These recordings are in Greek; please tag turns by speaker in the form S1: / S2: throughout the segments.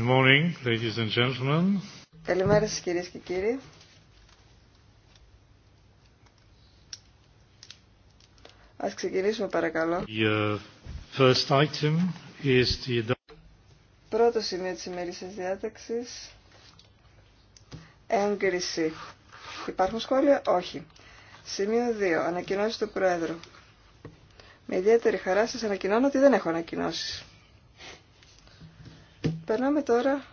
S1: Good morning,
S2: Καλημέρα σας κυρίες και κύριοι. Ας ξεκινήσουμε παρακαλώ. Uh, Πρώτο σημείο της ημερήσιας διάταξης. Έγκριση. Υπάρχουν σχόλια? Όχι. Σημείο 2. Ανακοινώσεις του Πρόεδρου. Με ιδιαίτερη χαρά σας ανακοινώνω ότι δεν έχω ανακοινώσεις. Περνάμε τώρα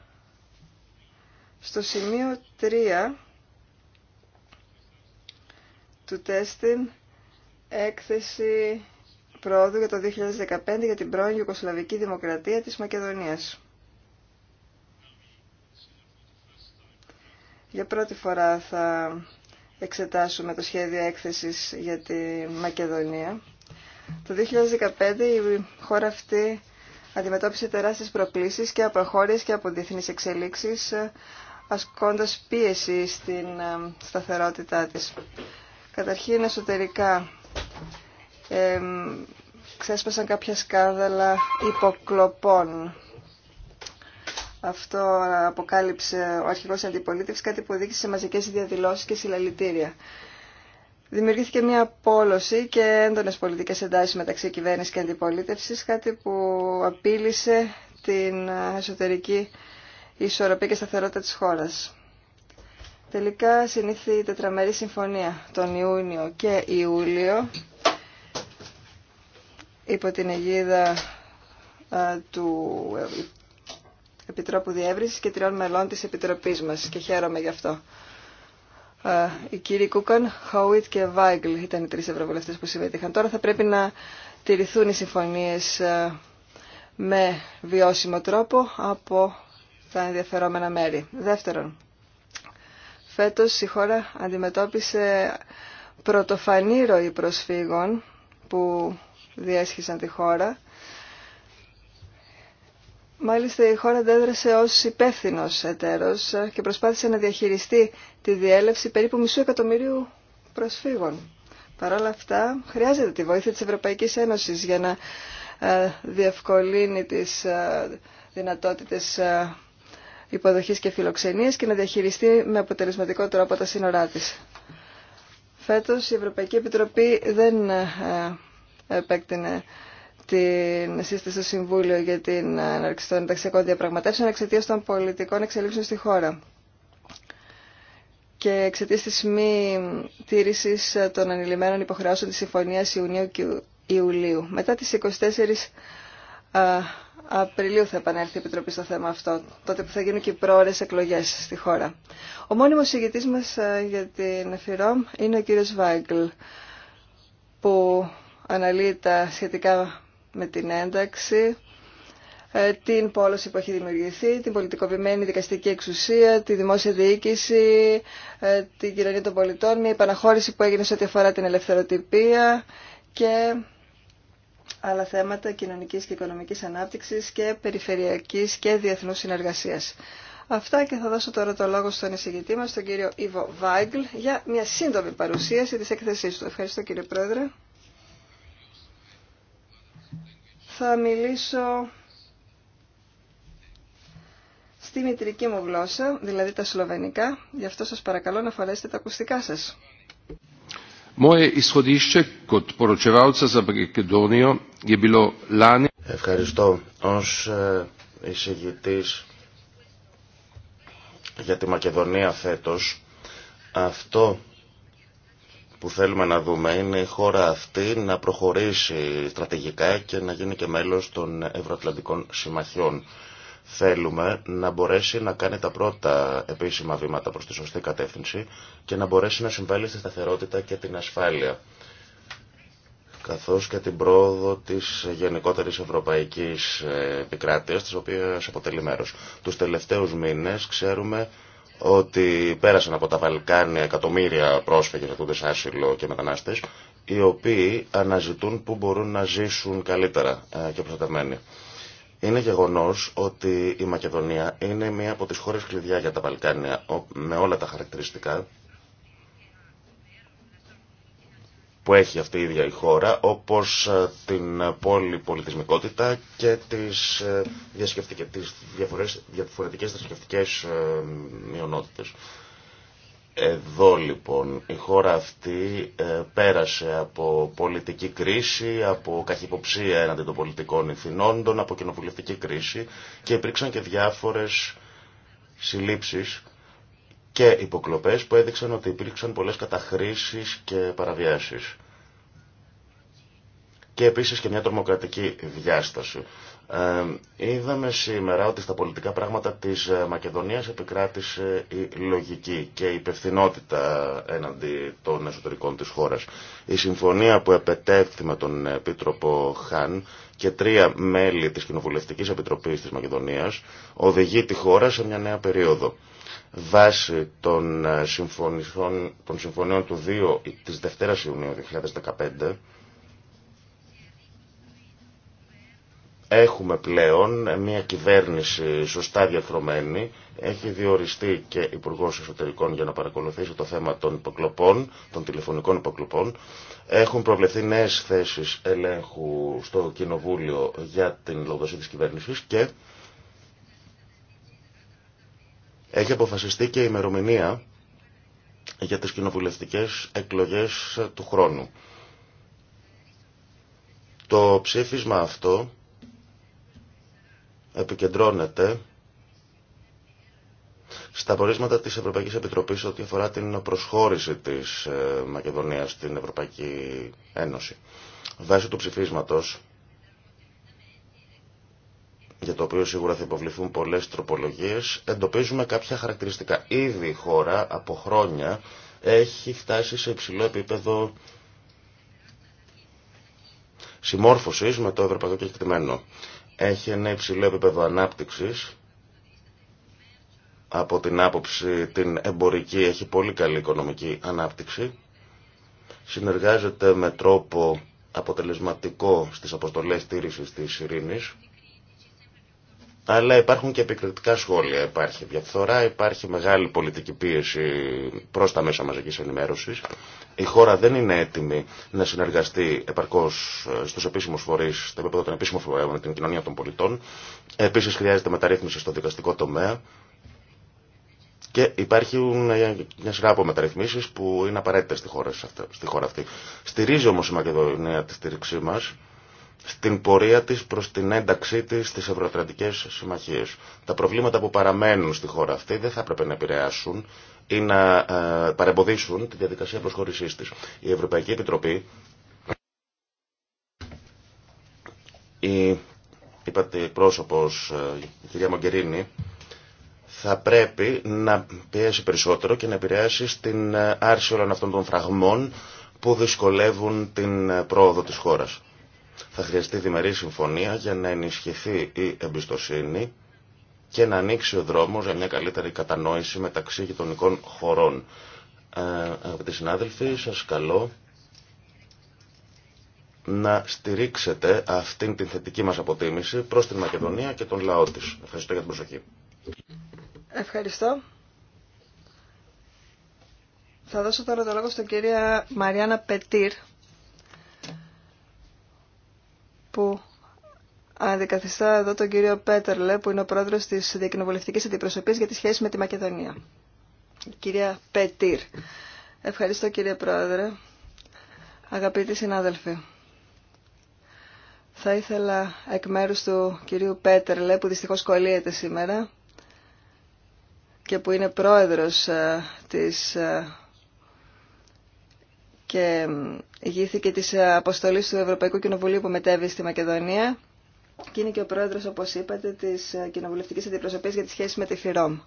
S2: στο σημείο 3 του τέστην έκθεση πρόοδου για το 2015 για την πρώην Ιουκοσλαβική Δημοκρατία της Μακεδονίας. Για πρώτη φορά θα εξετάσουμε το σχέδιο έκθεσης για τη Μακεδονία. Το 2015 η χώρα αυτή αντιμετώπισε τεράστιες προκλήσεις και από και από διεθνείς εξελίξεις, ε, ασκώντας πίεση στην ε, σταθερότητά της. Καταρχήν εσωτερικά ε, ξέσπασαν κάποια σκάνδαλα υποκλοπών. Αυτό αποκάλυψε ο αρχηγός αντιπολίτευσης, κάτι που οδήγησε σε μαζικές διαδηλώσεις και συλλαλητήρια. Δημιουργήθηκε μια πόλωση και έντονες πολιτικές εντάσεις μεταξύ κυβέρνηση και αντιπολίτευσης, κάτι που απείλησε την εσωτερική ισορροπή και σταθερότητα της χώρας. Τελικά συνήθει η τετραμερή συμφωνία τον Ιούνιο και Ιούλιο υπό την αιγίδα του Επιτρόπου Διεύρυνσης και τριών μελών της Επιτροπής μας και χαίρομαι γι' αυτό οι ε, κύριοι Κούκαν, Χαουίτ και Βάγκλ ήταν οι τρεις ευρωβουλευτές που συμμετείχαν. Τώρα θα πρέπει να τηρηθούν οι συμφωνίες ε, με βιώσιμο τρόπο από τα ενδιαφερόμενα μέρη. Δεύτερον, φέτος η χώρα αντιμετώπισε πρωτοφανή ροή προσφύγων που διέσχισαν τη χώρα Μάλιστα η χώρα αντέδρασε ως υπεύθυνο εταίρος και προσπάθησε να διαχειριστεί τη διέλευση περίπου μισού εκατομμυρίου προσφύγων. Παρ' όλα αυτά χρειάζεται τη βοήθεια της Ευρωπαϊκής Ένωσης για να ε, διευκολύνει τις ε, δυνατότητες ε, υποδοχής και φιλοξενίας και να διαχειριστεί με αποτελεσματικό τρόπο τα σύνορά της. Φέτος η Ευρωπαϊκή Επιτροπή δεν επέκτηνε την σύσταση στο Συμβούλιο για την έναρξη των ενταξιακών διαπραγματεύσεων εξαιτία των πολιτικών εξελίξεων στη χώρα και εξαιτία τη μη τήρηση των ανηλυμένων υποχρεώσεων τη Συμφωνία Ιουνίου και Ιουλίου. Μετά τι 24 Απριλίου θα επανέλθει η Επιτροπή στο θέμα αυτό, τότε που θα γίνουν και οι πρόορε εκλογέ στη χώρα. Ο μόνιμο ηγητή μα για την ΕΦΙΡΟΜ είναι ο κύριο Βάγκλ, που αναλύει τα σχετικά με την ένταξη, ε, την πόλωση που έχει δημιουργηθεί, την πολιτικοποιημένη δικαστική εξουσία, τη δημόσια διοίκηση, ε, την κοινωνία των πολιτών, μια επαναχώρηση που έγινε σε ό,τι αφορά την ελευθεροτυπία και άλλα θέματα κοινωνικής και οικονομικής ανάπτυξης και περιφερειακής και διεθνούς συνεργασίας. Αυτά και θα δώσω τώρα το λόγο στον εισηγητή μας, τον κύριο Ιβο Βάγκλ, για μια σύντομη παρουσίαση της έκθεσής του. Ευχαριστώ κύριε Πρόεδρε. θα μιλήσω στη μητρική μου γλώσσα, δηλαδή τα σλοβενικά. Γι' αυτό σας παρακαλώ να φορέσετε τα ακουστικά σας.
S3: Ευχαριστώ. Ως ε, εισηγητής για τη Μακεδονία φέτος, αυτό που θέλουμε να δούμε είναι η χώρα αυτή να προχωρήσει στρατηγικά και να γίνει και μέλος των Ευρωατλαντικών Συμμαχιών. Θέλουμε να μπορέσει να κάνει τα πρώτα επίσημα βήματα προς τη σωστή κατεύθυνση και να μπορέσει να συμβάλλει στη σταθερότητα και την ασφάλεια καθώς και την πρόοδο της γενικότερης ευρωπαϊκής επικράτειας, της οποίας αποτελεί μέρος. Τους τελευταίους μήνες ξέρουμε ότι πέρασαν από τα Βαλκάνια εκατομμύρια πρόσφυγες ετούντες άσυλο και μετανάστες, οι οποίοι αναζητούν που μπορούν να ζήσουν καλύτερα ε, και προστατευμένοι. Είναι γεγονός ότι η Μακεδονία είναι μία από τις χώρες κλειδιά για τα Βαλκάνια με όλα τα χαρακτηριστικά που έχει αυτή η ίδια η χώρα, όπως ε, την πολυπολιτισμικότητα και τις, ε, τις διαφορετικές θρησκευτικές ε, μειονότητες. Εδώ λοιπόν η χώρα αυτή πέρασε από πολιτική κρίση, από καχυποψία έναντι των πολιτικών ηθινόντων, από κοινοβουλευτική κρίση και υπήρξαν και διάφορες συλλήψεις και υποκλοπές που έδειξαν ότι υπήρξαν πολλές καταχρήσεις και παραβιάσεις. Και επίσης και μια τρομοκρατική διάσταση. Ε, είδαμε σήμερα ότι στα πολιτικά πράγματα της ε, Μακεδονίας επικράτησε η λογική και η υπευθυνότητα έναντι των εσωτερικών της χώρας. Η συμφωνία που επετέφθη με τον Επίτροπο Χάν και τρία μέλη της Κοινοβουλευτικής Επιτροπής της Μακεδονίας οδηγεί τη χώρα σε μια νέα περίοδο βάσει ε, των, συμφωνιών του 2 της Δευτέρας Ιουνίου 2015 Έχουμε πλέον μια κυβέρνηση σωστά διαφρομένη, έχει διοριστεί και υπουργό Εσωτερικών για να παρακολουθήσει το θέμα των υποκλοπών, των τηλεφωνικών υποκλοπών. Έχουν προβλεφθεί νέες θέσεις ελέγχου στο Κοινοβούλιο για την λογοδοσία της κυβέρνησης και έχει αποφασιστεί και η ημερομηνία για τις κοινοβουλευτικές εκλογές του χρόνου. Το ψήφισμα αυτό επικεντρώνεται στα πορίσματα της Ευρωπαϊκής Επιτροπής ό,τι αφορά την προσχώρηση της ε, Μακεδονίας στην Ευρωπαϊκή Ένωση. Βάσει του ψηφίσματος για το οποίο σίγουρα θα υποβληθούν πολλές τροπολογίες, εντοπίζουμε κάποια χαρακτηριστικά. Ήδη η χώρα από χρόνια έχει φτάσει σε υψηλό επίπεδο συμμόρφωσης με το ευρωπαϊκό κεκτημένο. Έχει ένα υψηλό επίπεδο ανάπτυξης, από την άποψη την εμπορική έχει πολύ καλή οικονομική ανάπτυξη, συνεργάζεται με τρόπο αποτελεσματικό στις αποστολές στήρησης της ειρήνης, αλλά υπάρχουν και επικριτικά σχόλια. Υπάρχει διαφθορά, υπάρχει μεγάλη πολιτική πίεση προ τα μέσα μαζική ενημέρωση. Η χώρα δεν είναι έτοιμη να συνεργαστεί επαρκώ ε, στου επίσημου φορεί, στο επίπεδο των επίσημων φορέων με την κοινωνία των πολιτών. Επίση χρειάζεται μεταρρύθμιση στο δικαστικό τομέα. Και υπάρχουν μια σειρά από μεταρρυθμίσει που είναι απαραίτητε στη, χώρα αυτή. Στηρίζει όμω η Μακεδονία τη στήριξή μα στην πορεία της προς την ένταξή της στις ευρωτρατικές συμμαχίες. Τα προβλήματα που παραμένουν στη χώρα αυτή δεν θα έπρεπε να επηρεάσουν ή να ε, παρεμποδίσουν τη διαδικασία προσχώρησής της. Η Ευρωπαϊκή Επιτροπή, η είπατε πρόσωπος, ε, η κυρία Μογκερίνη, θα πρέπει να πιέσει περισσότερο και να επηρεάσει στην ε, άρση όλων αυτών των φραγμών που δυσκολεύουν την πρόοδο της χώρας. Θα χρειαστεί διμερή συμφωνία για να ενισχυθεί η εμπιστοσύνη και να ανοίξει ο δρόμος για μια καλύτερη κατανόηση μεταξύ γειτονικών χωρών. Ε, αγαπητοί συνάδελφοι, σας καλώ να στηρίξετε αυτήν την θετική μας αποτίμηση προς την Μακεδονία και τον λαό της. Ευχαριστώ για την προσοχή.
S2: Ευχαριστώ. Θα δώσω τώρα το λόγο στον κυρία Μαριάννα Πετήρ που αντικαθιστά εδώ τον κύριο Πέτερλε που είναι ο πρόεδρος της Διακοινοβουλευτικής Αντιπροσωπής για τις σχέσεις με τη Μακεδονία. κυρία Πετήρ. Ευχαριστώ κύριε πρόεδρε. Αγαπητοί συνάδελφοι. Θα ήθελα εκ μέρους του κυρίου Πέτερλε που δυστυχώς κολλείεται σήμερα και που είναι πρόεδρος ε, της ε, και ηγήθηκε της αποστολής του Ευρωπαϊκού Κοινοβουλίου που μετέβη στη Μακεδονία και είναι και ο πρόεδρος, όπως είπατε, της κοινοβουλευτικής αντιπροσωπής για τις σχέσεις με τη ΦΥΡΟΜ.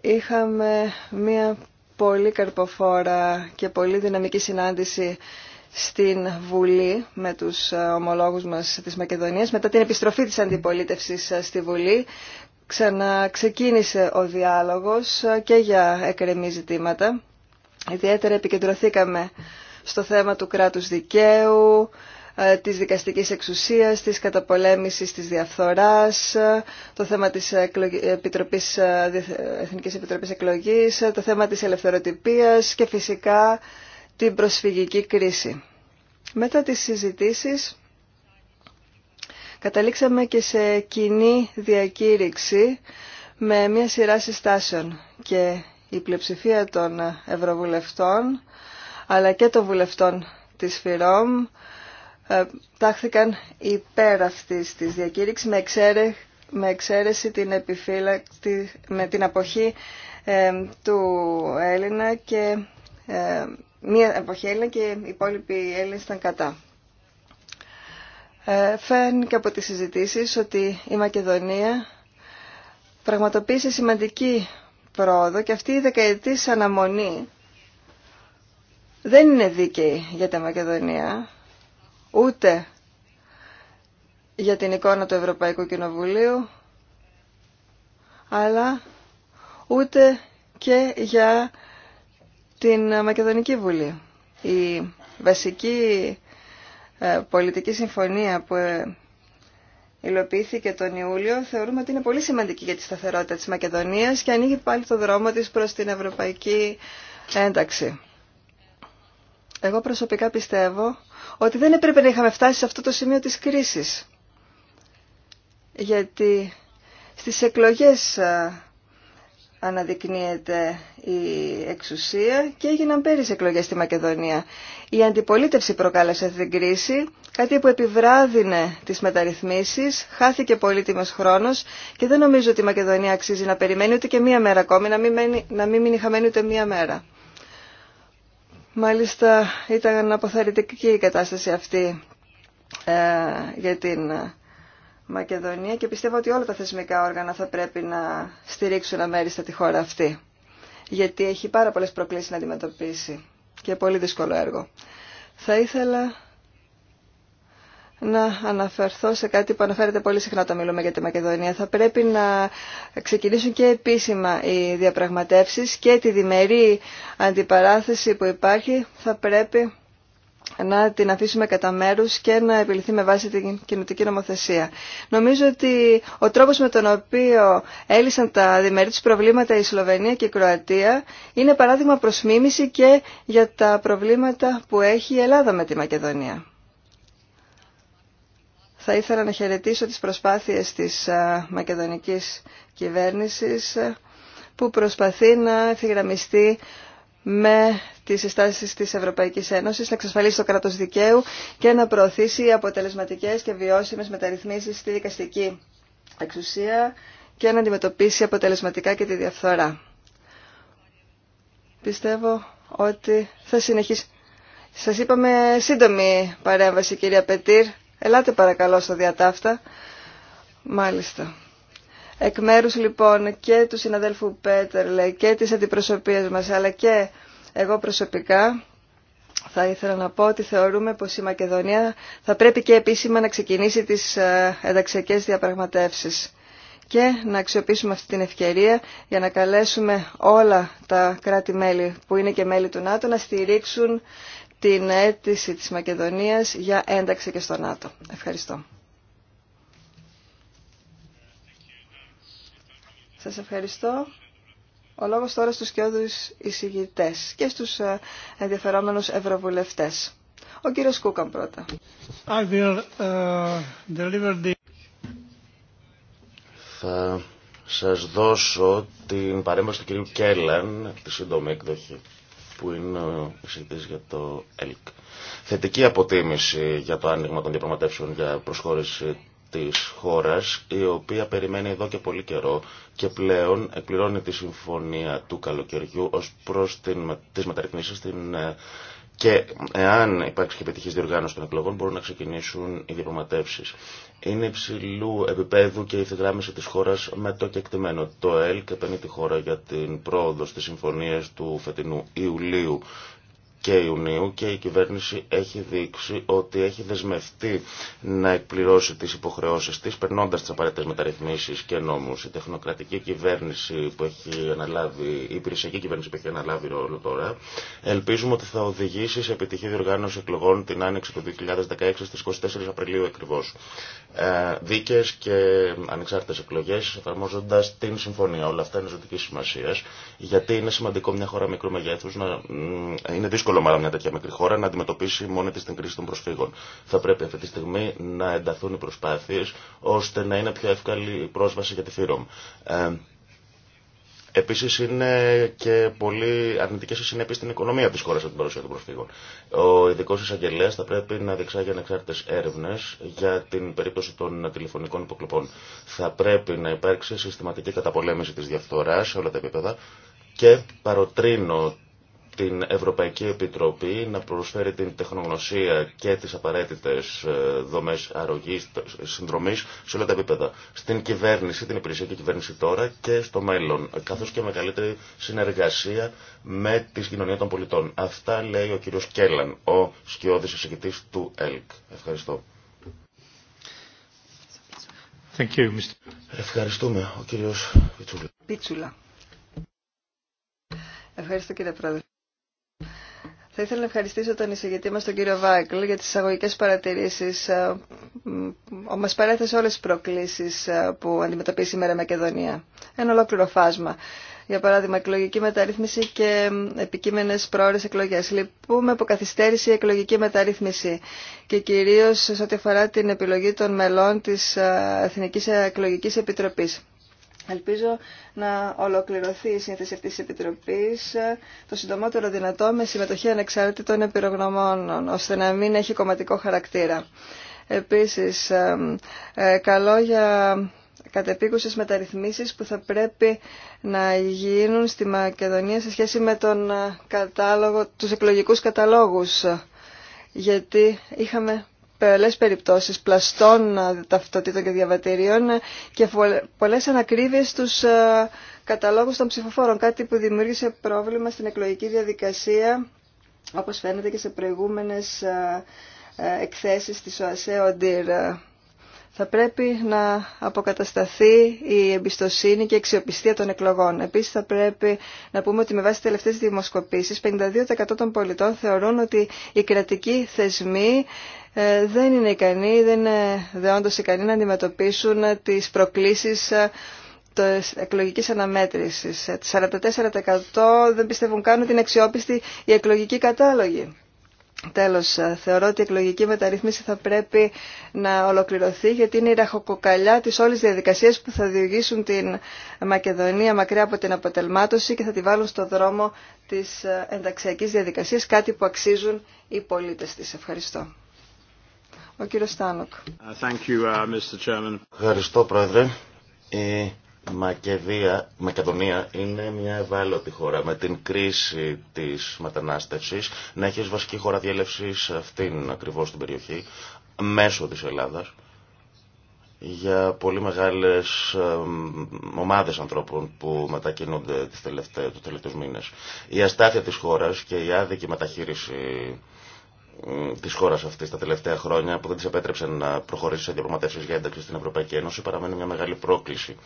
S2: Είχαμε μία πολύ καρποφόρα και πολύ δυναμική συνάντηση στην Βουλή με τους ε, ομολόγους μας της Μακεδονίας. Μετά την επιστροφή της αντιπολίτευσης ε, στη Βουλή ξαναξεκίνησε ο διάλογος ε, και για εκρεμή ζητήματα Ιδιαίτερα επικεντρωθήκαμε στο θέμα του κράτους δικαίου, ε, της δικαστικής εξουσίας, της καταπολέμησης της διαφθοράς, το θέμα της Επιτροπής, ε, Εθνικής Επιτροπής Εκλογής, ε, το θέμα της ελευθεροτυπίας και φυσικά την προσφυγική κρίση. Μετά τις συζητήσεις καταλήξαμε και σε κοινή διακήρυξη με μια σειρά συστάσεων και η πλειοψηφία των ευρωβουλευτών αλλά και των βουλευτών της ΦΥΡΟΜ ε, τάχθηκαν υπέρ αυτής της διακήρυξης με, εξαίρε, με εξαίρεση την επιφύλακτη, με την αποχή ε, του Έλληνα και ε, μία εποχή Έλληνα και οι υπόλοιποι Έλληνες ήταν κατά. Ε, και από τις συζητήσεις ότι η Μακεδονία πραγματοποίησε σημαντική πρόοδο και αυτή η δεκαετής αναμονή δεν είναι δίκαιη για τη Μακεδονία, ούτε για την εικόνα του Ευρωπαϊκού Κοινοβουλίου, αλλά ούτε και για την Μακεδονική Βουλή. Η βασική ε, πολιτική συμφωνία που ε, υλοποιήθηκε τον Ιούλιο θεωρούμε ότι είναι πολύ σημαντική για τη σταθερότητα της Μακεδονίας και ανοίγει πάλι το δρόμο της προς την ευρωπαϊκή ένταξη. Εγώ προσωπικά πιστεύω ότι δεν έπρεπε να είχαμε φτάσει σε αυτό το σημείο της κρίσης. Γιατί στις εκλογές αναδεικνύεται η εξουσία και έγιναν πέρυσι εκλογές στη Μακεδονία. Η αντιπολίτευση προκάλεσε αυτή την κρίση, κάτι που επιβράδυνε τις μεταρρυθμίσεις, χάθηκε πολύτιμος χρόνος και δεν νομίζω ότι η Μακεδονία αξίζει να περιμένει ούτε και μία μέρα ακόμη, να μην, να μην μείνει χαμένη ούτε μία μέρα. Μάλιστα ήταν αποθαρρυντική η κατάσταση αυτή ε, για την Μακεδονία και πιστεύω ότι όλα τα θεσμικά όργανα θα πρέπει να στηρίξουν αμέριστα τη χώρα αυτή. Γιατί έχει πάρα πολλές προκλήσεις να αντιμετωπίσει και πολύ δύσκολο έργο. Θα ήθελα να αναφερθώ σε κάτι που αναφέρεται πολύ συχνά όταν μιλούμε για τη Μακεδονία. Θα πρέπει να ξεκινήσουν και επίσημα οι διαπραγματεύσεις και τη διμερή αντιπαράθεση που υπάρχει θα πρέπει να την αφήσουμε κατά μέρου και να επιληθεί με βάση την κοινωτική νομοθεσία. Νομίζω ότι ο τρόπος με τον οποίο έλυσαν τα διμερεί προβλήματα η Σλοβενία και η Κροατία είναι παράδειγμα προς μίμηση και για τα προβλήματα που έχει η Ελλάδα με τη Μακεδονία. Θα ήθελα να χαιρετήσω τις προσπάθειες της μακεδονικής κυβέρνησης που προσπαθεί να ευθυγραμμιστεί με τις συστάσεις της Ευρωπαϊκής Ένωσης, να εξασφαλίσει το κράτος δικαίου και να προωθήσει αποτελεσματικές και βιώσιμες μεταρρυθμίσεις στη δικαστική εξουσία και να αντιμετωπίσει αποτελεσματικά και τη διαφθορά. Πιστεύω ότι θα συνεχίσει. Σας είπαμε σύντομη παρέμβαση κυρία Πετήρ. Ελάτε παρακαλώ στο διατάφτα. Μάλιστα. Εκ μέρου λοιπόν και του συναδέλφου Πέτερλε και της αντιπροσωπείας μας αλλά και εγώ προσωπικά θα ήθελα να πω ότι θεωρούμε πως η Μακεδονία θα πρέπει και επίσημα να ξεκινήσει τις ε, ενταξιακές διαπραγματεύσεις και να αξιοποιήσουμε αυτή την ευκαιρία για να καλέσουμε όλα τα κράτη-μέλη που είναι και μέλη του ΝΑΤΟ να στηρίξουν την αίτηση της Μακεδονίας για ένταξη και στο ΝΑΤΟ. Ευχαριστώ. Σας ευχαριστώ. Ο λόγος τώρα στους κοιόδους εισηγητές και στους ε, ενδιαφερόμενους ευρωβουλευτές. Ο κύριος Κούκαν πρώτα.
S1: Ε,
S3: Θα σας δώσω την παρέμβαση του κυρίου Κέλλαν, τη σύντομη εκδοχή, που είναι ο εισηγητής για το ΕΛΚ. Θετική αποτίμηση για το άνοιγμα των διαπραγματεύσεων για προσχώρηση της χώρας, η οποία περιμένει εδώ και πολύ καιρό και πλέον εκπληρώνει τη συμφωνία του καλοκαιριού ως προς την, τις μεταρρυθμίσεις στην, ε, και εάν υπάρξει και επιτυχή διοργάνωση των εκλογών μπορούν να ξεκινήσουν οι διαπραγματεύσεις. Είναι υψηλού επίπεδου και η ευθυγράμμιση της χώρας με το κεκτημένο. Το και επενεί τη χώρα για την πρόοδο στις συμφωνίες του φετινού Ιουλίου και Ιουνίου και η κυβέρνηση έχει δείξει ότι έχει δεσμευτεί να εκπληρώσει τις υποχρεώσεις της περνώντας τις απαραίτητες μεταρρυθμίσεις και νόμους. Η τεχνοκρατική κυβέρνηση που έχει αναλάβει, η υπηρεσιακή κυβέρνηση που έχει αναλάβει ρόλο τώρα, ελπίζουμε ότι θα οδηγήσει σε επιτυχή διοργάνωση εκλογών την άνοιξη του 2016 στις 24 Απριλίου ακριβώς. Ε, δίκες και ανεξάρτητες εκλογές εφαρμόζοντας την συμφωνία. Όλα αυτά είναι ζωτική σημασία γιατί είναι σημαντικό μια χώρα μικρού να είναι δύσκολο εύκολο μάλλον μια τέτοια μικρή χώρα να αντιμετωπίσει μόνη τη την κρίση των προσφύγων. Θα πρέπει αυτή τη στιγμή να ενταθούν οι προσπάθειε ώστε να είναι πιο εύκολη η πρόσβαση για τη ΦΥΡΟΜ. Ε, Επίση είναι και πολύ αρνητικέ οι συνέπειε στην οικονομία τη χώρα από την παρουσία των προσφύγων. Ο ειδικό εισαγγελέα θα πρέπει να διεξάγει ανεξάρτητε έρευνε για την περίπτωση των τηλεφωνικών υποκλοπών. Θα πρέπει να υπάρξει συστηματική καταπολέμηση τη διαφθορά σε όλα τα επίπεδα και παροτρύνω την Ευρωπαϊκή Επιτροπή να προσφέρει την τεχνογνωσία και τις απαραίτητες ε, δομές αρρωγής, συνδρομής σε όλα τα επίπεδα. Στην κυβέρνηση, την υπηρεσία και κυβέρνηση τώρα και στο μέλλον, καθώς και μεγαλύτερη συνεργασία με τη κοινωνία των πολιτών. Αυτά λέει ο κύριος Κέλλαν, ο σκιώδης εισηγητής του ΕΛΚ. Ευχαριστώ.
S1: Ευχαριστούμε, ο κύριος
S2: Πιτσούλα. Ευχαριστώ κύριε Πρόεδρε. Θα ήθελα να ευχαριστήσω τον εισηγητή μας, τον κύριο Βάγκλ για τις εισαγωγικέ παρατηρήσεις. Ε, μας παρέθεσε όλες τις προκλήσεις ε, που αντιμετωπίζει σήμερα η Μακεδονία. Ένα ολόκληρο φάσμα. Για παράδειγμα, εκλογική μεταρρύθμιση και επικείμενε πρόορες εκλογέ. Λυπούμε από καθυστέρηση η εκλογική μεταρρύθμιση και κυρίω σε ό,τι αφορά την επιλογή των μελών τη ε, Εθνική Εκλογική επιτροπή. Ελπίζω να ολοκληρωθεί η σύνθεση αυτής της Επιτροπής το συντομότερο δυνατό με συμμετοχή ανεξάρτητων επιρρογνωμόνων, ώστε να μην έχει κομματικό χαρακτήρα. Επίσης, ε, καλό για κατεπίκουσες μεταρρυθμίσεις που θα πρέπει να γίνουν στη Μακεδονία σε σχέση με τον ε, κατάλογο, τους εκλογικούς καταλόγους. Γιατί είχαμε πολλές περιπτώσεις πλαστών ε, ταυτοτήτων και διαβατηρίων και πολλές ανακρίβειες στους ε, καταλόγους των ψηφοφόρων, κάτι που δημιούργησε πρόβλημα στην εκλογική διαδικασία, όπως φαίνεται και σε προηγούμενες ε, εκθέσεις της ΟΑΣΕ θα πρέπει να αποκατασταθεί η εμπιστοσύνη και η αξιοπιστία των εκλογών. Επίσης θα πρέπει να πούμε ότι με βάση τις τελευταίες δημοσκοπήσεις 52% των πολιτών θεωρούν ότι οι κρατικοί θεσμοί ε, δεν είναι ικανοί, δεν είναι δεόντως ικανοί να αντιμετωπίσουν τις προκλήσεις ε, της εκλογικής αναμέτρησης. 44% ε, δεν πιστεύουν καν ότι είναι αξιόπιστη η εκλογική κατάλογη. Τέλος, ε, θεωρώ ότι η εκλογική μεταρρύθμιση θα πρέπει να ολοκληρωθεί γιατί είναι η ραχοκοκαλιά της όλης διαδικασίας που θα διηγήσουν την Μακεδονία μακριά από την αποτελμάτωση και θα τη βάλουν στο δρόμο της ε, ενταξιακής διαδικασίας, κάτι που αξίζουν οι πολίτες της. Ευχαριστώ. Ο κύριος Στάνοκ.
S4: Uh,
S3: Ευχαριστώ, Πρόεδρε. Ε, Μακεδία, Μακεδονία είναι μια ευάλωτη χώρα. Με την κρίση της μετανάστευσης να έχει βασική χώρα διέλευσης αυτήν ακριβώς την περιοχή, μέσω της Ελλάδα, για πολύ μεγάλες ομάδες ανθρώπων που μετακινούνται τις τελευταίες, τους τελευταίους μήνες. Η αστάθεια της χώρας και η άδικη μεταχείριση τη χώρα αυτή τα τελευταία χρόνια που δεν τη επέτρεψαν να προχωρήσει σε διαπραγματεύσει για ένταξη στην Ευρωπαϊκή Ένωση παραμένει μια μεγάλη πρόκληση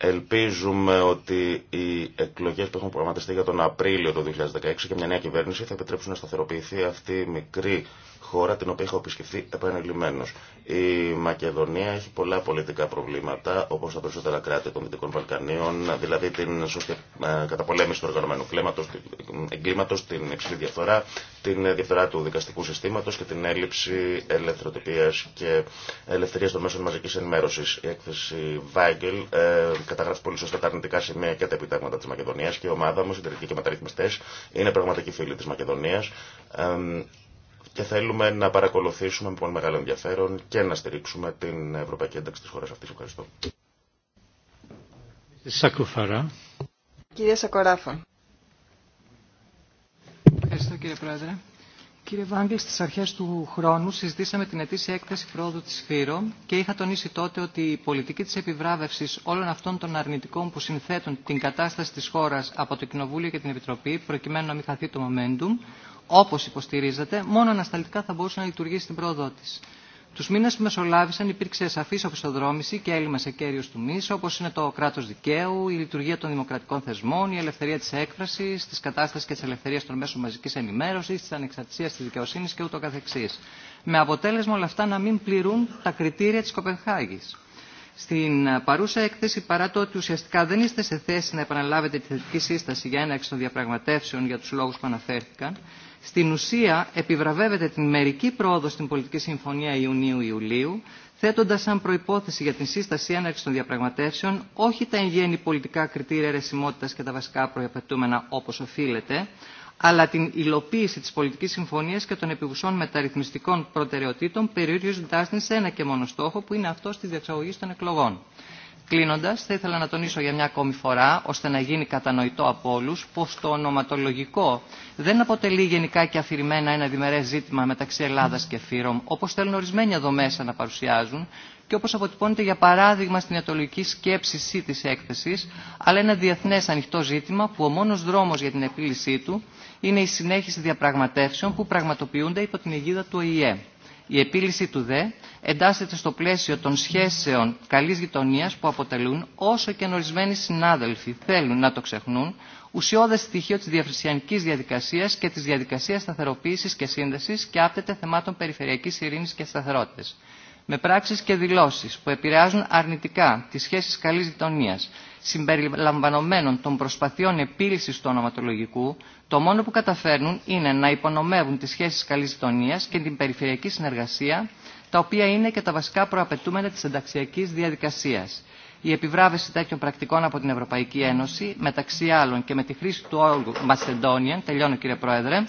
S3: Ελπίζουμε ότι οι εκλογέ που έχουν προγραμματιστεί για τον Απρίλιο του 2016 και μια νέα κυβέρνηση θα επιτρέψουν να σταθεροποιηθεί αυτή η μικρή χώρα την οποία έχω επισκεφθεί επανελειμμένω. Η Μακεδονία έχει πολλά πολιτικά προβλήματα, όπω τα περισσότερα κράτη των Δυτικών Βαλκανίων, δηλαδή την σωστή ε, καταπολέμηση του οργανωμένου εγκλήματο, την υψηλή διαφθορά, την διαφθορά του δικαστικού συστήματο και την έλλειψη ελευθεροτυπία και ελευθερία των μέσων μαζική ενημέρωση. Η έκθεση Βάγκελ καταγράφει πολύ σωστά τα αρνητικά σημεία και τα επιτάγματα τη Μακεδονία και η ομάδα μου, συντηρητικοί και μεταρρυθμιστέ, είναι πραγματικοί φίλοι τη Μακεδονία και θέλουμε να παρακολουθήσουμε με πολύ μεγάλο ενδιαφέρον και να στηρίξουμε την ευρωπαϊκή ένταξη της χώρας αυτής. Ευχαριστώ.
S1: Σακουφαρά.
S2: Κυρία Σακοράφων. Ευχαριστώ
S5: κύριε Πρόεδρε. Κύριε Βάγκλη, στις αρχές του χρόνου συζητήσαμε την ετήσια έκθεση πρόοδου της ΦΥΡΟ και είχα τονίσει τότε ότι η πολιτική της επιβράβευσης όλων αυτών των αρνητικών που συνθέτουν την κατάσταση της χώρας από το Κοινοβούλιο και την Επιτροπή προκειμένου να μην χαθεί το momentum, όπως υποστηρίζεται, μόνο ανασταλτικά θα μπορούσε να λειτουργήσει την πρόοδό της. Του μήνε που μεσολάβησαν υπήρξε σαφή οπισθοδρόμηση και έλλειμμα σε κέριου μίσου, όπω είναι το κράτο δικαίου, η λειτουργία των δημοκρατικών θεσμών, η ελευθερία τη έκφραση, τη κατάσταση και τη ελευθερία των μέσων μαζική ενημέρωση, τη ανεξαρτησία τη δικαιοσύνη κ.ο.κ. Με αποτέλεσμα όλα αυτά να μην πληρούν τα κριτήρια τη Κοπενχάγη. Στην παρούσα έκθεση, παρά το ότι ουσιαστικά δεν είστε σε θέση να επαναλάβετε τη θετική σύσταση για έναρξη των διαπραγματεύσεων για του λόγου που αναφέρθηκαν, στην ουσία επιβραβεύεται την μερική πρόοδο στην πολιτική συμφωνία Ιουνίου-Ιουλίου, θέτοντα σαν προπόθεση για την σύσταση έναρξη των διαπραγματεύσεων όχι τα εν πολιτικά κριτήρια αιρεσιμότητα και τα βασικά προεπαιτούμενα όπω οφείλεται, αλλά την υλοποίηση τη πολιτική συμφωνία και των επιγουσών μεταρρυθμιστικών προτεραιοτήτων, περιορίζοντά την σε ένα και μόνο στόχο που είναι αυτό τη διαξαγωγή των εκλογών. Κλείνοντα, θα ήθελα να τονίσω για μια ακόμη φορά, ώστε να γίνει κατανοητό από όλου, πω το ονοματολογικό δεν αποτελεί γενικά και αφηρημένα ένα διμερέ ζήτημα μεταξύ Ελλάδα και Φύρομ, όπω θέλουν ορισμένοι εδώ μέσα να παρουσιάζουν και όπω αποτυπώνεται για παράδειγμα στην ατολική σκέψη ή τη έκθεση, αλλά ένα διεθνέ ανοιχτό ζήτημα που ο μόνο δρόμο για την επίλυσή του είναι η συνέχιση διαπραγματεύσεων που πραγματοποιούνται υπό την αιγίδα του ΟΗΕ η επίλυση του ΔΕ εντάσσεται στο πλαίσιο των σχέσεων καλής γειτονίας που αποτελούν, όσο και ορισμένοι συνάδελφοι θέλουν να το ξεχνούν, ουσιώδε στοιχείο τη διαφρυσιανική διαδικασίας και της διαδικασίας σταθεροποίηση και σύνδεσης και άπτεται θεμάτων περιφερειακής ειρήνης και σταθερότητα, Με πράξεις και δηλώσει που επηρεάζουν αρνητικά τι σχέσει καλή γειτονία συμπεριλαμβανομένων των προσπαθειών επίλυσης του ονοματολογικού, το μόνο που καταφέρνουν είναι να υπονομεύουν τι σχέσει καλή γειτονία και την περιφερειακή συνεργασία, τα οποία είναι και τα βασικά προαπαιτούμενα τη ενταξιακής διαδικασία. Η επιβράβευση τέτοιων πρακτικών από την Ευρωπαϊκή Ένωση, μεταξύ άλλων και με τη χρήση του όρου Macedonian, τελειώνω κύριε Πρόεδρε,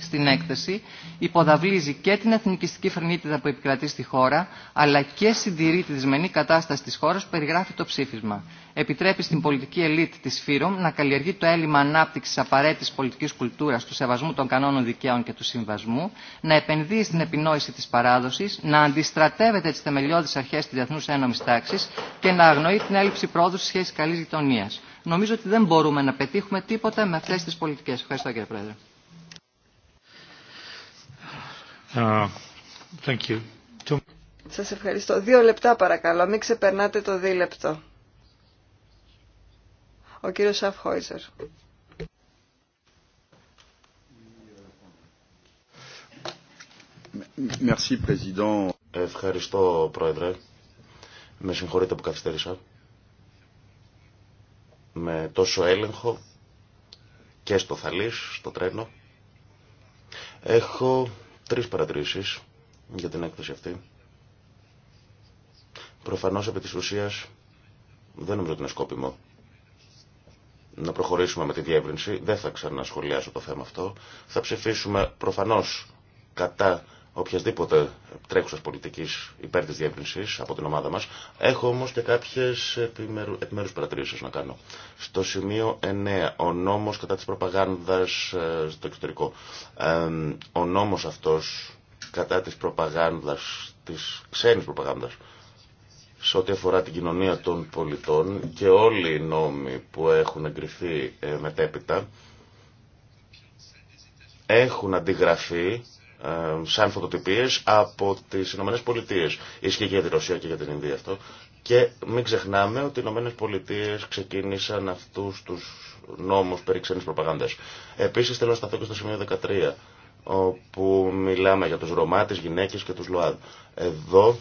S5: στην έκθεση υποδαβλίζει και την εθνικιστική φρενίτιδα που επικρατεί στη χώρα, αλλά και συντηρεί τη δυσμενή κατάσταση τη χώρα που περιγράφει το ψήφισμα. Επιτρέπει στην πολιτική ελίτ τη ΦΥΡΟΜ να καλλιεργεί το έλλειμμα ανάπτυξη απαραίτητη πολιτική κουλτούρα, του σεβασμού των κανόνων δικαίων και του συμβασμού, να επενδύει στην επινόηση τη παράδοση, να αντιστρατεύεται τι θεμελιώδει αρχέ τη διεθνού ένωμη τάξη και να αγνοεί την έλλειψη πρόοδου στι καλή γειτονία. Νομίζω ότι δεν μπορούμε να πετύχουμε τίποτα με αυτέ τι πολιτικέ. Ευχαριστώ κύριε Πρόεδρε.
S1: Uh, thank
S2: Σας ευχαριστώ. Δύο λεπτά παρακαλώ. Μην ξεπερνάτε το δίλεπτο. Ο κύριος Σαφχόιζερ.
S3: Ευχαριστώ, Πρόεδρε. Με συγχωρείτε που καθυστέρησα. Με τόσο έλεγχο και στο Θαλής, στο τρένο. Έχω Τρεις παρατηρήσεις για την έκθεση αυτή. Προφανώς επί της ουσίας δεν νομίζω ότι είναι σκόπιμο να προχωρήσουμε με τη διεύρυνση. Δεν θα ξανασχολιάσω το θέμα αυτό. Θα ψηφίσουμε προφανώς κατά οποιασδήποτε τρέχουσα πολιτική υπέρ τη διεύρυνσης από την ομάδα μα, Έχω όμω και κάποιε επιμερου, επιμερούς να κάνω. Στο σημείο 9, ο νόμο κατά της προπαγάνδας ε, στο εξωτερικό. ο νόμο αυτό κατά της προπαγάνδας, τη ξένης προπαγάνδας, σε ό,τι αφορά την κοινωνία των πολιτών και όλοι οι νόμοι που έχουν εγκριθεί ε, μετέπειτα, έχουν αντιγραφεί ε, σαν φωτοτυπίες από τις Ηνωμένες Πολιτείες. Ισχύει και για τη Ρωσία και για την Ινδία αυτό. Και μην ξεχνάμε ότι οι Ηνωμένε Πολιτείε ξεκίνησαν αυτού του νόμου περί ξένη προπαγάνδα. Επίση θέλω να σταθώ και στο σημείο 13, όπου μιλάμε για τους Ρωμά, τις γυναίκε και τους ΛΟΑΔ. Εδώ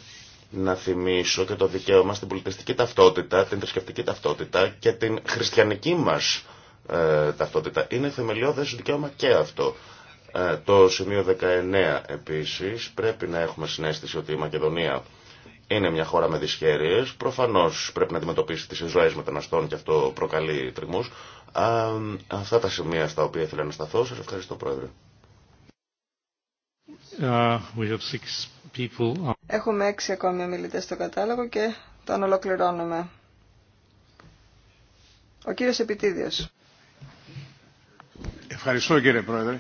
S3: να θυμίσω και το δικαίωμα στην πολιτιστική ταυτότητα, την θρησκευτική ταυτότητα και την χριστιανική μας ε, ταυτότητα. Είναι θεμελιώδε δικαίωμα και αυτό. Ε, το σημείο 19 επίσης πρέπει να έχουμε συνέστηση ότι η Μακεδονία είναι μια χώρα με δυσχέρειες. Προφανώς πρέπει να αντιμετωπίσει τις ζωές μεταναστών και αυτό προκαλεί τριγμού. Ε, αυτά τα σημεία στα οποία ήθελα να σταθώ. Σας ευχαριστώ Πρόεδρε.
S1: Ε, έχουμε
S2: έξι ακόμη ομιλητές στο κατάλογο και τον ολοκληρώνουμε. Ο κύριος Επιτίδιος.
S6: Ευχαριστώ κύριε Πρόεδρε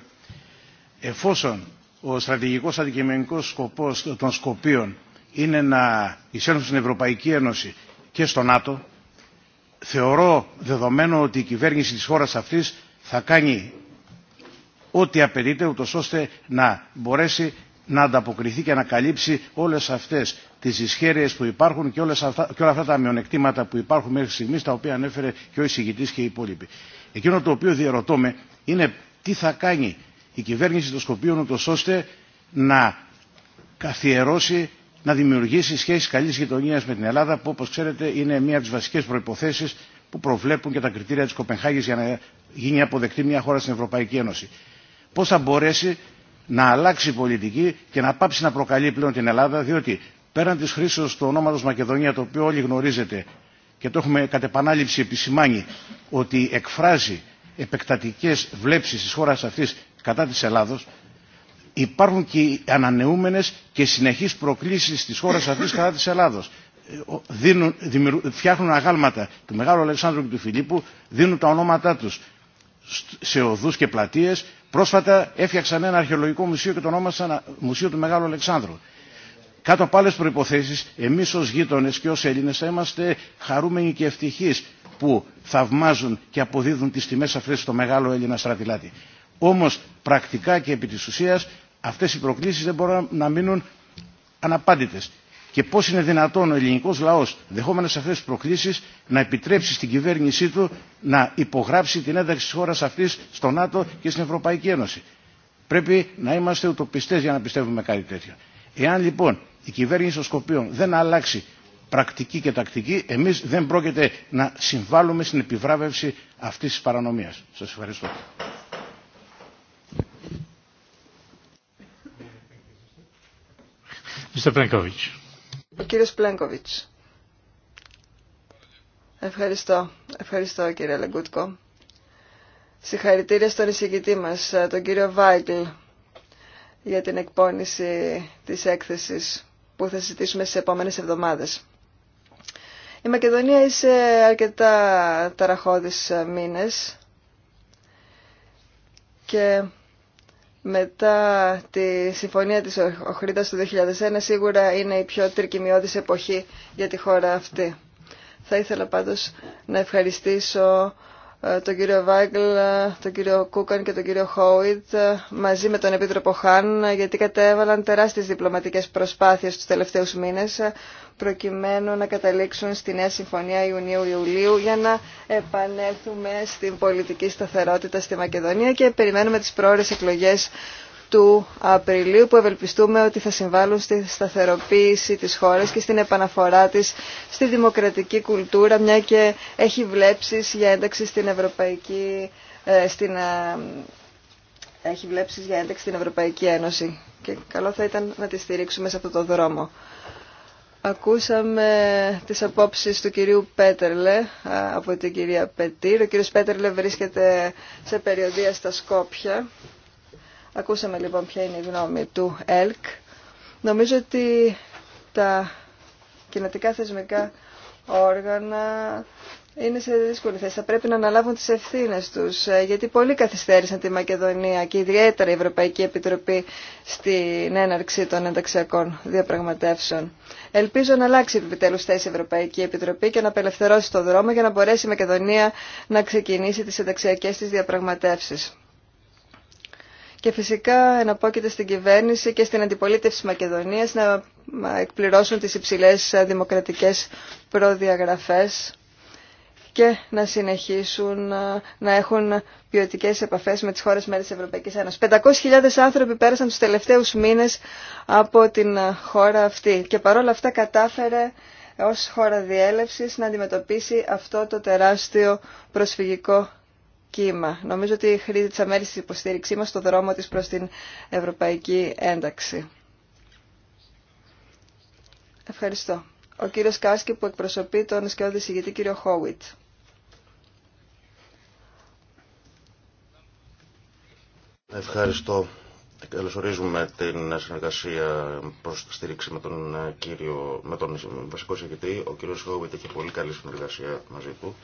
S6: εφόσον ο στρατηγικός αντικειμενικός σκοπός των Σκοπίων είναι να εισέλθουν στην Ευρωπαϊκή Ένωση και στο ΝΑΤΟ, θεωρώ δεδομένο ότι η κυβέρνηση της χώρας αυτής θα κάνει ό,τι απαιτείται ούτως ώστε να μπορέσει να ανταποκριθεί και να καλύψει όλες αυτές τις ισχέρειες που υπάρχουν και, όλες αυτά, όλα αυτά τα μειονεκτήματα που υπάρχουν μέχρι στιγμής τα οποία ανέφερε και ο εισηγητής και οι υπόλοιποι. Εκείνο το οποίο διαρωτώ με είναι τι θα κάνει η κυβέρνηση των Σκοπίων ούτως ώστε να καθιερώσει να δημιουργήσει σχέσεις καλής γειτονίας με την Ελλάδα που όπως ξέρετε είναι μία από τις βασικές προϋποθέσεις που προβλέπουν και τα κριτήρια της Κοπενχάγης για να γίνει αποδεκτή μια χώρα στην Ευρωπαϊκή Ένωση. Πώς θα μπορέσει να αλλάξει η πολιτική και να πάψει να προκαλεί πλέον την Ελλάδα διότι πέραν της χρήσης του ονόματος Μακεδονία το οποίο όλοι γνωρίζετε και το έχουμε κατ' επανάληψη επισημάνει ότι εκφράζει επεκτατικές βλέψεις της χώρας αυτής κατά της Ελλάδος υπάρχουν και ανανεούμενες και συνεχείς προκλήσεις της χώρας αυτής κατά της Ελλάδος. Ε, δίνουν, φτιάχνουν αγάλματα του Μεγάλου Αλεξάνδρου και του Φιλίππου, δίνουν τα ονόματά τους σε οδούς και πλατείες. Πρόσφατα έφτιαξαν ένα αρχαιολογικό μουσείο και το ονόμασαν Μουσείο του Μεγάλου Αλεξάνδρου. Κάτω από άλλες προϋποθέσεις, εμείς ως γείτονες και ως Έλληνες θα είμαστε χαρούμενοι και ευτυχείς που θαυμάζουν και αποδίδουν τις τιμές αυτές στο μεγάλο Έλληνα στρατηλάτη. Όμως πρακτικά και επί της ουσίας αυτές οι προκλήσεις δεν μπορούν να μείνουν αναπάντητες. Και πώς είναι δυνατόν ο ελληνικός λαός, δεχόμενος αυτές τις προκλήσεις, να επιτρέψει στην κυβέρνησή του να υπογράψει την ένταξη της χώρας αυτής στο ΝΑΤΟ και στην Ευρωπαϊκή Ένωση. Πρέπει να είμαστε ουτοπιστές για να πιστεύουμε κάτι τέτοιο. Εάν λοιπόν η κυβέρνηση των Σκοπίων δεν αλλάξει πρακτική και τακτική, εμείς δεν πρόκειται να συμβάλλουμε στην επιβράβευση αυτής της παρανομίας. Σας ευχαριστώ.
S2: κύριος Πλένκοβιτς. Ευχαριστώ. Ευχαριστώ κύριε Λαγκούτκο. Συγχαρητήρια στον εισηγητή μας, ε, τον κύριο Βάγκλ, για την εκπόνηση της έκθεσης που θα συζητήσουμε στις επόμενες εβδομάδες. Η Μακεδονία είσαι αρκετά ταραχώδης ε, μήνες και μετά τη συμφωνία της Οχρήτας του 2001 σίγουρα είναι η πιο τρικυμιώδης εποχή για τη χώρα αυτή. Θα ήθελα πάντως να ευχαριστήσω ε, τον κύριο Βάγκλ, ε, τον κύριο Κούκαν και τον κύριο Χόιτ ε, μαζί με τον Επίτροπο Χάν γιατί κατέβαλαν τεράστιες διπλωματικές προσπάθειες τους τελευταίους μήνες προκειμένου να καταλήξουν στη Νέα Συμφωνία Ιουνίου-Ιουλίου για να επανέλθουμε στην πολιτική σταθερότητα στη Μακεδονία και περιμένουμε τις πρόορες εκλογές του Απριλίου που ευελπιστούμε ότι θα συμβάλλουν στη σταθεροποίηση της χώρας και στην επαναφορά της στη δημοκρατική κουλτούρα μια και έχει βλέψεις για ένταξη στην Ευρωπαϊκή, ε, στην, ε, έχει βλέψεις για ένταξη στην Ευρωπαϊκή Ένωση και καλό θα ήταν να τη στηρίξουμε σε αυτό το δρόμο. Ακούσαμε τις απόψεις του κυρίου Πέτερλε ε, από την κυρία Πετήρ. Ο κύριος Πέτερλε βρίσκεται σε περιοδία στα Σκόπια Ακούσαμε λοιπόν ποια είναι η γνώμη του ΕΛΚ. Νομίζω ότι τα κοινοτικά θεσμικά όργανα είναι σε δύσκολη θέση. Θα πρέπει να αναλάβουν τις ευθύνες τους, ε, γιατί πολύ καθυστέρησαν τη Μακεδονία και ιδιαίτερα η Ευρωπαϊκή Επιτροπή στην έναρξη των ενταξιακών διαπραγματεύσεων. Ελπίζω να αλλάξει επιτέλους θέση η Ευρωπαϊκή Επιτροπή και να απελευθερώσει το δρόμο για να μπορέσει η Μακεδονία να ξεκινήσει τις ενταξιακές της διαπραγματεύσεις και φυσικά εναπόκειται στην κυβέρνηση και στην αντιπολίτευση Μακεδονίας να εκπληρώσουν τις υψηλές δημοκρατικές προδιαγραφές και να συνεχίσουν να έχουν ποιοτικέ επαφέ με τι χώρε μέλη τη Ευρωπαϊκή Ένωση. 500.000 άνθρωποι πέρασαν του τελευταίου μήνε από την χώρα αυτή και παρόλα αυτά κατάφερε ω χώρα διέλευση να αντιμετωπίσει αυτό το τεράστιο προσφυγικό Νομίζω ότι χρήζει τη στην υποστήριξή μας στο δρόμο της προς την ευρωπαϊκή ένταξη. Ευχαριστώ. Ο κύριος Κάσκι που εκπροσωπεί τον σκιώδη συγγητή κύριο Χόουιτ.
S3: Ευχαριστώ. Καλωσορίζουμε την συνεργασία προ τη στήριξη με τον, ε, κύριο, με τον βασικό συγκεκριτή. Ο κύριος Χόουιτ έχει πολύ καλή συνεργασία μαζί του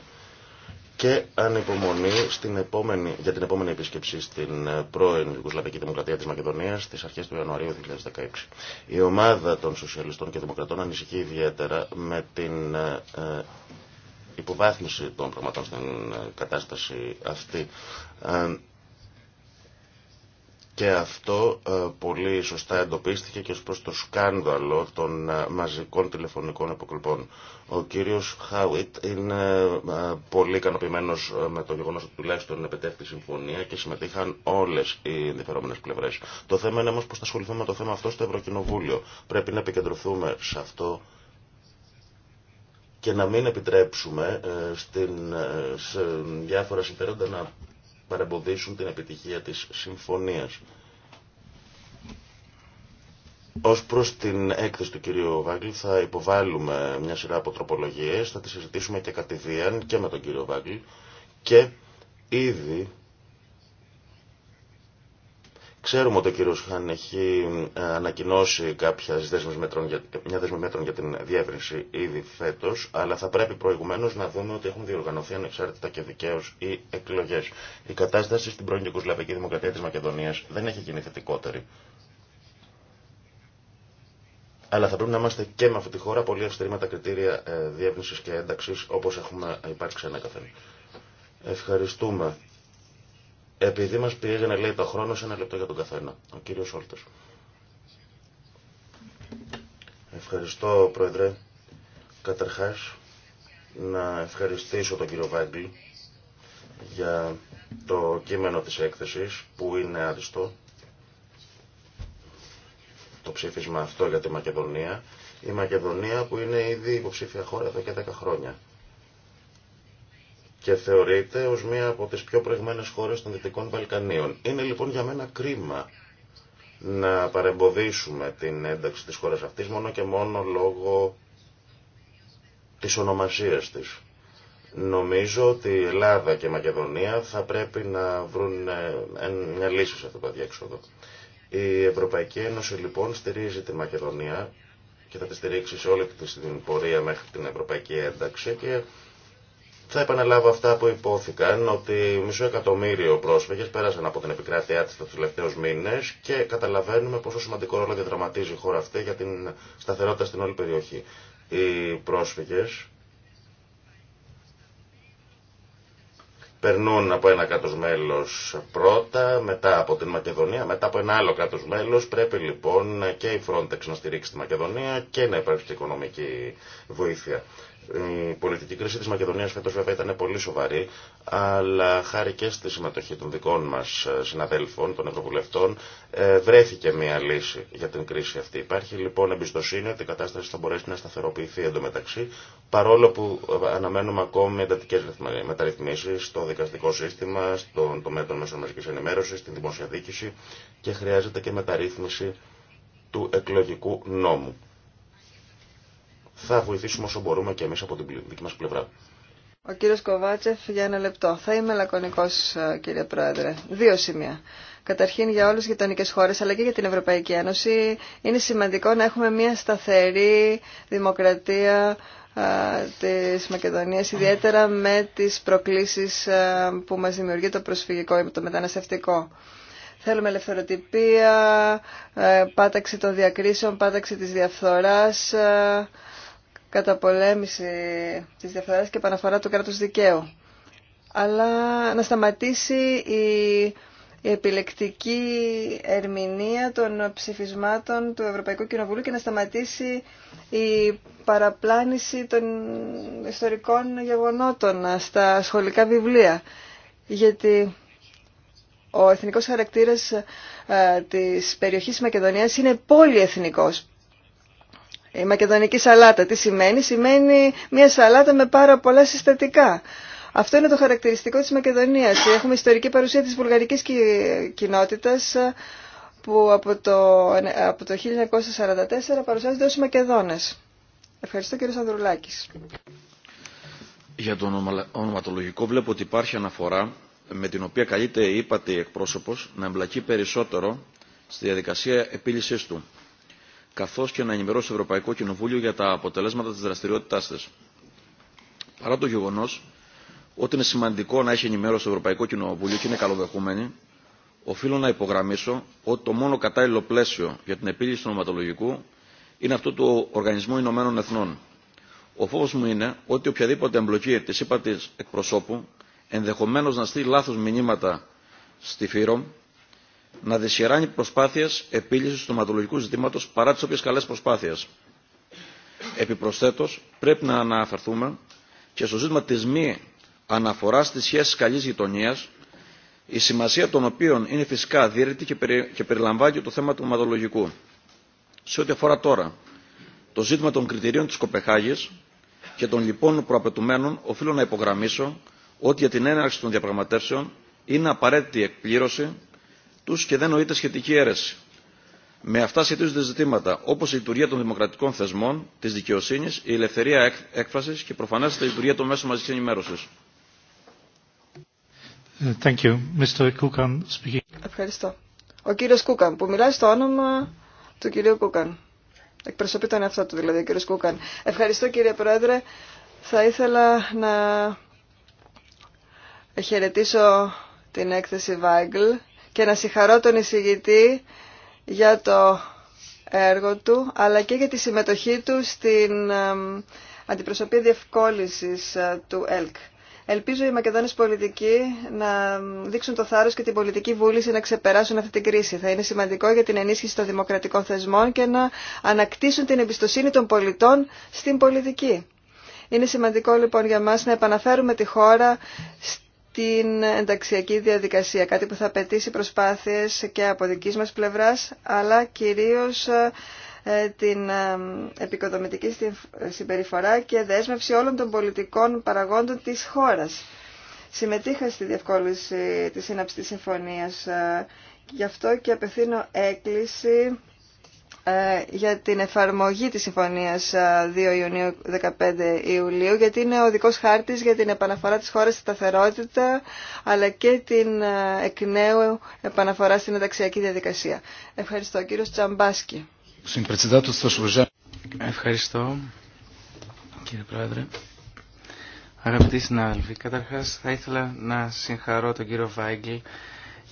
S3: και ανυπομονή στην επόμενη, για την επόμενη επίσκεψη στην πρώην Ιουγκοσλαβική Δημοκρατία της Μακεδονίας στις αρχές του Ιανουαρίου 2016. Η ομάδα των Σοσιαλιστών και Δημοκρατών ανησυχεί ιδιαίτερα με την ε, υποβάθμιση των πραγματών στην ε, κατάσταση αυτή ε, και αυτό ε, πολύ σωστά εντοπίστηκε και ως προς το σκάνδαλο των ε, μαζικών τηλεφωνικών αποκλειπών. Ο κύριος Χάουιτ είναι ε, πολύ ικανοποιημένο με το γεγονός ότι τουλάχιστον επετέφθη συμφωνία και συμμετείχαν όλες οι ενδιαφερόμενες πλευρές. Το θέμα είναι όμως πώς θα ασχοληθούμε με το θέμα αυτό στο Ευρωκοινοβούλιο. Πρέπει να επικεντρωθούμε σε αυτό και να μην επιτρέψουμε στην, σε διάφορα συμφέροντα να παρεμποδίσουν την επιτυχία της συμφωνίας. Ως προς την έκθεση του κυρίου Βάγκλη θα υποβάλουμε μια σειρά από τροπολογίες, θα τις συζητήσουμε και κατηδίαν και με τον κύριο Βάγκλη και ήδη Ξέρουμε ότι ο κύριος Χάν έχει ε, ανακοινώσει μια δέσμη μέτρων για την διεύρυνση ήδη φέτος, αλλά θα πρέπει προηγουμένως να δούμε ότι έχουν διοργανωθεί ανεξάρτητα και δικαίως οι εκλογές. Η κατάσταση στην πρώην Δημοκρατία της Μακεδονίας δεν έχει γίνει θετικότερη. Αλλά θα πρέπει να είμαστε και με αυτή τη χώρα πολύ αυστηροί με τα κριτήρια ε, διεύρυνσης και ένταξης όπως έχουμε υπάρξει καθένα. Ευχαριστούμε επειδή μας πήγαινε να λέει το χρόνο σε ένα λεπτό για τον καθένα. Ο κύριος Όλτος. Ευχαριστώ Πρόεδρε. Καταρχάς να ευχαριστήσω τον κύριο Βάγκλη για το κείμενο της έκθεσης που είναι άριστο το ψήφισμα αυτό για τη Μακεδονία η Μακεδονία που είναι ήδη υποψήφια χώρα εδώ και 10 χρόνια και θεωρείται ως μία από τις πιο προηγμένες χώρες των Δυτικών Βαλκανίων. Είναι λοιπόν για μένα κρίμα να παρεμποδίσουμε την ένταξη της χώρας αυτής μόνο και μόνο λόγω της ονομασίας της. Νομίζω ότι η Ελλάδα και η Μακεδονία θα πρέπει να βρουν ε, μια λύση σε αυτό το διέξοδο. Η Ευρωπαϊκή Ένωση λοιπόν στηρίζει τη Μακεδονία και θα τη στηρίξει σε όλη την πορεία μέχρι την Ευρωπαϊκή Ένταξη και θα επαναλάβω αυτά που υπόθηκαν ότι μισό εκατομμύριο πρόσφυγες πέρασαν από την επικράτειά της τους τελευταίους μήνες και καταλαβαίνουμε πόσο σημαντικό ρόλο διαδραματίζει η χώρα αυτή για την σταθερότητα στην όλη περιοχή. Οι πρόσφυγες περνούν από ένα κράτος μέλος πρώτα, μετά από την Μακεδονία, μετά από ένα άλλο κράτος μέλος. Πρέπει λοιπόν και η Frontex να στηρίξει τη Μακεδονία και να υπάρξει οικονομική βοήθεια. Ε, η πολιτική κρίση της Μακεδονίας φέτος βέβαια ήταν πολύ σοβαρή, αλλά χάρη και στη συμμετοχή των δικών μας ε, συναδέλφων, των Ευρωβουλευτών, ε, βρέθηκε μια λύση για την κρίση αυτή. Υπάρχει λοιπόν εμπιστοσύνη ότι η κατάσταση θα μπορέσει να σταθεροποιηθεί εντωμεταξύ, παρόλο που αναμένουμε ακόμη εντατικές μεταρρυθμίσεις στο δικαστικό σύστημα, στον τομέα των μεσονομικής ενημέρωσης, στην δημοσιαδίκηση και χρειάζεται και μεταρρύθμιση του εκλογικού νόμου θα βοηθήσουμε όσο μπορούμε και εμείς από την δική μα πλευρά.
S2: Ο κύριο Κοβάτσεφ για ένα λεπτό. Θα είμαι λακωνικός ε, κύριε Πρόεδρε. Δύο σημεία. Καταρχήν για όλες τις γειτονικέ χώρες αλλά και για την Ευρωπαϊκή Ένωση είναι σημαντικό να έχουμε μια σταθερή δημοκρατία ε, της Μακεδονίας, ιδιαίτερα με τις προκλήσεις ε, που μας δημιουργεί το προσφυγικό ή το μεταναστευτικό. Θέλουμε ελευθεροτυπία, πάταξη των διακρίσεων, πάταξη της διαφθοράς, καταπολέμηση της διαφθοράς και επαναφορά του κράτους δικαίου. Αλλά να σταματήσει η, επιλεκτική ερμηνεία των ψηφισμάτων του Ευρωπαϊκού Κοινοβουλίου και να σταματήσει η παραπλάνηση των ιστορικών γεγονότων στα σχολικά βιβλία. Γιατί ο εθνικός χαρακτήρας ε, της περιοχής της Μακεδονίας είναι πολυεθνικός. Η μακεδονική σαλάτα τι σημαίνει. Σημαίνει μια σαλάτα με πάρα πολλά συστατικά. Αυτό είναι το χαρακτηριστικό της Μακεδονίας. Έχουμε ιστορική παρουσία της βουλγαρικής κοινότητας ε, που από το, ε, από το 1944 παρουσιάζονται ως Μακεδόνες. Ευχαριστώ κύριε Σανδρουλάκης.
S4: Για το ονοματολογικό βλέπω ότι υπάρχει αναφορά με την οποία καλείται η εκπρόσωπος να εμπλακεί περισσότερο στη διαδικασία επίλυσης του καθώς και να ενημερώσει το Ευρωπαϊκό Κοινοβούλιο για τα αποτελέσματα της δραστηριότητάς της. Παρά το γεγονός ότι είναι σημαντικό να έχει ενημέρωση το Ευρωπαϊκό Κοινοβούλιο και είναι καλοδεχούμενη, οφείλω να υπογραμμίσω ότι το μόνο κατάλληλο πλαίσιο για την επίλυση του νοματολογικού είναι αυτό του Οργανισμού Ηνωμένων Εθνών. Ο φόβο μου είναι ότι οποιαδήποτε εμπλοκή τη ύπατη εκπροσώπου ενδεχομένως να στείλει λάθο μηνύματα στη ΦΥΡΟΜ να δυσχεράνει προσπάθειε επίλυση του ομαδολογικού ζητήματο παρά τι οποίε καλέ προσπάθειε. Επιπροσθέτω, πρέπει να αναφερθούμε και στο ζήτημα τη μη αναφορά στι σχέσει καλή γειτονία, η σημασία των οποίων είναι φυσικά αδίρετη... και, περι... και περιλαμβάνει το θέμα του ομαδολογικού. Σε ό,τι αφορά τώρα το ζήτημα των κριτηρίων τη Κοπεχάγη και των λοιπόν προαπαιτουμένων, οφείλω να υπογραμμίσω ότι για την έναρξη των διαπραγματεύσεων είναι απαραίτητη η εκπλήρωση τους και δεν νοείται σχετική αίρεση. Με αυτά σχετίζονται ζητήματα όπως η λειτουργία των δημοκρατικών θεσμών, της δικαιοσύνης, η ελευθερία έκφρασης και προφανώς η λειτουργία των μέσων μαζικής ενημέρωσης.
S1: Ε, Ευχαριστώ.
S2: Ο κύριος Κούκαν που μιλάει στο όνομα του κυρίου Κούκαν. Εκπροσωπεί τον εαυτό του δηλαδή ο κύριος Κούκαν. Ευχαριστώ κύριε Πρόεδρε. Θα ήθελα να χαιρετήσω την έκθεση Βάγκλ και να συγχαρώ τον εισηγητή για το έργο του, αλλά και για τη συμμετοχή του στην αντιπροσωπεία διευκόλυνσης ε, του ΕΛΚ. Ελπίζω οι Μακεδόνες πολιτικοί να δείξουν το θάρρος και την πολιτική βούληση να ξεπεράσουν αυτή την κρίση. Θα είναι σημαντικό για την ενίσχυση των δημοκρατικών θεσμών και να ανακτήσουν την εμπιστοσύνη των πολιτών στην πολιτική. Είναι σημαντικό λοιπόν για μας να επαναφέρουμε τη χώρα την ενταξιακή διαδικασία, κάτι που θα απαιτήσει προσπάθειες και από δική μας πλευράς, αλλά κυρίως ε, την ε, επικοδομητική ε, συμπεριφορά και δέσμευση όλων των πολιτικών παραγόντων της χώρας. Συμμετείχα στη διευκόλυνση της σύναψης της συμφωνίας, γι' αυτό και απευθύνω έκκληση ε, για την εφαρμογή της Συμφωνίας 2 ε, Ιουνίου 15 Ιουλίου γιατί είναι ο δικός χάρτης για την επαναφορά της χώρας στη σταθερότητα αλλά και την ε, εκ νέου επαναφορά στην ενταξιακή διαδικασία. Ευχαριστώ. Κύριος Τσαμπάσκι.
S7: Ευχαριστώ κύριε Πρόεδρε. Αγαπητοί συνάδελφοι, καταρχάς θα ήθελα να συγχαρώ τον κύριο Βάγγελ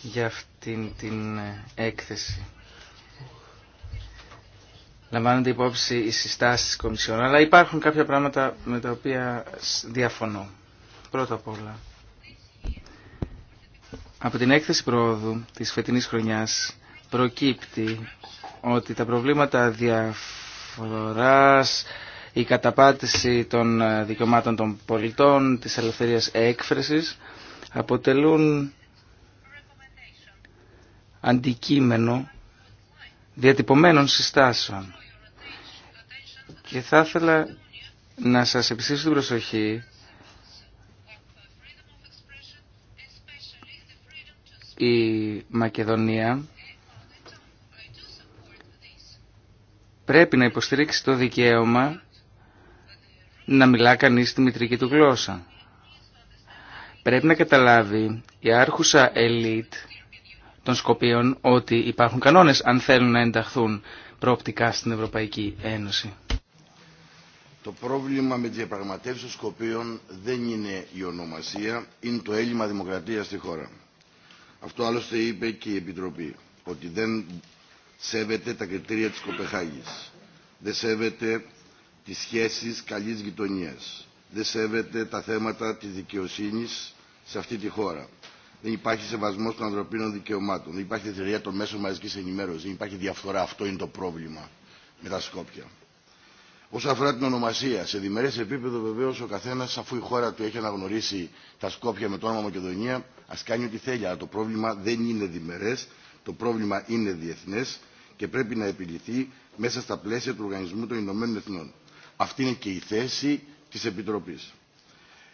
S7: για αυτήν την έκθεση λαμβάνονται υπόψη οι συστάσεις της Κομισιόν. Αλλά υπάρχουν κάποια πράγματα με τα οποία διαφωνώ. Πρώτα απ' όλα. Από την έκθεση πρόοδου της φετινής χρονιάς προκύπτει ότι τα προβλήματα διαφοράς, η καταπάτηση των ε, δικαιωμάτων των πολιτών, της ελευθερίας έκφρασης αποτελούν αντικείμενο διατυπωμένων συστάσεων. Και θα ήθελα να σας επιστήσω την προσοχή η Μακεδονία πρέπει να υποστηρίξει το δικαίωμα να μιλά κανείς τη μητρική του γλώσσα. Πρέπει να καταλάβει η άρχουσα ελίτ των Σκοπίων ότι υπάρχουν κανόνες αν θέλουν να ενταχθούν προοπτικά στην Ευρωπαϊκή Ένωση.
S8: Το πρόβλημα με τι διαπραγματεύσεις των Σκοπίων δεν είναι η ονομασία, είναι το έλλειμμα δημοκρατίας στη χώρα. Αυτό άλλωστε είπε και η Επιτροπή, ότι δεν σέβεται τα κριτήρια της Κοπεχάγης, δεν σέβεται τις σχέσεις καλής γειτονίας, δεν σέβεται τα θέματα της δικαιοσύνης σε αυτή τη χώρα. Δεν υπάρχει σεβασμό των ανθρωπίνων δικαιωμάτων, δεν υπάρχει θεωρία των μέσων μαζικής ενημέρωσης, δεν υπάρχει διαφθορά. Αυτό είναι το πρόβλημα με τα Σκόπια. Όσον αφορά την ονομασία, σε διμερέ επίπεδο βεβαίω ο καθένα, αφού η χώρα του έχει αναγνωρίσει τα Σκόπια με το όνομα Μακεδονία, α κάνει ό,τι θέλει. Αλλά το πρόβλημα δεν είναι διμερέ, το πρόβλημα είναι διεθνέ και πρέπει να επιληθεί μέσα στα πλαίσια του Οργανισμού των Ηνωμένων Εθνών. Αυτή είναι και η θέση τη Επιτροπή.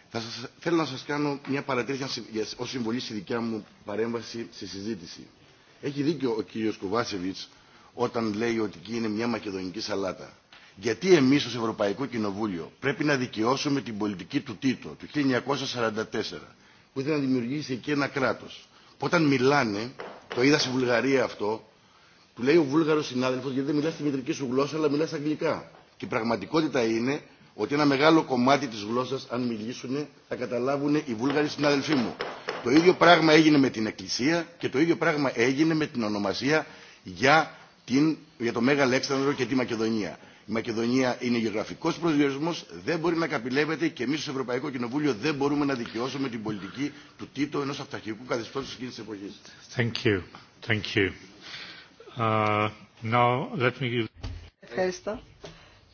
S8: Θα σας, θέλω να σα κάνω μια παρατήρηση ως συμβολή στη δικιά μου παρέμβαση στη συζήτηση. Έχει δίκιο ο κ. Κοβάσεβιτ όταν λέει ότι εκεί είναι μια μακεδονική σαλάτα. Γιατί εμείς ως Ευρωπαϊκό Κοινοβούλιο πρέπει να δικαιώσουμε την πολιτική του Τίτο του 1944 που ήθελε να δημιουργήσει εκεί ένα κράτος. Όταν μιλάνε, το είδα στη Βουλγαρία αυτό, του λέει ο Βούλγαρος συνάδελφος γιατί δεν μιλάς τη μητρική σου γλώσσα αλλά μιλάς αγγλικά. Και η πραγματικότητα είναι ότι ένα μεγάλο κομμάτι της γλώσσας αν μιλήσουν θα καταλάβουν οι Βούλγαροι συνάδελφοί μου. Το ίδιο πράγμα έγινε με την Εκκλησία και το ίδιο πράγμα έγινε με την ονομασία για, την, για το Μέγα Αλέξανδρο και τη Μακεδονία. Η Μακεδονία είναι γεωγραφικό προσδιορισμό, δεν μπορεί να καπηλεύεται και εμεί στο Ευρωπαϊκό Κοινοβούλιο δεν μπορούμε να δικαιώσουμε την πολιτική του τίτλου ενό αυταρχικού καθεστώτο εκείνη τη εποχή.
S2: Ευχαριστώ.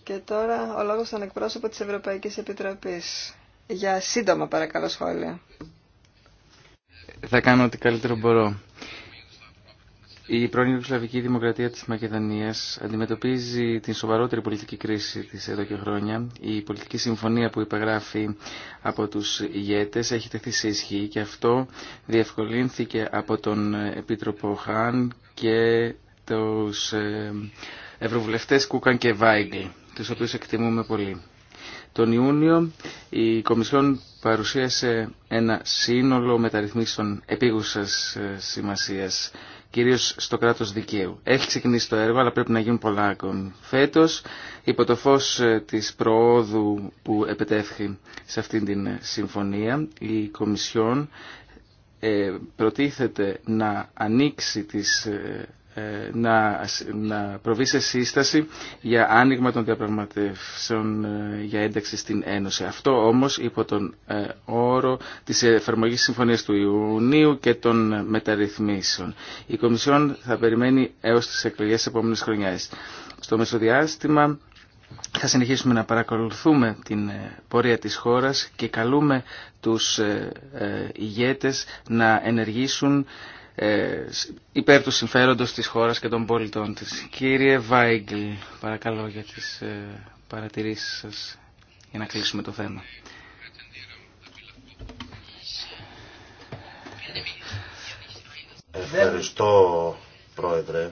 S2: Και τώρα ο λόγος στον εκπρόσωπο της Ευρωπαϊκής Επιτροπής. Για σύντομα παρακαλώ σχόλια.
S7: Θα κάνω ό,τι καλύτερο μπορώ. Η πρώην Ιουγκοσλαβική Δημοκρατία της Μακεδονίας αντιμετωπίζει την σοβαρότερη πολιτική κρίση της εδώ και χρόνια. Η πολιτική συμφωνία που υπεγράφει από τους ηγέτες έχει τεθεί σε ισχύ και αυτό διευκολύνθηκε από τον Επίτροπο Χάν και τους ε, Ευρωβουλευτές Κούκαν και Βάιγκλ, τους οποίους εκτιμούμε πολύ. Τον Ιούνιο η Κομισιόν παρουσίασε ένα σύνολο μεταρρυθμίσεων επίγουσας ε, σημασίας κυρίως στο κράτος δικαίου. Έχει ξεκινήσει το έργο, αλλά πρέπει να γίνουν πολλά ακόμη. Φέτος, υπό το φως ε, της προόδου που επετέφθη σε αυτήν την ε, συμφωνία, η Κομισιόν ε, προτίθεται να ανοίξει τις ε, να, να προβεί σε σύσταση για άνοιγμα των διαπραγματεύσεων ε, για ένταξη στην Ένωση. Αυτό όμως υπό τον ε, όρο της εφαρμογής συμφωνίας του Ιουνίου και των μεταρρυθμίσεων. Η Κομισιόν θα περιμένει έως τις εκλογές της επόμενης χρονιάς. Στο μεσοδιάστημα θα συνεχίσουμε να παρακολουθούμε την πορεία της χώρας και καλούμε τους ηγέτες να ενεργήσουν ε, υπέρ του συμφέροντος της χώρας και των πολιτών της. Κύριε Βάιγκλ, παρακαλώ για τις ε, παρατηρήσεις σας για να κλείσουμε το θέμα.
S3: Ευχαριστώ, Πρόεδρε.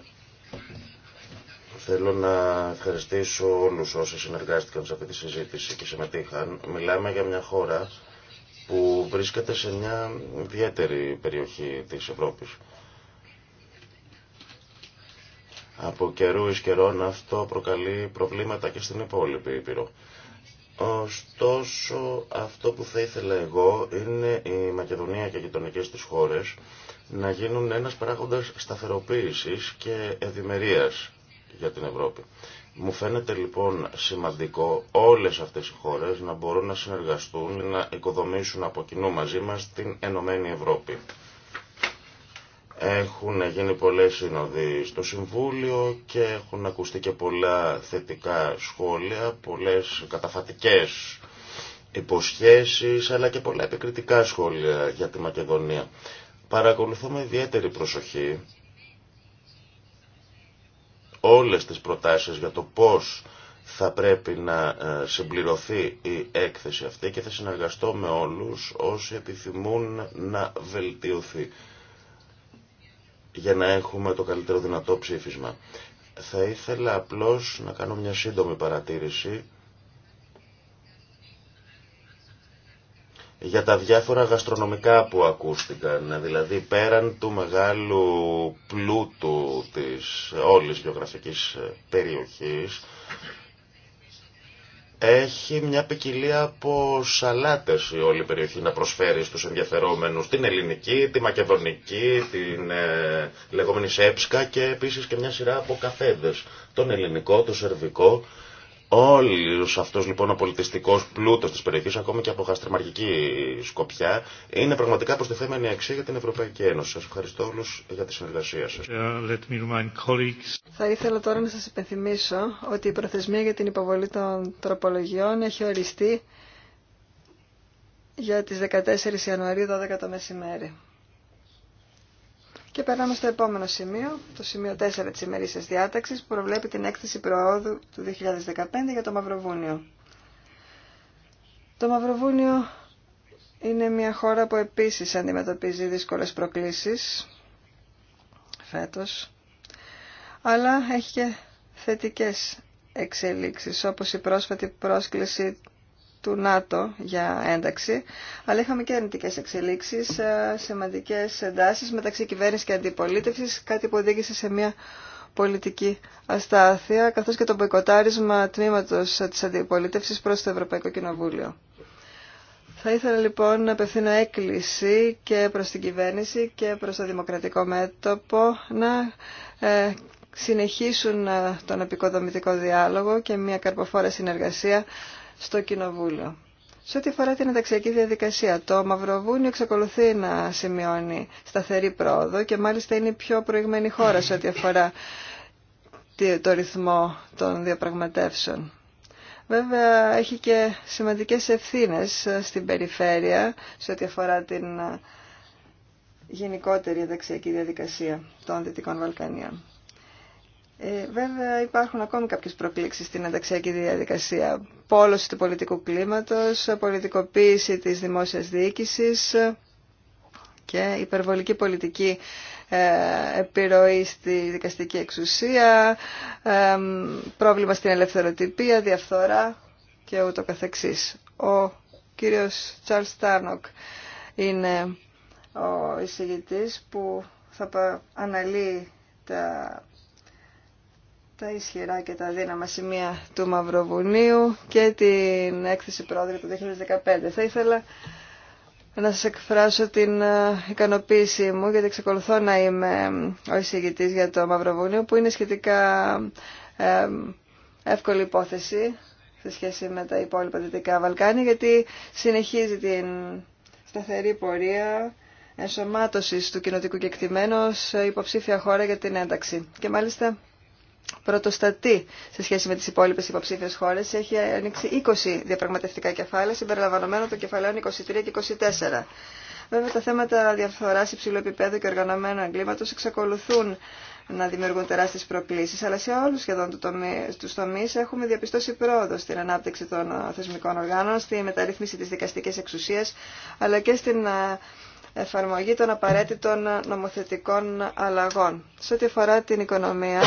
S3: Θέλω να ευχαριστήσω όλους όσοι συνεργάστηκαν σε αυτή τη συζήτηση και συμμετείχαν. Μιλάμε για μια χώρα που βρίσκεται σε μια ιδιαίτερη περιοχή της Ευρώπης. Από καιρού εις καιρόν αυτό προκαλεί προβλήματα και στην υπόλοιπη Ήπειρο. Ωστόσο, αυτό που θα ήθελα εγώ είναι η Μακεδονία και οι γειτονικέ της χώρες να γίνουν ένας παράγοντας σταθεροποίησης και ευημερίας για την Ευρώπη. Μου φαίνεται λοιπόν σημαντικό όλες αυτές οι χώρες να μπορούν να συνεργαστούν, να οικοδομήσουν από κοινού μαζί μας την Ενωμένη Ευρώπη. Έχουν γίνει πολλές σύνοδοι στο Συμβούλιο και έχουν ακουστεί και πολλά θετικά σχόλια, πολλές καταφατικές υποσχέσεις αλλά και πολλά επικριτικά σχόλια για τη Μακεδονία. Παρακολουθώ ιδιαίτερη προσοχή όλες τις προτάσεις για το πώς θα πρέπει να ε, συμπληρωθεί η έκθεση αυτή και θα συνεργαστώ με όλους όσοι επιθυμούν να βελτιωθεί για να έχουμε το καλύτερο δυνατό ψήφισμα. Θα ήθελα απλώς να κάνω μια σύντομη παρατήρηση για τα διάφορα γαστρονομικά που ακούστηκαν, δηλαδή πέραν του μεγάλου πλούτου της όλης γεωγραφικής ε, περιοχής, έχει μια ποικιλία από σαλάτες η όλη περιοχή να προσφέρει στους ενδιαφερόμενους την ελληνική, τη μακεδονική, την ε, λεγόμενη σέψκα και επίσης και μια σειρά από καφέδες, τον ελληνικό, το σερβικό Όλος αυτός λοιπόν ο πολιτιστικός πλούτος της περιοχής, ακόμη και από γαστριμαργική σκοπιά, είναι πραγματικά προστιθέμενη αξία για την Ευρωπαϊκή Ένωση. Σας ευχαριστώ όλους για τη συνεργασία σας.
S1: Θα
S2: ήθελα τώρα να σας υπενθυμίσω ότι η προθεσμία για την υποβολή των τροπολογιών έχει οριστεί για τις 14 Ιανουαρίου 12 το μεσημέρι. Και περνάμε στο επόμενο σημείο, το σημείο 4 της ημερήσιας διάταξης, που προβλέπει την έκθεση προόδου του 2015 για το Μαυροβούνιο. Το Μαυροβούνιο είναι μια χώρα που επίσης αντιμετωπίζει δύσκολες προκλήσεις φέτος, αλλά έχει και θετικές εξελίξεις, όπως η πρόσφατη πρόσκληση του ΝΑΤΟ για ένταξη, αλλά είχαμε και αρνητικέ εξελίξει, ε, σημαντικέ εντάσει μεταξύ κυβέρνηση και αντιπολίτευση, κάτι που οδήγησε σε μια πολιτική αστάθεια, καθώ και το μποϊκοτάρισμα τμήματο τη αντιπολίτευση προ το Ευρωπαϊκό Κοινοβούλιο. Θα ήθελα λοιπόν να απευθύνω έκκληση και προς την κυβέρνηση και προς το δημοκρατικό μέτωπο να ε, συνεχίσουν ε, τον επικοδομητικό διάλογο και μια καρποφόρα συνεργασία στο Κοινοβούλιο. Σε ό,τι αφορά την ενταξιακή διαδικασία, το Μαυροβούνιο εξακολουθεί να σημειώνει σταθερή πρόοδο και μάλιστα είναι η πιο προηγμένη χώρα σε ό,τι αφορά το ρυθμό των διαπραγματεύσεων. Βέβαια, έχει και σημαντικές ευθύνες ε, στην περιφέρεια σε ό,τι αφορά την ε, γενικότερη ενταξιακή διαδικασία των Δυτικών Βαλκανίων. Ε, βέβαια υπάρχουν ακόμη κάποιες προκλήξεις στην ενταξιακή διαδικασία. Πόλωση του πολιτικού κλίματος, πολιτικοποίηση της δημόσιας διοίκησης και υπερβολική πολιτική ε, επιρροή στη δικαστική εξουσία, ε, πρόβλημα στην ελευθεροτυπία, διαφθορά και ούτω καθεξής. Ο κύριος Τσάρλς Τάρνοκ είναι ο εισηγητής που θα αναλύει τα τα ισχυρά και τα δύναμα σημεία του Μαυροβουνίου και την έκθεση πρόεδρε του 2015. Θα ήθελα να σας εκφράσω την ε, ικανοποίησή μου γιατί εξακολουθώ να είμαι ε, ο εισηγητής για το Μαυροβουνίο που είναι σχετικά ε, εύκολη υπόθεση σε σχέση με τα υπόλοιπα Δυτικά Βαλκάνια γιατί συνεχίζει την σταθερή πορεία ενσωμάτωσης του κοινοτικού κεκτημένου σε υποψήφια χώρα για την ένταξη. Και μάλιστα πρωτοστατεί σε σχέση με τις υπόλοιπες υποψήφιες χώρες. Έχει ανοίξει 20 διαπραγματευτικά κεφάλαια, συμπεριλαμβανομένων των κεφαλαίων 23 και 24. Βέβαια τα θέματα διαφθοράς υψηλού επίπεδου και οργανωμένου εγκλήματος εξακολουθούν να δημιουργούν τεράστιε προκλήσει, αλλά σε όλου σχεδόν του τομεί, έχουμε διαπιστώσει πρόοδο στην ανάπτυξη των ε, θεσμικών οργάνων, στη μεταρρύθμιση τη δικαστική εξουσία, αλλά και στην ε, εφαρμογή των απαραίτητων νομοθετικών αλλαγών. Σε ό,τι αφορά την οικονομία,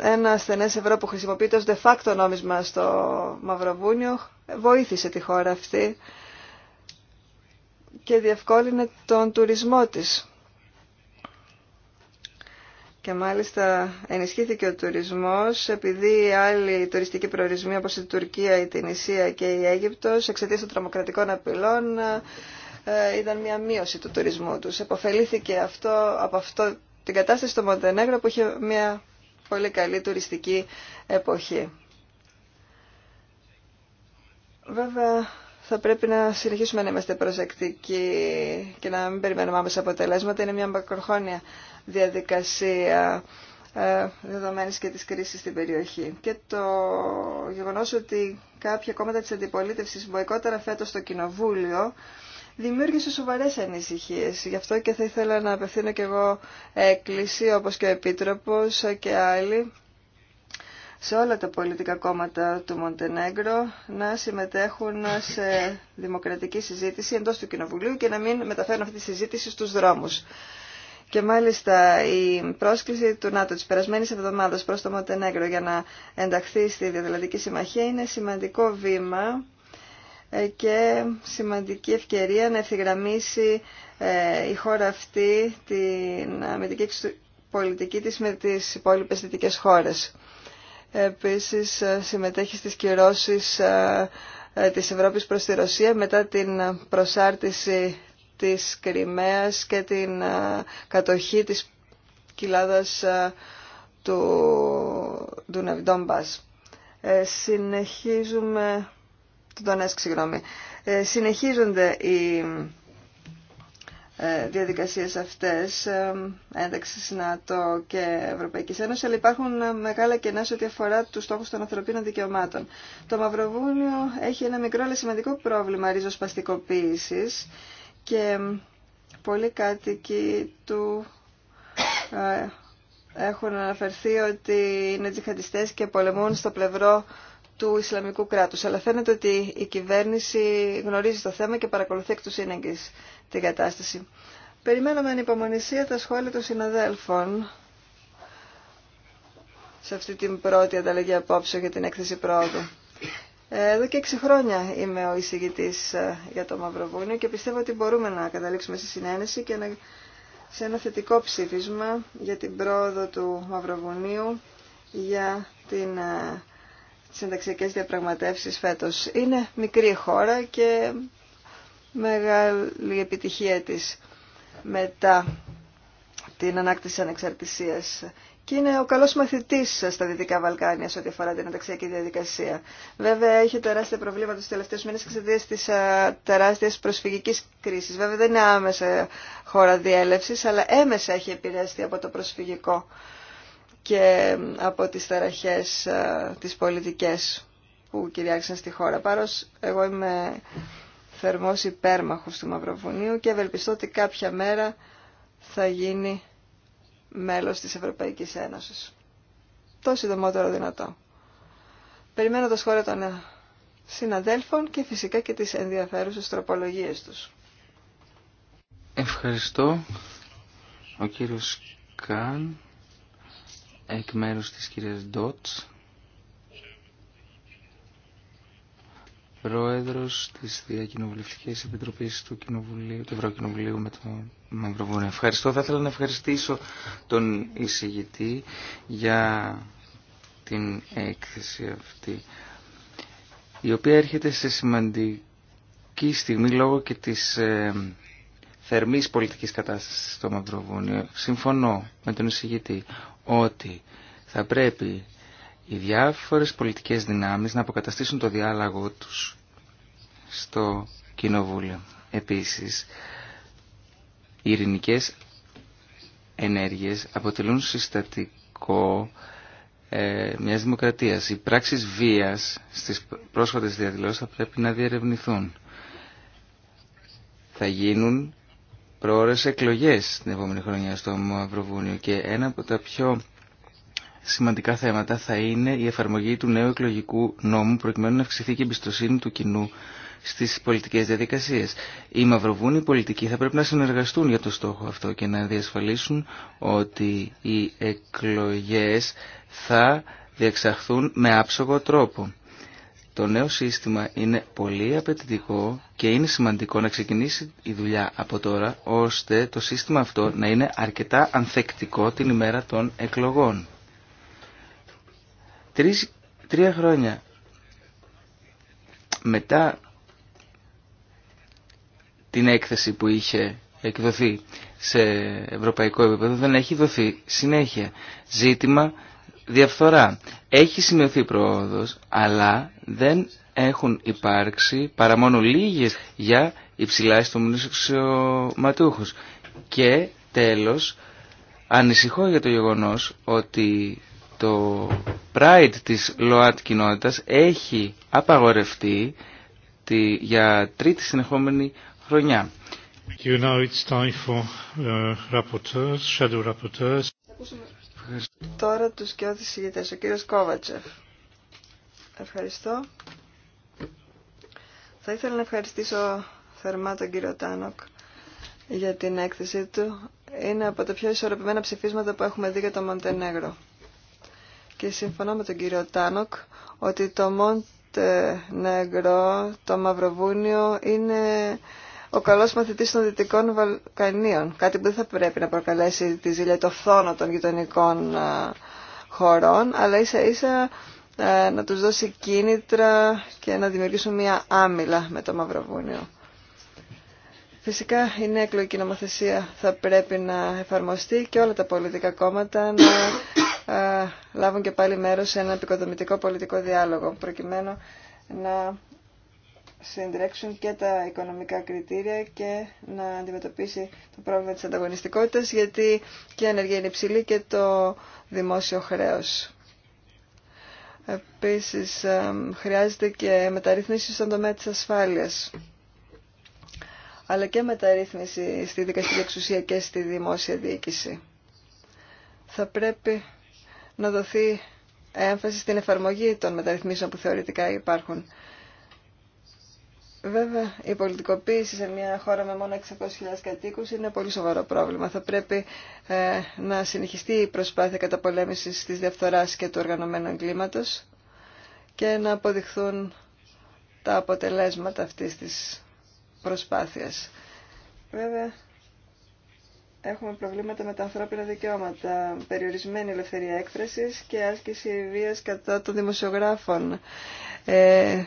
S2: ένα στενές ευρώ που χρησιμοποιείται ως de facto νόμισμα στο Μαυροβούνιο βοήθησε τη χώρα αυτή και διευκόλυνε τον τουρισμό της. Και μάλιστα ενισχύθηκε ο τουρισμός επειδή άλλοι τουριστικοί προορισμοί όπως η Τουρκία, η Τινησία και η Αίγυπτος εξαιτίας των τρομοκρατικών απειλών ήταν ε, μια μείωση του τουρισμού τους. Εποφελήθηκε αυτό, από αυτό την κατάσταση στο Μοντενέγρο που είχε μια πολύ καλή τουριστική εποχή. Βέβαια, θα πρέπει να συνεχίσουμε να είμαστε προσεκτικοί και να μην περιμένουμε άμεσα αποτελέσματα. Είναι μια μακροχρόνια διαδικασία ε, δεδομένης και της κρίσης στην περιοχή. Και το γεγονός ότι κάποια κόμματα της αντιπολίτευσης μποϊκότερα φέτος στο Κοινοβούλιο δημιούργησε σοβαρές ανησυχίες. Γι' αυτό και θα ήθελα να απευθύνω και εγώ έκκληση, όπως και ο Επίτροπος και άλλοι, σε όλα τα πολιτικά κόμματα του Μοντενέγκρο να συμμετέχουν σε δημοκρατική συζήτηση εντός του Κοινοβουλίου και να μην μεταφέρουν αυτή τη συζήτηση στους δρόμους. Και μάλιστα η πρόσκληση του ΝΑΤΟ της περασμένης εβδομάδας προς το Μοντενέγκρο για να ενταχθεί στη Διαδηλατική Συμμαχία είναι σημαντικό βήμα ε, και σημαντική ευκαιρία να ευθυγραμμίσει ε, η χώρα αυτή την αμυντική πολιτική της με τις υπόλοιπες δυτικές χώρες. Επίσης ε, συμμετέχει στις κυρώσεις της Ευρώπης προς τη Ρωσία μετά την προσάρτηση της Κρυμαίας και την κατοχή της κοιλάδας του Ντουναβιντόμπας. Συνεχίζουμε του Ντονέσκ, συγγνώμη. Ε, συνεχίζονται οι ε, διαδικασίες αυτές ε, ένταξης ΝΑΤΟ και Ευρωπαϊκής Ένωσης, αλλά υπάρχουν ε, μεγάλα κενά σε ό,τι αφορά τους στόχους των ανθρωπίνων δικαιωμάτων. Το Μαυροβούνιο έχει ένα μικρό αλλά σημαντικό πρόβλημα ριζοσπαστικοποίησης και ε, πολλοί κάτοικοι του ε, έχουν αναφερθεί ότι είναι τζιχαντιστές και πολεμούν στο πλευρό του Ισλαμικού Κράτου. Αλλά φαίνεται ότι η κυβέρνηση γνωρίζει το θέμα και παρακολουθεί εκ του σύνεγγυ την κατάσταση. Περιμένουμε ανυπομονησία τα σχόλια των συναδέλφων σε αυτή την πρώτη ανταλλαγή απόψεων για την έκθεση πρόοδου. Ε, εδώ και 6 χρόνια είμαι ο εισηγητή ε, για το Μαυροβούνιο και πιστεύω ότι μπορούμε να καταλήξουμε στη συνένεση και να... σε ένα θετικό ψήφισμα για την πρόοδο του Μαυροβουνίου για την ε, συνταξιακές διαπραγματεύσεις φέτος. Είναι μικρή χώρα και μεγάλη επιτυχία της μετά την ανάκτηση ανεξαρτησίας. Και είναι ο καλός μαθητής στα Δυτικά Βαλκάνια σε ό,τι αφορά την ανταξιακή διαδικασία. Βέβαια έχει τεράστια προβλήματα τους τελευταίους μήνες εξαιτία τη τεράστια προσφυγική προσφυγικής κρίσης. Βέβαια δεν είναι άμεσα χώρα διέλευσης, αλλά έμεσα έχει επηρεαστεί από το προσφυγικό και από τις ταραχές ε, τις πολιτικές που κυριάξαν στη χώρα. Πάρος, εγώ είμαι θερμός υπέρμαχος του Μαυροβουνίου και ευελπιστώ ότι κάποια μέρα θα γίνει μέλος της Ευρωπαϊκής Ένωσης. Το συντομότερο δυνατό. Περιμένω τα σχόλια των ε, συναδέλφων και φυσικά και τις ενδιαφέρουσες τροπολογίες τους.
S7: Ευχαριστώ. Ο κύριος Καν εκ μέρους της κυρίας Ντότς, πρόεδρος της Διακοινοβουλευτικής Επιτροπής του, Κοινοβουλίου, του Ευρωκοινοβουλίου με το Μαυροβούνιο. Ευχαριστώ. Θα ήθελα να ευχαριστήσω τον εισηγητή για την έκθεση αυτή, η οποία έρχεται σε σημαντική στιγμή λόγω και της ε, θερμής πολιτικής κατάστασης στο Μαυροβούνιο. Συμφωνώ με τον εισηγητή ότι θα πρέπει οι διάφορες πολιτικές δυνάμεις να αποκαταστήσουν το διάλογο τους στο Κοινοβούλιο. Επίσης, οι ειρηνικές ενέργειες αποτελούν συστατικό μια ε, μιας δημοκρατίας. Οι πράξεις βίας στις πρόσφατες διαδηλώσεις θα πρέπει να διερευνηθούν. Θα γίνουν προώρες εκλογές την επόμενη χρονιά στο Μαυροβούνιο και ένα από τα πιο σημαντικά θέματα θα είναι η εφαρμογή του νέου εκλογικού νόμου προκειμένου να αυξηθεί και η εμπιστοσύνη του κοινού στις πολιτικές διαδικασίες. Οι μαυροβουνιοί πολιτικοί θα πρέπει να συνεργαστούν για το στόχο αυτό και να διασφαλίσουν ότι οι εκλογές θα διεξαχθούν με άψογο τρόπο το νέο σύστημα είναι πολύ απαιτητικό και είναι σημαντικό να ξεκινήσει η δουλειά από τώρα ώστε το σύστημα αυτό να είναι αρκετά ανθεκτικό την ημέρα των εκλογών. Τρεις, τρία χρόνια μετά την έκθεση που είχε εκδοθεί σε ευρωπαϊκό επίπεδο δεν έχει δοθεί συνέχεια. Ζήτημα διαφθορά. Έχει σημειωθεί πρόοδος, αλλά δεν έχουν υπάρξει παρά μόνο λίγες για υψηλά ματούχους. Και τέλος, ανησυχώ για το γεγονός ότι το Pride της ΛΟΑΤ κοινότητας έχει απαγορευτεί τη, για τρίτη συνεχόμενη χρονιά.
S1: You it's time for, uh, rapporteurs,
S2: Τώρα τους και ό,τι Ο κύριο Κόβατσεφ. Ευχαριστώ. Θα ήθελα να ευχαριστήσω θερμά τον κύριο Τάνοκ για την έκθεσή του. Είναι από τα πιο ισορροπημένα ψηφίσματα που έχουμε δει για το Μοντενέγρο. Και συμφωνώ με τον κύριο Τάνοκ ότι το Μοντενέγρο, το Μαυροβούνιο είναι ο καλός μαθητής των Δυτικών Βαλκανίων. Κάτι που δεν θα πρέπει να προκαλέσει τη ζηλετοφθόνο των γειτονικών χωρών, αλλά ίσα ίσα να του δώσει κίνητρα και να δημιουργήσουν μια άμυλα με το Μαυροβούνιο. Φυσικά η νέα εκλογική νομοθεσία θα πρέπει να εφαρμοστεί και όλα τα πολιτικά κόμματα να λάβουν και πάλι μέρος σε ένα επικοδομητικό πολιτικό διάλογο προκειμένου να συντρέξουν και τα οικονομικά κριτήρια και να αντιμετωπίσει το πρόβλημα της ανταγωνιστικότητας γιατί και η ανεργία είναι υψηλή και το δημόσιο χρέος. Επίσης, ε, χρειάζεται και μεταρρύθμιση στον τομέα της ασφάλειας αλλά και μεταρρύθμιση στη δικαστική εξουσία και στη δημόσια διοίκηση. Θα πρέπει να δοθεί έμφαση στην εφαρμογή των μεταρρυθμίσεων που θεωρητικά υπάρχουν. Βέβαια, η πολιτικοποίηση σε μια χώρα με μόνο 600.000 κατοίκους είναι πολύ σοβαρό πρόβλημα. Θα πρέπει ε, να συνεχιστεί η προσπάθεια καταπολέμησης της διαφθοράς και του οργανωμένου εγκλήματος και να αποδειχθούν τα αποτελέσματα αυτής της προσπάθειας. Βέβαια, έχουμε προβλήματα με τα ανθρώπινα δικαιώματα, περιορισμένη ελευθερία έκφρασης και άσκηση βίας κατά των δημοσιογράφων. Ε,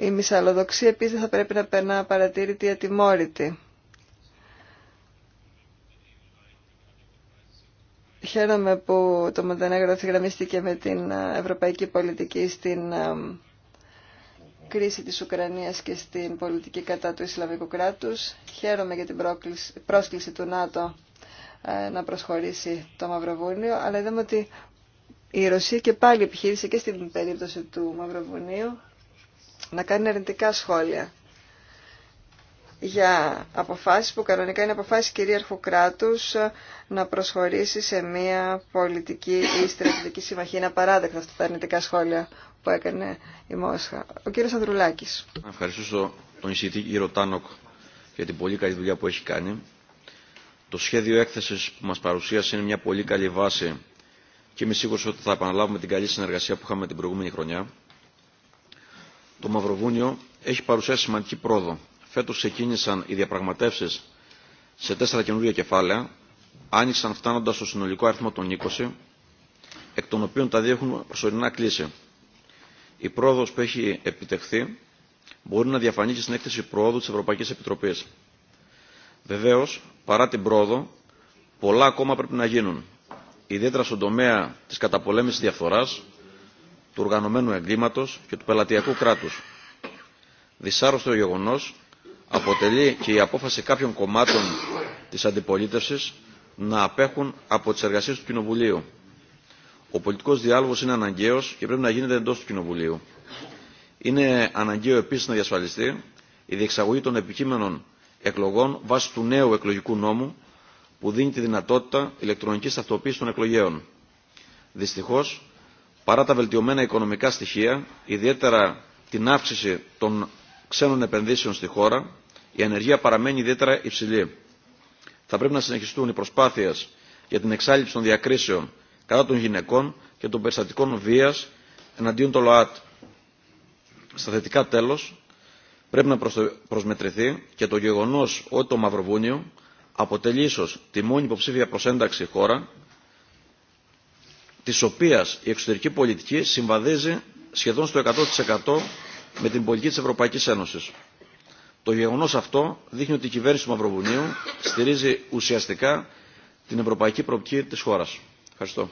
S2: η μυσαλλοδοξία επίσης θα πρέπει να περνά παρατήρητη ή ατιμόρυτη. Χαίρομαι που το Μοντενέγρο ευθυγραμμίστηκε με την ευρωπαϊκή πολιτική στην κρίση της Ουκρανίας και στην πολιτική κατά του Ισλαμικού κράτους. Χαίρομαι για την πρόσκληση του ΝΑΤΟ να προσχωρήσει το Μαυροβούνιο, αλλά είδαμε ότι η Ρωσία και πάλι επιχείρησε και στην περίπτωση του Μαυροβουνίου να κάνει αρνητικά σχόλια για αποφάσεις που κανονικά είναι αποφάσεις κυρίαρχου κράτους ε, να προσχωρήσει σε μια πολιτική ή στρατιωτική συμμαχία. Είναι απαράδεκτα αυτά τα αρνητικά σχόλια που έκανε η Μόσχα. Ο κύριος Ανδρουλάκης.
S4: Ευχαριστώ τον εισηγητή κύριο Τάνοκ για την πολύ καλή δουλειά που έχει κάνει. Το σχέδιο έκθεσης που μας παρουσίασε είναι μια πολύ καλή βάση και είμαι σίγουρος ότι θα επαναλάβουμε την καλή συνεργασία που είχαμε την προηγούμενη χρονιά το Μαυροβούνιο έχει παρουσιάσει σημαντική πρόοδο. Φέτο ξεκίνησαν οι διαπραγματεύσει σε τέσσερα καινούργια κεφάλαια, άνοιξαν φτάνοντα στο συνολικό αριθμό των 20, εκ των οποίων τα δύο έχουν προσωρινά κλείσει. Η πρόοδο που έχει επιτευχθεί μπορεί να διαφανεί και στην έκθεση πρόοδου τη Ευρωπαϊκή Επιτροπή. Βεβαίω, παρά την πρόοδο, πολλά ακόμα πρέπει να γίνουν, ιδιαίτερα στον τομέα τη καταπολέμηση διαφθορά, του οργανωμένου εγκλήματο και του πελατειακού κράτους. Δυσάρρωστο γεγονό αποτελεί και η απόφαση κάποιων κομμάτων της αντιπολίτευσης να απέχουν από τις εργασίες του Κοινοβουλίου. Ο πολιτικός διάλογος είναι αναγκαίος και πρέπει να γίνεται εντός του Κοινοβουλίου. Είναι αναγκαίο επίσης να διασφαλιστεί η διεξαγωγή των επικείμενων εκλογών βάσει του νέου εκλογικού νόμου που δίνει τη δυνατότητα ηλεκτρονική ταυτοποίηση των εκλογέων. Δυστυχώ παρά τα βελτιωμένα οικονομικά στοιχεία, ιδιαίτερα την αύξηση των ξένων επενδύσεων στη χώρα, η ανεργία παραμένει ιδιαίτερα υψηλή. Θα πρέπει να συνεχιστούν οι προσπάθειε για την εξάλληψη των διακρίσεων κατά των γυναικών και των περιστατικών βία εναντίον των ΛΟΑΤ. Στα θετικά τέλο, πρέπει να προσμετρηθεί και το γεγονό ότι το Μαυροβούνιο αποτελεί ίσω τη μόνη υποψήφια προσένταξη χώρα της οποίας η εξωτερική πολιτική συμβαδίζει σχεδόν στο 100% με την πολιτική της Ευρωπαϊκής Ένωσης. Το γεγονός αυτό δείχνει ότι η κυβέρνηση του Μαυροβουνίου στηρίζει ουσιαστικά την ευρωπαϊκή προοπτική της χώρας. Ευχαριστώ.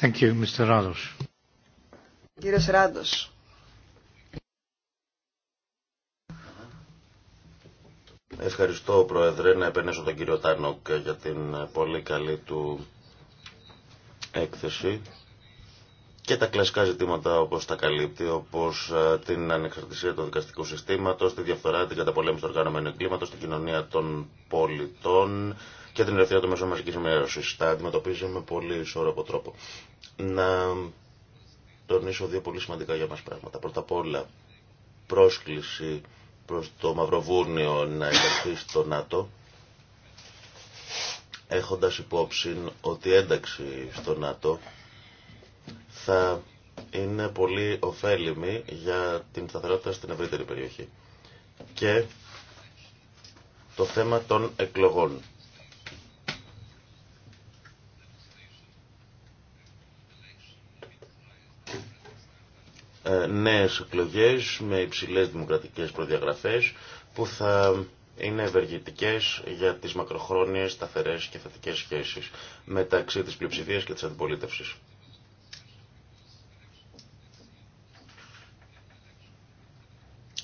S1: Thank you, Mr. Rados.
S2: Ράντος.
S3: Ευχαριστώ, Πρόεδρε, να επενέσω τον κύριο Τάνοκ για την πολύ καλή του έκθεση και τα κλασικά ζητήματα όπως τα καλύπτει, όπως ε, την ανεξαρτησία του δικαστικού συστήματος, τη διαφθορά, την καταπολέμηση του οργανωμένου κλίματος, την κοινωνία των πολιτών και την ελευθερία του μέσων μαζικής ενημέρωσης. Τα αντιμετωπίζει με πολύ ισόρροπο τρόπο. Να τονίσω δύο πολύ σημαντικά για μας πράγματα. Πρώτα απ' όλα, πρόσκληση προς το Μαυροβούνιο να ενταχθεί στο ΝΑΤΟ έχοντας υπόψη ότι η ένταξη στο ΝΑΤΟ θα είναι πολύ ωφέλιμη για την σταθερότητα στην ευρύτερη περιοχή. Και το θέμα των εκλογών. Ε, νέες εκλογές με υψηλές δημοκρατικές προδιαγραφές που θα είναι ευεργετικές για τις μακροχρόνιες, σταθερές και θετικές σχέσεις μεταξύ της πλειοψηφίας και της αντιπολίτευσης.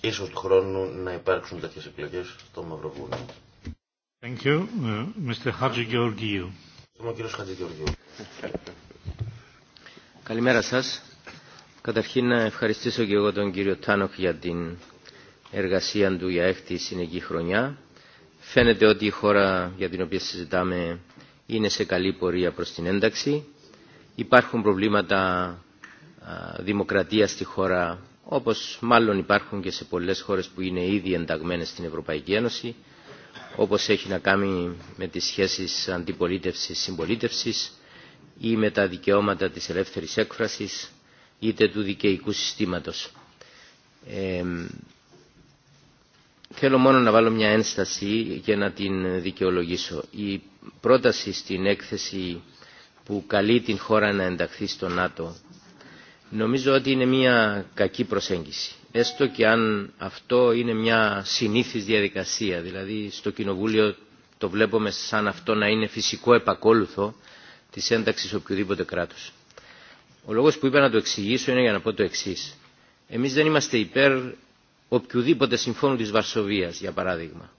S3: Ίσως του χρόνου να υπάρξουν τέτοιες εκλογές στο Μαυροβούνιο. Thank you,
S9: uh, Χατζηγεωργίου. Καλημέρα σας. Καταρχήν να ευχαριστήσω και εγώ τον κύριο Τάνοχ για την εργασία του για έκτη συνεχή χρονιά. Φαίνεται ότι η χώρα για την οποία συζητάμε είναι σε καλή πορεία προς την ένταξη. Υπάρχουν προβλήματα δημοκρατίας στη χώρα, όπως μάλλον υπάρχουν και σε πολλές χώρες που είναι ήδη ενταγμένες στην Ευρωπαϊκή Ένωση, όπως έχει να κάνει με τις σχέσεις αντιπολίτευσης-συμπολίτευσης ή με τα δικαιώματα της ελεύθερης έκφρασης, είτε του δικαιικού συστήματος. θέλω μόνο να βάλω μια ένσταση και να την δικαιολογήσω. Η πρόταση στην έκθεση που καλεί την χώρα να ενταχθεί στο ΝΑΤΟ νομίζω ότι είναι μια κακή προσέγγιση. Έστω και αν αυτό είναι μια συνήθις διαδικασία, δηλαδή στο Κοινοβούλιο το βλέπουμε σαν αυτό να είναι φυσικό επακόλουθο της ένταξης οποιοδήποτε κράτους. Ο λόγος που είπα να το εξηγήσω είναι για να πω το εξή. Εμείς δεν είμαστε υπέρ οποιοδήποτε συμφώνου της Βαρσοβίας, για παράδειγμα.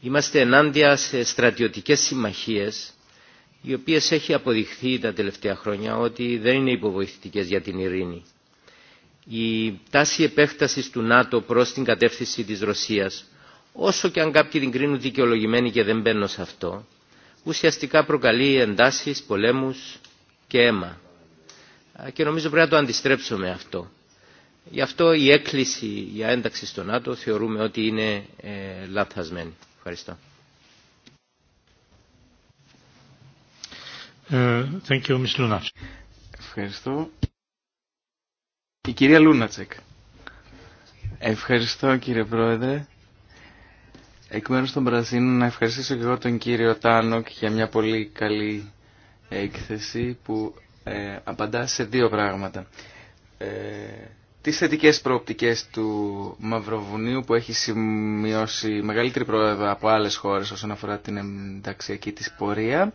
S9: Είμαστε ενάντια σε στρατιωτικές συμμαχίες, οι οποίες έχει αποδειχθεί τα τελευταία χρόνια ότι δεν είναι υποβοηθητικές για την ειρήνη. Η τάση επέκτασης του ΝΑΤΟ προς την κατεύθυνση της Ρωσίας, όσο και αν κάποιοι την κρίνουν δικαιολογημένη και δεν μπαίνω σε αυτό, ουσιαστικά προκαλεί εντάσεις, πολέμους και αίμα και νομίζω πρέπει να το αντιστρέψουμε αυτό. Γι' αυτό η έκκληση για ένταξη στο ΝΑΤΟ θεωρούμε ότι είναι ε, Ευχαριστώ.
S1: Ε, thank you,
S7: Ευχαριστώ. Η κυρία Λούνατσεκ. Ευχαριστώ κύριε Πρόεδρε. Εκ μέρου των Πρασίνων να ευχαριστήσω και εγώ τον κύριο Τάνοκ για μια πολύ καλή έκθεση που ε, απαντά σε δύο πράγματα. Ε, τις θετικές προοπτικές του Μαυροβουνίου που έχει σημειώσει μεγαλύτερη πρόοδο από άλλες χώρες όσον αφορά την ενταξιακή της πορεία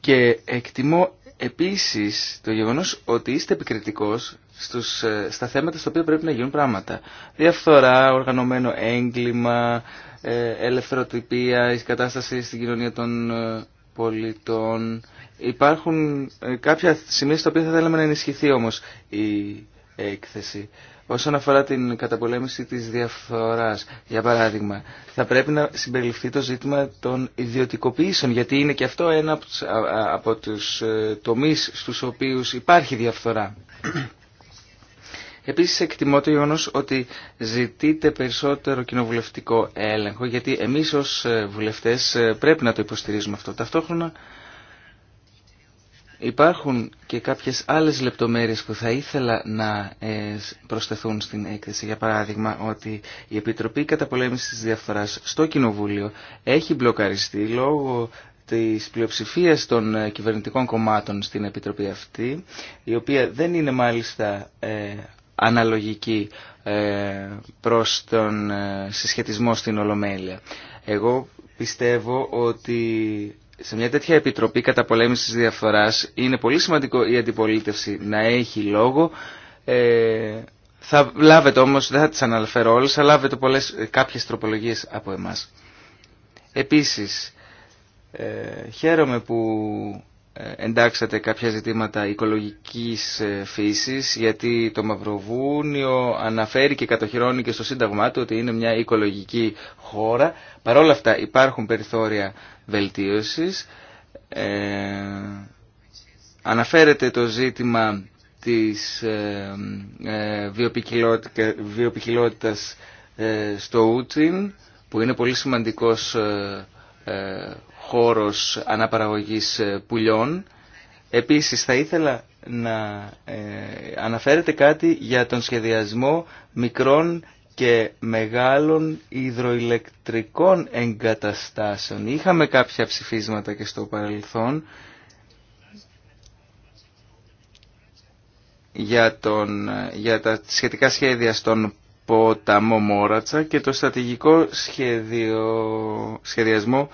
S7: και εκτιμώ επίσης το γεγονός ότι είστε επικριτικός στους, ε, στα θέματα στα οποία πρέπει να γίνουν πράγματα. Διαφθορά, οργανωμένο έγκλημα, ε, ελευθεροτυπία, η κατάσταση στην κοινωνία των ε, πολιτών. Υπάρχουν ε, κάποια σημεία στα οποία θα θέλαμε να ενισχυθεί όμως η έκθεση. Όσον αφορά την καταπολέμηση της διαφθοράς, για παράδειγμα, θα πρέπει να συμπεριληφθεί το ζήτημα των ιδιωτικοποιήσεων, γιατί είναι και αυτό ένα από τους ε, τομείς στους οποίους υπάρχει διαφθορά. Επίση, εκτιμώ το γεγονό ότι ζητείτε περισσότερο κοινοβουλευτικό έλεγχο, γιατί εμείς ως ε, βουλευτές ε, πρέπει να το υποστηρίζουμε αυτό. Ταυτόχρονα υπάρχουν και κάποιες άλλες λεπτομέρειες που θα ήθελα να ε, προσθεθούν στην έκθεση. Για παράδειγμα, ότι η Επιτροπή Καταπολέμησης τη Διαφθοράς στο Κοινοβούλιο έχει μπλοκαριστεί λόγω της πλειοψηφίας των κυβερνητικών κομμάτων στην Επιτροπή αυτή, η οποία δεν είναι μάλιστα αναλογική ε, προς τον ε, συσχετισμό στην Ολομέλεια. Εγώ πιστεύω ότι σε μια τέτοια επιτροπή κατά πολέμησης διαφθοράς είναι πολύ σημαντικό η αντιπολίτευση να έχει λόγο. Ε, θα λάβετε όμως, δεν θα τις αναφέρω όλες, θα λάβετε πολλές, κάποιες τροπολογίες από εμάς. Επίσης, ε, χαίρομαι που ε, εντάξατε κάποια ζητήματα οικολογικής ε, φύσης γιατί το Μαυροβούνιο αναφέρει και κατοχυρώνει και στο Σύνταγμά του ότι είναι μια οικολογική χώρα. Παρόλα αυτά υπάρχουν περιθώρια βελτίωσης. Ε, αναφέρεται το ζήτημα της ε, ε στο Ούτσιν που είναι πολύ σημαντικός χώρος αναπαραγωγής ε, πουλιών. Επίσης θα ήθελα να ε, αναφέρετε κάτι για τον σχεδιασμό μικρών και μεγάλων υδροηλεκτρικών εγκαταστάσεων. Είχαμε κάποια ψηφίσματα και στο παρελθόν για, τον, για τα σχετικά σχέδια στον ποταμό Μόρατσα και το στρατηγικό σχεδιο, σχεδιασμό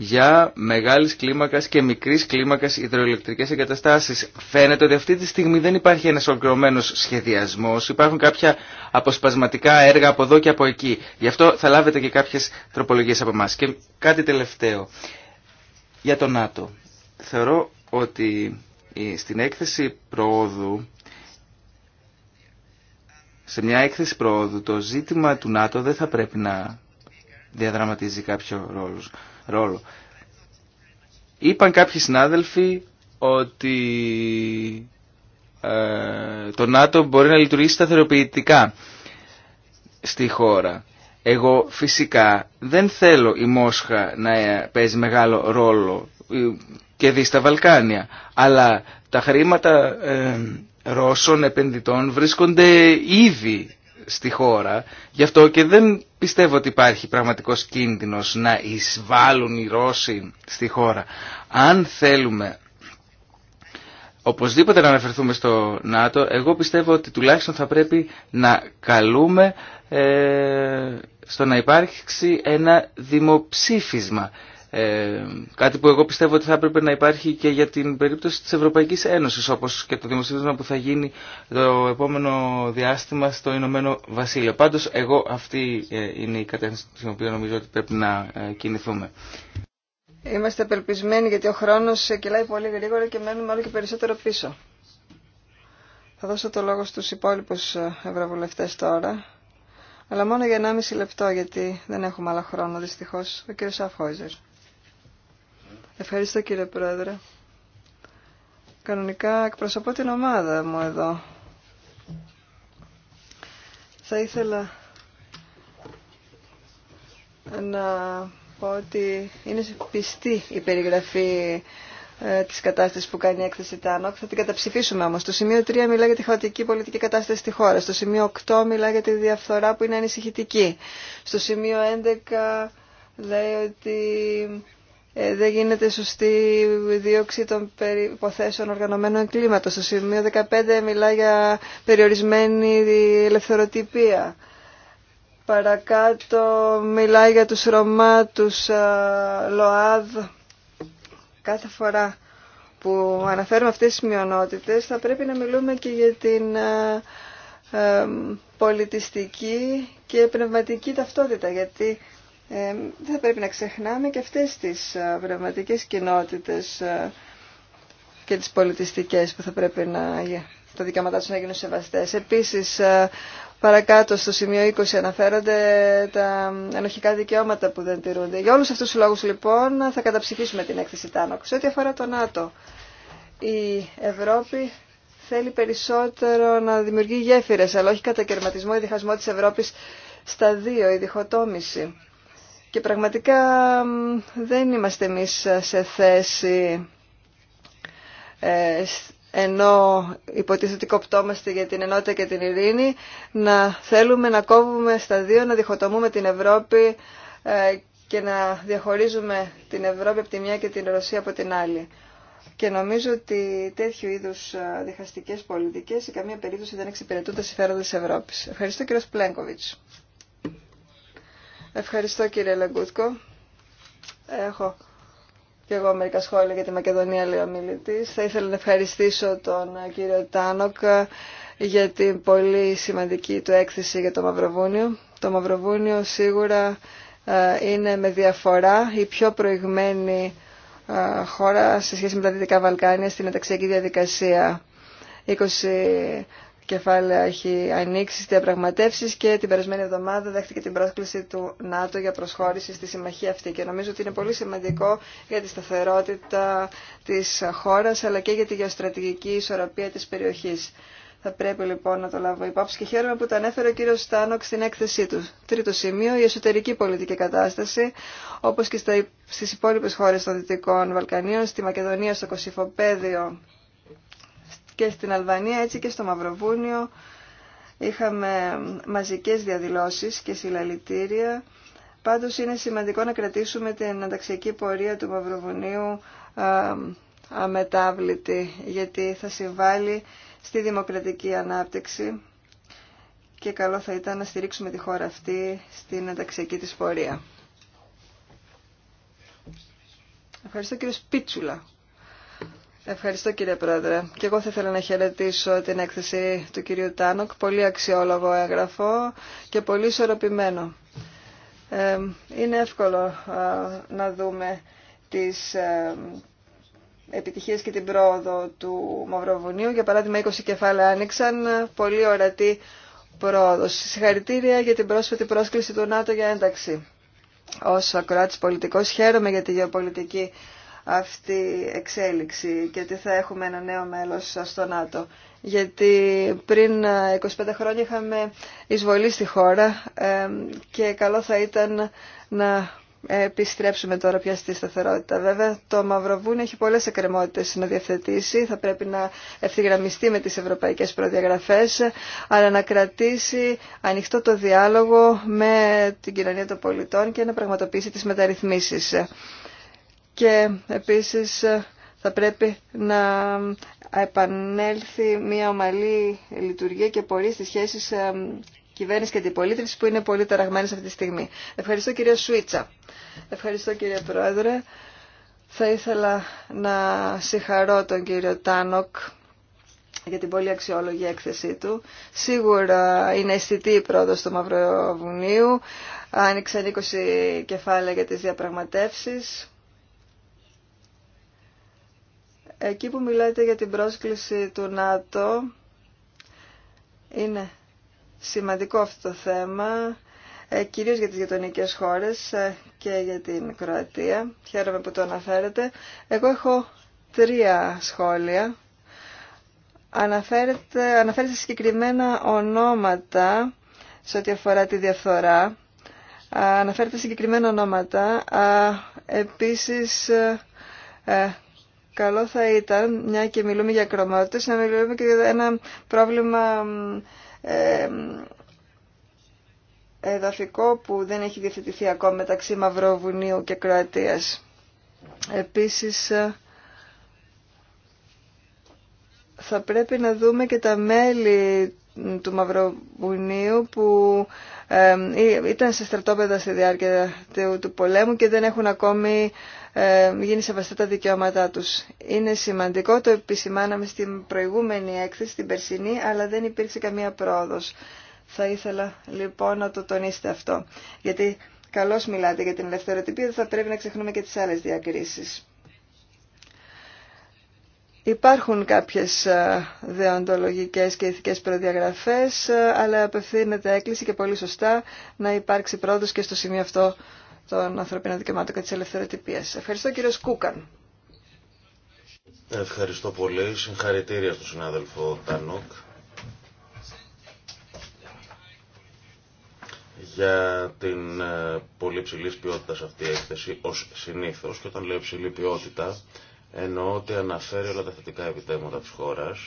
S7: για μεγάλης κλίμακας και μικρής κλίμακας υδροελεκτρικές εγκαταστάσεις. Φαίνεται ότι αυτή τη στιγμή δεν υπάρχει ένας ολοκληρωμένος σχεδιασμός, υπάρχουν κάποια αποσπασματικά έργα από εδώ και από εκεί. Γι' αυτό θα λάβετε και κάποιες τροπολογίες από εμά. Και κάτι τελευταίο. Για το ΝΑΤΟ. Θεωρώ ότι στην έκθεση προόδου σε μια έκθεση προόδου το ζήτημα του ΝΑΤΟ δεν θα πρέπει να διαδραματίζει κάποιο ρόλο ρόλο. Είπαν κάποιοι συνάδελφοι ότι ε, το ΝΑΤΟ μπορεί να λειτουργήσει σταθεροποιητικά στη χώρα. Εγώ φυσικά δεν θέλω η Μόσχα να ε, παίζει μεγάλο ρόλο ε, και δει στα Βαλκάνια. Αλλά τα χρήματα ε, Ρώσων επενδυτών βρίσκονται ήδη στη χώρα. Γι' αυτό και δεν πιστεύω ότι υπάρχει πραγματικός κίνδυνος να εισβάλλουν οι Ρώσοι στη χώρα. Αν θέλουμε οπωσδήποτε να αναφερθούμε στο ΝΑΤΟ, εγώ πιστεύω ότι τουλάχιστον θα πρέπει να καλούμε ε, στο να υπάρξει ένα δημοψήφισμα ε, κάτι που εγώ πιστεύω ότι θα έπρεπε να υπάρχει και για την περίπτωση της Ευρωπαϊκής Ένωσης όπως και το δημοσίευμα που θα γίνει το επόμενο διάστημα στο Ηνωμένο Βασίλειο. Πάντως εγώ αυτή ε, είναι η κατεύθυνση στην οποία νομίζω ότι πρέπει να ε, κινηθούμε.
S2: Είμαστε απελπισμένοι γιατί ο χρόνος κυλάει πολύ γρήγορα και μένουμε όλο και περισσότερο πίσω. Θα δώσω το λόγο στους υπόλοιπους ε, ευρωβουλευτές τώρα. Αλλά μόνο για 1,5 λεπτό γιατί δεν έχουμε άλλο χρόνο δυστυχώς. Ο κύριος Αφόιζερ. Ευχαριστώ κύριε Πρόεδρε. Κανονικά εκπροσωπώ την ομάδα μου εδώ. Θα ήθελα να πω ότι είναι πιστή η περιγραφή ε, της κατάστασης που κάνει η έκθεση Τάνοκ. Θα την καταψηφίσουμε όμω. Στο σημείο 3 μιλά για τη χαοτική πολιτική κατάσταση στη χώρα. Στο σημείο 8 μιλά για τη διαφθορά που είναι ανησυχητική. Στο σημείο 11 λέει ότι ε, δεν γίνεται σωστή δίωξη των υποθέσεων οργανωμένου εγκλήματος. Στο σημείο 15 μιλά για περιορισμένη ελευθεροτυπία. Παρακάτω μιλάει για τους Ρωμά, τους ΛΟΑΔ. Κάθε φορά που αναφέρουμε αυτές τις μειονότητες θα πρέπει να μιλούμε και για την πολιτιστική και πνευματική ταυτότητα γιατί δεν θα πρέπει να ξεχνάμε και αυτές τις ε, πνευματικές κοινότητες ε, και τις πολιτιστικές που θα πρέπει να τα δικαιώματά τους να γίνουν σεβαστές. Επίσης, ε, παρακάτω στο σημείο 20 αναφέρονται τα ενοχικά δικαιώματα που δεν τηρούνται. Για όλους αυτούς τους λόγους, λοιπόν, θα καταψηφίσουμε την έκθεση Τάνοκ. Σε ό,τι αφορά το ΝΑΤΟ, η Ευρώπη θέλει περισσότερο να δημιουργεί γέφυρες, αλλά όχι κατακαιρματισμό ή διχασμό της Ευρώπης στα δύο, η διχοτόμηση. Και πραγματικά δεν είμαστε εμείς σε θέση ε, ενώ υποτίθεται ότι κοπτόμαστε για την ενότητα και την ειρήνη, να θέλουμε να κόβουμε στα δύο, να διχοτομούμε την Ευρώπη ε, και να διαχωρίζουμε την Ευρώπη από τη μια και την Ρωσία από την άλλη. Και νομίζω ότι τέτοιου είδου ε, διχαστικέ πολιτικέ σε καμία περίπτωση δεν εξυπηρετούν τα συμφέροντα τη Ευρώπη. Ευχαριστώ κύριο Πλέγκοβιτ. Ευχαριστώ κύριε Λαγκούτκο. Έχω και εγώ μερικά σχόλια για τη Μακεδονία, λέει ο μιλητής. Θα ήθελα να ευχαριστήσω τον κύριο Τάνοκ για την πολύ σημαντική του έκθεση για το Μαυροβούνιο. Το Μαυροβούνιο σίγουρα ε, είναι με διαφορά η πιο προηγμένη ε, χώρα σε σχέση με τα Δυτικά Βαλκάνια στην μεταξιακή διαδικασία. 20 κεφάλαια έχει ανοίξει στις διαπραγματεύσεις και την περασμένη εβδομάδα δέχτηκε την πρόσκληση του ΝΑΤΟ για προσχώρηση στη συμμαχία αυτή και νομίζω ότι είναι πολύ σημαντικό για τη σταθερότητα της χώρας αλλά και για τη γεωστρατηγική ισορροπία της περιοχής. Θα πρέπει λοιπόν να το λάβω υπόψη και χαίρομαι που το ανέφερε ο κύριο Στάνοκ στην έκθεσή του. Τρίτο σημείο, η εσωτερική πολιτική κατάσταση, όπω και στι υπόλοιπε χώρε των Δυτικών Βαλκανίων, στη Μακεδονία, στο Κωσυφοπαίδιο και στην Αλβανία έτσι και στο Μαυροβούνιο είχαμε μαζικές διαδηλώσεις και συλλαλητήρια. Πάντως είναι σημαντικό να κρατήσουμε την ανταξιακή πορεία του Μαυροβουνίου αμετάβλητη γιατί θα συμβάλλει στη δημοκρατική ανάπτυξη και καλό θα ήταν να στηρίξουμε τη χώρα αυτή στην ανταξιακή της πορεία. Ευχαριστώ κύριο Σπίτσουλα. Ευχαριστώ κύριε Πρόεδρε. Και εγώ θα ήθελα να χαιρετήσω την έκθεση του κυρίου Τάνοκ. Πολύ αξιόλογο έγγραφο και πολύ ισορροπημένο. Ε, είναι εύκολο να δούμε τις ε, επιτυχίες και την πρόοδο του Μαυροβουνίου. Για παράδειγμα, 20 κεφάλαια άνοιξαν, πολύ ορατή πρόοδο. Συγχαρητήρια για την πρόσφατη πρόσκληση του ΝΑΤΟ για ένταξη. Ως ακροάτης πολιτικός χαίρομαι για τη γεωπολιτική αυτή η εξέλιξη και ότι θα έχουμε ένα νέο μέλος στο ΝΑΤΟ. Γιατί πριν 25 ε, χρόνια είχαμε εισβολή στη χώρα ε, και καλό θα ήταν να επιστρέψουμε τώρα πια στη σταθερότητα. Βέβαια, το Μαυροβούνιο έχει πολλές εκκρεμότητες να διαθετήσει. θα πρέπει να ευθυγραμμιστεί με τις ευρωπαϊκές προδιαγραφές, αλλά να κρατήσει ανοιχτό το διάλογο με την κοινωνία των πολιτών και να πραγματοποιήσει τις μεταρρυθμίσεις και επίσης ε, θα πρέπει να επανέλθει μια ομαλή λειτουργία και πορεία στις σχέσεις ε, κυβέρνηση και αντιπολίτευση που είναι πολύ ταραγμένες αυτή τη στιγμή. Ευχαριστώ κύριε Σουίτσα. Ευχαριστώ κύριε Πρόεδρε. Θα ήθελα να συγχαρώ τον κύριο Τάνοκ για την πολύ αξιόλογη έκθεσή του. Σίγουρα είναι αισθητή η πρόοδο του Μαυροβουνίου. Άνοιξαν 20 κεφάλαια για τι διαπραγματεύσει. Εκεί που μιλάτε για την πρόσκληση του ΝΑΤΟ, είναι σημαντικό αυτό το θέμα, ε, κυρίως για τις γειτονικέ χώρες ε, και για την Κροατία. Χαίρομαι που το αναφέρετε. Εγώ έχω τρία σχόλια. Αναφέρετε αναφέρετε συγκεκριμένα ονόματα σε ό,τι αφορά τη διαφθορά. Αναφέρετε συγκεκριμένα ονόματα. Επίσης, ε, καλό θα ήταν, μια και μιλούμε για κρωμάτες, να μιλούμε και για ένα πρόβλημα εδαφικό που δεν έχει διευθετηθεί ακόμα μεταξύ Μαυροβουνίου και Κροατίας. Επίσης, θα πρέπει να δούμε και τα μέλη του Μαυροβουνίου που ήταν σε στρατόπεδα στη διάρκεια του πολέμου και δεν έχουν ακόμη ε, γίνει σεβαστά τα δικαιώματά τους. Είναι σημαντικό, το επισημάναμε στην προηγούμενη έκθεση, την περσινή, αλλά δεν υπήρξε καμία πρόοδος. Θα ήθελα λοιπόν να το τονίσετε αυτό, γιατί καλώς μιλάτε για την ελευθεροτυπία, δεν θα πρέπει να ξεχνούμε και τις άλλες διακρίσεις. Υπάρχουν κάποιες ε, δεοντολογικές και ηθικές προδιαγραφές, ε, αλλά απευθύνεται έκκληση και πολύ σωστά να υπάρξει πρόοδος και στο σημείο αυτό των ανθρωπίνων δικαιωμάτων και της ελευθερωτυπία. Ευχαριστώ κύριε Σκούκαν.
S3: Ευχαριστώ πολύ. Συγχαρητήρια στον συνάδελφο Τανόκ. για την ε, πολύ ποιότητα σε αυτή η έκθεση ως συνήθως και όταν λέω ψηλή ποιότητα εννοώ ότι αναφέρει όλα τα θετικά επιτέμματα της χώρας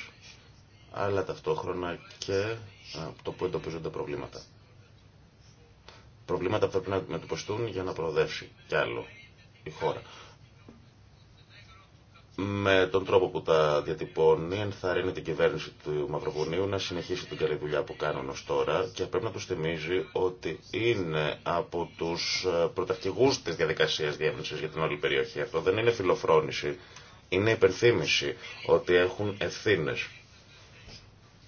S3: αλλά ταυτόχρονα και ε, το που εντοπίζονται προβλήματα προβλήματα που πρέπει να αντιμετωπιστούν για να προοδεύσει κι άλλο η χώρα. Με τον τρόπο που τα διατυπώνει, ενθαρρύνει την κυβέρνηση του Μαυροβουνίου να συνεχίσει την καλή δουλειά που κάνουν ω τώρα και πρέπει να του θυμίζει ότι είναι από του ε, πρωταρχηγού τη διαδικασία διεύρυνση για την όλη περιοχή. Αυτό δεν είναι φιλοφρόνηση, είναι υπενθύμηση ότι έχουν ευθύνε.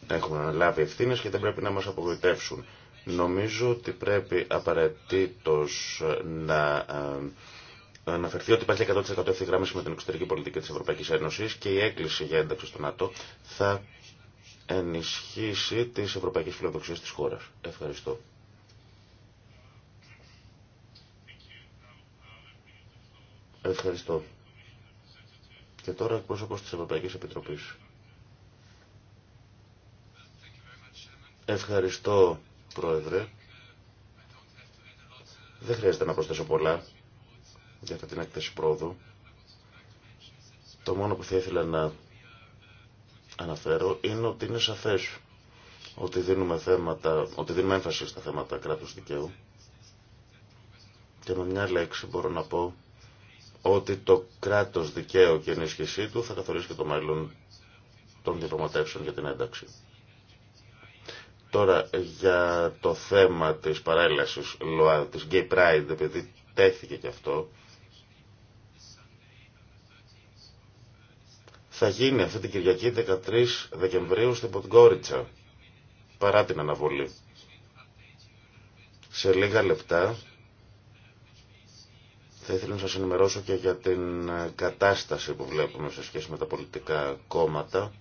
S3: Έχουν λάβει ευθύνε και δεν πρέπει να μα απογοητεύσουν. Νομίζω ότι πρέπει απαραίτητος να ε, αναφερθεί ότι υπάρχει 100% ευθυγράμμιση με την εξωτερική πολιτική της Ευρωπαϊκής Ένωσης και η έκκληση για ένταξη στο ΝΑΤΟ θα ενισχύσει τις ευρωπαϊκές φιλοδοξίες της χώρας. Ευχαριστώ. Ευχαριστώ. Και τώρα εκπρόσωπος της Ευρωπαϊκής Επιτροπής. Ευχαριστώ Πρόεδρε. Δεν χρειάζεται να προσθέσω πολλά για αυτή την έκθεση πρόοδου. Το μόνο που θα ήθελα να αναφέρω είναι ότι είναι σαφές ότι δίνουμε, θέματα, ότι δίνουμε έμφαση στα θέματα κράτους δικαίου και με μια λέξη μπορώ να πω ότι το κράτος δικαίου και ενίσχυσή του θα καθορίσει και το μέλλον των διαπραγματεύσεων για την ένταξη. Τώρα για το θέμα της παρέλασης ΛΟΑΔ, της Gay Pride, επειδή τέθηκε και αυτό, θα γίνει αυτή την Κυριακή 13 Δεκεμβρίου στην Ποντγκόριτσα, παρά την αναβολή. Σε λίγα λεπτά θα ήθελα να σας ενημερώσω και για την κατάσταση που βλέπουμε σε σχέση με τα πολιτικά κόμματα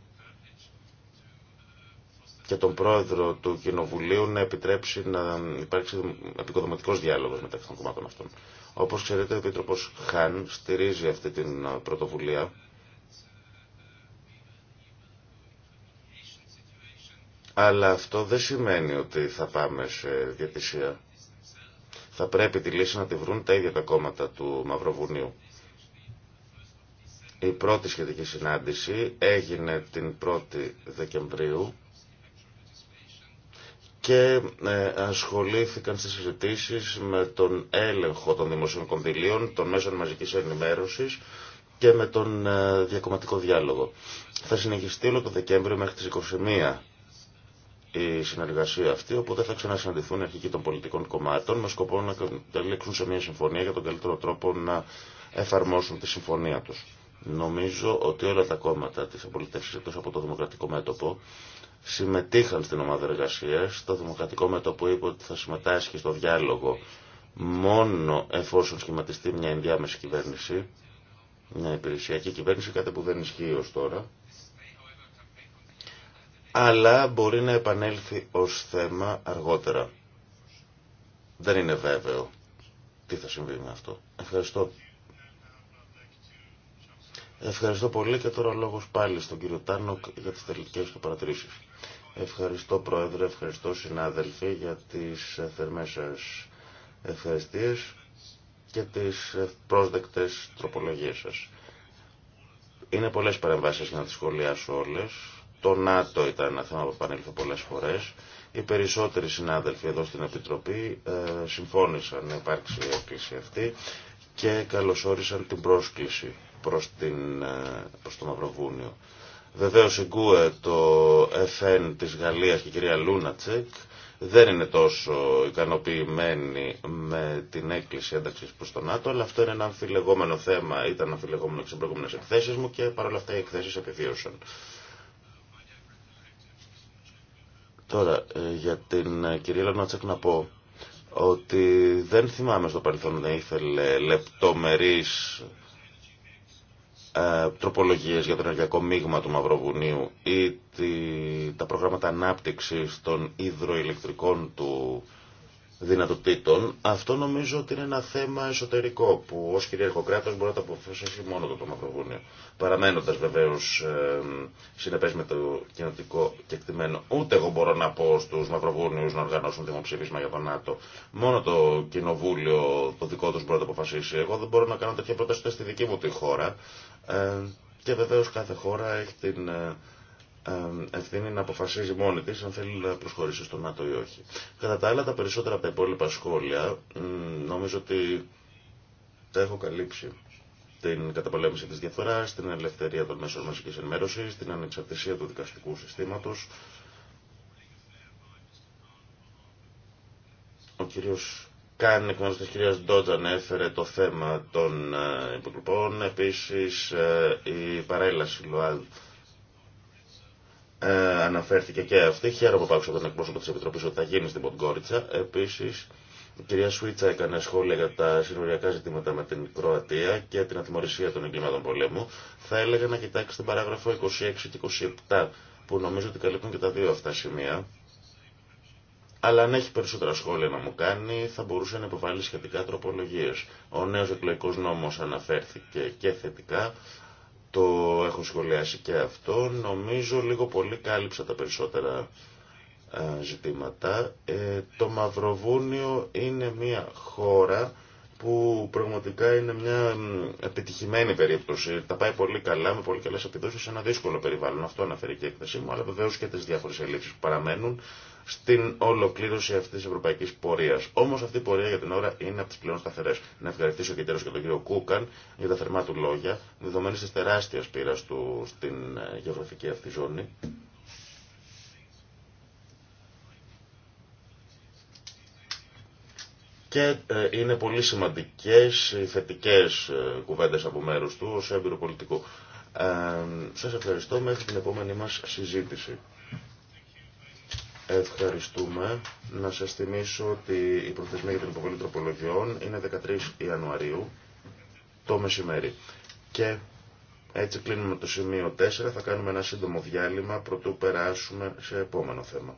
S3: και τον πρόεδρο του Κοινοβουλίου να επιτρέψει να υπάρξει επικοδοματικός διάλογος μεταξύ των κομμάτων αυτών. Όπως ξέρετε, ο Επίτροπος Χάν στηρίζει αυτή την πρωτοβουλία Αλλά αυτό δεν σημαίνει ότι θα πάμε σε διατησία. Θα πρέπει τη λύση να τη βρουν τα ίδια τα κόμματα του Μαυροβουνίου. Η πρώτη σχετική συνάντηση έγινε την 1η Δεκεμβρίου και ε, ασχολήθηκαν στις συζητήσεις με τον έλεγχο των δημοσίων κονδυλίων, των μέσων μαζικής ενημέρωσης και με τον ε, διακομματικό διάλογο. Θα συνεχιστεί όλο το Δεκέμβριο μέχρι τις 21 η συνεργασία αυτή, όπου δεν θα ξανασυναντηθούν οι αρχικοί των πολιτικών κομμάτων με σκοπό να καταλήξουν σε μια συμφωνία για τον καλύτερο τρόπο να εφαρμόσουν τη συμφωνία τους. Νομίζω ότι όλα τα κόμματα της απολυτεύσης εκτός από το δημοκρατικό μέτωπο συμμετείχαν στην ομάδα εργασία. Το Δημοκρατικό που είπε ότι θα συμμετάσχει στο διάλογο μόνο εφόσον σχηματιστεί μια ενδιάμεση κυβέρνηση, μια υπηρεσιακή κυβέρνηση, κάτι που δεν ισχύει ως τώρα. Αλλά μπορεί να επανέλθει ως θέμα αργότερα. Δεν είναι βέβαιο τι θα συμβεί με αυτό. Ευχαριστώ. Ευχαριστώ πολύ και τώρα λόγο πάλι στον κύριο Τάνοκ για τι τελικέ του παρατηρήσεις. Ευχαριστώ Πρόεδρε, ευχαριστώ συνάδελφοι για τι ε, θερμέ σα ευχαριστίε και τι ε, πρόσδεκτε τροπολογίε σα. Είναι πολλέ παρεμβάσει για να τι σχολιάσω όλες. Το ΝΑΤΟ ήταν ένα θέμα που επανέλθω πολλέ φορέ. Οι περισσότεροι συνάδελφοι εδώ στην Επιτροπή ε, συμφώνησαν να υπάρξει η έκκληση αυτή και καλωσόρισαν την πρόσκληση προς, την, ε, προς το Μαυροβούνιο. Βεβαίω, η Γκουε, το FN της Γαλλίας και η κυρία Λούνατσεκ δεν είναι τόσο ικανοποιημένη με την έκκληση ένταξη προ τον ΝΑΤΟ, αλλά αυτό είναι ένα αμφιλεγόμενο θέμα, ήταν αμφιλεγόμενο και στις προηγούμενες εκθέσει μου και παρόλα αυτά οι εκθέσει επιβίωσαν. Τώρα, ε, για την ε, κυρία Λούνατσεκ να πω ότι δεν θυμάμαι στο παρελθόν να ήθελε λεπτομερείς ε, τροπολογίες για το ενεργειακό μείγμα του Μαυροβουνίου ή τα προγράμματα ανάπτυξης των υδροηλεκτρικών του δυνατοτήτων, αυτό νομίζω ότι είναι ένα θέμα εσωτερικό που ως κυρίαρχο κράτο μπορεί να το αποφασίσει μόνο το, το Μαυροβούνιο. Παραμένοντας βεβαίως ε, συνεπές με το κοινοτικό κεκτημένο. Ούτε εγώ μπορώ να πω στους Μαυροβούνιου να οργανώσουν δημοψήφισμα για τον ΝΑΤΟ. Μόνο το κοινοβούλιο το δικό τους μπορεί να το αποφασίσει. Εγώ δεν μπορώ να κάνω τέτοια πρόταση στη δική μου τη χώρα. και βεβαίως κάθε χώρα έχει την... Ε, ευθύνη να αποφασίζει μόνη της αν θέλει να προσχωρήσει στο ΝΑΤΟ ή όχι. Κατά τα άλλα τα περισσότερα από τα υπόλοιπα σχόλια νομίζω ότι τα έχω καλύψει. Την καταπολέμηση της διαφορά, την ελευθερία των μέσων μαζικής ενημέρωσης, την ανεξαρτησία του δικαστικού συστήματος. Ο κύριος Καν εκ της κυρίας Ντότζαν έφερε το θέμα των ε, υποκλοπων επίσης ε, η παρέλαση Λουάλ ε, αναφέρθηκε και αυτή. Χαίρομαι που άκουσα από τον εκπρόσωπο τη Επιτροπή ότι θα γίνει στην Ποντγκόριτσα. Επίση, η κυρία Σουίτσα έκανε σχόλια για τα συνοριακά ζητήματα με την Κροατία και την ατιμορρυσία των εγκλημάτων πολέμου. Θα έλεγα να κοιτάξει την παράγραφο 26 και 27, που νομίζω ότι καλύπτουν και τα δύο αυτά σημεία. Αλλά αν έχει περισσότερα σχόλια να μου κάνει, θα μπορούσε να υποβάλει σχετικά τροπολογίε. Ο νέο εκλογικό νόμο αναφέρθηκε και θετικά, το έχω σχολιάσει και αυτό. Νομίζω λίγο πολύ κάλυψα τα περισσότερα ε, ζητήματα. Ε, το Μαυροβούνιο είναι μια χώρα που πραγματικά είναι μια επιτυχημένη περίπτωση. Τα πάει πολύ καλά, με πολύ καλέ επιδόσει σε ένα δύσκολο περιβάλλον. Αυτό αναφέρει και η έκθεσή μου, αλλά βεβαίω και τι διάφορε ελλείψει που παραμένουν στην ολοκλήρωση αυτή τη ευρωπαϊκή πορεία. Όμω αυτή η πορεία για την ώρα είναι από τι πλέον σταθερέ. Να ευχαριστήσω και τέλο και τον κύριο Κούκαν για τα θερμά του λόγια, δεδομένη τη τεράστια πείρα του στην ε, γεωγραφική αυτή ζώνη. Και ε, είναι πολύ σημαντικές οι θετικές ε, κουβέντες από μέρους του ως έμπειρο πολιτικού. Ε, σας ευχαριστώ μέχρι την επόμενη μας συζήτηση. Ευχαριστούμε. Να σας θυμίσω ότι η προθεσμία για την υποβολή τροπολογιών είναι 13 Ιανουαρίου το μεσημέρι. Και έτσι κλείνουμε το σημείο 4. Θα κάνουμε ένα σύντομο διάλειμμα προτού περάσουμε σε επόμενο θέμα.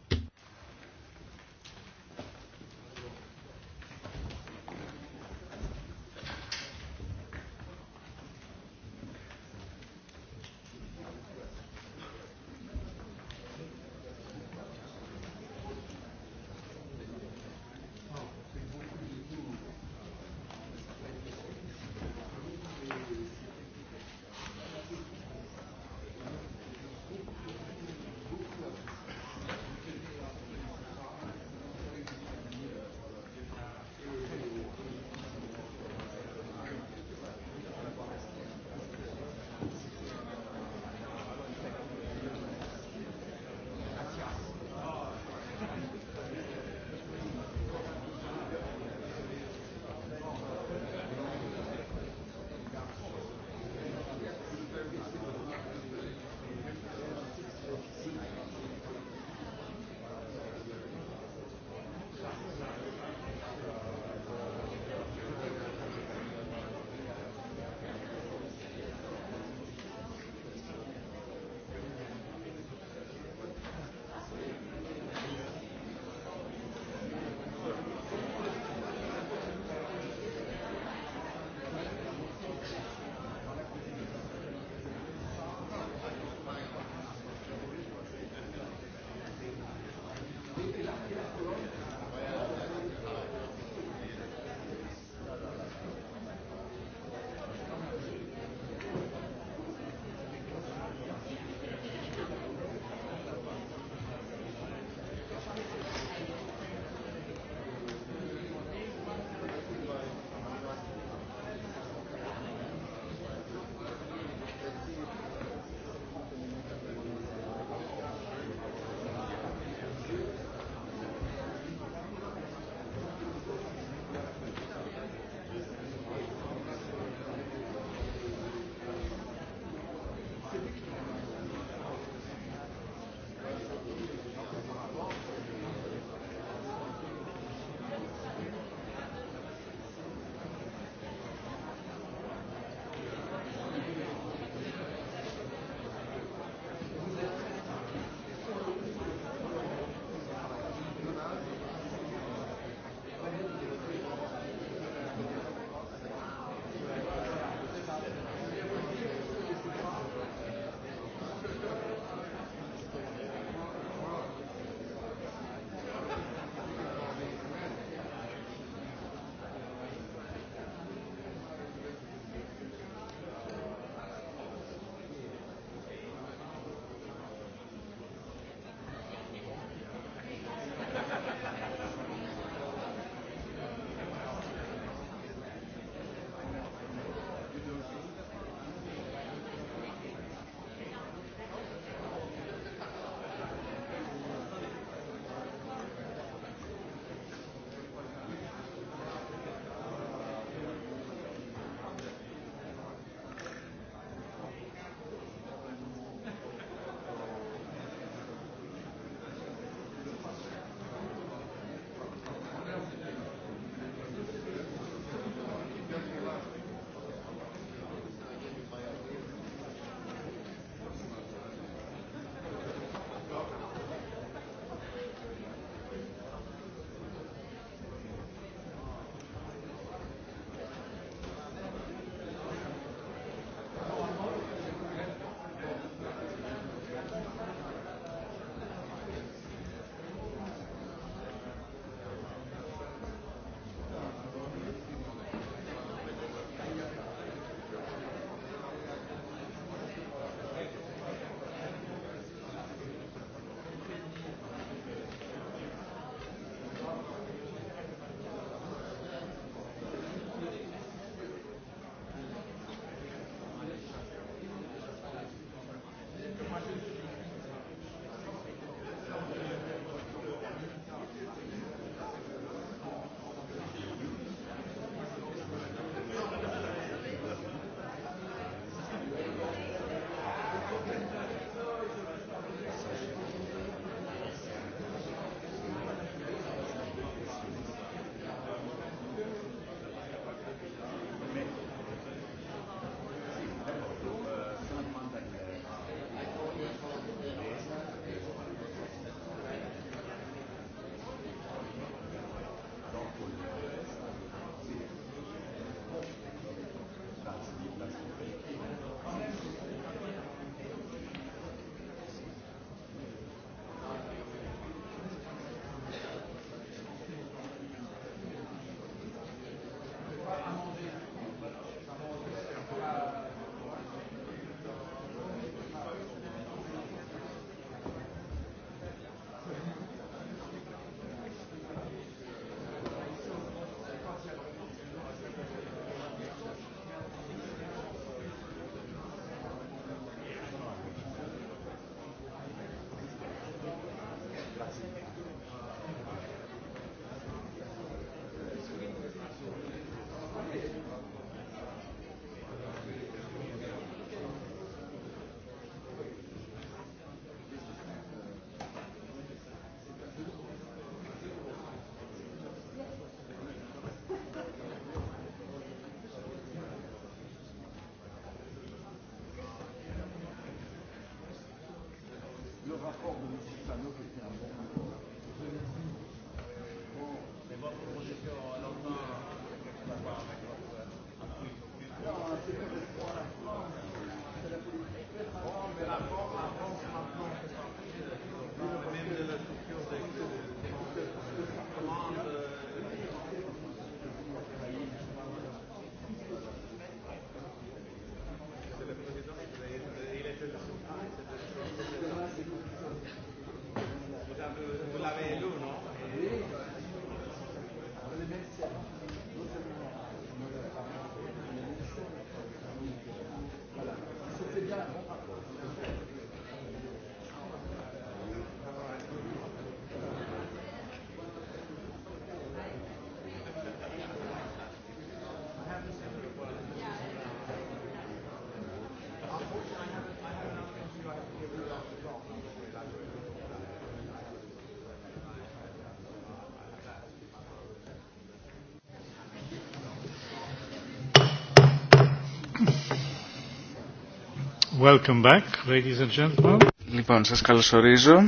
S1: Welcome back, ladies and gentlemen.
S7: Λοιπόν, σας καλωσορίζω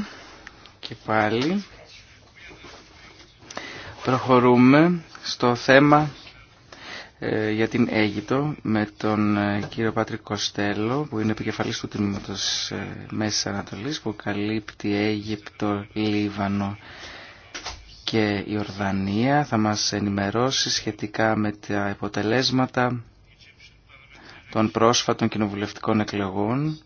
S7: και πάλι. Προχωρούμε στο θέμα ε, για την Αίγυπτο με τον ε, κύριο Πάτρικ Κοστέλο που είναι επικεφαλής του τμήματος ε, Μέσης Ανατολής που καλύπτει Αίγυπτο, Λίβανο και Ιορδανία. θα μας ενημερώσει σχετικά με τα αποτελέσματα των πρόσφατων κοινοβουλευτικών εκλογών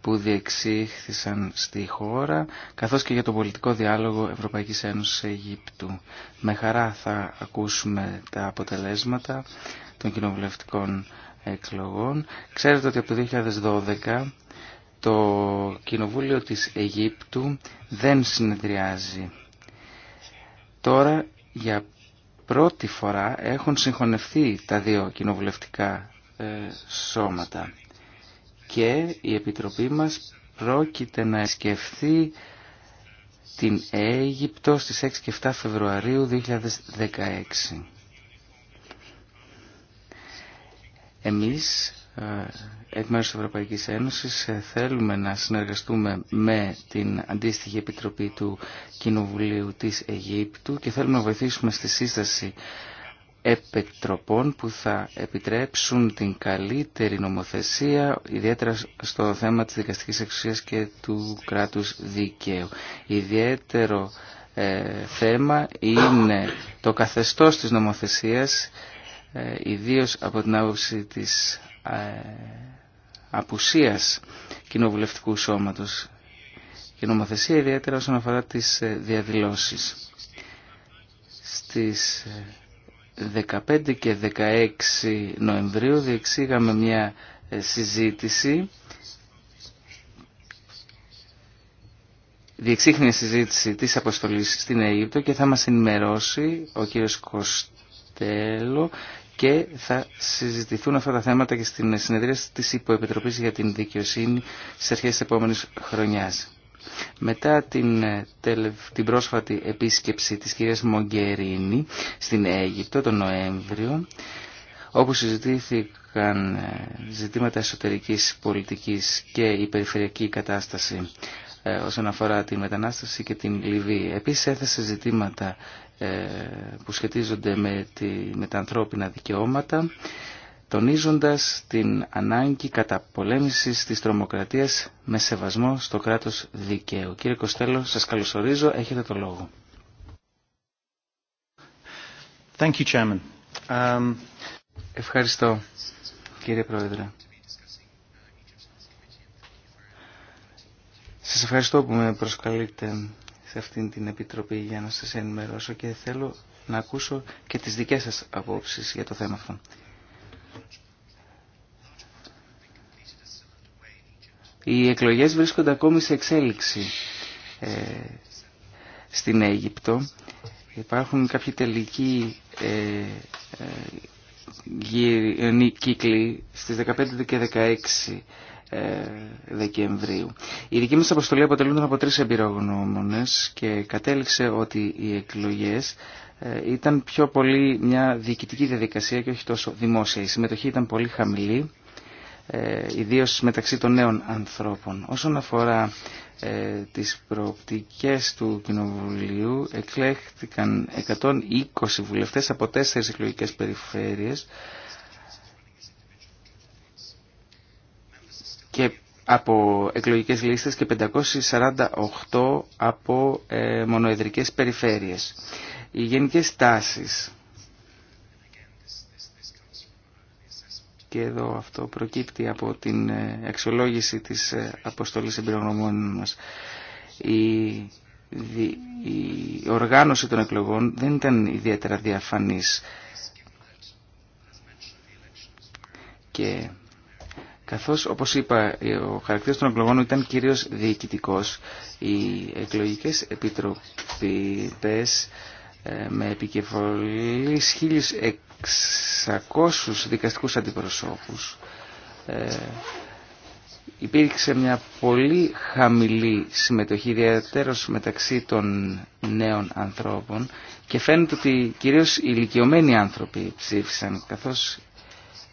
S7: που διεξήχθησαν στη χώρα, καθώς και για τον πολιτικό διάλογο Ευρωπαϊκής Ένωσης Αιγύπτου. Με χαρά θα ακούσουμε τα αποτελέσματα των κοινοβουλευτικών εκλογών. Ξέρετε ότι από το 2012 το Κοινοβούλιο της Αιγύπτου δεν συνεδριάζει. Τώρα για πρώτη φορά έχουν συγχωνευτεί τα δύο κοινοβουλευτικά ε, σώματα. Και η Επιτροπή μας πρόκειται να σκεφτεί την Αίγυπτο στις 6 και 7 Φεβρουαρίου 2016. Εμείς, ε, εκ μέρους της Ευρωπαϊκής Ένωσης, ε, θέλουμε να συνεργαστούμε με την αντίστοιχη Επιτροπή του Κοινοβουλίου της Αιγύπτου και θέλουμε να βοηθήσουμε στη σύσταση Επιτροπών που θα επιτρέψουν την καλύτερη νομοθεσία, ιδιαίτερα στο θέμα της δικαστικής εξουσίας και του κράτους δικαίου. Ιδιαίτερο ε, θέμα είναι το καθεστώς της νομοθεσίας, ε, ιδίως από την άποψη της ε, απουσίας κοινοβουλευτικού σώματος και νομοθεσία ιδιαίτερα όσον αφορά τις ε, διαδηλώσεις. Στις 15 και 16 Νοεμβρίου διεξήγαμε μια ε, συζήτηση διεξήχνει συζήτηση της αποστολής στην Αίγυπτο και θα μας ενημερώσει ο κύριος Κοστέλο και θα συζητηθούν αυτά τα θέματα και στην συνεδρία της Υποεπιτροπής για την Δικαιοσύνη στις αρχές της επόμενης χρονιάς. Μετά την, ε, την πρόσφατη επίσκεψη της κυρίας Μογκερίνη στην Αίγυπτο τον Νοέμβριο, όπου συζητήθηκαν ε, ζητήματα εσωτερικής πολιτικής και η περιφερειακή κατάσταση ε, όσον αφορά τη μετανάστευση και την Λιβύη. Επίσης έθεσε ζητήματα που σχετίζονται με, τη, με τα ανθρώπινα δικαιώματα τονίζοντας την ανάγκη καταπολέμησης της τρομοκρατίας με σεβασμό στο κράτος δικαίου. Κύριε Κοστέλο, σας καλωσορίζω, έχετε το λόγο. Thank you, Chairman. Um... Ευχαριστώ, κύριε Πρόεδρε. Σας ευχαριστώ που με προσκαλείτε σε αυτήν την Επιτροπή για να σας ενημερώσω και θέλω να ακούσω και τις δικές σας απόψεις για το θέμα αυτό. Οι εκλογές βρίσκονται ακόμη σε εξέλιξη ε, στην Αίγυπτο. Υπάρχουν κάποιοι τελικοί ε, ε, ε κύκλοι στις 15 και 16 ε, Δεκεμβρίου. Η δική μας αποστολή αποτελούνταν από τρεις εμπειρογνώμονες και κατέληξε ότι οι εκλογές ήταν πιο πολύ μια διοικητική διαδικασία και όχι τόσο δημόσια. Η συμμετοχή ήταν πολύ χαμηλή ε, ιδίως μεταξύ των νέων ανθρώπων. Όσον αφορά ε, τις προοπτικές του Κοινοβουλίου, εκλέχτηκαν 120 βουλευτές από τέσσερις εκλογικές περιφέρειες και από εκλογικές λίστες και 548 από ε, μονοεδρικές περιφέρειες. Οι γενικές τάσεις και εδώ αυτό προκύπτει από την εξολόγηση της ε, αποστολής εμπειρογνωμών μας. Η, η οργάνωση των εκλογών δεν ήταν ιδιαίτερα διαφανής και καθώς όπως είπα ο χαρακτήρας των εκλογών ήταν κυρίως διοικητικός οι εκλογικές επιτροπές ε, με επικεφαλής 1.600 δικαστικούς αντιπροσώπους ε, υπήρξε μια πολύ χαμηλή συμμετοχή ιδιαίτερως μεταξύ των νέων ανθρώπων και φαίνεται ότι κυρίως οι ηλικιωμένοι άνθρωποι ψήφισαν καθώς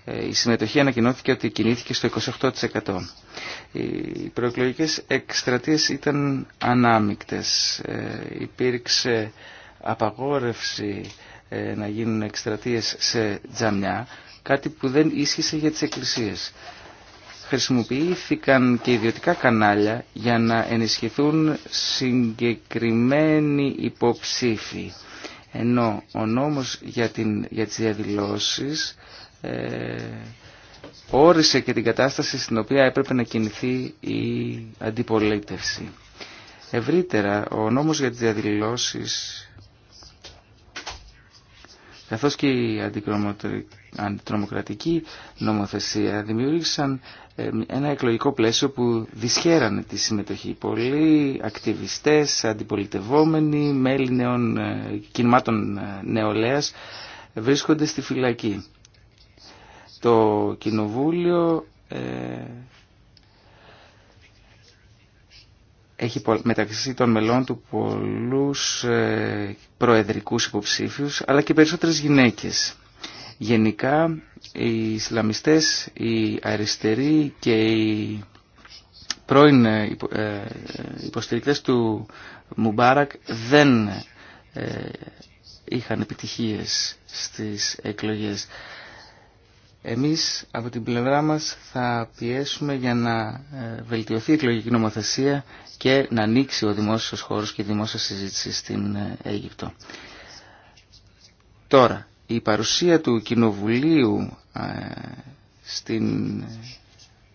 S7: ε, η συμμετοχή ανακοινώθηκε ότι κινήθηκε στο 28%. Οι προεκλογικές εκστρατείες ήταν ανάμικτες. Υπήρξε απαγόρευση ε, να γίνουν εκστρατείες σε τζαμιά, κάτι που δεν ίσχυσε για τις εκκλησίες. Χρησιμοποιήθηκαν και ιδιωτικά κανάλια για να ενισχυθούν συγκεκριμένοι υποψήφοι. Ενώ ο νόμος για, την, για τις διαδηλώσεις ε, όρισε και την κατάσταση στην οποία έπρεπε να κινηθεί η αντιπολίτευση. Ευρύτερα, ο νόμος για τις διαδηλώσεις καθώς και η αντιτρομοκρατική νομοθεσία δημιούργησαν ε, ένα εκλογικό πλαίσιο που δυσχέρανε τη συμμετοχή. Πολλοί ακτιβιστές, αντιπολιτευόμενοι, μέλη νέων, ε, κινημάτων ε, νεολαίας βρίσκονται στη φυλακή. Το Κοινοβούλιο έχει μεταξύ των μελών του πολλούς ε, προεδρικούς υποψήφιους, αλλά και περισσότερες γυναίκες. Γενικά, οι Ισλαμιστές, οι αριστεροί και οι πρώην ε, ε, υποστηρικτές του Μουμπάρακ δεν είχαν επιτυχίες στις εκλογές. Εμείς από την πλευρά μας θα πιέσουμε για να ε, βελτιωθεί η εκλογική νομοθεσία και να ανοίξει ο δημόσιος χώρος και η δημόσια συζήτηση στην ε, Αίγυπτο. Τώρα, η παρουσία του Κοινοβουλίου ε, στην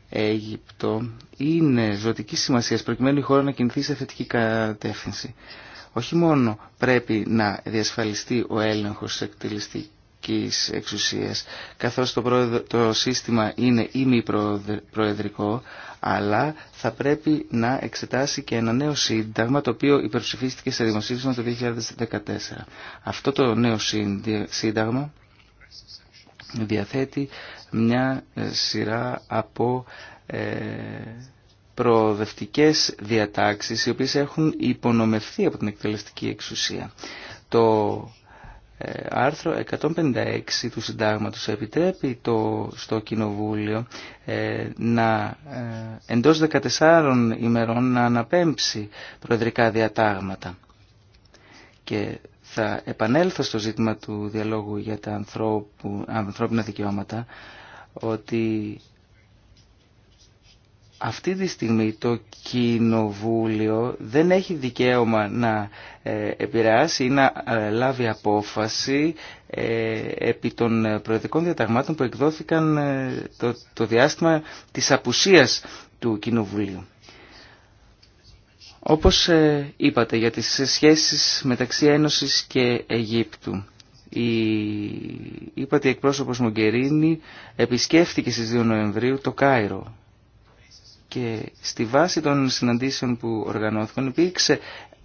S7: Αίγυπτο είναι ζωτική σημασία προκειμένου η χώρα να κινηθεί σε θετική κατεύθυνση. Όχι μόνο πρέπει να διασφαλιστεί ο έλεγχος εκτελεστικής εξουσίας. Καθώς το, το σύστημα είναι προεδρικό, αλλά θα πρέπει να εξετάσει και ένα νέο σύνταγμα το οποίο υπερψηφίστηκε σε δημοσίευμα το 2014. Αυτό το νέο σύνταγμα διαθέτει μια ε, σειρά από ε, προοδευτικές διατάξεις οι οποίες έχουν υπονομευθεί από την εκτελεστική εξουσία. Το ε, άρθρο 156 του συντάγματος επιτρέπει το, στο Κοινοβούλιο ε, να ε, εντός 14 ημερών να αναπέμψει προεδρικά διατάγματα. Και θα επανέλθω στο ζήτημα του διαλόγου για τα ανθρώπου, ανθρώπινα δικαιώματα ότι αυτή τη στιγμή το Κοινοβούλιο δεν έχει δικαίωμα να ε, επηρεάσει ή να ε, λάβει απόφαση ε, επί των προεδρικών διαταγμάτων που εκδόθηκαν το διάστημα της απουσίας του Κοινοβουλίου. Όπως είπατε για τις σχέσεις μεταξύ Ένωσης και Αιγύπτου, η είπατε εκπρόσωπος Μογκερίνη επισκέφθηκε στις 2 Νοεμβρίου το Κάιρο και στη βάση των συναντήσεων που οργανώθηκαν υπήρξε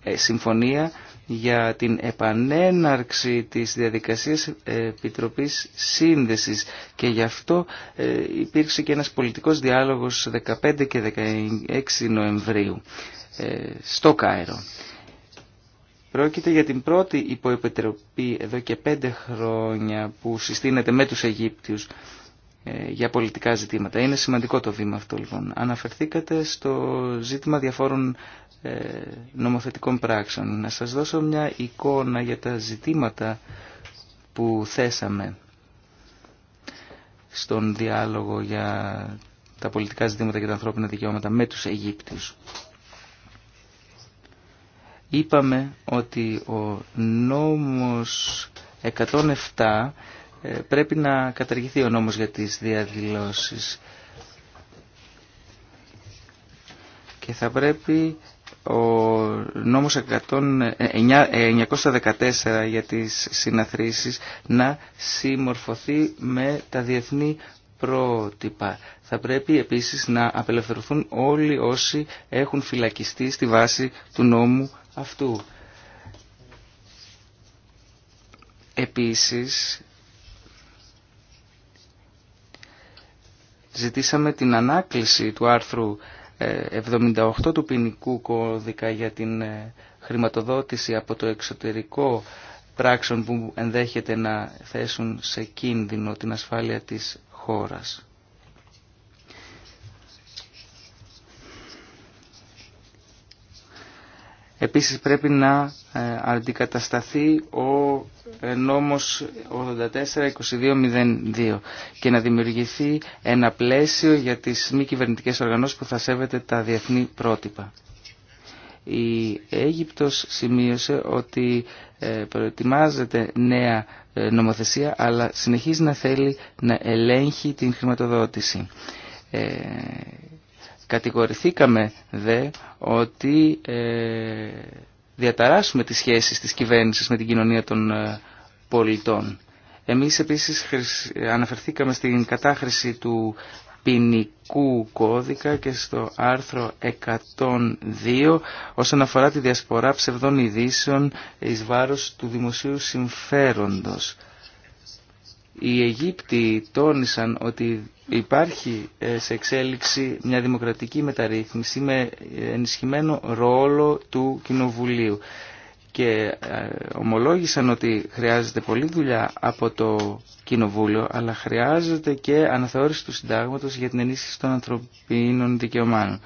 S7: ε, συμφωνία για την επανέναρξη της διαδικασίας Επιτροπής Σύνδεσης και γι' αυτό ε, υπήρξε και ένας πολιτικός διάλογος 15 και 16 Νοεμβρίου ε, στο Κάιρο. Πρόκειται για την πρώτη υποεπιτροπή εδώ και πέντε χρόνια που συστήνεται με τους Αιγύπτιους ε, για πολιτικά ζητήματα. Είναι σημαντικό το βήμα αυτό λοιπόν. Αναφερθήκατε στο ζήτημα διαφόρων ε, νομοθετικών πράξεων. Να σας δώσω μια εικόνα για τα ζητήματα που θέσαμε στον διάλογο για τα πολιτικά ζητήματα και τα ανθρώπινα δικαιώματα με τους Αιγύπτιους. Είπαμε ότι ο νόμος 107 ε, πρέπει να καταργηθεί ο νόμος για τις διαδηλώσεις. Και θα πρέπει ο νόμος 914 ε, ε, για τις συναθρήσεις να συμμορφωθεί με τα διεθνή πρότυπα. Θα πρέπει επίσης να απελευθερωθούν όλοι όσοι έχουν φυλακιστεί στη βάση του νόμου αυτού. Επίσης, ζητήσαμε την ανάκληση του άρθρου 78 ε, του ποινικού κώδικα για την ε, χρηματοδότηση από το εξωτερικό πράξεων που ενδέχεται να θέσουν σε κίνδυνο την ασφάλεια της χώρας. Επίσης πρέπει να ε, αντικατασταθεί ο ε, νόμος και να δημιουργηθεί ένα πλαίσιο για τις μη κυβερνητικές οργανώσεις που θα σέβεται τα διεθνή πρότυπα. Η Αίγυπτος σημείωσε ότι ε, προετοιμάζεται νέα νομοθεσία αλλά συνεχίζει να θέλει να ελέγχει την χρηματοδότηση Κατηγορηθήκαμε δε ότι ε, διαταράσσουμε τις σχέσεις της κυβέρνησης με την κοινωνία των ε, πολιτών. Εμείς επίσης αναφερθήκαμε στην κατάχρηση του ποινικού κώδικα και στο άρθρο 102 όσον αφορά τη διασπορά ψευδών ειδήσεων εις βάρος του δημοσίου συμφέροντος. Οι Αιγύπτιοι τόνισαν ότι υπάρχει ε, σε εξέλιξη μια δημοκρατική μεταρρύθμιση με ε, ενισχυμένο ρόλο του Κοινοβουλίου και ε, ομολόγησαν ότι χρειάζεται πολλή δουλειά από το Κοινοβούλιο αλλά χρειάζεται και αναθεώρηση του συντάγματος για την ενίσχυση των ανθρωπίνων δικαιωμάτων.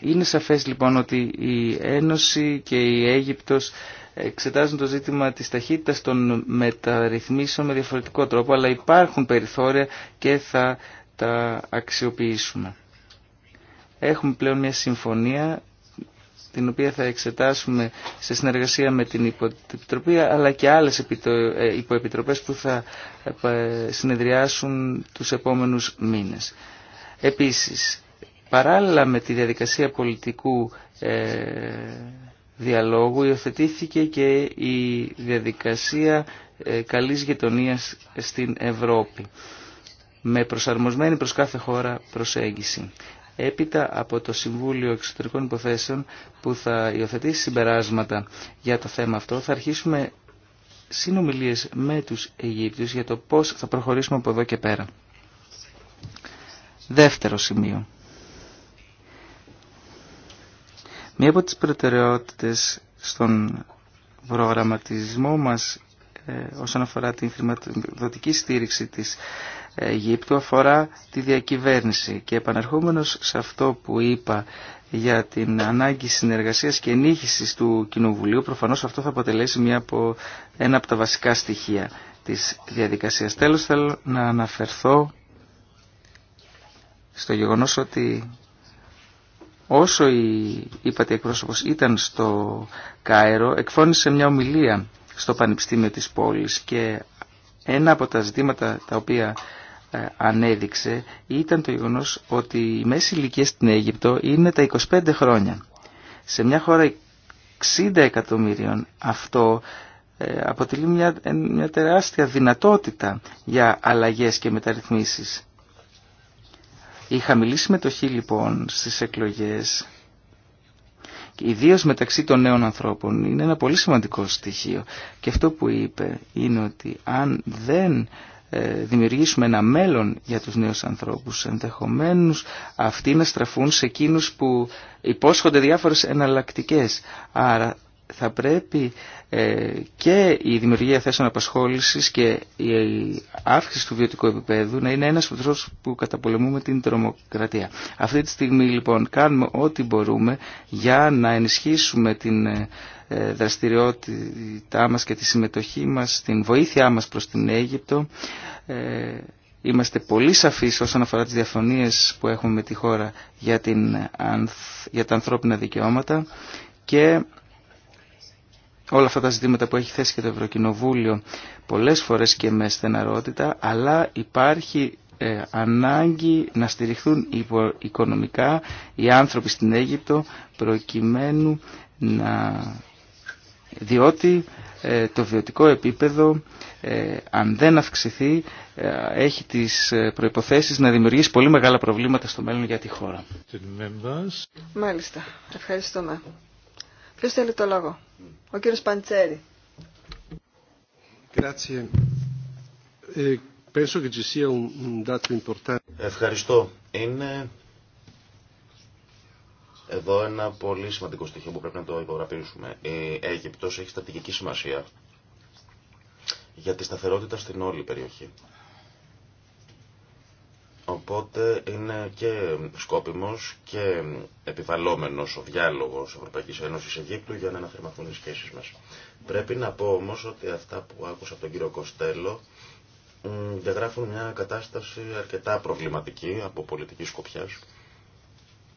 S7: Είναι σαφές λοιπόν ότι η Ένωση και η Αίγυπτος εξετάζουν το ζήτημα της ταχύτητας των μεταρρυθμίσεων με διαφορετικό τρόπο, αλλά υπάρχουν περιθώρια και θα τα αξιοποιήσουμε. Έχουμε πλέον μια συμφωνία την οποία θα εξετάσουμε σε συνεργασία με την Υποεπιτροπή αλλά και άλλες ε, υποεπιτροπές που θα ε, συνεδριάσουν τους επόμενους μήνες. Επίσης, παράλληλα με τη διαδικασία πολιτικού ε, διαλόγου υιοθετήθηκε και η διαδικασία ε, καλής γειτονίας στην Ευρώπη με προσαρμοσμένη προς κάθε χώρα προσέγγιση. Έπειτα από το Συμβούλιο Εξωτερικών Υποθέσεων που θα υιοθετήσει συμπεράσματα για το θέμα αυτό θα αρχίσουμε συνομιλίες με τους Αιγύπτιους για το πώς θα προχωρήσουμε από εδώ και πέρα. Δεύτερο σημείο. Μία από τις προτεραιότητες στον προγραμματισμό μας ε, όσον αφορά την χρηματοδοτική στήριξη της Αιγύπτου αφορά τη διακυβέρνηση και επαναρχόμενος σε αυτό που είπα για την ανάγκη συνεργασίας και ενίχυσης του Κοινοβουλίου προφανώς αυτό θα αποτελέσει μια από, ένα από τα βασικά στοιχεία της διαδικασίας. Τέλος θέλω να αναφερθώ στο γεγονός ότι Όσο η είπατε εκπρόσωπος ήταν στο Κάιρο, εκφώνησε μια ομιλία στο Πανεπιστήμιο της πόλης και ένα από τα ζητήματα τα οποία ε, ανέδειξε ήταν το γεγονός ότι η μέση ηλικία στην Αίγυπτο είναι τα 25 χρόνια. Σε μια χώρα 60 εκατομμύριων αυτό ε, αποτελεί μια, μια τεράστια δυνατότητα για αλλαγές και μεταρρυθμίσεις. Η χαμηλή συμμετοχή λοιπόν στις εκλογές, και ιδίως μεταξύ των νέων ανθρώπων, είναι ένα πολύ σημαντικό στοιχείο. Και αυτό που είπε είναι ότι αν δεν ε, δημιουργήσουμε ένα μέλλον για τους νέους ανθρώπους ενδεχομένως αυτοί να στραφούν σε εκείνους που υπόσχονται διάφορες εναλλακτικές άρα θα πρέπει ε, και η δημιουργία θέσεων απασχόλησης και η αύξηση του βιωτικού επίπεδου να είναι ένας που καταπολεμούμε την τρομοκρατία. Αυτή τη στιγμή λοιπόν κάνουμε ό,τι μπορούμε για να ενισχύσουμε την ε, δραστηριότητά μας και τη συμμετοχή μας, την βοήθειά μας προς την Αίγυπτο. Ε, είμαστε πολύ σαφείς όσον αφορά τις διαφωνίες που έχουμε με τη χώρα για, την, για τα ανθρώπινα δικαιώματα και όλα αυτά τα ζητήματα που έχει θέσει και το Ευρωκοινοβούλιο πολλές φορές και με στεναρότητα, αλλά υπάρχει ε, ανάγκη να στηριχθούν οικονομικά οι άνθρωποι στην Αίγυπτο προκειμένου να... διότι ε, το βιωτικό επίπεδο ε, αν δεν αυξηθεί έχει τις προϋποθέσεις να δημιουργήσει πολύ μεγάλα προβλήματα στο μέλλον για τη χώρα.
S2: Μάλιστα. Ευχαριστούμε. Ποιος θέλει το λόγο. Ο κύριος Παντσέρη.
S3: Ε, Ευχαριστώ. Είναι εδώ ένα πολύ σημαντικό στοιχείο που πρέπει να το υπογραφήσουμε. Η Αίγυπτος έχει στρατηγική σημασία για τη σταθερότητα στην όλη περιοχή. Οπότε είναι και σκόπιμος και επιβαλόμενος ο διάλογος Ευρωπαϊκής Ένωσης Αιγύπτου για να αναθερμαθούν οι σχέσεις μας. Πρέπει να πω όμως ότι αυτά που άκουσα από τον κύριο Κοστέλο διαγράφουν μια κατάσταση αρκετά προβληματική από πολιτική σκοπιάς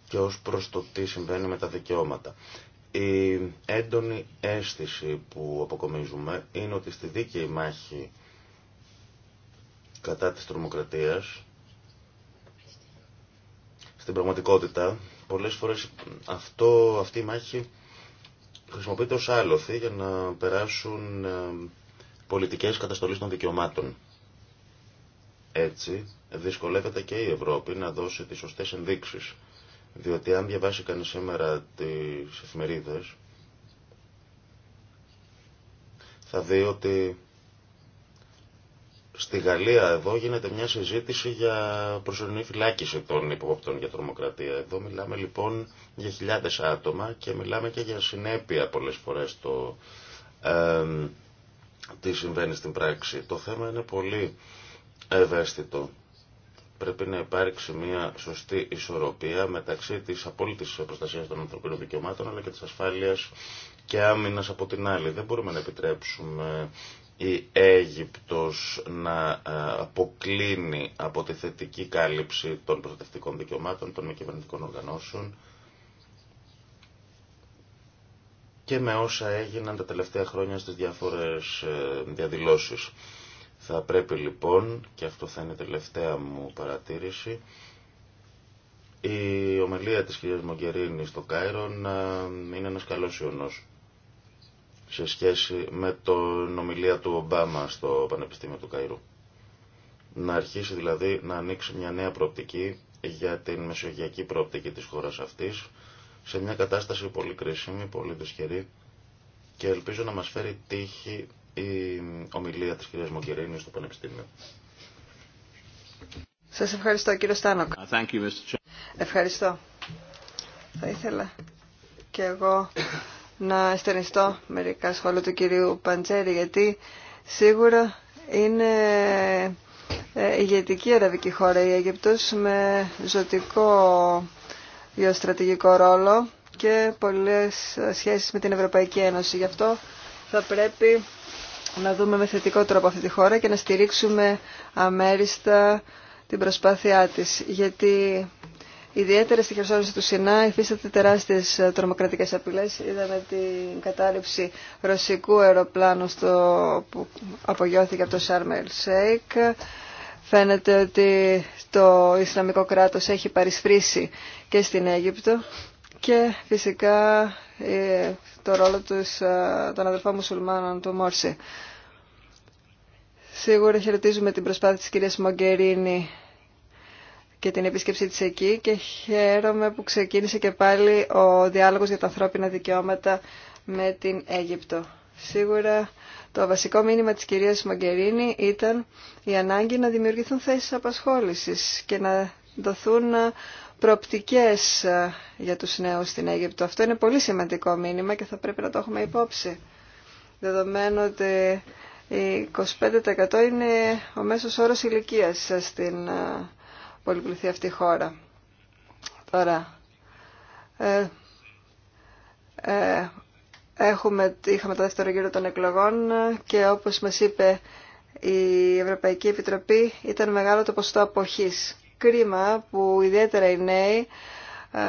S3: και ως προς το τι συμβαίνει με τα δικαιώματα. Η έντονη αίσθηση που αποκομίζουμε είναι ότι στη δίκαιη μάχη κατά της τρομοκρατίας στην πραγματικότητα πολλές φορές αυτό, αυτή η μάχη χρησιμοποιείται ως άλοθη για να περάσουν ε, πολιτικές καταστολής των δικαιωμάτων. Έτσι δυσκολεύεται και η Ευρώπη να δώσει τις σωστές ενδείξεις. Διότι αν διαβάσει κανεί σήμερα τις εφημερίδες θα δει ότι Στη Γαλλία εδώ γίνεται μια συζήτηση για προσωρινή φυλάκιση των υποποπτών για τρομοκρατία. Εδώ μιλάμε λοιπόν για χιλιάδες άτομα και μιλάμε και για συνέπεια πολλές φορές το τι συμβαίνει στην πράξη. Το θέμα είναι πολύ ευαίσθητο. Πρέπει να υπάρξει μια σωστή ισορροπία μεταξύ της απόλυτης προστασίας των ανθρωπίνων δικαιωμάτων αλλά και της ασφάλειας και άμυνας από την άλλη. Δεν μπορούμε να επιτρέψουμε η Αίγυπτος να ε, αποκλίνει από τη θετική κάλυψη των προστατευτικών δικαιωμάτων των μη κυβερνητικών οργανώσεων και με όσα έγιναν τα τελευταία χρόνια στις διάφορες ε, διαδηλώσεις. Θα πρέπει λοιπόν, και αυτό θα είναι η τελευταία μου παρατήρηση, η ομιλία της κυρίας Μογκερίνη στο Κάιρο να είναι ένας καλός ιονός σε σχέση με την ομιλία του Ομπάμα στο Πανεπιστήμιο του Καϊρού. Να αρχίσει δηλαδή να ανοίξει μια νέα προοπτική για την μεσογειακή προοπτική της χώρας αυτής σε μια κατάσταση πολύ κρίσιμη, πολύ δυσχερή και ελπίζω να μας φέρει τύχη η ομιλία της κυρίας Μογκερίνη στο Πανεπιστήμιο.
S2: Σας ευχαριστώ κύριο Στάνοκ. Uh, ευχαριστώ. Θα ήθελα και εγώ να εστερνιστώ μερικά σχόλια του κυρίου Παντζέρη, γιατί σίγουρα είναι ε, ηγετική αραβική χώρα η Αίγυπτος με ζωτικό γεωστρατηγικό ρόλο και πολλές σχέσεις με την Ευρωπαϊκή Ένωση. Γι' αυτό θα πρέπει να δούμε με θετικό τρόπο αυτή τη χώρα και να στηρίξουμε αμέριστα την προσπάθειά της. Γιατί Ιδιαίτερα στη χερσόνηση του Σινά υφίσταται τεράστιες ε, τρομοκρατικές απειλές. Είδαμε την κατάληψη ρωσικού αεροπλάνου στο... που απογειώθηκε από το Σάρμελ Σέικ. Φαίνεται ότι το Ισλαμικό κράτος έχει παρισφρήσει και στην Αίγυπτο και φυσικά ε, το ρόλο τους, ε, των αδερφών μουσουλμάνων του Μόρση. Σίγουρα χαιρετίζουμε την προσπάθεια της κυρίας Μογκερίνη και την επίσκεψή της εκεί και χαίρομαι που ξεκίνησε και πάλι ο διάλογος για τα ανθρώπινα δικαιώματα με την Αίγυπτο. Σίγουρα το βασικό μήνυμα της κυρίας Μαγκερίνη ήταν η ανάγκη να δημιουργηθούν θέσεις απασχόλησης και να δοθούν προοπτικές για τους νέους στην Αίγυπτο. Αυτό είναι πολύ σημαντικό μήνυμα και θα πρέπει να το έχουμε υπόψη. Δεδομένου ότι 25% είναι ο μέσος όρος ηλικίας στην Πολύ αυτή η χώρα. Τώρα, ε, ε, έχουμε, είχαμε το δεύτερο γύρο των εκλογών και όπως μας είπε η Ευρωπαϊκή Επιτροπή ήταν μεγάλο το ποσοστό αποχής. Κρίμα που ιδιαίτερα οι νέοι ε,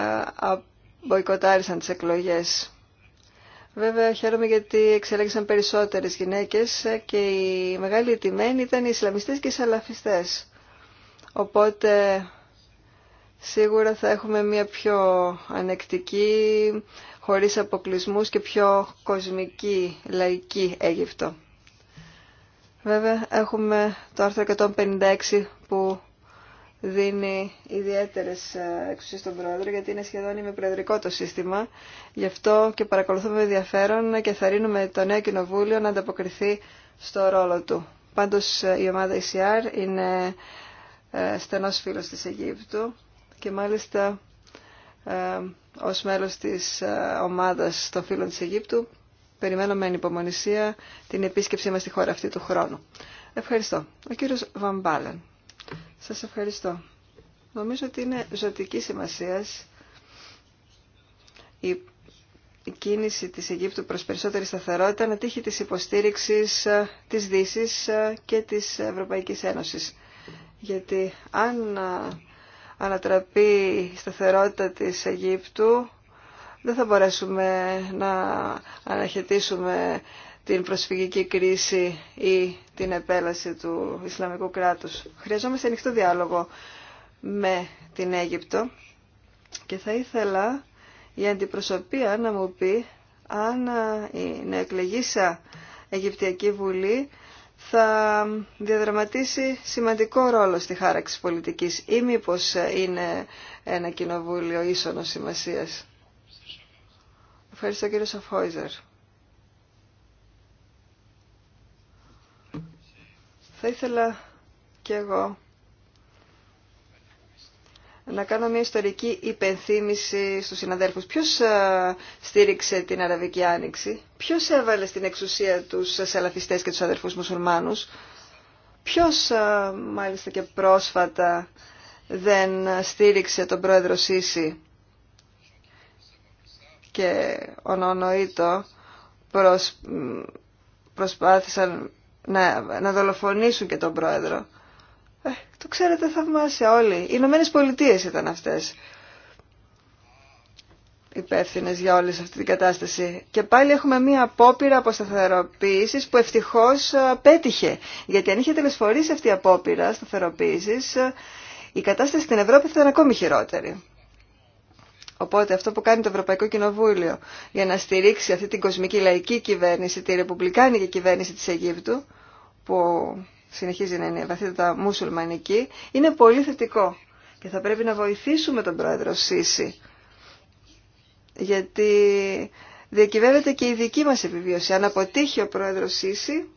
S2: μποϊκοτάρισαν τις εκλογές. Βέβαια χαίρομαι γιατί εξελέγησαν περισσότερες γυναίκες και οι μεγάλοι τιμένοι ήταν οι Ισλαμιστές και οι Σαλαφιστές. Οπότε σίγουρα θα έχουμε μια πιο ανεκτική, χωρίς αποκλεισμούς και πιο κοσμική, λαϊκή Αίγυπτο. Βέβαια έχουμε το άρθρο 156 που δίνει ιδιαίτερες ε, εξουσίες στον πρόεδρο γιατί είναι σχεδόν ημιπροεδρικό το σύστημα. Γι' αυτό και παρακολουθούμε ενδιαφέρον και θα το νέο κοινοβούλιο να ανταποκριθεί στο ρόλο του. Πάντως ε, η ομάδα ECR είναι ε, στενός φίλος της Αιγύπτου και μάλιστα ε, ως μέλος της ε, ομάδας των φίλων της Αιγύπτου περιμένω με ανυπομονησία την επίσκεψή μας στη χώρα αυτή του χρόνου. Ευχαριστώ. Ο κύριος Βαμπάλεν. Σας ευχαριστώ. Νομίζω ότι είναι ζωτική σημασία η κίνηση της Αιγύπτου προς περισσότερη σταθερότητα να τύχει της υποστήριξης της δύση και της Ευρωπαϊκής Ένωσης γιατί αν ανατραπεί η σταθερότητα της Αιγύπτου δεν θα μπορέσουμε να αναχαιτήσουμε την προσφυγική κρίση ή την επέλαση του Ισλαμικού κράτους. Χρειαζόμαστε ανοιχτό διάλογο με την Αίγυπτο και θα ήθελα η αντιπροσωπεία να μου πει αν η νεοεκλεγήσα Αιγυπτιακή Βουλή θα διαδραματίσει σημαντικό ρόλο στη χάραξη πολιτικής ή μήπω είναι ένα κοινοβούλιο ίσονος σημασίας. Ευχαριστώ κύριο Σαφόιζερ. Θα ήθελα και εγώ να κάνω μια ιστορική υπενθύμηση στους συναδέλφους. Ποιος ε, στήριξε την Αραβική Άνοιξη, ποιος έβαλε στην εξουσία τους σαλαφιστές και τους αδερφούς μουσουλμάνους, ποιος ε, μάλιστα και πρόσφατα δεν στήριξε τον πρόεδρο Σίση και ο προσ, προσπάθησαν να, να δολοφονήσουν και τον πρόεδρο. Ε, το ξέρετε θαυμάσια όλοι. Οι Ηνωμένε Πολιτείε ήταν αυτέ. υπεύθυνε για όλη αυτή την κατάσταση. Και πάλι έχουμε μία απόπειρα αποσταθεροποίηση που ευτυχώ ε, πέτυχε. Γιατί αν είχε τελεσφορήσει αυτή η απόπειρα σταθεροποίηση, ε, η κατάσταση στην Ευρώπη θα ήταν ακόμη χειρότερη. Οπότε αυτό που κάνει το Ευρωπαϊκό Κοινοβούλιο για να στηρίξει αυτή την κοσμική λαϊκή κυβέρνηση, τη ρεπουμπλικάνικη κυβέρνηση της Αιγύπτου, που συνεχίζει να είναι βαθύτατα μουσουλμανική, είναι πολύ θετικό. Και θα πρέπει να βοηθήσουμε τον πρόεδρο Σίση, γιατί διακυβεύεται και η δική μας επιβίωση. Αν αποτύχει ο πρόεδρος Σίση,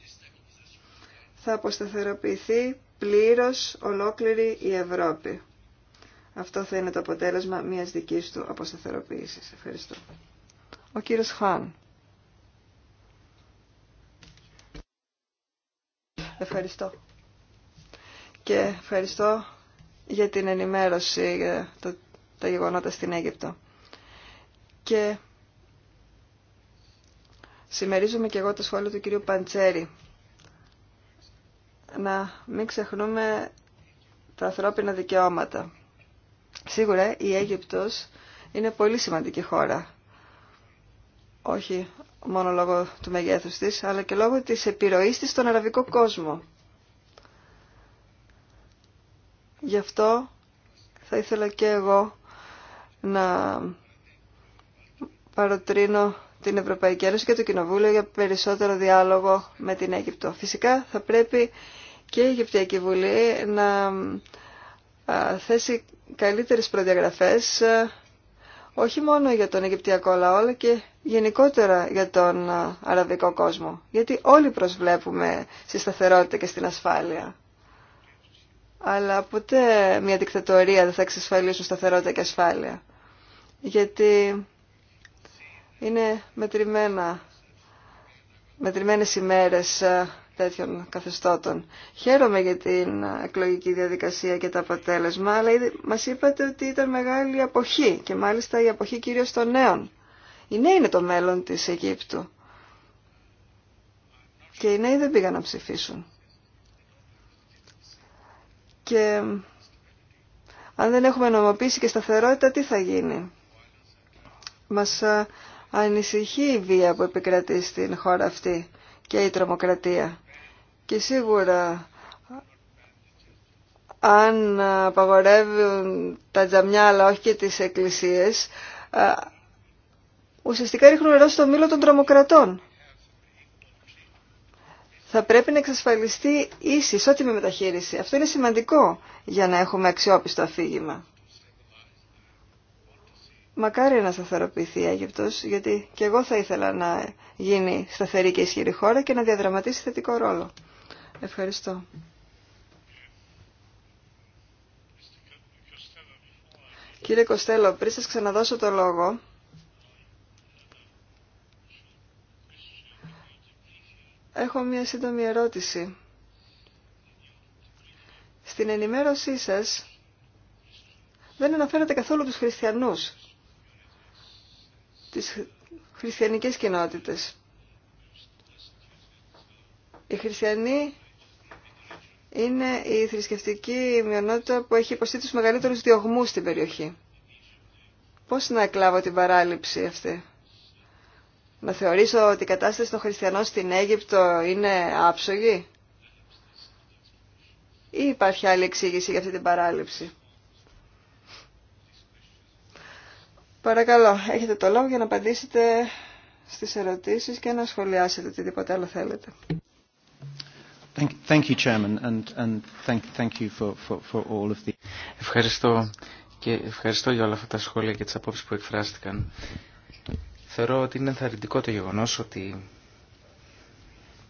S2: θα αποσταθεροποιηθεί πλήρως ολόκληρη η Ευρώπη. Αυτό θα είναι το αποτέλεσμα μιας δικής του αποσταθεροποίησης. Ευχαριστώ. Ο κύριος Χάν. Ευχαριστώ. Και ευχαριστώ για την ενημέρωση για το, τα γεγονότα στην Αίγυπτο. Και συμμερίζομαι και εγώ το σχόλιο του κυρίου Παντσέρη. Να μην ξεχνούμε τα ανθρώπινα δικαιώματα. Σίγουρα η Αίγυπτος είναι πολύ σημαντική χώρα όχι μόνο λόγω του μεγέθους της, αλλά και λόγω της επιρροής της στον αραβικό κόσμο. Γι' αυτό θα ήθελα και εγώ να παροτρύνω την Ευρωπαϊκή Ένωση και το Κοινοβούλιο για περισσότερο διάλογο με την Αίγυπτο. Φυσικά θα πρέπει και η Αιγυπτιακή Βουλή να θέσει καλύτερες προδιαγραφές όχι μόνο για τον Αιγυπτιακό λαό, αλλά και γενικότερα για τον Αραβικό κόσμο. Γιατί όλοι προσβλέπουμε στη σταθερότητα και στην ασφάλεια. Αλλά ποτέ μια δικτατορία δεν θα εξασφαλίσουν σταθερότητα και ασφάλεια. Γιατί είναι μετρημένα, μετρημένες ημέρες τέτοιων καθεστώτων. Χαίρομαι για την εκλογική διαδικασία και το αποτέλεσμα, αλλά μας είπατε ότι ήταν μεγάλη αποχή και μάλιστα η αποχή κυρίως των νέων. Οι νέοι είναι το μέλλον της Αιγύπτου και οι νέοι δεν πήγαν να ψηφίσουν. Και αν δεν έχουμε νομοποίηση και σταθερότητα, τι θα γίνει. Μας ανησυχεί η βία που επικρατεί στην χώρα αυτή και η τρομοκρατία. Και σίγουρα αν απαγορεύουν τα τζαμιά αλλά όχι και τις εκκλησίες, ουσιαστικά ρίχνουν νερό στο μήλο των τρομοκρατών. Θα πρέπει να εξασφαλιστεί ίση, ισότιμη μεταχείριση. Αυτό είναι σημαντικό για να έχουμε αξιόπιστο αφήγημα. Μακάρι να σταθεροποιηθεί η Αίγυπτος, γιατί και εγώ θα ήθελα να γίνει σταθερή και ισχυρή χώρα και να διαδραματίσει θετικό ρόλο. Ευχαριστώ. Κύριε Κοστέλο, πριν σας ξαναδώσω το λόγο, έχω μια σύντομη ερώτηση. Στην ενημέρωσή σας δεν αναφέρατε καθόλου τους χριστιανούς τις χριστιανικές κοινότητες. Οι χριστιανοί είναι η θρησκευτική μειονότητα που έχει υποστεί τους μεγαλύτερους διωγμούς στην περιοχή. Πώς να εκλάβω την παράληψη αυτή. Να θεωρήσω ότι η κατάσταση των χριστιανών στην Αίγυπτο είναι άψογη. Ή υπάρχει άλλη εξήγηση για αυτή την παράληψη. Παρακαλώ, έχετε το λόγο για να απαντήσετε στις ερωτήσεις και να σχολιάσετε οτιδήποτε άλλο θέλετε.
S7: Ευχαριστώ και ευχαριστώ για όλα αυτά τα σχόλια και τις απόψεις που εκφράστηκαν. Θεωρώ ότι είναι ενθαρρυντικό το γεγονός ότι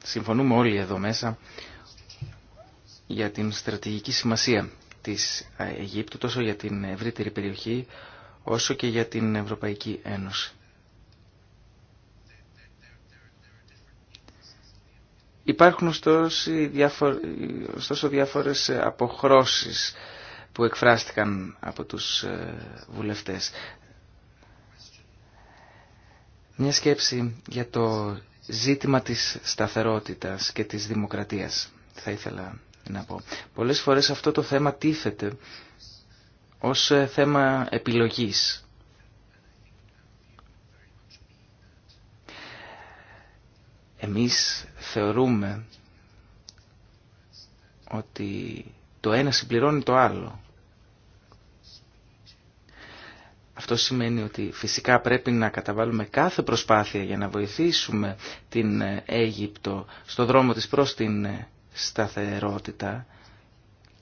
S7: συμφωνούμε όλοι εδώ μέσα για την στρατηγική σημασία της Αιγύπτου τόσο για την ευρύτερη περιοχή όσο και για την Ευρωπαϊκή Ένωση. Υπάρχουν ωστόσο διάφορες ε, αποχρώσεις που εκφράστηκαν από τους ε, βουλευτές. Μια σκέψη για το ζήτημα της σταθερότητας και της δημοκρατίας, θα ήθελα να πω. Πολλές φορές αυτό το θέμα τίθεται ως ε, θέμα επιλογής. Εμείς θεωρούμε ότι το ένα συμπληρώνει το άλλο. Αυτό σημαίνει ότι φυσικά πρέπει να καταβάλουμε κάθε προσπάθεια για να βοηθήσουμε την Αίγυπτο στο δρόμο της προς την σταθερότητα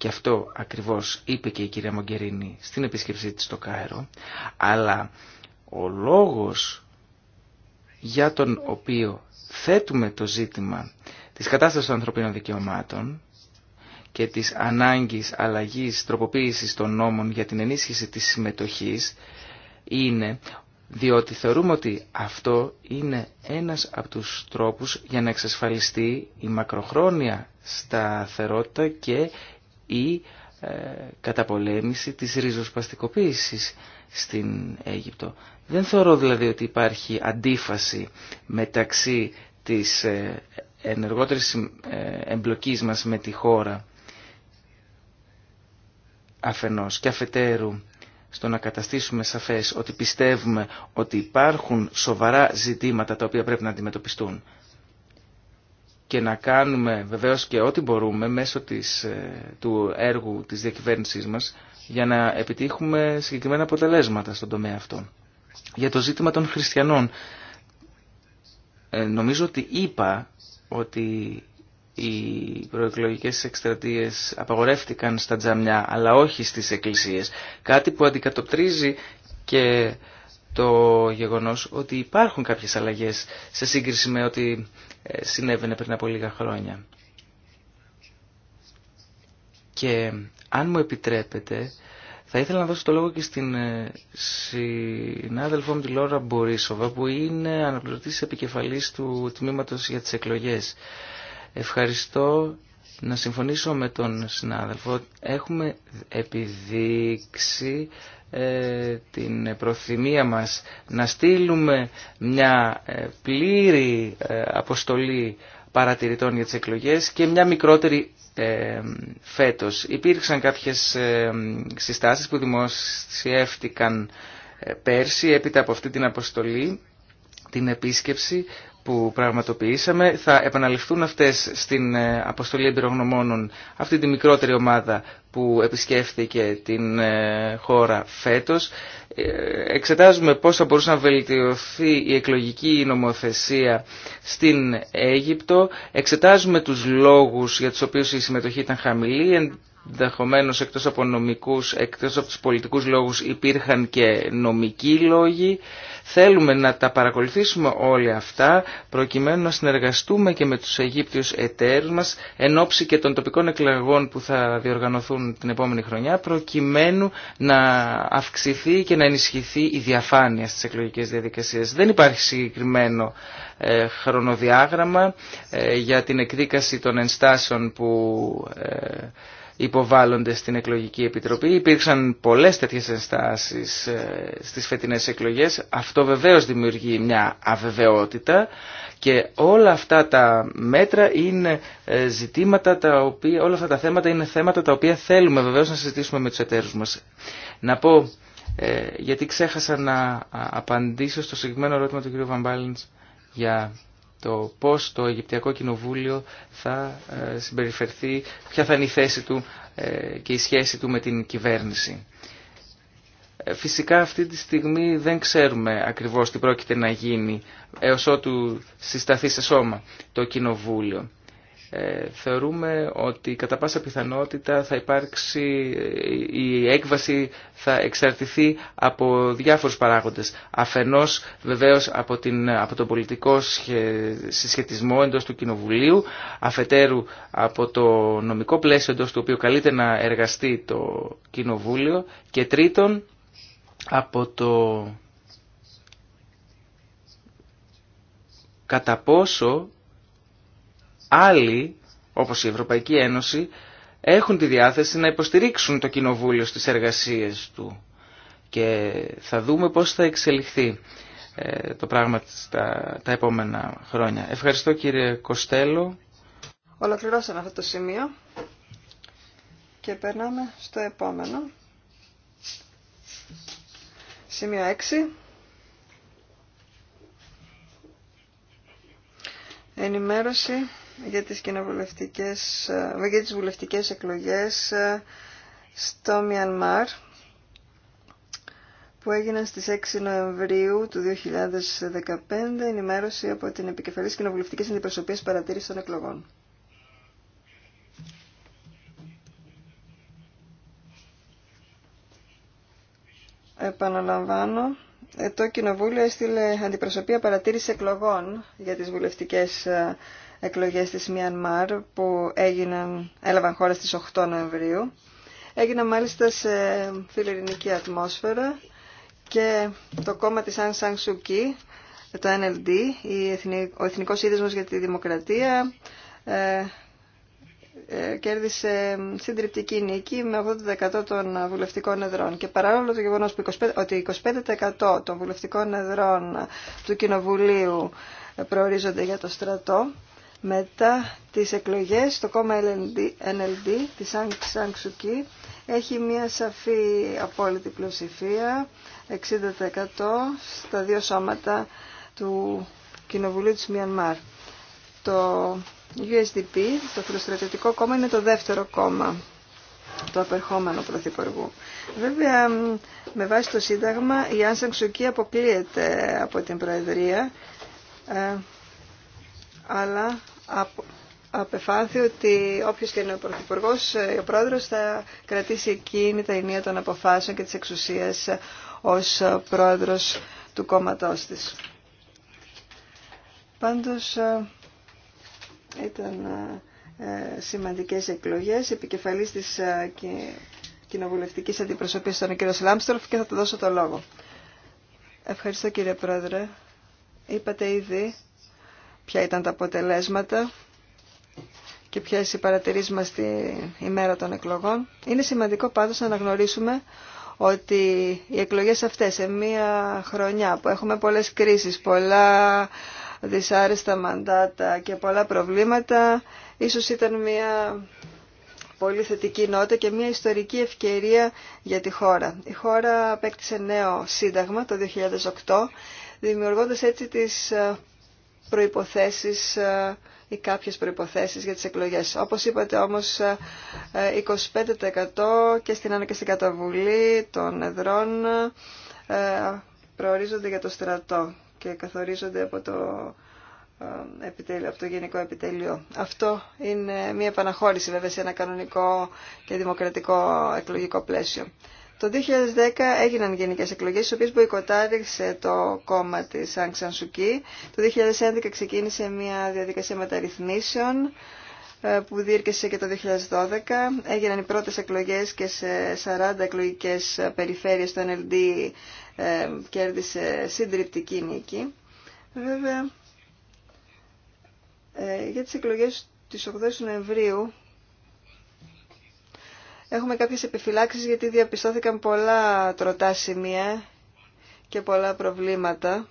S7: και αυτό ακριβώς είπε και η κυρία Μογκερίνη στην επίσκεψή της στο ΚΑΕΡΟ. αλλά ο λόγος για τον οποίο θέτουμε το ζήτημα της κατάστασης των ανθρωπίνων δικαιωμάτων και της ανάγκης αλλαγής τροποποίησης των νόμων για την ενίσχυση της συμμετοχής είναι διότι θεωρούμε ότι αυτό είναι ένας από τους τρόπους για να εξασφαλιστεί η μακροχρόνια σταθερότητα και η ε, καταπολέμηση της ριζοσπαστικοποίησης στην Αίγυπτο. Δεν θεωρώ δηλαδή ότι υπάρχει αντίφαση μεταξύ της ε, ενεργότερης ε, εμπλοκής μας με τη χώρα αφενός και αφετέρου στο να καταστήσουμε σαφές ότι πιστεύουμε ότι υπάρχουν σοβαρά ζητήματα τα οποία πρέπει να αντιμετωπιστούν και να κάνουμε βεβαίως και ό,τι μπορούμε μέσω της, ε, του έργου της διακυβέρνησής μας για να επιτύχουμε συγκεκριμένα αποτελέσματα στον τομέα αυτό. Για το ζήτημα των χριστιανών, ε, νομίζω ότι είπα ότι οι προεκλογικές εκστρατείες απαγορεύτηκαν στα τζαμιά αλλά όχι στις εκκλησίες. Κάτι που αντικατοπτρίζει και το γεγονός ότι υπάρχουν κάποιες αλλαγές σε σύγκριση με ό,τι ε, συνέβαινε πριν από λίγα χρόνια. Και αν μου επιτρέπετε, θα ήθελα να δώσω το λόγο και στην ε, συνάδελφό μου τη Λόρα Μπορίσοβα, που είναι αναπληρωτής επικεφαλής του Τμήματος για τις Εκλογές. Ευχαριστώ να συμφωνήσω με τον συνάδελφο. Έχουμε επιδείξει ε, την προθυμία μας να στείλουμε μια ε, πλήρη ε, αποστολή παρατηρητών για τις εκλογές και μια μικρότερη φέτος. Υπήρξαν κάποιες συστάσεις που δημοσιεύτηκαν πέρσι έπειτα από αυτή την αποστολή την επίσκεψη που πραγματοποιήσαμε. Θα επαναληφθούν αυτές στην ε, αποστολή εμπειρογνωμόνων αυτή τη μικρότερη ομάδα που επισκέφθηκε την ε, χώρα φέτος. Ε, εξετάζουμε πώς θα μπορούσε να βελτιωθεί η εκλογική νομοθεσία στην Αίγυπτο. Εξετάζουμε τους λόγους για τους οποίους η συμμετοχή ήταν χαμηλή. Ενδεχομένω εκτός από νομικούς, εκτός από τους πολιτικούς λόγους υπήρχαν και νομικοί λόγοι. Θέλουμε να τα παρακολουθήσουμε όλα αυτά προκειμένου να συνεργαστούμε και με τους Αιγύπτιους εταίρους μας εν ώψη και των τοπικών εκλογών που θα διοργανωθούν την επόμενη χρονιά προκειμένου να αυξηθεί και να ενισχυθεί η διαφάνεια στις εκλογικές διαδικασίες. Δεν υπάρχει συγκεκριμένο ε, χρονοδιάγραμμα ε, για την εκδίκαση των ενστάσεων που ε, υποβάλλονται στην εκλογική επιτροπή. Υπήρξαν πολλές τέτοιες ενστάσεις ε, στις φετινές εκλογές. Αυτό βεβαίως δημιουργεί μια αβεβαιότητα και όλα αυτά τα μέτρα είναι ε, ζητήματα τα οποία, όλα αυτά τα θέματα είναι θέματα τα οποία θέλουμε βεβαίως να συζητήσουμε με τους εταίρους μας. Να πω, ε, γιατί ξέχασα να απαντήσω στο συγκεκριμένο ερώτημα του κ. Βαμπάλινς για το πώς το Αιγυπτιακό Κοινοβούλιο θα ε, συμπεριφερθεί, ποια θα είναι η θέση του ε, και η σχέση του με την κυβέρνηση. Ε, φυσικά αυτή τη στιγμή δεν ξέρουμε ακριβώς τι πρόκειται να γίνει έως ότου συσταθεί σε σώμα το Κοινοβούλιο. Ε, θεωρούμε ότι κατά πάσα πιθανότητα θα υπάρξει, η έκβαση θα εξαρτηθεί από διάφορους παράγοντες. Αφενός βεβαίως από, την, από τον πολιτικό συσχετισμό εντός του Κοινοβουλίου, αφετέρου από το νομικό πλαίσιο εντός του οποίου καλείται να εργαστεί το Κοινοβούλιο και τρίτον από το κατά πόσο άλλοι, όπως η Ευρωπαϊκή Ένωση, έχουν τη διάθεση να υποστηρίξουν το Κοινοβούλιο στις εργασίες του. Και θα δούμε πώς θα εξελιχθεί ε, το πράγμα τα, τα επόμενα χρόνια. Ευχαριστώ κύριε Κοστέλο.
S2: Ολοκληρώσαμε αυτό το σημείο και περνάμε στο επόμενο. Σημείο 6. Ενημέρωση για τις, κοινοβουλευτικές, ε, για τις βουλευτικές εκλογές ε, στο Μιανμάρ που έγιναν στις 6 Νοεμβρίου του 2015 ενημέρωση από την επικεφαλής κοινοβουλευτικής αντιπροσωπείας παρατήρηση των εκλογών. Επαναλαμβάνω, ε, το Κοινοβούλιο έστειλε αντιπροσωπεία παρατήρηση εκλογών για τις βουλευτικές εκλογές της Μιανμάρ που έγιναν, έλαβαν χώρα στις 8 Νοεμβρίου. Έγιναν μάλιστα σε φιλελληνική ατμόσφαιρα και το κόμμα της Αν Σαν Σουκί, το NLD, ο Εθνικός Σύνδεσμος για τη Δημοκρατία, ε, ε, κέρδισε συντριπτική νίκη με 80% των βουλευτικών εδρών. Και παράλληλα το γεγονός 25, ότι 25% των βουλευτικών εδρών του Κοινοβουλίου προορίζονται για το στρατό, μετά τις εκλογές, το κόμμα NLD της Σαν έχει μια σαφή απόλυτη πλειοψηφία, 60% στα δύο σώματα του Κοινοβουλίου της Μιανμάρ. Το USDP, το Φιλοστρατιωτικό Κόμμα, είναι το δεύτερο κόμμα του απερχόμενου Πρωθυπουργού. Βέβαια, με βάση το Σύνταγμα, η Άνσαν Ξουκή αποκλείεται από την Προεδρία, ε, αλλά απεφάνθη ότι όποιο και είναι ο Πρωθυπουργό, ε, ο Πρόεδρο θα κρατήσει εκείνη τα ενία των αποφάσεων και τη εξουσία ε, ω ε, Πρόεδρο του κόμματό τη. Πάντω ήταν σημαντικές εκλογές, επικεφαλή της κοινοβουλευτική αντιπροσωπής των ο κύριος και θα του δώσω το λόγο. Ευχαριστώ κύριε Πρόεδρε. Είπατε ήδη ποια ήταν τα αποτελέσματα και ποιε οι παρατηρήσει μα την ημέρα των εκλογών. Είναι σημαντικό πάντως να αναγνωρίσουμε ότι οι εκλογές αυτές σε μία χρονιά που έχουμε πολλές κρίσεις, πολλά δυσάρεστα μαντάτα και πολλά προβλήματα, ίσως ήταν μία πολύ θετική νότα και μία ιστορική ευκαιρία για τη χώρα. Η χώρα απέκτησε νέο σύνταγμα το 2008, δημιουργώντας έτσι τις ε, προϋποθέσεις ε, ή κάποιες προϋποθέσεις για τις εκλογές. Όπως είπατε όμως 25% ε, και στην Άνω και στην Καταβουλή των εδρών ε, προορίζονται για το στρατό και καθορίζονται από το, από το Γενικό Επιτελείο. Αυτό είναι μια επαναχώρηση βέβαια σε ένα κανονικό και δημοκρατικό εκλογικό πλαίσιο. Το 2010 έγιναν γενικές εκλογές, στις οποίε μποϊκοτάριξε το κόμμα της Αν Το 2011 ξεκίνησε μια διαδικασία μεταρρυθμίσεων ε, που διήρκεσε και το 2012. Έγιναν οι πρώτες εκλογές και σε 40 εκλογικές περιφέρειες το NLD ε, κέρδισε συντριπτική νίκη. Βέβαια, ε, για τις εκλογές της 8 Νοεμβρίου Έχουμε κάποιες επιφυλάξεις γιατί διαπιστώθηκαν πολλά τροτά σημεία και πολλά προβλήματα.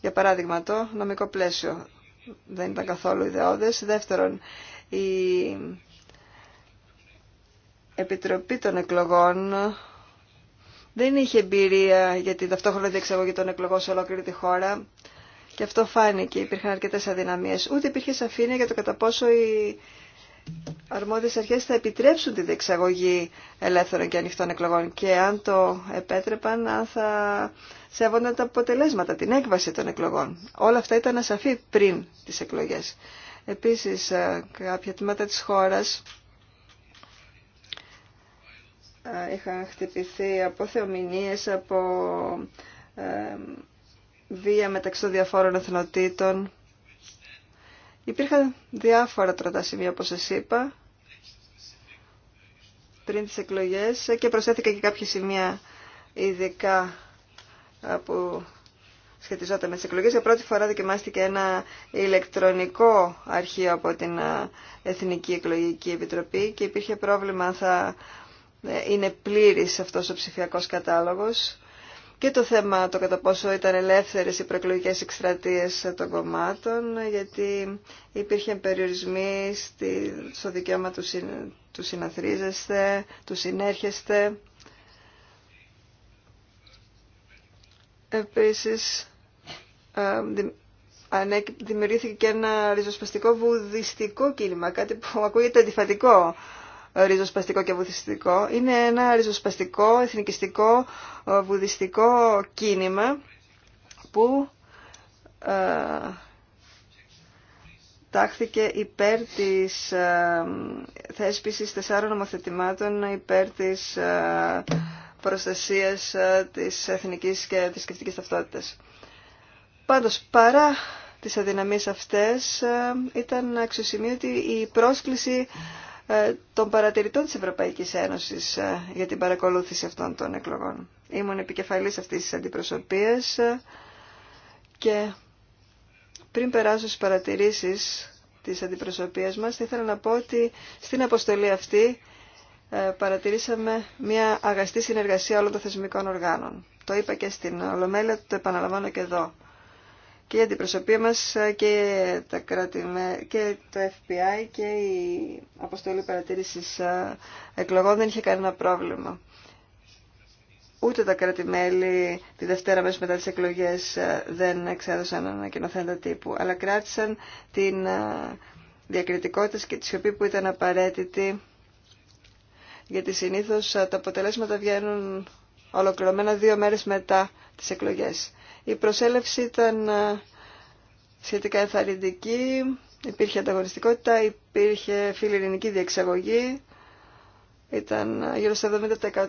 S2: Για παράδειγμα το νομικό πλαίσιο δεν ήταν καθόλου ιδεώδες. Δεύτερον, η Επιτροπή των Εκλογών δεν είχε εμπειρία για την ταυτόχρονη διεξαγωγή των εκλογών σε ολόκληρη τη χώρα και αυτό φάνηκε. Υπήρχαν αρκετέ αδυναμίε. Ούτε υπήρχε σαφήνεια για το κατά πόσο η αρμόδιες αρχές θα επιτρέψουν τη διεξαγωγή ελεύθερων και ανοιχτών εκλογών και αν το επέτρεπαν αν θα σέβονταν τα αποτελέσματα, την έκβαση των εκλογών. Όλα αυτά ήταν ασαφή πριν τις εκλογές. Επίσης ε, κάποια τμήματα της χώρας ε, είχαν χτυπηθεί από θεομηνίες, από ε, βία μεταξύ των διαφόρων εθνοτήτων Υπήρχαν διάφορα τροτά σημεία, όπως σας είπα, πριν τις εκλογές και προσθέθηκα και κάποια σημεία ειδικά που σχετιζόταν με τις εκλογές. Για πρώτη φορά δοκιμάστηκε ένα ηλεκτρονικό αρχείο από την Εθνική Εκλογική Επιτροπή και υπήρχε πρόβλημα αν θα ε, είναι πλήρης αυτός ο ψηφιακός κατάλογος και το θέμα το κατά πόσο ήταν ελεύθερες οι προεκλογικές εκστρατείες των κομμάτων, γιατί υπήρχε περιορισμοί στο δικαίωμα του, συν, του συναθρίζεστε, του συνέρχεστε. Επίσης, δημιουργήθηκε και ένα ριζοσπαστικό βουδιστικό κίνημα, κάτι που ακούγεται αντιφατικό ριζοσπαστικό και βουδιστικό. Είναι ένα ριζοσπαστικό, εθνικιστικό, ε, βουδιστικό κίνημα που ε, τάχθηκε υπέρ της ε, θέσπισης τεσσάρων νομοθετημάτων, υπέρ της προστασίας της εθνικής και της κριτικής ταυτότητας. Πάντως, παρά τις αδυναμίες αυτές, ήταν αξιοσημείωτη η πρόσκληση ε, των παρατηρητών της Ευρωπαϊκής Ένωσης ε, για την παρακολούθηση αυτών των εκλογών. Ήμουν επικεφαλής αυτής της αντιπροσωπείας ε, και πριν περάσω στις παρατηρήσεις της αντιπροσωπείας μας, θα ήθελα να πω ότι στην αποστολή αυτή παρατηρήσαμε μια αγαστή συνεργασία όλων των θεσμικών οργάνων. Το είπα και στην Ολομέλεια, το επαναλαμβάνω και εδώ και η αντιπροσωπεία μας και, τα και το FBI και η αποστολή παρατήρησης ε, εκλογών δεν είχε κανένα πρόβλημα. Ούτε τα κράτη-μέλη τη Δευτέρα μέσα μετά τις εκλογές ε, δεν εξέδωσαν ανακοινωθέντα τύπου, αλλά κράτησαν την ε, διακριτικότητα και τη σιωπή που ήταν απαραίτητη, γιατί συνήθως τα αποτελέσματα βγαίνουν ολοκληρωμένα δύο μέρες μετά τις εκλογές. Η προσέλευση ήταν ε, σχετικά ενθαρρυντική, υπήρχε ανταγωνιστικότητα, υπήρχε φιλιρινική διεξαγωγή, ήταν ε, γύρω στο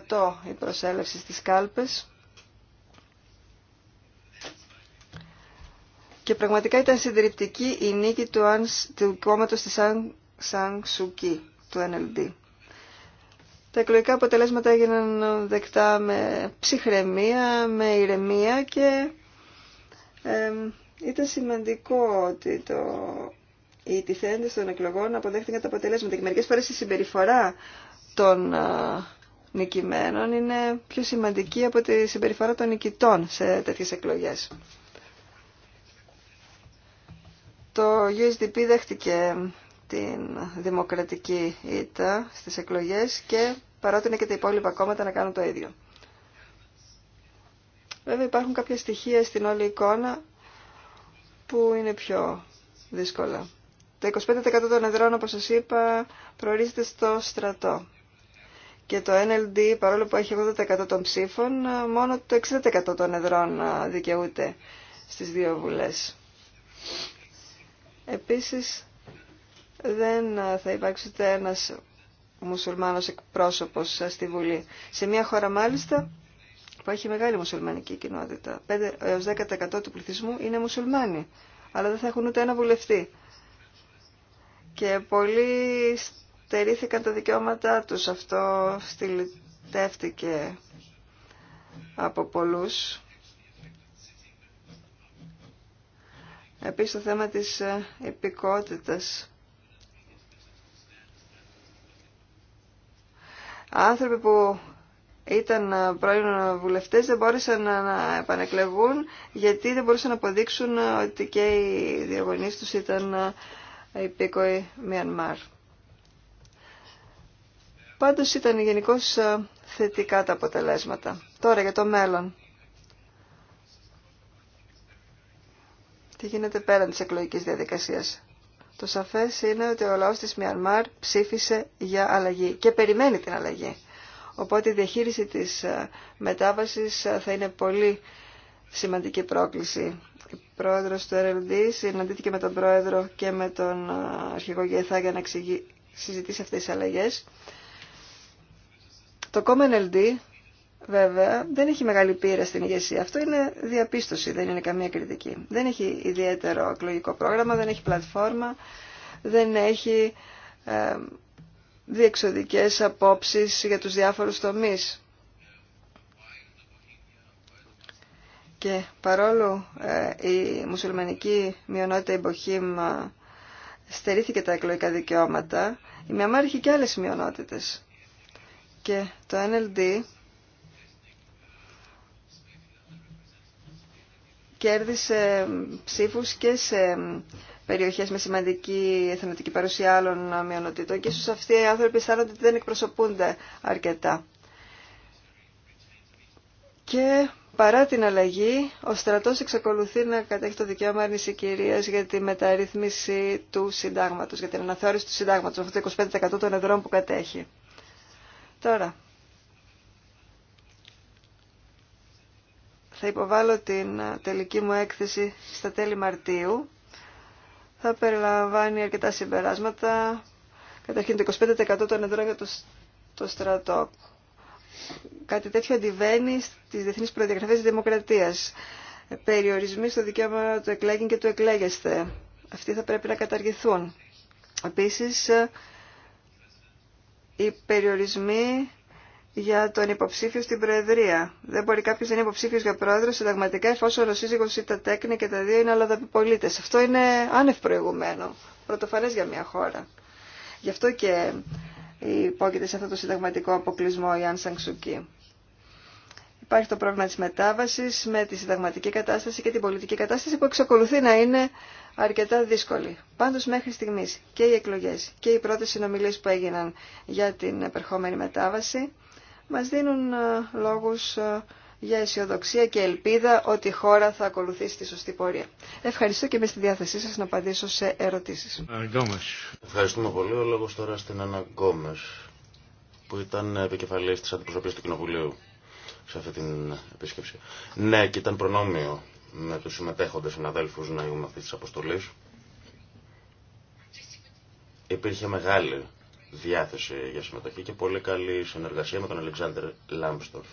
S2: 70% η προσέλευση στις κάλπες. Και πραγματικά ήταν συντριπτική η νίκη του, του κόμματος της Σαν Σουκί, του NLD. Τα εκλογικά αποτελέσματα έγιναν δεκτά με ψυχραιμία, με ηρεμία και ε, ήταν σημαντικό ότι το, οι τυθέντες των εκλογών αποδέχτηκαν τα αποτελέσματα και μερικές φορές η συμπεριφορά των νικημένων είναι πιο σημαντική από τη συμπεριφορά των νικητών σε τέτοιες εκλογές. Το USDP δέχτηκε την δημοκρατική ήττα στις εκλογές και παρότεινε και τα υπόλοιπα κόμματα να κάνουν το ίδιο. Βέβαια υπάρχουν κάποια στοιχεία στην όλη εικόνα που είναι πιο δύσκολα. Το 25% των εδρών, όπως σας είπα, προορίζεται στο στρατό. Και το NLD, παρόλο που έχει 80% των ψήφων, μόνο το 60% των εδρών δικαιούται στις δύο βουλές. Επίσης, δεν θα υπάρξει ούτε ένας μουσουλμάνος εκπρόσωπος στη Βουλή. Σε μια χώρα, μάλιστα, που έχει μεγάλη μουσουλμανική κοινότητα. 5 έως 10% του πληθυσμού είναι μουσουλμάνοι, αλλά δεν θα έχουν ούτε ένα βουλευτή. Και πολλοί στερήθηκαν τα δικαιώματά τους. Αυτό στυλιτεύτηκε από πολλούς. Επίσης το θέμα της επικότητας. Άνθρωποι που ήταν ε, πρώην βουλευτές δεν μπόρεσαν να επανεκλεγούν γιατί δεν μπορούσαν να αποδείξουν ε, ότι και οι διαγωνιστές τους ήταν ε, υπήκοοι Μιανμάρ. Πάντως ήταν γενικώ θετικά τα αποτελέσματα. Τώρα για το μέλλον. Τι γίνεται πέραν της εκλογικής διαδικασίας. Το σαφές είναι ότι ο λαός της Μιανμάρ ψήφισε για αλλαγή και περιμένει την αλλαγή. Οπότε η διαχείριση της ε, μετάβασης ε, θα είναι πολύ σημαντική πρόκληση. Ο πρόεδρος του RLD συναντήθηκε με τον πρόεδρο και με τον ε, αρχηγό Γεθά για να συζητήσει αυτές τις αλλαγές. Το κόμμα CommonLD βέβαια δεν έχει μεγάλη πείρα στην ηγεσία. Αυτό είναι διαπίστωση, δεν είναι καμία κριτική. Δεν έχει ιδιαίτερο εκλογικό πρόγραμμα, δεν έχει πλατφόρμα, δεν έχει διεξοδικές απόψεις για τους διάφορους τομείς. Και παρόλο ε, η μουσουλμανική μειονότητα η Μποχήμ ε, στερήθηκε τα εκλογικά δικαιώματα, η Μιαμάρ είχε και άλλες μειονότητες. Και το NLD κέρδισε ε, ψήφους και σε Περιοχέ με σημαντική εθνοτική παρουσία άλλων μειονοτήτων και ίσω αυτοί οι άνθρωποι αισθάνονται ότι δεν εκπροσωπούνται αρκετά. Και παρά την αλλαγή, ο στρατό εξακολουθεί να κατέχει το δικαίωμα άρνηση για τη μεταρρύθμιση του συντάγματο, για την αναθεώρηση του συντάγματο αυτό το 25% των εδρών που κατέχει. Τώρα, θα υποβάλω την τελική μου έκθεση στα τέλη Μαρτίου θα περιλαμβάνει αρκετά συμπεράσματα. Καταρχήν το 25% των εδρών για το στρατό. Κάτι τέτοιο αντιβαίνει στις διεθνείς προδιαγραφές της δημοκρατίας. Περιορισμοί στο δικαίωμα του εκλέγην και του εκλέγεστε. Αυτοί θα πρέπει να καταργηθούν. Επίσης, οι περιορισμοί για τον υποψήφιο στην Προεδρία. Δεν μπορεί κάποιο να είναι υποψήφιο για πρόεδρο συνταγματικά εφόσον ο σύζυγο ή τα τέκνη και τα δύο είναι αλλοδαπιπολίτε. Αυτό είναι άνευ προηγουμένο. Πρωτοφανέ για μια χώρα. Γι' αυτό και υπόκειται σε αυτό το συνταγματικό αποκλεισμό η Αν Σανξουκή. Υπάρχει το πρόβλημα της μετάβασης με τη συνταγματική κατάσταση και την πολιτική κατάσταση που εξακολουθεί να είναι αρκετά δύσκολη. Πάντως μέχρι στιγμής και οι εκλογές και οι πρώτες συνομιλίε που έγιναν για την επερχόμενη μετάβαση μας δίνουν ε, λόγους ε, για αισιοδοξία και ελπίδα ότι η χώρα θα ακολουθήσει τη σωστή πορεία. Ευχαριστώ και με στη διάθεσή σας να απαντήσω σε ερωτήσεις. Ε,
S3: Ευχαριστούμε πολύ. Ο λόγος τώρα στην Ένα που ήταν επικεφαλής της αντιπροσωπείας του Κοινοβουλίου σε αυτή την επίσκεψη. Ναι, και ήταν προνόμιο με τους συμμετέχοντες συναδέλφους να είμαι αυτή τη αποστολή. Υπήρχε μεγάλη διάθεση για συμμετοχή και πολύ καλή συνεργασία με τον Αλεξάνδρ Λάμπστορφ.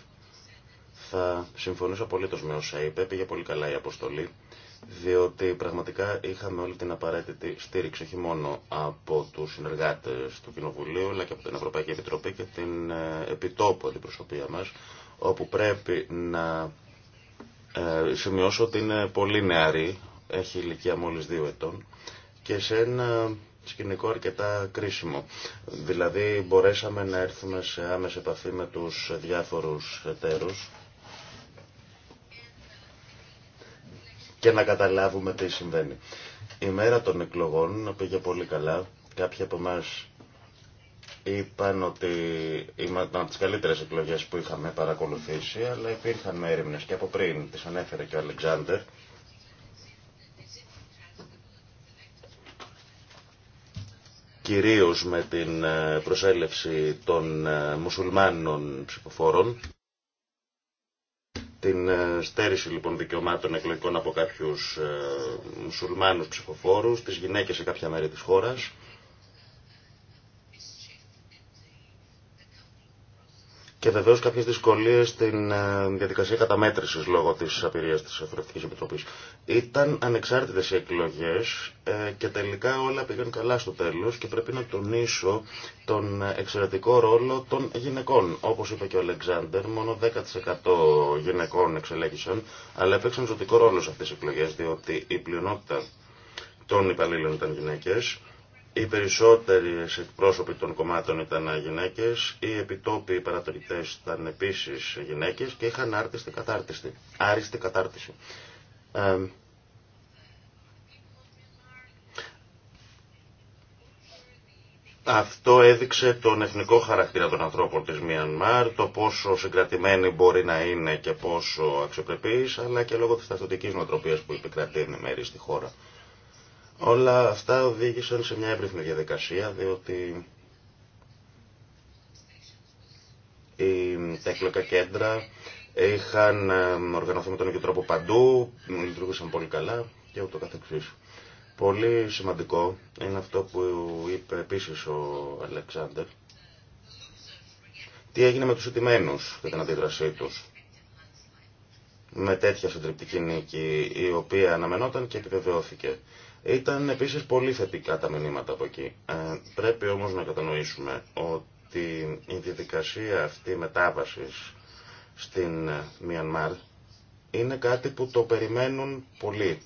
S3: Θα συμφωνήσω απολύτω με όσα είπε, πήγε πολύ καλά η αποστολή, διότι πραγματικά είχαμε όλη την απαραίτητη στήριξη, όχι μόνο από του συνεργάτε του Κοινοβουλίου, αλλά και από την Ευρωπαϊκή Επιτροπή και την ε, επιτόπου αντιπροσωπεία μα, όπου πρέπει να ε, σημειώσω ότι είναι πολύ νεαρή, έχει ηλικία μόλις δύο ετών και σε ένα σκηνικό αρκετά κρίσιμο. Δηλαδή μπορέσαμε να έρθουμε σε άμεση επαφή με τους διάφορους εταίρους και να καταλάβουμε τι συμβαίνει. Η μέρα των εκλογών πήγε πολύ καλά. Κάποιοι από εμά είπαν ότι ήταν από τι καλύτερες εκλογέ που είχαμε παρακολουθήσει, αλλά υπήρχαν έρευνε και από πριν, τις ανέφερε και ο Αλεξάνδερ, κυρίως με την ε, προσέλευση των ε, μουσουλμάνων ψηφοφόρων, την ε, στέρηση λοιπόν δικαιωμάτων εκλογικών από κάποιους μουσουλμάνους ψηφοφόρους, τις γυναίκες σε κάποια μέρη της χώρας, και βεβαίω κάποιε δυσκολίε στην ε, διαδικασία καταμέτρηση λόγω τη απειρία τη Ευρωπαϊκή Επιτροπή. Ήταν ανεξάρτητε οι εκλογέ ε, και τελικά όλα πήγαν καλά στο τέλο και πρέπει να τονίσω τον εξαιρετικό ρόλο των γυναικών. Όπω είπε και ο Αλεξάνδρ, μόνο 10% γυναικών εξελέγησαν, αλλά έπαιξαν ζωτικό ρόλο σε αυτέ τι εκλογέ, διότι η πλειονότητα των υπαλλήλων ήταν γυναίκε οι περισσότεροι εκπρόσωποι των κομμάτων ήταν γυναίκες, οι επιτόπιοι παρατηρητές ήταν επίσης γυναίκες και είχαν άρτιστη κατάρτιση. Άριστη κατάρτιση. αυτό έδειξε τον εθνικό χαρακτήρα των ανθρώπων της Μιανμάρ, το πόσο συγκρατημένοι μπορεί να είναι και πόσο αξιοπρεπής, αλλά και λόγω της ταυτοτικής νοοτροπίας που επικρατεί μέρη στη χώρα. Όλα αυτά οδήγησαν σε μια εύρυθμη διαδικασία, διότι τα εκλογικά κέντρα είχαν ε, οργανωθεί με τον ίδιο τρόπο παντού, λειτουργούσαν πολύ καλά και ούτω καθεξής. Πολύ σημαντικό είναι αυτό που είπε επίσης ο Αλεξάνδερ. Τι έγινε με τους ιτημένους και την αντίδρασή τους με τέτοια συντριπτική νίκη η οποία αναμενόταν και επιβεβαιώθηκε. Ήταν επίσης πολύ θετικά τα μηνύματα από εκεί. Ε, πρέπει όμως να κατανοήσουμε ότι η διαδικασία αυτή μετάβασης στην ε, Μιανμάρ είναι κάτι που το περιμένουν πολύ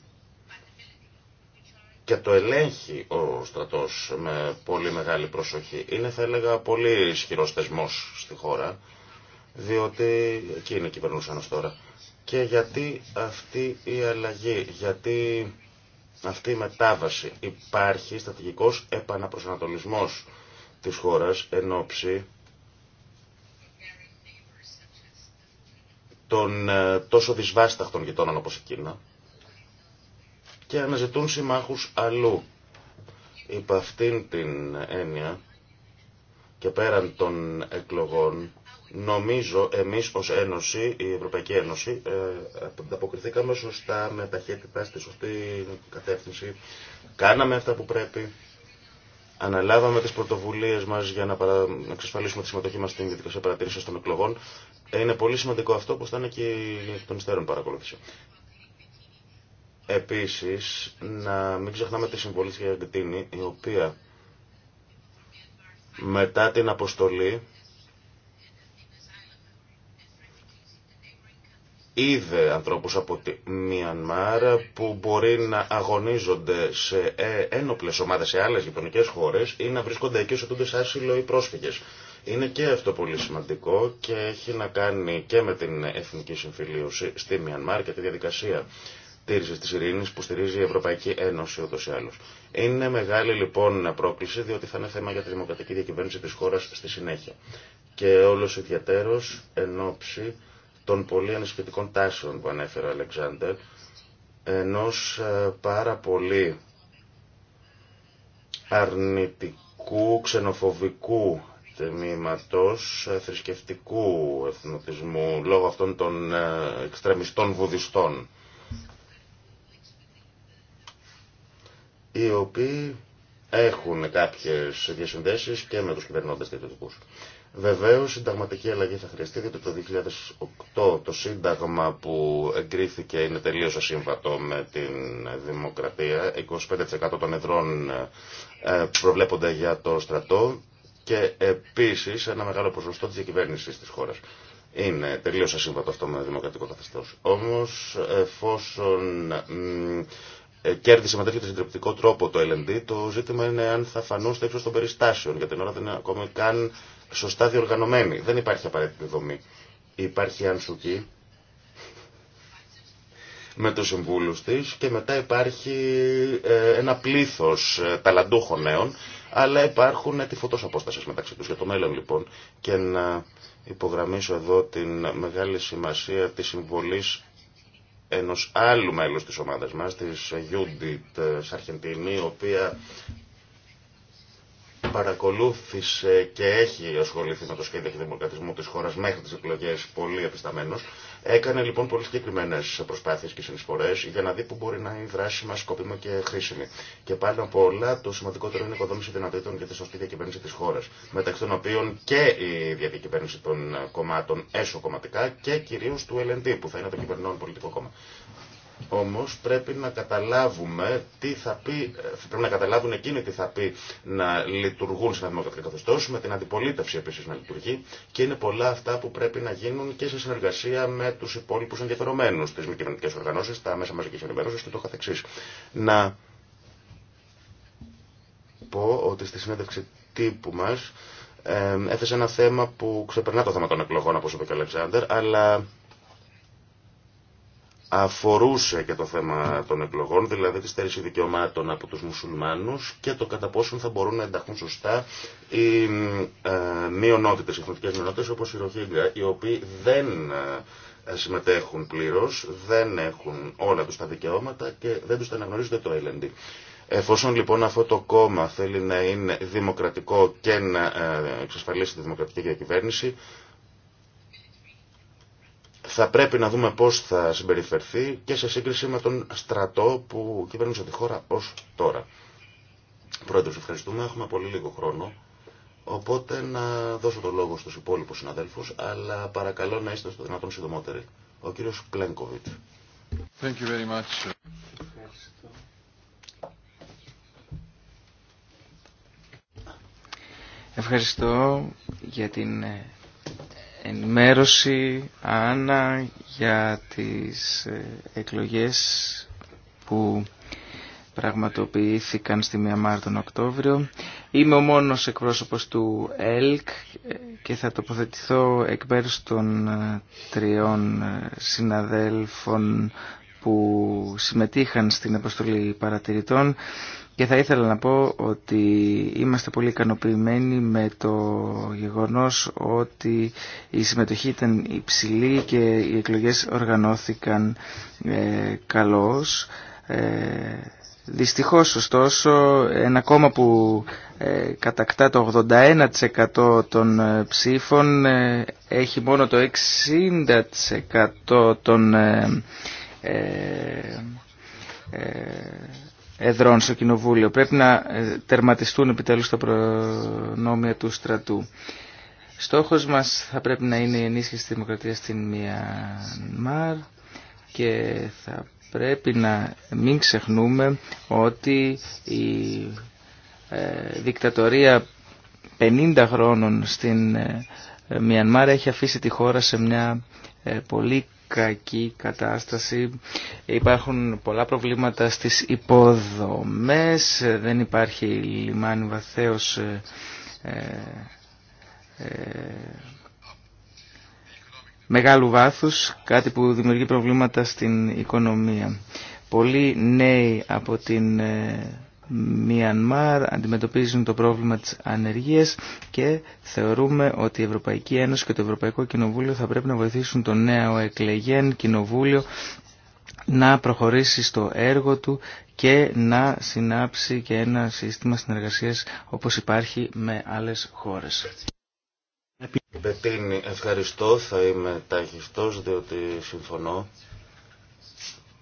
S3: και το ελέγχει ο στρατός με πολύ μεγάλη προσοχή. Είναι θα έλεγα πολύ ισχυρό θεσμό στη χώρα, διότι εκεί είναι κυβερνούσανος τώρα. Και γιατί αυτή η αλλαγή, γιατί αυτή η μετάβαση. Υπάρχει στρατηγικός επαναπροσανατολισμός της χώρας εν ώψη των ε, τόσο δυσβάσταχτων γειτόνων όπως η Κίνα και αναζητούν συμμάχους αλλού. Υπ' αυτήν την έννοια και πέραν των εκλογών Νομίζω εμείς ως Ένωση, η Ευρωπαϊκή Ένωση, ε, ανταποκριθήκαμε σωστά με ταχύτητα στη σωστή κατεύθυνση. Κάναμε αυτά που πρέπει. Αναλάβαμε τις πρωτοβουλίες μας για να εξασφαλίσουμε τη συμμετοχή μας στην διαδικασία παρατήρηση των εκλογών. Είναι πολύ σημαντικό αυτό, που θα είναι και των υστέρων παρακολούθηση. Επίσης, να μην ξεχνάμε τη συμβολή της Αργεντίνη, η οποία μετά την αποστολή είδε ανθρώπους από τη Μιανμάρ που μπορεί να αγωνίζονται σε ε, ένοπλες ομάδες σε άλλες γειτονικέ χώρες ή να βρίσκονται εκεί ως άσυλο ή πρόσφυγες. Είναι και αυτό πολύ σημαντικό και έχει να κάνει και με την εθνική συμφιλίωση στη Μιανμάρ και τη διαδικασία τήρησης τη ειρήνη που στηρίζει η Ευρωπαϊκή Ένωση ούτω ή άλλως. Είναι μεγάλη λοιπόν πρόκληση διότι θα είναι θέμα για τη δημοκρατική διακυβέρνηση τη χώρα στη συνέχεια. Και όλος ιδιαίτερο εν ώψη των πολύ ανησυχητικών τάσεων που ανέφερε ο Αλεξάνδερ, ενό ε, πάρα πολύ αρνητικού, ξενοφοβικού τμήματο ε, θρησκευτικού εθνοτισμού λόγω αυτών των ε, εξτρεμιστών βουδιστών οι οποίοι έχουν κάποιες διασυνδέσεις και με τους κυβερνώντες διαιτητικούς. Βεβαίω, συνταγματική αλλαγή θα χρειαστεί, γιατί το 2008 το σύνταγμα που εγκρίθηκε είναι τελείω ασύμβατο με την δημοκρατία. 25% των εδρών ε, προβλέπονται για το στρατό και επίση ένα μεγάλο ποσοστό τη διακυβέρνηση τη χώρα. Είναι τελείω ασύμβατο αυτό με δημοκρατικό καθεστώ. Όμω, εφόσον ε, κέρδισε με τέτοιο συντριπτικό τρόπο το LND, το ζήτημα είναι αν θα φανούν στο ύψο των περιστάσεων. Για την ώρα δεν είναι ακόμη καν σωστά διοργανωμένη. Δεν υπάρχει απαραίτητη δομή. Υπάρχει Ανσουκή με τους συμβούλους της και μετά υπάρχει ε, ένα πλήθος ε, ταλαντούχων νέων αλλά υπάρχουν τυφωτός απόστασης μεταξύ τους για το μέλλον λοιπόν και να υπογραμμίσω εδώ την μεγάλη σημασία της συμβολής ενός άλλου μέλους της ομάδας μας, της Judith Σαρχεντίνη, η οποία παρακολούθησε και έχει ασχοληθεί με το σχέδιο δημοκρατισμό της χώρας μέχρι τις εκλογές πολύ επισταμένος. Έκανε λοιπόν πολύ συγκεκριμένε προσπάθειες και συνεισφορές για να δει που μπορεί να είναι η δράση μας σκόπιμο και χρήσιμη. Και πάνω από όλα το σημαντικότερο είναι η οικοδόμηση δυνατήτων για τη σωστή διακυβέρνηση της χώρας, μεταξύ των οποίων και η διακυβέρνηση των κομμάτων έσω κομματικά και κυρίως του LND που θα είναι το κυβερνών πολιτικό κόμμα. Όμως πρέπει να καταλάβουμε τι θα πει, πρέπει να καταλάβουν εκείνοι τι θα πει να λειτουργούν σε ένα δημοκρατικό καθεστώ, με την αντιπολίτευση επίσης να λειτουργεί και είναι πολλά αυτά που πρέπει να γίνουν και σε συνεργασία με τους υπόλοιπους ενδιαφερομένους, τι μη κυβερνητικές οργανώσεις, τα μέσα μαζικής ενημέρωσης και το καθεξής. Να πω ότι στη συνέντευξη τύπου μας ε, έθεσε ένα θέμα που ξεπερνά το θέμα των εκλογών, όπως είπε και ο Αλεξάνδρ, αλλά αφορούσε και το θέμα των εκλογών, δηλαδή τη στέρηση δικαιωμάτων από τους μουσουλμάνους και το κατά πόσον θα μπορούν να ενταχθούν σωστά οι ε, μειονότητες, οι εθνικές μειονότητες όπως η Ροχίγκα, οι οποίοι δεν ε, συμμετέχουν πλήρως, δεν έχουν όλα τους τα δικαιώματα και δεν τους τα το LND. Εφόσον λοιπόν αυτό το κόμμα θέλει να είναι δημοκρατικό και να ε, εξασφαλίσει τη δημοκρατική διακυβέρνηση, θα πρέπει να δούμε πώς θα συμπεριφερθεί και σε σύγκριση με τον στρατό που κυβέρνησε τη χώρα ως τώρα. Πρόεδρος, ευχαριστούμε. Έχουμε πολύ λίγο χρόνο. Οπότε να δώσω το λόγο στους υπόλοιπους συναδέλφους, αλλά παρακαλώ να είστε στο δυνατόν συντομότεροι. Ο κύριος Πλένκοβιτ.
S7: Ευχαριστώ για την ε, ενημέρωση Άννα για τις ε, εκλογές που πραγματοποιήθηκαν στη Μιαμάρ τον Οκτώβριο. Είμαι ο μόνος εκπρόσωπος του ΕΛΚ ε, και θα τοποθετηθώ εκ μέρους των ε, τριών συναδέλφων που συμμετείχαν στην αποστολή παρατηρητών και θα ήθελα να πω ότι είμαστε πολύ ικανοποιημένοι με το γεγονός ότι η συμμετοχή ήταν υψηλή και οι εκλογές οργανώθηκαν ε, καλώς. Ε, δυστυχώς ωστόσο ένα κόμμα που ε, κατακτά το 81% των ε, ψήφων έχει μόνο το 60% των εδρών στο Κοινοβούλιο. Πρέπει να ε, τερματιστούν επιτέλους τα προνόμια του στρατού. Στόχος μας θα πρέπει να είναι η ενίσχυση της δημοκρατίας στην Μιανμάρ και θα πρέπει να μην ξεχνούμε ότι η ε, δικτατορία 50 χρόνων στην ε, Μιανμάρ έχει αφήσει τη χώρα σε μια πολύ κακή κατάσταση. Υπάρχουν πολλά προβλήματα στις υποδομές, δεν υπάρχει λιμάνι βαθέως ε, ε, ε, μεγάλου βάθους, κάτι που δημιουργεί προβλήματα στην οικονομία. Πολλοί νέοι από την ε, Μιανμάρ αντιμετωπίζουν το πρόβλημα της ανεργίας και θεωρούμε ότι η Ευρωπαϊκή Ένωση και το Ευρωπαϊκό Κοινοβούλιο θα πρέπει να βοηθήσουν το νέο εκλεγέν κοινοβούλιο να προχωρήσει στο έργο του και να συνάψει και ένα σύστημα συνεργασίας όπως υπάρχει με άλλες χώρες.
S3: ευχαριστώ. Θα είμαι ταχιστός διότι συμφωνώ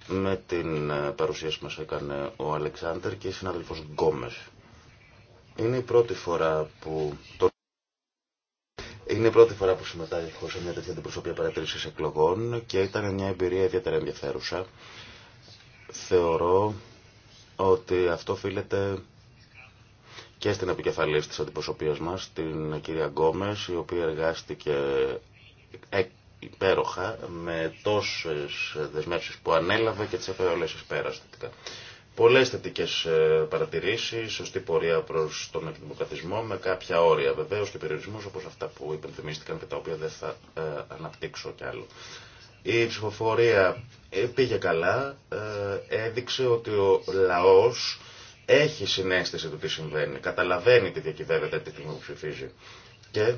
S3: με την ε, παρουσίαση που μας έκανε ο Αλεξάντερ και η συνάδελφος Γκόμες. Είναι η πρώτη φορά που... Είναι η πρώτη φορά που συμμετάσχω σε μια τέτοια αντιπροσωπεία παρατήρηση εκλογών και ήταν μια εμπειρία ιδιαίτερα ενδιαφέρουσα. Θεωρώ ότι αυτό οφείλεται και στην επικεφαλή της αντιπροσωπείας μας, την κυρία Γκόμες, η οποία εργάστηκε υπέροχα με τόσες δεσμεύσεις που ανέλαβε και τις έφερε όλες εις πέρα θετικά. Πολλές θετικές ε, παρατηρήσεις, σωστή πορεία προς τον εκδημοκρατισμό με κάποια όρια βεβαίως και περιορισμούς όπως αυτά που υπενθυμίστηκαν και τα οποία δεν θα ε, αναπτύξω κι άλλο. Η ψηφοφορία ε, πήγε καλά, έδειξε ότι ο λαός έχει συνέστηση του τι συμβαίνει, καταλαβαίνει τι διακυβεύεται, τι ψηφίζει. Και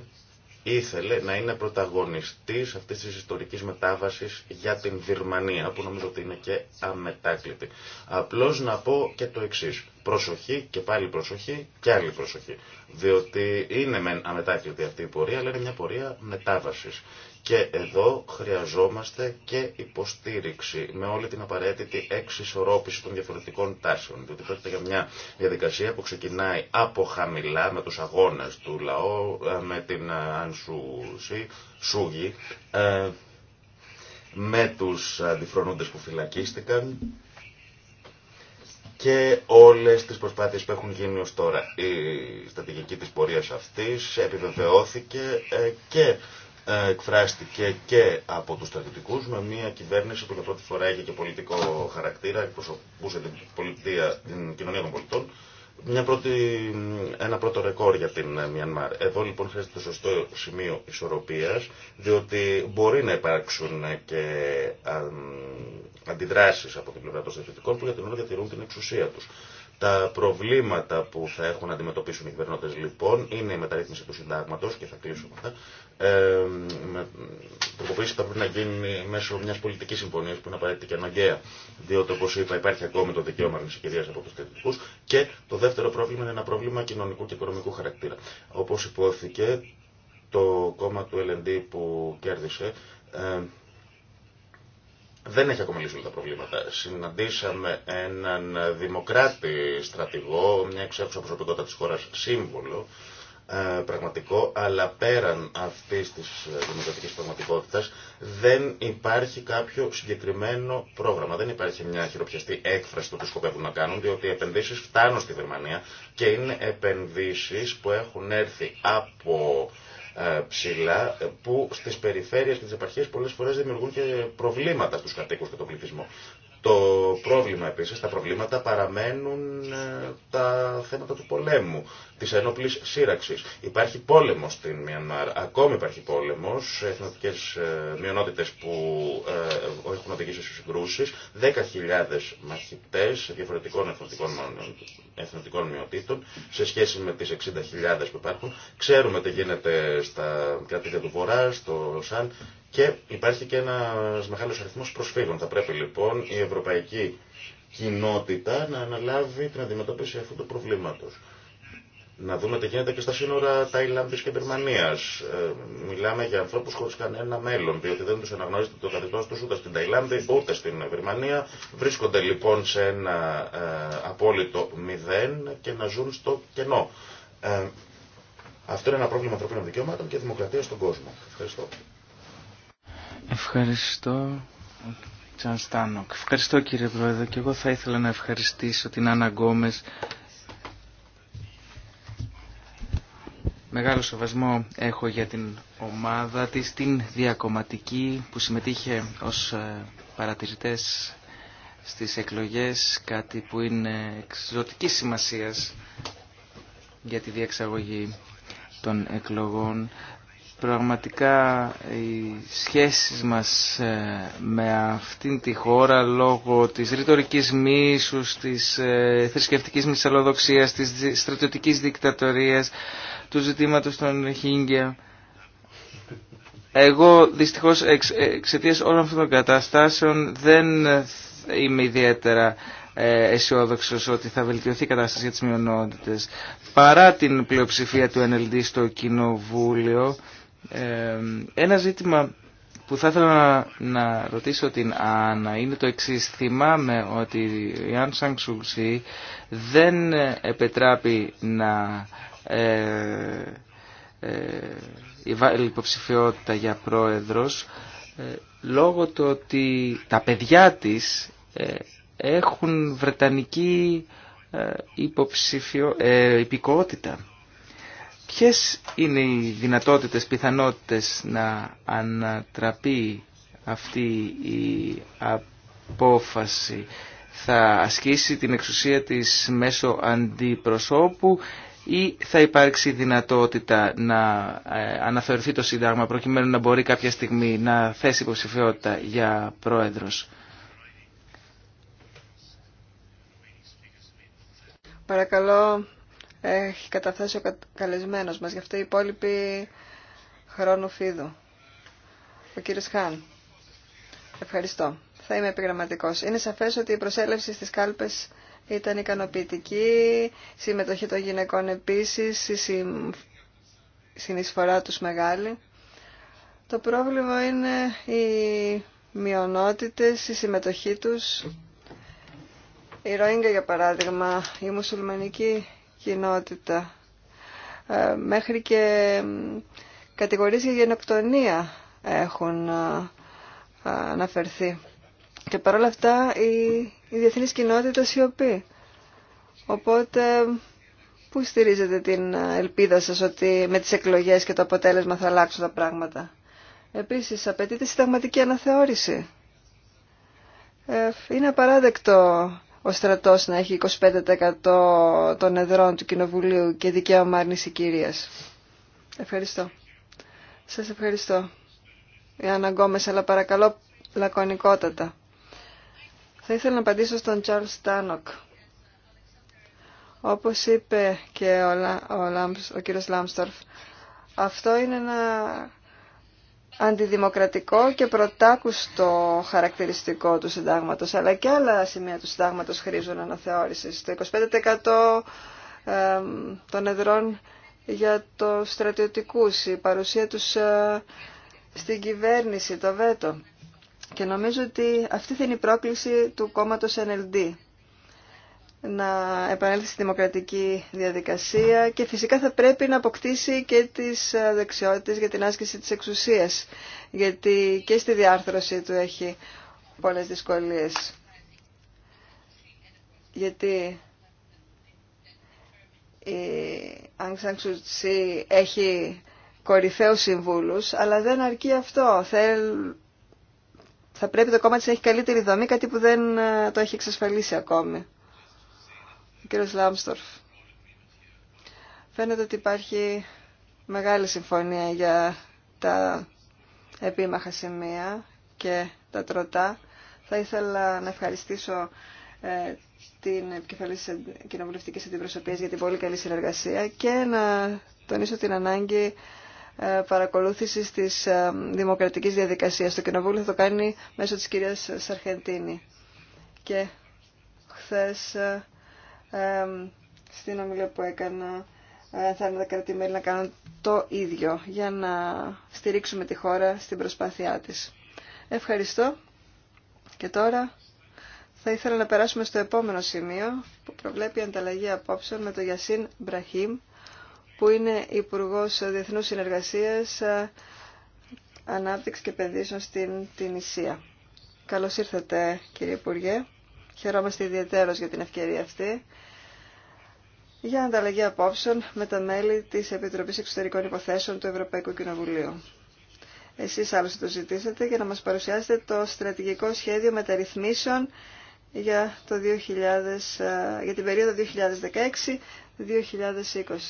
S3: ήθελε να είναι πρωταγωνιστής αυτής της ιστορικής μετάβασης για την Βυρμανία, που νομίζω ότι είναι και αμετάκλητη. Απλώς να πω και το εξής. Προσοχή και πάλι προσοχή και άλλη προσοχή. Διότι είναι αμετάκλητη αυτή η πορεία, αλλά είναι μια πορεία μετάβασης. Και εδώ χρειαζόμαστε και υποστήριξη με όλη την απαραίτητη εξισορρόπηση των διαφορετικών τάσεων. Διότι πρόκειται για μια διαδικασία που ξεκινάει από χαμηλά με τους αγώνες του λαού, ε, με την ε, Ανσουσί, Σούγη, ε, με τους αντιφρονούντες που φυλακίστηκαν και όλες τις προσπάθειες που έχουν γίνει ως τώρα. Η στρατηγική της πορείας αυτής επιβεβαιώθηκε και ε, εκφράστηκε και από τους στρατιωτικούς με μια κυβέρνηση που για πρώτη φορά είχε και πολιτικό χαρακτήρα, εκπροσωπούσε την, πολιτεία, την κοινωνία των πολιτών. Μια πρώτη, ένα πρώτο ρεκόρ για την ε, Μιανμάρ. Εδώ λοιπόν χρειάζεται το σωστό σημείο ισορροπίας, διότι μπορεί να υπάρξουν και ε, αντιδράσεις από την πλευρά των στρατιωτικών που για την ώρα διατηρούν την εξουσία τους. Τα προβλήματα που θα έχουν να αντιμετωπίσουν οι κυβερνώτε λοιπόν είναι η μεταρρύθμιση του συντάγματο και θα κλείσω αυτά. Ε, με, τροποποίηση θα πρέπει να γίνει μέσω μιας πολιτικής συμφωνίας που είναι απαραίτητη και αναγκαία. Διότι, όπω είπα, υπάρχει ακόμη το δικαίωμα ανησυχία από τους κριτικού. Και το δεύτερο πρόβλημα είναι ένα πρόβλημα κοινωνικού και οικονομικού χαρακτήρα. Όπως υπόθηκε, το κόμμα του LND που κέρδισε. Ε, δεν έχει ακόμα λύσει όλα τα προβλήματα. Συναντήσαμε έναν δημοκράτη στρατηγό, μια εξέχουσα προσωπικότητα της χώρας σύμβολο, ε, πραγματικό, αλλά πέραν αυτής της δημοκρατικής πραγματικότητας δεν υπάρχει κάποιο συγκεκριμένο πρόγραμμα. Δεν υπάρχει μια χειροπιαστή έκφραση του τι σκοπεύουν να κάνουν, διότι οι επενδύσεις φτάνουν στη Γερμανία και είναι επενδύσεις που έχουν έρθει από ε, ψηλά ε, που στις περιφέρειες και τις επαρχίες πολλές φορές δημιουργούν και προβλήματα στους κατοίκους και τον πληθυσμό. Το πρόβλημα επίση, τα προβλήματα παραμένουν ε, τα θέματα του πολέμου, τη ενόπλης σύραξη. Υπάρχει πόλεμο στην Μιανμάρ, ακόμη υπάρχει πόλεμο πόλεμος, εθνοτικές ε, μειονότητε που ε, έχουν οδηγήσει σε συγκρούσεις, 10.000 μαχητέ, διαφορετικών εθνοτικών, εθνοτικών μειοτήτων σε σχέση με τι 60.000 που υπάρχουν. Ξέρουμε τι γίνεται στα κρατήρια του Βορρά, στο Σαν και υπάρχει και ένας μεγάλος αριθμός προσφύγων. Θα πρέπει λοιπόν η ευρωπαϊκή κοινότητα να αναλάβει την αντιμετώπιση αυτού του προβλήματος. Να δούμε τι γίνεται και στα σύνορα Ταϊλάνδης και Γερμανίας. Ε, μιλάμε για ανθρώπους χωρίς κανένα μέλλον, διότι δεν τους αναγνωρίζεται το καθεστώς τους ούτε στην Ταϊλάνδη ούτε στην Γερμανία. Βρίσκονται λοιπόν σε ένα ε, απόλυτο μηδέν και να ζουν στο κενό. Ε, αυτό είναι ένα πρόβλημα ανθρωπίνων δικαιωμάτων και δημοκρατία στον κόσμο. Ευχαριστώ.
S7: Ευχαριστώ. Ευχαριστώ κύριε Πρόεδρε και εγώ θα ήθελα να ευχαριστήσω την Άννα Γκόμες. Μεγάλο σεβασμό έχω για την ομάδα της, την διακομματική που συμμετείχε ως ε, παρατηρητές στις εκλογές, κάτι που είναι εξωτικής σημασίας για τη διεξαγωγή των εκλογών. Πραγματικά οι σχέσεις μας ε, με αυτήν τη χώρα λόγω της ρητορικής μίσους, της ε, θρησκευτικής μυσαλλοδοξίας, της στρατιωτικής δικτατορίας, του ζητήματος των Χίνγκια. Εγώ δυστυχώς εξαιτία όλων αυτών των καταστάσεων δεν είμαι ιδιαίτερα ε, αισιόδοξο ότι θα βελτιωθεί η κατάσταση για τις μειονότητες. Παρά την πλειοψηφία του NLD στο Κοινοβούλιο, ε, ένα ζήτημα που θα ήθελα να, ρωτήσω την Άννα είναι το εξή. Θυμάμαι ότι η Αν Σανξουξή δεν επετράπει να ε, ε υποψηφιότητα για πρόεδρος ε, λόγω του ότι τα παιδιά της έχουν βρετανική υποψηφιο, υπηκότητα. Ποιες είναι οι δυνατότητες, πιθανότητες να ανατραπεί αυτή η απόφαση. Θα ασκήσει την εξουσία της μέσω αντιπροσώπου ή θα υπάρξει δυνατότητα να ε, αναθεωρηθεί το Σύνταγμα προκειμένου να μπορεί κάποια στιγμή να θέσει υποψηφιότητα για πρόεδρος.
S2: Παρακαλώ έχει καταθέσει ο καλεσμένος μας. Γι' αυτό οι υπόλοιποι χρόνου φίδου. Ο κύριος Χάν. Ευχαριστώ. Θα είμαι επιγραμματικός. Είναι σαφές ότι η προσέλευση στις κάλπες ήταν ικανοποιητική, συμμετοχή των γυναικών επίσης, η συνεισφορά τους μεγάλη. Το πρόβλημα είναι οι μειονότητες, η συμμετοχή τους. Η Ροίγκα, για παράδειγμα, η μουσουλμανική κοινότητα. Ε, μέχρι και κατηγορίες για γενοκτονία έχουν ε, αναφερθεί. Και παρόλα αυτά η, η διεθνής κοινότητα σιωπεί. Οπότε πού στηρίζετε την ε, ελπίδα σας ότι με τις εκλογές και το αποτέλεσμα θα αλλάξουν τα πράγματα. Επίσης απαιτείται συνταγματική αναθεώρηση. είναι απαράδεκτο ο στρατός να έχει 25% των εδρών του Κοινοβουλίου και δικαίωμα άρνηση κυρίας. Ευχαριστώ. Σας ευχαριστώ. Για να Γκόμες, αλλά παρακαλώ λακωνικότατα. Θα ήθελα να απαντήσω στον Τσάρλ Τάνοκ. Όπως είπε και ο, Λα, ο, ο κύριος Λάμστορφ, αυτό είναι ένα αντιδημοκρατικό και προτάκουστο χαρακτηριστικό του συντάγματος, αλλά και άλλα σημεία του συντάγματος χρήζουν αναθεώρηση. Το 25% των εδρών για το στρατιωτικούς, η παρουσία τους ε, στην κυβέρνηση, το ΒΕΤΟ. Και νομίζω ότι αυτή θα είναι η πρόκληση του κόμματος NLD να επανέλθει στη δημοκρατική διαδικασία και φυσικά θα πρέπει να αποκτήσει και τις ε, δεξιότητες για την άσκηση της εξουσίας, γιατί και στη διάρθρωση του έχει πολλές δυσκολίες. Γιατί η Αγκ έχει κορυφαίους συμβούλους, αλλά δεν αρκεί αυτό. Θα πρέπει το κόμμα της να έχει καλύτερη δομή, κάτι που δεν ε, το έχει εξασφαλίσει ακόμη κύριος Λάμστορφ. Φαίνεται ότι υπάρχει μεγάλη συμφωνία για τα επίμαχα σημεία και τα τροτά. Θα ήθελα να ευχαριστήσω ε, την επικεφαλής της κοινοβουλευτικής αντιπροσωπείας για την πολύ καλή συνεργασία και να τονίσω την ανάγκη ε, παρακολούθησης της ε, δημοκρατικής διαδικασίας. Το Κοινοβούλιο θα το κάνει μέσω της κυρίας Σαρχεντίνη. Και χθες στην ομιλία που έκανα ε, θα είναι τα κρατημέλη να κάνουν το ίδιο για να στηρίξουμε τη χώρα στην προσπάθειά της. Ευχαριστώ. Και τώρα θα ήθελα να περάσουμε στο επόμενο σημείο που προβλέπει η ανταλλαγή απόψεων με τον Γιασίν Μπραχήμ που είναι Υπουργό Διεθνούς Συνεργασίας ε, Ανάπτυξη και Επενδύσεων στην Τινησία. Καλώς ήρθατε κύριε Υπουργέ. Χαιρόμαστε ιδιαίτερως για την ευκαιρία αυτή για ανταλλαγή απόψεων με τα μέλη της Επιτροπής Εξωτερικών Υποθέσεων του Ευρωπαϊκού Κοινοβουλίου. Εσείς άλλωστε το ζητήσατε για να μας παρουσιάσετε το στρατηγικό σχέδιο μεταρρυθμίσεων για, το 2000, για την περίοδο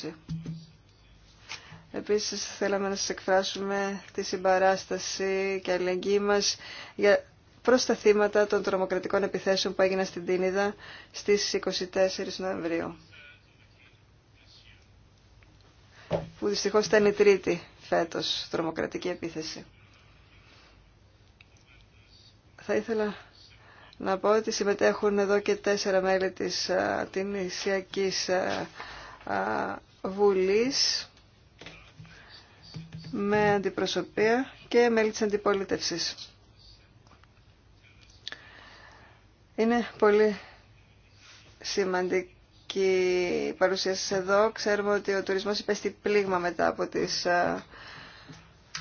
S2: 2016-2020. Επίσης θέλαμε να σας εκφράσουμε τη συμπαράσταση και αλληλεγγύη μας για προς τα θύματα των τρομοκρατικών επιθέσεων που έγιναν στην Τίνιδα στις 24 Νοεμβρίου. Που δυστυχώς ήταν η τρίτη φέτος τρομοκρατική επίθεση. Θα ήθελα να πω ότι συμμετέχουν εδώ και τέσσερα μέλη της Τινησιακής Βουλής με αντιπροσωπεία και μέλη της αντιπολίτευσης. Είναι πολύ σημαντική η παρουσία σας εδώ. Ξέρουμε ότι ο τουρισμός υπέστη πλήγμα μετά από τις ε,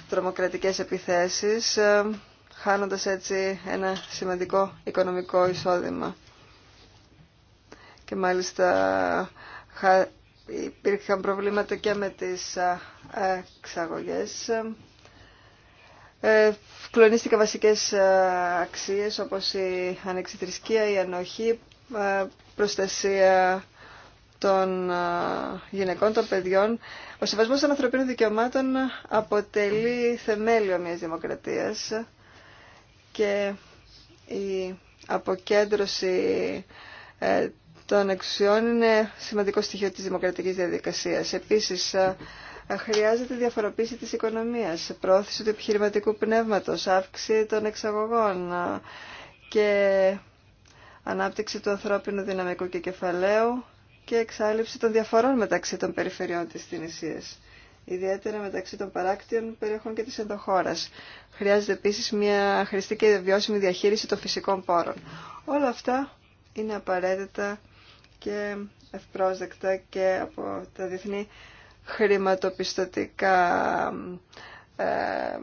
S2: τρομοκρατικές επιθέσεις, ε, χάνοντας έτσι ένα σημαντικό οικονομικό εισόδημα. Και μάλιστα υπήρχαν προβλήματα και με τις ε, εξαγωγές. Ε, κλονίστηκαν βασικές ε, αξίες όπως η ανεξιθρησκεία, η ανοχή, ε, προστασία των γυναικών, των παιδιών. Ο σεβασμός των ανθρωπίνων δικαιωμάτων αποτελεί θεμέλιο μιας δημοκρατίας και η αποκέντρωση των εξουσιών είναι σημαντικό στοιχείο της δημοκρατικής διαδικασίας. Επίσης, Χρειάζεται διαφοροποίηση της οικονομίας, πρόθεση του επιχειρηματικού πνεύματος, αύξηση των εξαγωγών και ανάπτυξη του ανθρώπινου δυναμικού και κεφαλαίου και εξάλληψη των διαφορών μεταξύ των περιφερειών της Τινησίας, ιδιαίτερα μεταξύ των παράκτιων περιοχών και της ενδοχώρας. Χρειάζεται επίσης μια χρηστή και βιώσιμη διαχείριση των φυσικών πόρων. Όλα αυτά είναι απαραίτητα και ευπρόσδεκτα και από τα διεθνή χρηματοπιστωτικά ε,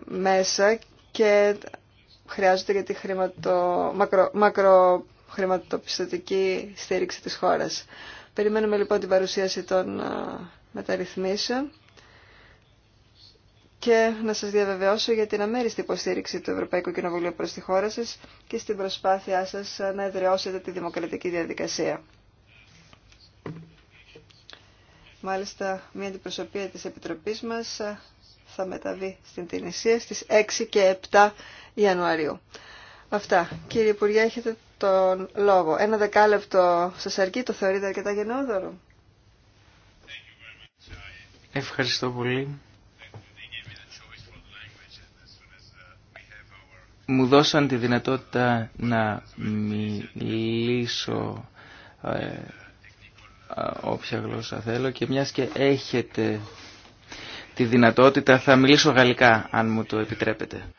S2: μέσα και χρειάζονται για τη χρηματο, μακρο, μακροχρηματοπιστωτική στήριξη της χώρας. Περιμένουμε λοιπόν την παρουσίαση των ε, μεταρρυθμίσεων και να σας διαβεβαιώσω για την αμέριστη υποστήριξη του Ευρωπαϊκού Κοινοβουλίου προς τη χώρα σας και στην προσπάθειά σας να εδραιώσετε τη δημοκρατική διαδικασία. Μάλιστα, μια αντιπροσωπεία της Επιτροπής μας ε, θα μεταβεί στην Τινησία στις 6 και 7 Ιανουαρίου. Αυτά. Κύριε Υπουργέ, έχετε τον λόγο. Ένα δεκάλεπτο σας αρκεί, το θεωρείτε αρκετά γενναιόδωρο.
S7: Ευχαριστώ πολύ. Μου δώσαν τη δυνατότητα να μιλήσω ε, όποια γλώσσα θέλω και μιας και έχετε τη δυνατότητα θα μιλήσω γαλλικά αν μου το επιτρέπετε.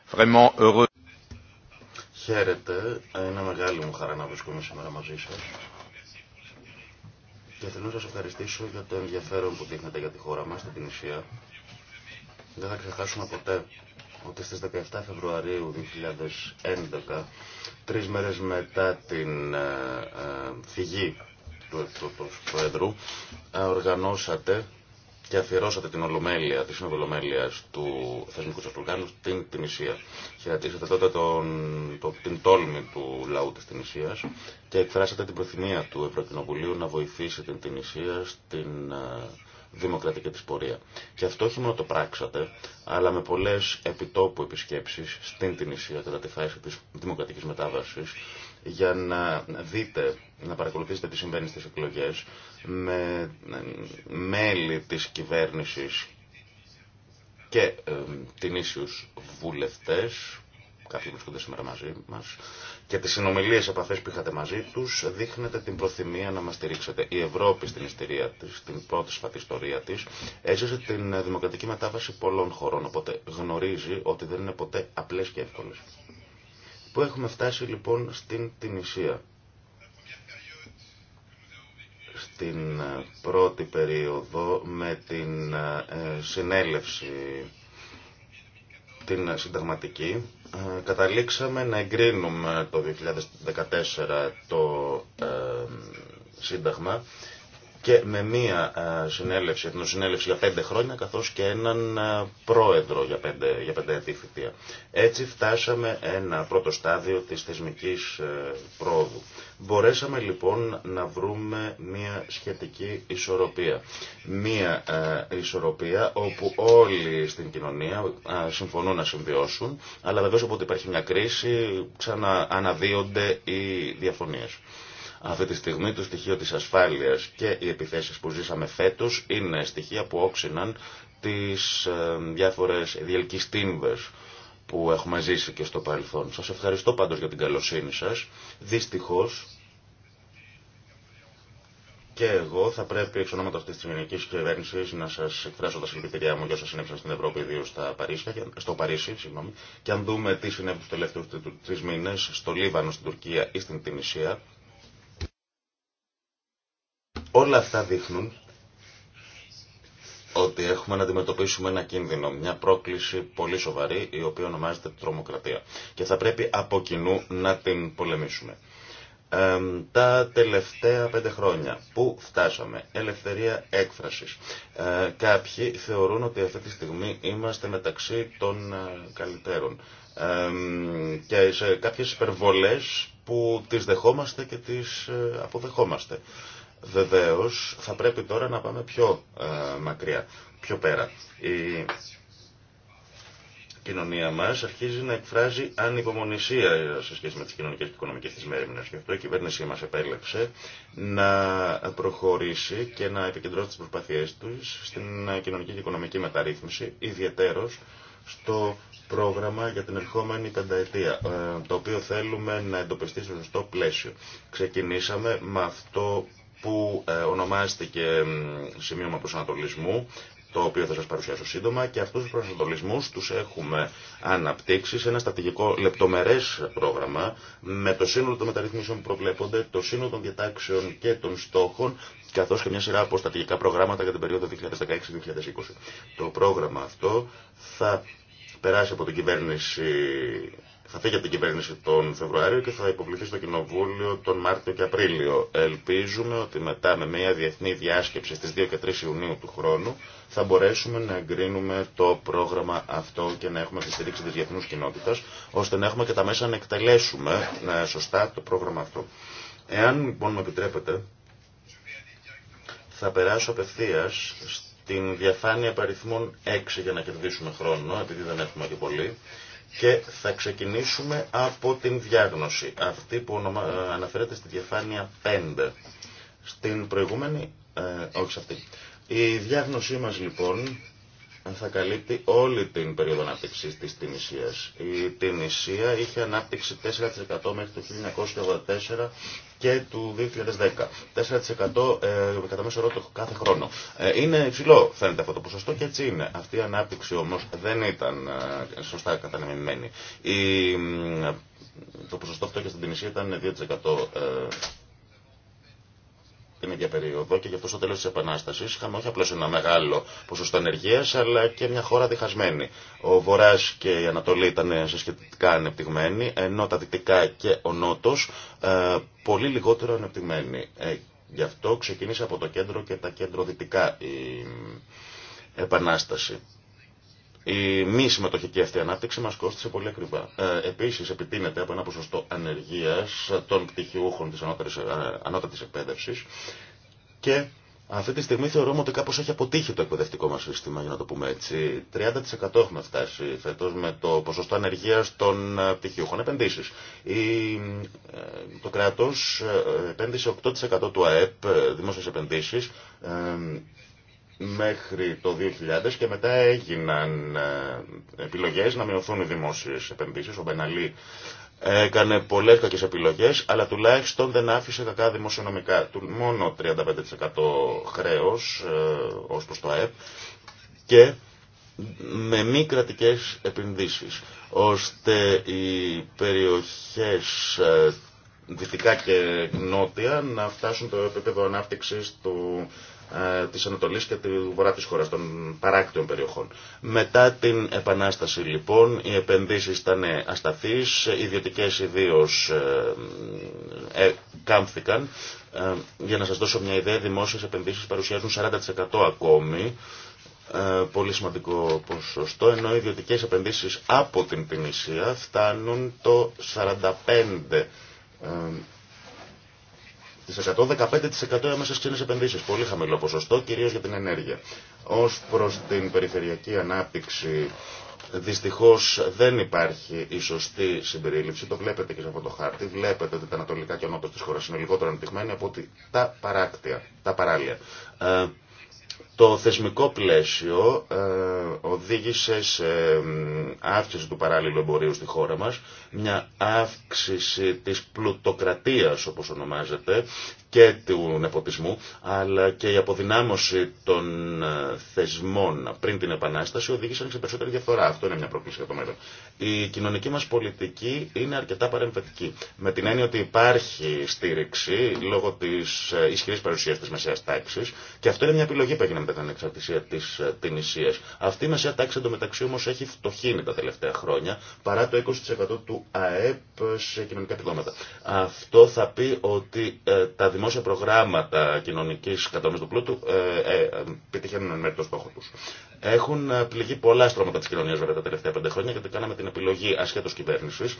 S3: Χαίρετε, είναι μεγάλη μου χαρά να βρίσκομαι σήμερα μαζί σας και θέλω να σας ευχαριστήσω για το ενδιαφέρον που δείχνετε για τη χώρα μας, την Ισία. Δεν θα ξεχάσουμε ποτέ ότι στις 17 Φεβρουαρίου 2011, τρεις μέρες μετά την ε, ε, φυγή του Προέδρου οργανώσατε και αφιερώσατε την Ολομέλεια, τη Σύνοδο του Θεσμικού σα στην Τινησία. Χαιρετήσατε τότε τον, το, την τόλμη του λαού της Τινησίας και εκφράσατε την προθυμία του Ευρωκοινοβουλίου να βοηθήσει την Τινησία στην δημοκρατική τη πορεία. Και αυτό όχι μόνο το πράξατε, αλλά με πολλέ επιτόπου επισκέψει στην Τινησία κατά τη φάση τη δημοκρατική μετάβαση για να δείτε, να παρακολουθήσετε τι συμβαίνει στις εκλογές με μέλη της κυβέρνησης και την ίσιους βουλευτές κάποιοι βρίσκονται σήμερα μαζί μας και τις συνομιλίες επαφέ που είχατε μαζί τους δείχνετε την προθυμία να μας στηρίξετε. Η Ευρώπη στην ιστορία της, την πρώτη σφατή ιστορία τη, έζησε την δημοκρατική μετάβαση πολλών χωρών, οπότε γνωρίζει ότι δεν είναι ποτέ απλέ και εύκολες. Πού έχουμε φτάσει λοιπόν στην Ισία. Στην ε, πρώτη περίοδο με την ε, ε, συνέλευση την συνταγματική καταλήξαμε να εγκρίνουμε το 2014 το σύνταγμα και με μία ε, συνέλευση, εθνοσυνέλευση για πέντε χρόνια, καθώς και έναν ε, πρόεδρο για πέντε, για πέντε ετή θητεία. Έτσι φτάσαμε ένα πρώτο στάδιο της θεσμικής ε, πρόοδου. Μπορέσαμε λοιπόν να βρούμε μία σχετική ισορροπία. Μία ισορροπία όπου όλοι στην κοινωνία συμφωνούν να συμβιώσουν, αλλά βεβαίως όποτε υπάρχει μια συνελευση εθνοσυνελευση για πεντε χρονια καθως και εναν προεδρο για πεντε για πεντε ετσι φτασαμε ενα πρωτο σταδιο της θεσμικης προοδου ξανααναδύονται οι διαφωνίες. Αυτή τη στιγμή το στοιχείο της ασφάλειας και οι επιθέσεις που ζήσαμε φέτος είναι στοιχεία που όξυναν τις ε, διάφορες διελκυστίνδες που έχουμε ζήσει και στο παρελθόν. Σας ευχαριστώ πάντως για την καλοσύνη σας. Δυστυχώς και εγώ θα πρέπει εξ ονόματος της τη ελληνική κυβέρνηση να σα εκφράσω τα συλληπιτήριά μου για όσα συνέβησαν στην Ευρώπη, ιδίω στο Παρίσι. Συγγνώμη, και αν δούμε τι συνέβη του τελευταίου τρεις μήνες στο Λίβανο, στην Τουρκία ή στην Τινησία, Όλα αυτά δείχνουν ότι έχουμε να αντιμετωπίσουμε ένα κίνδυνο, μια πρόκληση πολύ σοβαρή, η οποία ονομάζεται τρομοκρατία. Και θα πρέπει από κοινού να την πολεμήσουμε. τα τελευταία πέντε χρόνια που φτάσαμε, ελευθερία έκφρασης. Ε, κάποιοι θεωρούν ότι αυτή τη στιγμή είμαστε μεταξύ των ε, καλύτερων. Ε, και σε κάποιες υπερβολές που τις δεχόμαστε και τις ε, αποδεχόμαστε. Βεβαίω, θα πρέπει τώρα να πάμε πιο ε, μακριά, πιο πέρα. Η κοινωνία μας αρχίζει να εκφράζει ανυπομονησία σε σχέση με τι κοινωνικέ και οικονομικέ τη μέρημνε. Γι' αυτό η κυβέρνησή μα επέλεξε να προχωρήσει και να επικεντρώσει τις προσπάθειές του στην κοινωνική και οικονομική μεταρρύθμιση, ιδιαίτερω στο πρόγραμμα για την ερχόμενη πενταετία, ε, το οποίο θέλουμε να εντοπιστεί στο σωστό πλαίσιο. Ξεκινήσαμε με αυτό που ε, ονομάστηκε σημείωμα προσανατολισμού, το οποίο θα σας παρουσιάσω σύντομα και αυτούς τους προσανατολισμούς τους έχουμε αναπτύξει σε ένα στρατηγικό λεπτομερές πρόγραμμα με το σύνολο των μεταρρυθμίσεων που προβλέπονται, το σύνολο των διατάξεων και των στόχων καθώς και μια σειρά από στρατηγικά προγράμματα για την περίοδο 2016-2020. Το πρόγραμμα αυτό θα περάσει από την κυβέρνηση θα φύγει από την κυβέρνηση τον Φεβρουάριο και θα υποβληθεί στο Κοινοβούλιο τον Μάρτιο και Απρίλιο. Ελπίζουμε ότι μετά με μια διεθνή διάσκεψη στις 2 και 3 Ιουνίου του χρόνου θα μπορέσουμε να εγκρίνουμε το πρόγραμμα αυτό και να έχουμε τη στήριξη της διεθνούς κοινότητας ώστε να έχουμε και τα μέσα να εκτελέσουμε σωστά το πρόγραμμα αυτό. Εάν λοιπόν μου επιτρέπετε θα περάσω απευθεία την διαφάνεια παριθμών 6 για να κερδίσουμε χρόνο, επειδή δεν έχουμε και πολύ, και θα ξεκινήσουμε από την διάγνωση, αυτή που ε, αναφέρεται στη διαφάνεια 5. Στην προηγούμενη, ε, όχι σε αυτή. Η διάγνωσή μας λοιπόν θα καλύπτει όλη την περίοδο ανάπτυξη της Τινησίας. Η Τινησία είχε ανάπτυξη 4% μέχρι το 1984 και του 2010. 4% ε, κατά μέσο όρο κάθε χρόνο. Ε, είναι υψηλό φαίνεται αυτό το ποσοστό και έτσι είναι. Αυτή η ανάπτυξη όμως δεν ήταν ε, σωστά κατανεμημένη. Η, το ποσοστό αυτό και στην Τινησία ήταν 2% την ίδια περίοδο και γι' αυτό στο τέλο τη Επανάσταση είχαμε όχι απλώ ένα μεγάλο ποσοστό ανεργία αλλά και μια χώρα διχασμένη. Ο Βορρά και η Ανατολή ήταν ε, σε σχετικά ανεπτυγμένοι ενώ τα Δυτικά και ο Νότο ε, πολύ λιγότερο ανεπτυγμένοι. Ε, γι' αυτό ξεκίνησε από το κέντρο και τα κέντρο-δυτικά η Επανάσταση. Η μη συμμετοχική αυτή ανάπτυξη μα κόστησε πολύ ακριβά. Ε, Επίση, επιτείνεται από ένα ποσοστό ανεργία των πτυχιούχων τη ε, ανώτατη εκπαίδευση και αυτή τη στιγμή θεωρούμε ότι κάπω έχει αποτύχει το εκπαιδευτικό μα σύστημα, για να το πούμε έτσι. 30% έχουμε φτάσει φέτο με το ποσοστό ανεργία των ε, πτυχιούχων επενδύσεις. Ε, το κράτος επένδυσε 8% του ΑΕΠ, επενδύσει, επενδύσεις, μέχρι το 2000 και μετά έγιναν ε, επιλογές να μειωθούν οι δημόσιες επενδύσεις. Ο Μπεναλή ε, έκανε πολλές κακές επιλογές, αλλά τουλάχιστον δεν άφησε κακά δημοσιονομικά. Μόνο 35% χρέος ε, ως προς το ΑΕΠ και με μη κρατικέ επενδύσεις, ώστε οι περιοχές δυτικά και νότια να φτάσουν το επίπεδο ανάπτυξης του ε, της Ανατολής και του Βορρά της χώρας, των παράκτιων περιοχών. Μετά την Επανάσταση λοιπόν οι επενδύσεις ήταν ασταθείς, οι ιδιωτικές ιδίως ε, ε κάμφθηκαν. Ε, για να σας δώσω μια ιδέα, δημόσιες επενδύσεις παρουσιάζουν 40% ακόμη, πολύ σημαντικό ποσοστό, ενώ οι ιδιωτικές επενδύσεις από την Τινησία φτάνουν το 45% Τη 115% έμεσα ξένε επενδύσει. Πολύ χαμηλό ποσοστό, κυρίω για την ενέργεια. Ω προ την περιφερειακή ανάπτυξη, δυστυχώ δεν υπάρχει η σωστή συμπερίληψη. Το βλέπετε και σε αυτό το χάρτη. Βλέπετε ότι τα ανατολικά και ο τη χώρα είναι λιγότερο ανεπτυγμένοι από ότι τα παράκτια, τα παράλια. Ε, το θεσμικό πλαίσιο ε, οδήγησε σε αύξηση του παράλληλου εμπορίου στη χώρα μας, μια αύξηση της πλουτοκρατίας όπως ονομάζεται και του νεποτισμού, αλλά και η αποδυνάμωση των ε, θεσμών πριν την Επανάσταση οδήγησαν σε περισσότερη διαφορά. Αυτό είναι μια πρόκληση για το μέλλον. Η κοινωνική μας πολιτική είναι αρκετά παρεμβατική, με την έννοια ότι υπάρχει στήριξη λόγω της ε, ισχυρής παρουσίας της μεσαίας τάξης και αυτό είναι μια επιλογή που έγινε με την ανεξαρτησία τη ε, Τινησία. Αυτή η μεσαία τάξη εντωμεταξύ όμω έχει φτωχύνει τα τελευταία χρόνια παρά το 20% του ΑΕΠ σε κοινωνικά επιδόματα. Αυτό θα πει ότι ε, τα δημόσια προγράμματα κοινωνική κατανομή του πλούτου ε, ε, ε πετυχαίνουν εν το στόχο του. Έχουν πληγεί πολλά στρώματα τη κοινωνία βέβαια τα τελευταία πέντε χρόνια γιατί κάναμε την επιλογή ασχέτω κυβέρνηση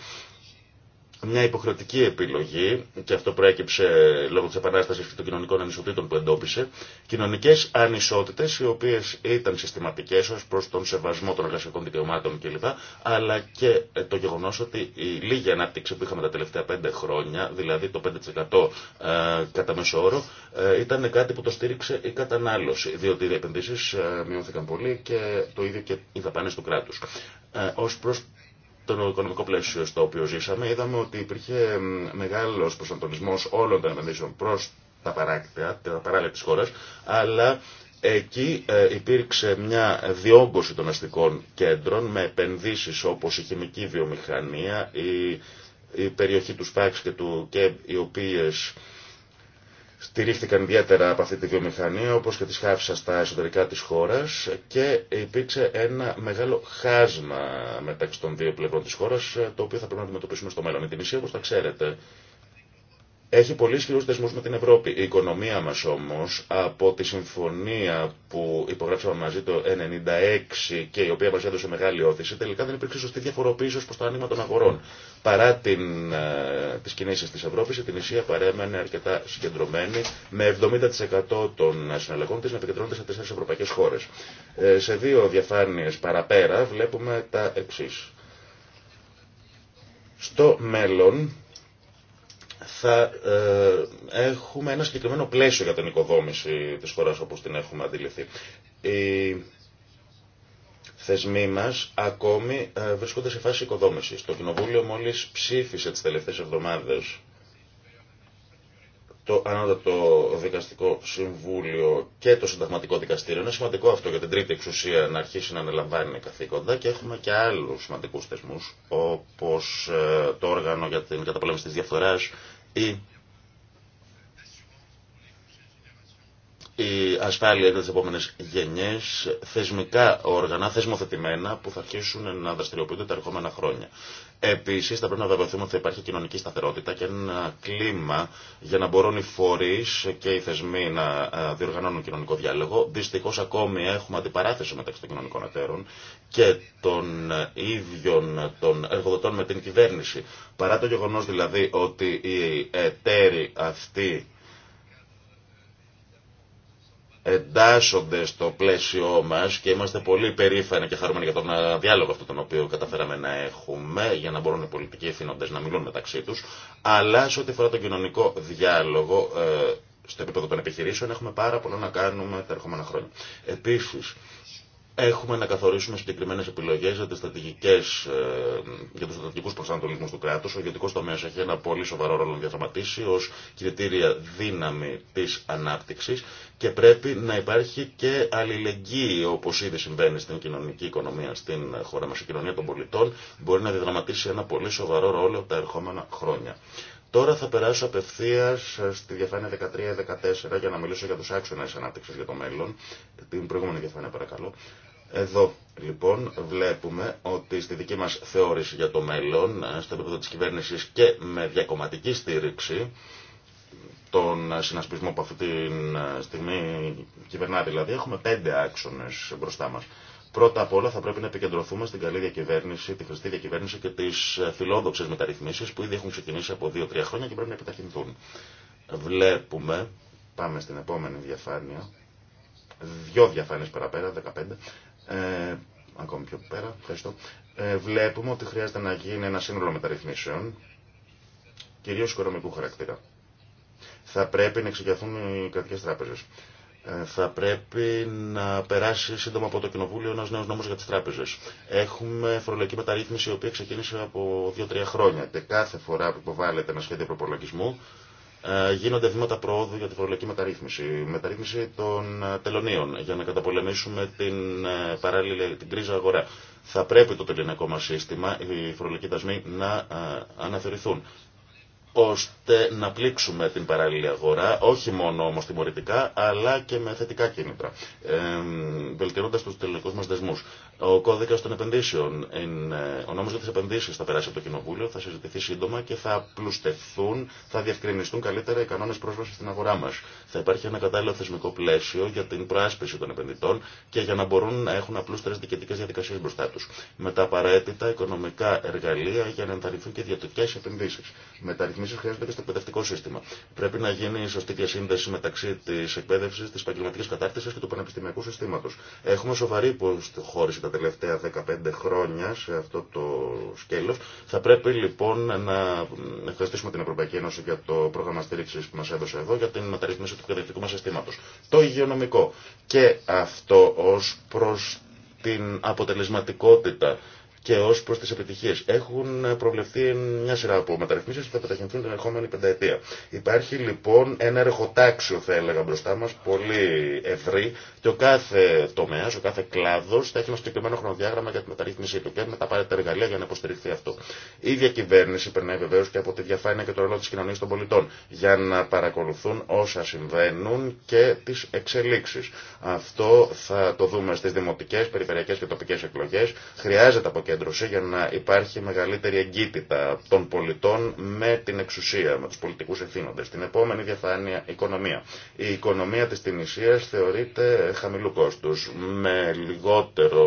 S3: μια υποχρεωτική επιλογή, και αυτό προέκυψε λόγω της επανάστασης και των κοινωνικών ανισοτήτων που εντόπισε, κοινωνικές ανισότητες οι οποίες ήταν συστηματικές ω προς τον σεβασμό των εργασιακών δικαιωμάτων κλπ, αλλά και το γεγονός ότι η λίγη ανάπτυξη που είχαμε τα τελευταία πέντε χρόνια, δηλαδή το 5% ε, κατά μέσο ε, ήταν κάτι που το στήριξε η κατανάλωση, διότι οι επενδύσεις ε, μειώθηκαν πολύ και το ίδιο και οι δαπάνε του κράτους. Ως προς το οικονομικό πλαίσιο στο οποίο ζήσαμε, είδαμε ότι υπήρχε μεγάλο προσανατολισμό όλων των επενδύσεων προ τα παράκτια, τα παράλληλα τη χώρα, αλλά εκεί ε, υπήρξε μια διόγκωση των αστικών κέντρων με επενδύσεις όπως η χημική βιομηχανία, η, η περιοχή του ΣΠΑΚΣ και του ΚΕΜ, οι οποίες στηρίχθηκαν ιδιαίτερα από αυτή τη βιομηχανία όπως και τις χάφησα στα εσωτερικά της χώρας και υπήρξε ένα μεγάλο χάσμα μεταξύ των δύο πλευρών της χώρας το οποίο θα πρέπει να αντιμετωπίσουμε στο μέλλον. Η Τινησία όπως τα ξέρετε έχει πολύ ισχυρού δεσμού με την Ευρώπη. Η οικονομία μα όμω από τη συμφωνία που υπογράψαμε μαζί το 1996 και η οποία μα έδωσε μεγάλη όθηση τελικά δεν υπήρξε σωστή διαφοροποίηση ω προ το άνοιγμα των αγορών. Παρά ε, τι κινήσει τη Ευρώπη η Τινησία παρέμενε αρκετά συγκεντρωμένη με 70% των συναλλαγών τη να επικεντρώνεται σε τέσσερι ευρωπαϊκέ χώρε. Ε, σε δύο διαφάνειε παραπέρα βλέπουμε τα εξή. Στο μέλλον θα ε, έχουμε ένα συγκεκριμένο πλαίσιο για την οικοδόμηση της χώρας όπως την έχουμε αντιληφθεί. Οι θεσμοί μας ακόμη ε, βρίσκονται σε φάση οικοδόμησης. Το Κοινοβούλιο μόλις ψήφισε τις τελευταίες εβδομάδες το Ανώτατο Δικαστικό Συμβούλιο και το Συνταγματικό Δικαστήριο. Είναι σημαντικό αυτό για την τρίτη εξουσία να αρχίσει να αναλαμβάνει καθήκοντα και έχουμε και άλλους σημαντικούς θεσμούς όπως ε, το όργανο για την καταπολέμηση της διαφθοράς η, η ασφάλεια για τις επόμενες γενιές, θεσμικά όργανα, θεσμοθετημένα που θα αρχίσουν να δραστηριοποιούνται τα ερχόμενα χρόνια. Επίση, θα πρέπει να βεβαιωθούμε ότι θα υπάρχει κοινωνική σταθερότητα και ένα κλίμα για να μπορούν οι φορεί και οι θεσμοί να ε, διοργανώνουν κοινωνικό διάλογο. Δυστυχώ, ακόμη έχουμε αντιπαράθεση μεταξύ των κοινωνικών εταίρων και των ε, ίδιων των εργοδοτών με την κυβέρνηση. Παρά το γεγονό δηλαδή ότι οι εταίροι αυτοί εντάσσονται στο πλαίσιό μας και είμαστε πολύ περήφανοι και χαρούμενοι για τον ε, διάλογο αυτό τον οποίο καταφέραμε να έχουμε για να μπορούν οι πολιτικοί ευθύνοντες να μιλούν μεταξύ τους αλλά σε ό,τι αφορά τον κοινωνικό διάλογο ε, στο επίπεδο των επιχειρήσεων έχουμε πάρα πολλά να κάνουμε τα ερχόμενα χρόνια. Επίσης, Έχουμε να καθορίσουμε συγκεκριμένε επιλογέ για, ε, για του στρατηγικού προσανατολισμού του κράτου. Ο ιδιωτικό τομέα έχει ένα πολύ σοβαρό ρόλο να διαδραματίσει ω κριτήρια δύναμη τη ανάπτυξη και πρέπει να υπάρχει και αλληλεγγύη, όπω ήδη συμβαίνει στην κοινωνική οικονομία στην χώρα μα. Η κοινωνία των πολιτών μπορεί να διδραματίσει ένα πολύ σοβαρό ρόλο τα ερχόμενα χρόνια. Τώρα θα περάσω απευθεία στη διαφάνεια 13-14 για να μιλήσω για του άξονε ανάπτυξη για το μέλλον. Την προηγούμενη διαφάνεια παρακαλώ. Εδώ λοιπόν βλέπουμε ότι στη δική μας θεώρηση για το μέλλον, ε, στο επίπεδο της κυβέρνησης και με διακομματική στήριξη, τον συνασπισμό που αυτή τη στιγμή κυβερνά. Δηλαδή έχουμε πέντε άξονε μπροστά μα. Πρώτα απ' όλα θα πρέπει να επικεντρωθούμε στην καλή διακυβέρνηση, τη χρηστή διακυβέρνηση και τι φιλόδοξε μεταρρυθμίσει που ήδη έχουν ξεκινήσει από δύο-τρία χρόνια και πρέπει να επιταχυνθούν. Βλέπουμε, πάμε στην επόμενη διαφάνεια, δύο διαφάνειε παραπέρα, 15, ε, ακόμη πιο πέρα, ευχαριστώ. Ε, βλέπουμε ότι χρειάζεται να γίνει ένα σύνολο μεταρρυθμίσεων, κυρίω οικονομικού χαρακτήρα θα πρέπει να εξοικειωθούν οι κρατικέ τράπεζε. Ε, θα πρέπει να περάσει σύντομα από το Κοινοβούλιο ένα νέο νόμο για τι τράπεζε. Έχουμε φορολογική μεταρρύθμιση η οποία ξεκίνησε από 2-3 χρόνια και κάθε φορά που υποβάλλεται ένα σχέδιο προπολογισμού ε, γίνονται βήματα προόδου για τη φορολογική μεταρρύθμιση. Μεταρρύθμιση των ε, τελωνίων για να καταπολεμήσουμε την παράλληλη την κρίζα αγορά. Θα πρέπει το τελεινικό μα σύστημα, οι φορολογικοί δασμοί να αναθεωρηθούν ώστε να πλήξουμε την παράλληλη αγορά, όχι μόνο όμω τιμωρητικά, αλλά και με θετικά κίνητρα, ε, βελτιώνοντα του τελικού μα δεσμού. Ο κώδικα των επενδύσεων, είναι, ο νόμο για τι επενδύσει θα περάσει από το Κοινοβούλιο, θα συζητηθεί σύντομα και θα πλουστευθούν, θα διευκρινιστούν καλύτερα οι κανόνε πρόσβαση στην αγορά μα. Θα υπάρχει ένα κατάλληλο θεσμικό πλαίσιο για την προάσπιση των επενδυτών και για να μπορούν να έχουν απλούστερε διοικητικέ διαδικασίε μπροστά του. Με τα απαραίτητα οικονομικά εργαλεία για να ενθαρρυνθούν και ιδιωτικέ μεταρρυθμίσει χρειάζονται και στο εκπαιδευτικό σύστημα. Πρέπει να γίνει η σωστή διασύνδεση μεταξύ τη εκπαίδευση, τη επαγγελματική κατάρτιση και του πανεπιστημιακού συστήματο. Έχουμε σοβαρή υποχώρηση τα τελευταία 15 χρόνια σε αυτό το σκέλο. Θα πρέπει λοιπόν να ευχαριστήσουμε την Ευρωπαϊκή Ένωση για το πρόγραμμα στήριξη που μα έδωσε εδώ για την μεταρρύθμιση του εκπαιδευτικού μα συστήματο. Το υγειονομικό. Και αυτό ω προ την αποτελεσματικότητα και ω προ τι επιτυχίε. Έχουν προβλεφθεί μια σειρά από μεταρρυθμίσει που θα επιταχυνθούν την ερχόμενη πενταετία. Υπάρχει λοιπόν ένα εργοτάξιο, θα έλεγα, μπροστά μα, πολύ ευρύ και ο κάθε τομέα, ο κάθε κλάδο θα έχει ένα συγκεκριμένο χρονοδιάγραμμα για τη μεταρρύθμιση του και με τα πάρετε εργαλεία για να υποστηριχθεί αυτό. Η ίδια κυβέρνηση περνάει βεβαίω και από τη διαφάνεια και το ρόλο τη κοινωνία των πολιτών για να παρακολουθούν όσα συμβαίνουν και τι εξελίξει. Αυτό θα το δούμε στι δημοτικέ, περιφερειακέ και τοπικέ εκλογέ. Χρειάζεται από συγκέντρωση για να υπάρχει μεγαλύτερη εγκύτητα των πολιτών με την εξουσία, με τους πολιτικούς ευθύνοντες. Την επόμενη διαφάνεια οικονομία. Η οικονομία της Τινησίας θεωρείται χαμηλού κόστους, με λιγότερο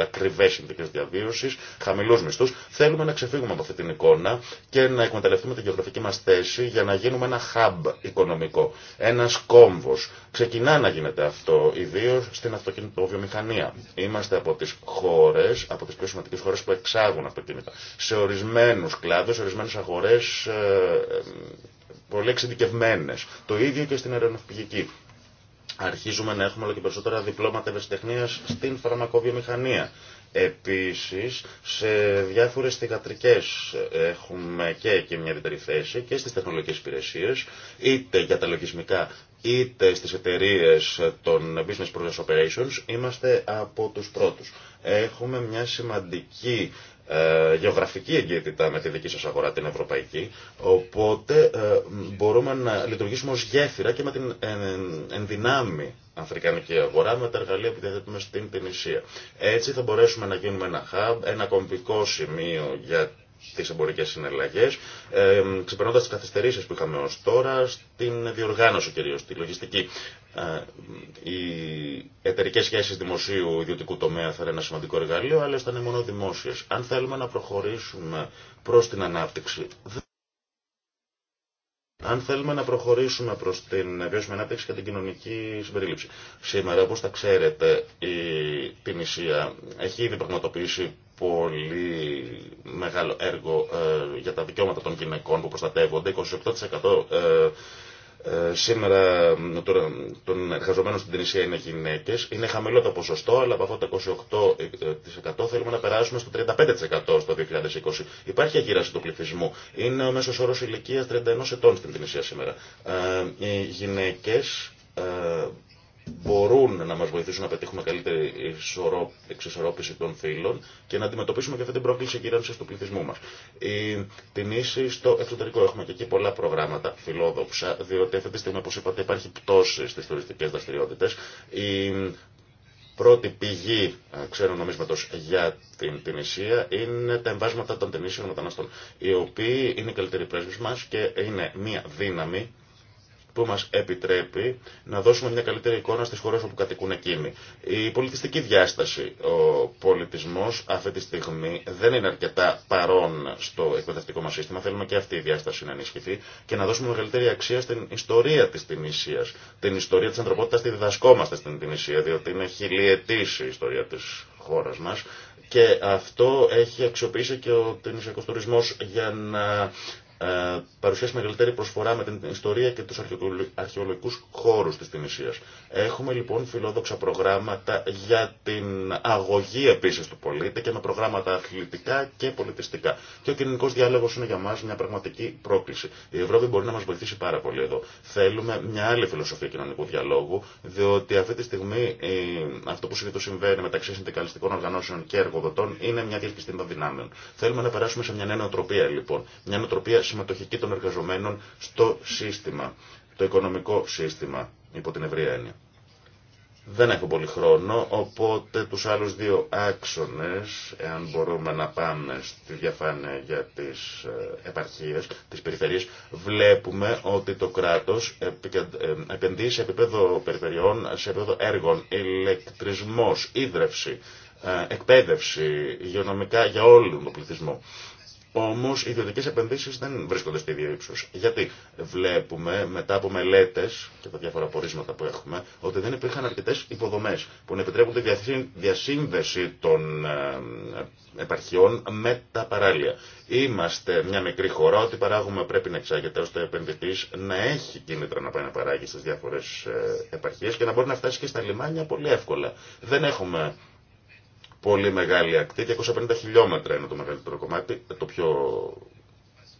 S3: ακριβέ συνθήκες διαβίωση, χαμηλούς μισθούς. Θέλουμε να ξεφύγουμε από αυτή την εικόνα και να εκμεταλλευτούμε τη γεωγραφική μας θέση για να γίνουμε ένα hub οικονομικό, ένας κόμβος. Ξεκινά να γίνεται αυτό, ιδίω στην αυτοκινητοβιομηχανία. Είμαστε από τις χώρες, από τις πιο σημαντικές χώρε που εξάγουν αυτοκίνητα. Σε ορισμένου κλάδου, σε ορισμένες αγορές ε, ε, πολύ εξειδικευμένε. Το ίδιο και στην αεροναυπηγική. Αρχίζουμε να έχουμε όλο και περισσότερα διπλώματα ευαισθητεχνία στην φαρμακοβιομηχανία. Επίση, σε διάφορε θηγατρικέ έχουμε και εκεί μια ιδιαίτερη θέση και στι τεχνολογικέ υπηρεσίε, είτε για τα λογισμικά, είτε στι εταιρείε των Business Process Operations, είμαστε από του πρώτου έχουμε μια σημαντική ε, γεωγραφική εγκύτητα με τη δική σας αγορά την ευρωπαϊκή, οπότε ε, μπορούμε να λειτουργήσουμε ως γέφυρα και με την ε, ενδυνάμει αφρικανική αγορά με τα εργαλεία που διαθέτουμε στην Τινησία. Έτσι θα μπορέσουμε να γίνουμε ένα hub, ένα κομπικό σημείο για τι εμπορικέ συναλλαγέ, ε, ξεπερνώντα τι καθυστερήσει που είχαμε ω τώρα στην διοργάνωση κυρίω, τη λογιστική. Ε, οι εταιρικέ σχέσει δημοσίου ιδιωτικού τομέα θα είναι ένα σημαντικό εργαλείο, αλλά είναι μόνο δημόσιε. Αν θέλουμε να προχωρήσουμε προ την ανάπτυξη. Αν θέλουμε να προχωρήσουμε προ την βιώσιμη ανάπτυξη και την κοινωνική συμπερίληψη. Σήμερα, όπω τα ξέρετε, η Τινησία έχει ήδη πραγματοποιήσει πολύ μεγάλο έργο ε, για τα δικαιώματα των γυναικών που προστατεύονται. 28% ε, ε, σήμερα των εργαζομένων στην Τινησία είναι γυναίκες. Είναι χαμηλό το ποσοστό, αλλά από αυτό το 28% θέλουμε να περάσουμε στο 35% στο 2020. Υπάρχει αγύραση του πληθυσμού. Είναι ο μέσος όρος ηλικία 31 ετών στην Τινησία σήμερα. Οι γυναίκες μπορούν να μα βοηθήσουν να πετύχουμε καλύτερη εξισορρόπηση των φύλων και να αντιμετωπίσουμε και αυτή την πρόκληση κυριαρχίας του πληθυσμού μα. Η τιμήση στο εξωτερικό έχουμε και εκεί πολλά προγράμματα φιλόδοξα, διότι αυτή τη στιγμή, όπω είπατε, υπάρχει πτώση στι τουριστικέ δραστηριότητε. Η πρώτη πηγή ξένου νομίσματο για την Τινησία είναι τα εμβάσματα των Τινήσιων μεταναστών, οι οποίοι είναι οι καλύτεροι πρέσβει μα και είναι μία δύναμη που μας επιτρέπει να δώσουμε μια καλύτερη εικόνα στις χώρες όπου κατοικούν εκείνοι. Η πολιτιστική διάσταση, ο πολιτισμός αυτή τη στιγμή δεν είναι αρκετά παρόν στο εκπαιδευτικό μας σύστημα. Θέλουμε και αυτή η διάσταση να ενισχυθεί και να δώσουμε μεγαλύτερη αξία στην ιστορία της Τινησίας. Την ιστορία της ανθρωπότητας τη διδασκόμαστε στην Τινησία, διότι είναι χιλιετή η ιστορία της χώρας μας και αυτό έχει αξιοποιήσει και ο ταινισιακός τουρισμός για να ε, παρουσιάσει μεγαλύτερη προσφορά με την ιστορία και τους αρχαιολογικούς χώρους της Τινησίας. Έχουμε λοιπόν φιλόδοξα προγράμματα για την αγωγή επίσης του πολίτη και με προγράμματα αθλητικά και πολιτιστικά. Και ο κοινωνικός διάλογος είναι για μας μια πραγματική πρόκληση. Η Ευρώπη μπορεί να μας βοηθήσει πάρα πολύ εδώ. Θέλουμε μια άλλη φιλοσοφία κοινωνικού διαλόγου, διότι αυτή τη στιγμή αυτό που συνήθως συμβαίνει μεταξύ συνδικαλιστικών οργανώσεων και εργοδοτών είναι μια διελκυστή δυνάμεων. Θέλουμε να περάσουμε σε μια νέα νοοτροπία λοιπόν. Μια νοοτροπία συμμετοχική των εργαζομένων στο σύστημα, το οικονομικό σύστημα υπό την ευρία έννοια. Δεν έχω πολύ χρόνο, οπότε τους άλλους δύο άξονες, εάν μπορούμε να πάμε στη διαφάνεια για τις ε, επαρχίες, τις περιφερειές, βλέπουμε ότι το κράτος ε, επενδύει σε επίπεδο περιφερειών, σε επίπεδο έργων, ηλεκτρισμός, ίδρευση, ε, εκπαίδευση, υγειονομικά για όλον τον πληθυσμό. Όμω οι ιδιωτικέ επενδύσει δεν βρίσκονται στη ίδιο ύψο. Γιατί βλέπουμε μετά από μελέτε και τα διάφορα πορίσματα που έχουμε ότι δεν υπήρχαν αρκετέ υποδομέ που να επιτρέπουν τη διασύνδεση των ε, επαρχιών με τα παράλια. Είμαστε μια μικρή χώρα, ό,τι παράγουμε πρέπει να εξάγεται ώστε ο επενδυτή να έχει κίνητρα να πάει να παράγει στι διάφορε επαρχίε και να μπορεί να φτάσει και στα λιμάνια πολύ εύκολα. Δεν έχουμε πολύ μεγάλη ακτή, 250 χιλιόμετρα είναι το μεγαλύτερο κομμάτι, ε, το πιο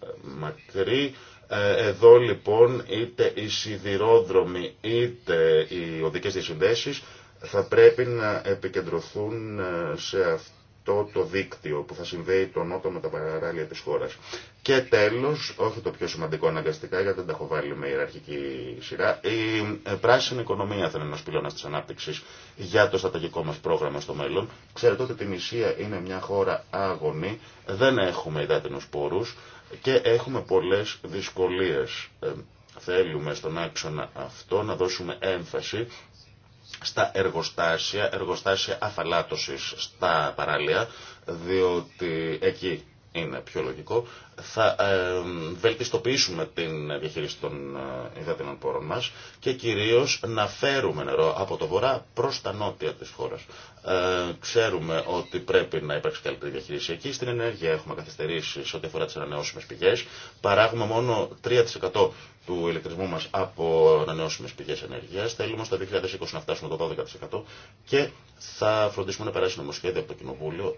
S3: ε, μακρύ. Ε, εδώ λοιπόν είτε οι σιδηρόδρομοι είτε οι οδικές διασυνδέσεις θα πρέπει να επικεντρωθούν σε αυτό το δίκτυο που θα συνδέει τον Νότο με τα παράλια της χώρας. Και τέλος, όχι το πιο σημαντικό αναγκαστικά, γιατί δεν τα έχω βάλει με ιεραρχική σειρά, η ε, πράσινη οικονομία θα είναι ένας πυλώνας της ανάπτυξης για το στρατηγικό μας πρόγραμμα στο μέλλον. Ξέρετε ότι την Ισία είναι μια χώρα άγωνη, δεν έχουμε υδάτινους πόρους και έχουμε πολλές δυσκολίες ε, θέλουμε στον άξονα αυτό να δώσουμε έμφαση στα εργοστάσια, εργοστάσια αφαλάτωσης στα παράλια, διότι εκεί είναι πιο λογικό, θα ε, βελτιστοποιήσουμε την διαχείριση των ε, υδάτινων πόρων μας και κυρίως να φέρουμε νερό από το βορρά προς τα νότια της χώρας. Ε, ξέρουμε ότι πρέπει να υπάρξει καλύτερη διαχείριση εκεί. Στην ενέργεια έχουμε καθυστερήσει σε ό,τι αφορά τις ανανεώσιμες πηγές. Παράγουμε μόνο 3% του ηλεκτρισμού μας από ανανεώσιμες πηγές ενέργειας. Θέλουμε στο 2020 να φτάσουμε το 12% και θα φροντίσουμε να περάσει νομοσχέδιο από το Κοινοβούλιο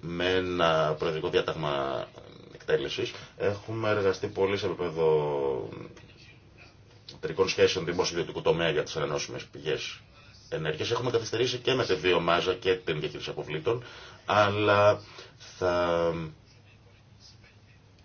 S3: με ένα προεδρικό διάταγμα εκτέλεσης. Έχουμε εργαστεί πολύ σε επίπεδο εταιρικών σχέσεων δημόσιο-ιδιωτικού τομέα για τις ανανεώσιμε πηγές ενέργειας. Έχουμε καθυστερήσει και με τη βιομάζα και την διαχείριση αποβλήτων, αλλά θα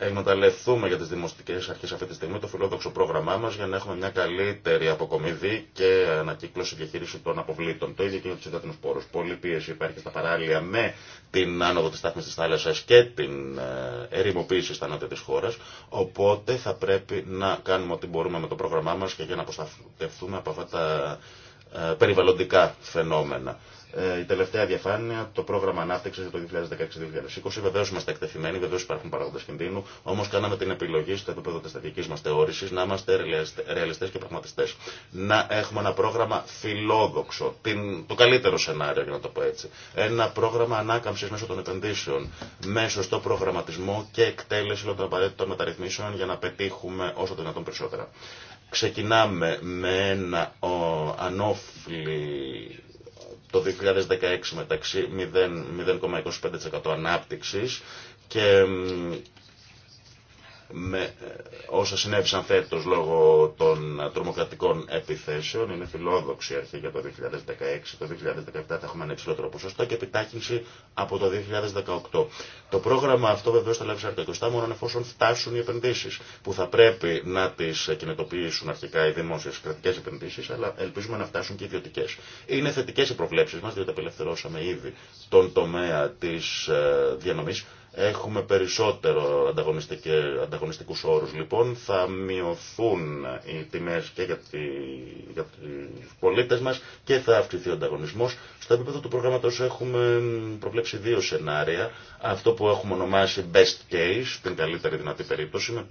S3: εκμεταλλευτούμε για τις δημοστικέ αρχές αυτή τη στιγμή το φιλόδοξο πρόγραμμά μας για να έχουμε μια καλύτερη αποκομιδή και ανακύκλωση διαχείριση των αποβλήτων. Το ίδιο και για τους υδατινούς πόρους. Πολύ πίεση υπάρχει στα παράλια με την άνοδο της στάθμης της θάλασσας και την ε, ερημοποίηση στα νότια της χώρας. Οπότε θα πρέπει να κάνουμε ό,τι μπορούμε με το πρόγραμμά μας και για να προστατευτούμε από αυτά τα ε, περιβαλλοντικά φαινόμενα. Ε, η τελευταία διαφάνεια, το πρόγραμμα ανάπτυξη για το 2016-2020. Βεβαίω είμαστε εκτεθειμένοι, βεβαίω υπάρχουν παράγοντε κινδύνου, όμω κάναμε την επιλογή στο επίπεδο τη στρατηγική μα θεώρηση να είμαστε ρεαλιστέ και πραγματιστέ. Να έχουμε ένα πρόγραμμα φιλόδοξο, την, το καλύτερο σενάριο για να το πω έτσι. Ένα πρόγραμμα ανάκαμψη μέσω των επενδύσεων, μέσω στο προγραμματισμό και εκτέλεση των απαραίτητων μεταρρυθμίσεων για να πετύχουμε όσο δυνατόν περισσότερα. Ξεκινάμε με ένα ανώφλη το 2016 μεταξύ 0,25% ανάπτυξης και με ε, όσα συνέβησαν φέτος λόγω των τρομοκρατικών επιθέσεων. Είναι φιλόδοξη αρχή για το 2016. Το 2017 θα έχουμε ένα υψηλότερο ποσοστό και επιτάχυνση από το 2018. Το πρόγραμμα αυτό βεβαίως θα λάβει σαρκακοστά μόνο εφόσον φτάσουν οι επενδύσεις που θα πρέπει να τις κινητοποιήσουν αρχικά οι δημόσιες κρατικές επενδύσεις αλλά ελπίζουμε να φτάσουν και οι ιδιωτικές. Είναι θετικές οι προβλέψεις μας διότι απελευθερώσαμε ήδη τον τομέα της ε, διανομής Έχουμε περισσότερο ανταγωνιστικού όρους λοιπόν, θα μειωθούν οι τιμές και για, τη, για τους πολίτες μας και θα αυξηθεί ο ανταγωνισμός. Στο επίπεδο του προγράμματος έχουμε προβλέψει δύο σενάρια, αυτό που έχουμε ονομάσει best case, την καλύτερη δυνατή περίπτωση,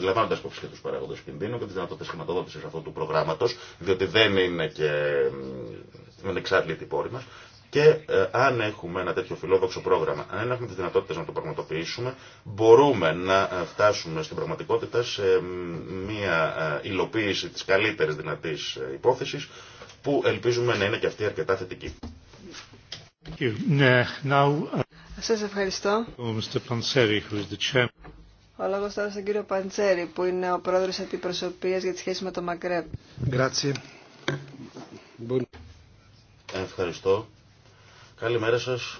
S3: λαμβάνοντα υπόψη και του παράγοντε κινδύνου και τι δυνατότητε χρηματοδότηση αυτού του προγράμματο, διότι δεν είναι και η πόρη μας. Και ε, αν έχουμε ένα τέτοιο φιλόδοξο πρόγραμμα, αν έχουμε τι δυνατότητε να το πραγματοποιήσουμε, μπορούμε να ε, φτάσουμε στην πραγματικότητα σε μια ε, υλοποίηση τη καλύτερη δυνατή υπόθεση, που ελπίζουμε να είναι και αυτή αρκετά θετική.
S1: Ναι, uh, Σα ευχαριστώ.
S2: Ο λόγος τώρα στον κύριο Παντσέρη, που είναι ο πρόεδρος αντιπροσωπείας για τη σχέση με το Μακρέπ.
S3: Ευχαριστώ. Καλημέρα σας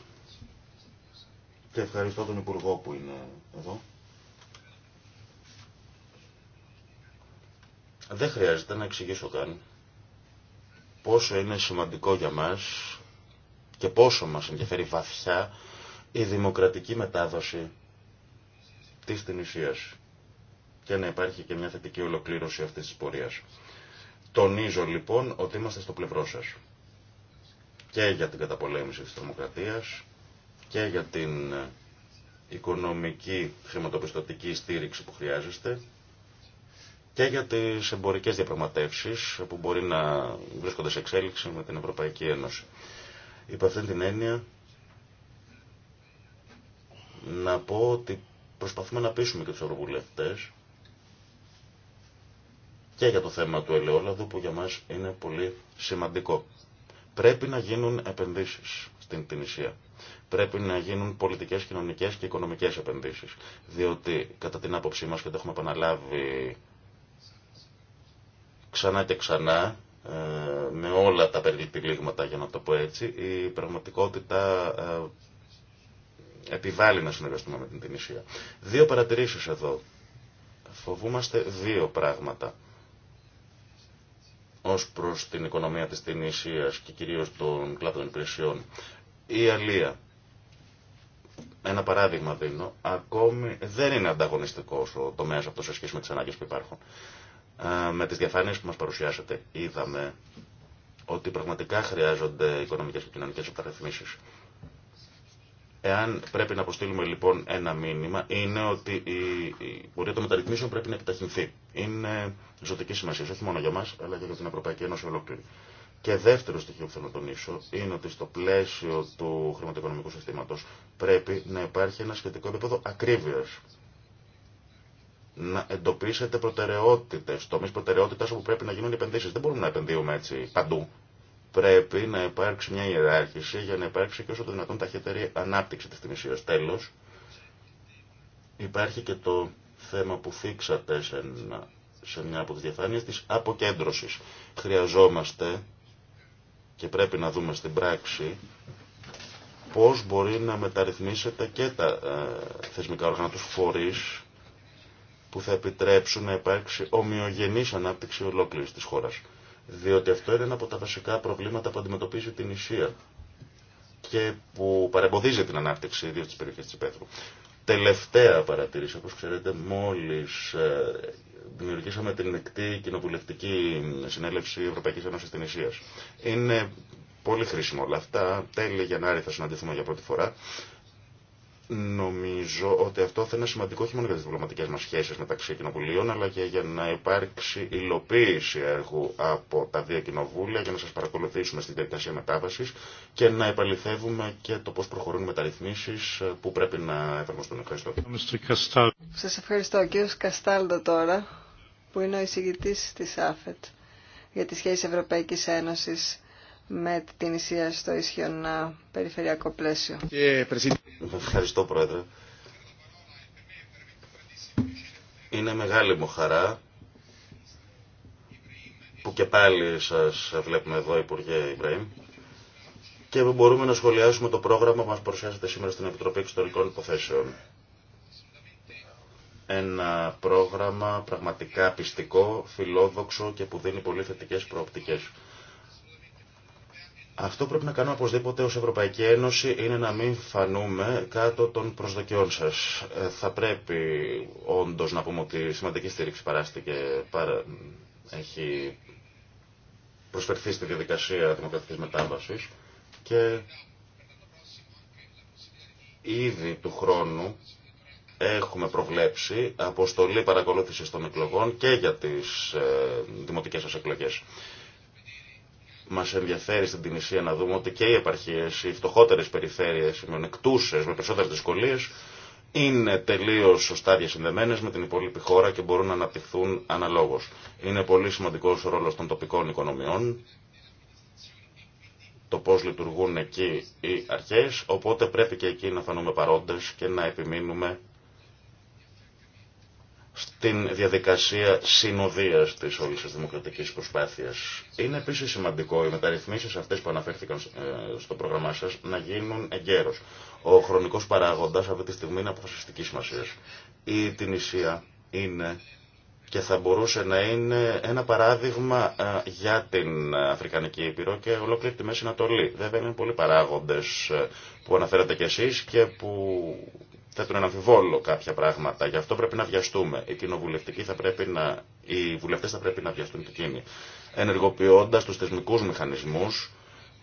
S3: και ευχαριστώ τον Υπουργό που είναι εδώ. Δεν χρειάζεται να εξηγήσω καν πόσο είναι σημαντικό για μας και πόσο μας ενδιαφέρει βαθιά η δημοκρατική μετάδοση της Τινησίας και να υπάρχει και μια θετική ολοκλήρωση αυτής της πορείας. Τονίζω λοιπόν ότι είμαστε στο πλευρό σας και για την καταπολέμηση της τρομοκρατίας και για την οικονομική χρηματοπιστωτική στήριξη που χρειάζεστε και για τις εμπορικές διαπραγματεύσεις που μπορεί να βρίσκονται σε εξέλιξη με την Ευρωπαϊκή Ένωση. Υπό αυτήν την έννοια να πω ότι προσπαθούμε να πείσουμε και τους ευρωβουλευτές και για το θέμα του ελαιόλαδου που για μας είναι πολύ σημαντικό. Πρέπει να γίνουν επενδύσεις στην Τινησία. Πρέπει να γίνουν πολιτικές, κοινωνικές και οικονομικές επενδύσεις. Διότι κατά την άποψή μας και το έχουμε επαναλάβει ξανά και ξανά ε, με όλα τα περιλήγματα για να το πω έτσι η πραγματικότητα ε, επιβάλλει να συνεργαστούμε με την Τινησία. Δύο παρατηρήσεις εδώ. Φοβούμαστε δύο πράγματα ως προς την οικονομία της Τινησίας και κυρίως των κλάδων υπηρεσιών. Η Αλία, ένα παράδειγμα δίνω, ακόμη δεν είναι ανταγωνιστικός ο τομέας αυτό σε σχέση με τις ανάγκες που υπάρχουν. Ε, με τις διαφάνειες που μας παρουσιάσατε είδαμε ότι πραγματικά χρειάζονται οικονομικές και κοινωνικές μεταρρυθμίσεις. Εάν πρέπει να αποστείλουμε λοιπόν ένα μήνυμα, είναι ότι η πορεία των μεταρρυθμίσεων πρέπει να επιταχυνθεί. Είναι ζωτική σημασία, όχι μόνο για μα, αλλά και για την Ευρωπαϊκή Ένωση ολόκληρη. Και δεύτερο στοιχείο που θέλω να τονίσω είναι ότι στο πλαίσιο του χρηματοοικονομικού συστήματο πρέπει να υπάρχει ένα σχετικό επίπεδο ακρίβεια. Να εντοπίσετε προτεραιότητε, τομεί προτεραιότητα όπου πρέπει να γίνουν οι επενδύσει. Δεν μπορούμε να επενδύουμε έτσι παντού πρέπει να υπάρξει μια ιεράρχηση για να υπάρξει και όσο το δυνατόν ταχύτερη ανάπτυξη της θυμησίας. Τέλος, υπάρχει και το θέμα που θίξατε σε, μια από τις διαφάνειες της αποκέντρωσης. Χρειαζόμαστε και πρέπει να δούμε στην πράξη πώς μπορεί να μεταρρυθμίσετε και τα ε, θεσμικά όργανα τους φορείς που θα επιτρέψουν να υπάρξει ομοιογενής ανάπτυξη ολόκληρης της χώρας. Διότι αυτό είναι ένα από τα βασικά προβλήματα που αντιμετωπίζει την Ισία και που παρεμποδίζει την ανάπτυξη ιδίω τη περιοχή τη Πέθρου. Τελευταία παρατήρηση, όπω ξέρετε, μόλις ε, δημιουργήσαμε την εκτή κοινοβουλευτική συνέλευση Ευρωπαϊκής Ένωση της Ισία. Είναι πολύ χρήσιμο όλα αυτά. Τέλη Γενάρη θα συναντηθούμε για πρώτη φορά Νομίζω ότι αυτό θα είναι σημαντικό όχι μόνο για τι διπλωματικέ μα σχέσει μεταξύ κοινοβουλίων, αλλά και για να υπάρξει υλοποίηση έργου από τα δύο κοινοβούλια για να σα παρακολουθήσουμε στην διαδικασία μετάβαση και να επαληθεύουμε και το πώ προχωρούν οι μεταρρυθμίσει που πρέπει να εφαρμοστούν. Ευχαριστώ.
S2: Σα ευχαριστώ. Ο κ. Καστάλτο τώρα, που είναι ο εισηγητή τη ΑΦΕΤ για τι σχέσει Ευρωπαϊκή Ένωση με την Ισία στο ίσιο ε, περιφερειακό πλαίσιο.
S3: Ευχαριστώ Πρόεδρε. Είναι μεγάλη μου χαρά που και πάλι σας βλέπουμε εδώ Υπουργέ Ιμπραήμ και μπορούμε να σχολιάσουμε το πρόγραμμα που μας παρουσιάσατε σήμερα στην Επιτροπή Εξωτερικών Υποθέσεων. Ένα πρόγραμμα πραγματικά πιστικό, φιλόδοξο και που δίνει πολύ θετικές προοπτικές. Αυτό πρέπει να κάνουμε οπωσδήποτε ως Ευρωπαϊκή Ένωση είναι να μην φανούμε κάτω των προσδοκιών σας. Ε, θα πρέπει όντως να πούμε ότι σημαντική στήριξη παράστηκε, έχει προσφερθεί στη διαδικασία δημοκρατικής μετάβασης και ήδη του χρόνου έχουμε προβλέψει αποστολή παρακολούθησης των εκλογών και για τις ε, δημοτικές σας εκλογές. Μα ενδιαφέρει στην Τινησία να δούμε ότι και οι επαρχίε, οι φτωχότερε περιφέρειες, οι μειονεκτούσε, με περισσότερε δυσκολίε, είναι τελείω σωστά διασυνδεμένες με την υπόλοιπη χώρα και μπορούν να αναπτυχθούν αναλόγως. Είναι πολύ σημαντικό ο ρόλο των τοπικών οικονομιών, το πώ λειτουργούν εκεί οι αρχέ, οπότε πρέπει και εκεί να φανούμε παρόντε και να επιμείνουμε στην διαδικασία συνοδείας της όλης της δημοκρατικής προσπάθειας. Είναι επίσης σημαντικό οι μεταρρυθμίσεις αυτές που αναφέρθηκαν ε, στο πρόγραμμά σας να γίνουν εγκαίρως. Ο χρονικός παράγοντας αυτή τη στιγμή είναι αποφασιστική σημασία. Η Τινησία είναι και θα μπορούσε να είναι ένα παράδειγμα ε, για την Αφρικανική Ήπειρο και ολόκληρη τη Μέση Ανατολή. Βέβαια είναι πολλοί παράγοντες ε, που αναφέρατε κι εσείς και που θα τον αναμφιβόλω κάποια πράγματα. Γι' αυτό πρέπει να βιαστούμε. Οι κοινοβουλευτικοί θα πρέπει να, οι βουλευτές θα πρέπει να βιαστούν και εκείνοι. Ενεργοποιώντας τους θεσμικούς μηχανισμούς,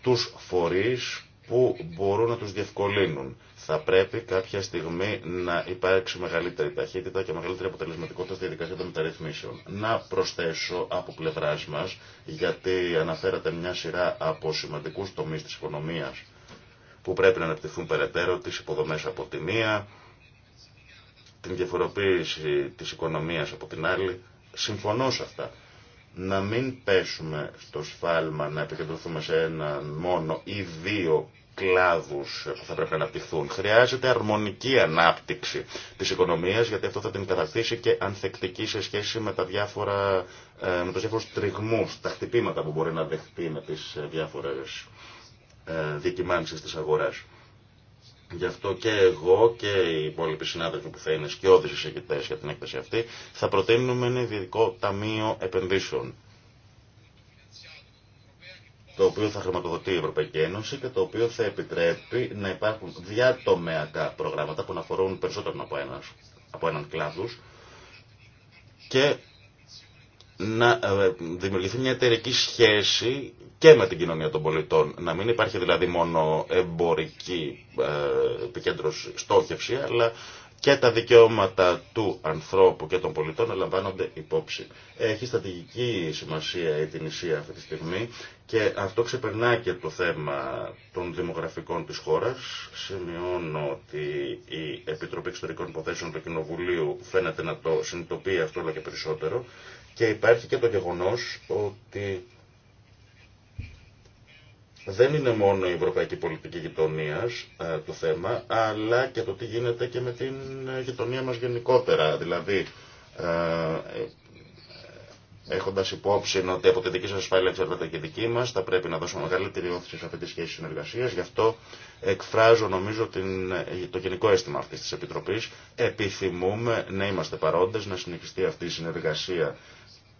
S3: τους φορείς που μπορούν να τους διευκολύνουν. Θα πρέπει κάποια στιγμή να υπάρξει μεγαλύτερη ταχύτητα και μεγαλύτερη αποτελεσματικότητα στη διαδικασία των μεταρρυθμίσεων. Να προσθέσω από πλευρά μα, γιατί αναφέρατε μια σειρά από σημαντικού τομεί τη οικονομία που πρέπει να αναπτυχθούν περαιτέρω, τι υποδομέ από τη μία, την διαφοροποίηση της οικονομίας από την άλλη, συμφωνώ σε αυτά. Να μην πέσουμε στο σφάλμα να επικεντρωθούμε σε έναν μόνο ή δύο κλάδους που θα πρέπει να αναπτυχθούν. Χρειάζεται αρμονική ανάπτυξη της οικονομίας γιατί αυτό θα την καταρτήσει και ανθεκτική σε σχέση με, τα διάφορα, ε, με τους διάφορους τριγμούς, τα χτυπήματα που μπορεί να δεχτεί με τις ε, διάφορες ε, δικημάνσεις της αγοράς. Γι' αυτό και εγώ και οι υπόλοιποι συνάδελφοι που θα είναι σκιώδεις εισηγητές για την έκθεση αυτή θα προτείνουμε ένα ειδικό ταμείο επενδύσεων το οποίο θα χρηματοδοτεί η Ευρωπαϊκή Ένωση και το οποίο θα επιτρέπει να υπάρχουν διατομεακά προγράμματα που να αφορούν περισσότερο από, ένας, από έναν κλάδους και να ε, δημιουργηθεί μια εταιρική σχέση και με την κοινωνία των πολιτών. Να μην υπάρχει δηλαδή μόνο εμπορική ε, επικέντρωση, στόχευση, αλλά και τα δικαιώματα του ανθρώπου και των πολιτών να λαμβάνονται υπόψη. Έχει στατηγική σημασία η Τινησία αυτή τη στιγμή και αυτό ξεπερνά και το θέμα των δημογραφικών της χώρας. Σημειώνω ότι η Επιτροπή Εξωτερικών Υποθέσεων του Κοινοβουλίου φαίνεται να το συνειδητοποιεί αυτό όλο και περισσότερο και υπάρχει και το γεγονός ότι δεν είναι μόνο η ευρωπαϊκή πολιτική γειτονία ε, το θέμα, αλλά και το τι γίνεται και με την ε, γειτονία μας γενικότερα. Δηλαδή, ε, έχοντα υπόψη ότι από τη δική σα ασφάλεια εξαρτάται και δική μα, θα πρέπει να δώσουμε μεγαλύτερη όθηση σε αυτή τη σχέση συνεργασία. Γι' αυτό εκφράζω νομίζω την, το γενικό αίσθημα αυτή τη Επιτροπή. Επιθυμούμε να είμαστε παρόντε, να συνεχιστεί αυτή η συνεργασία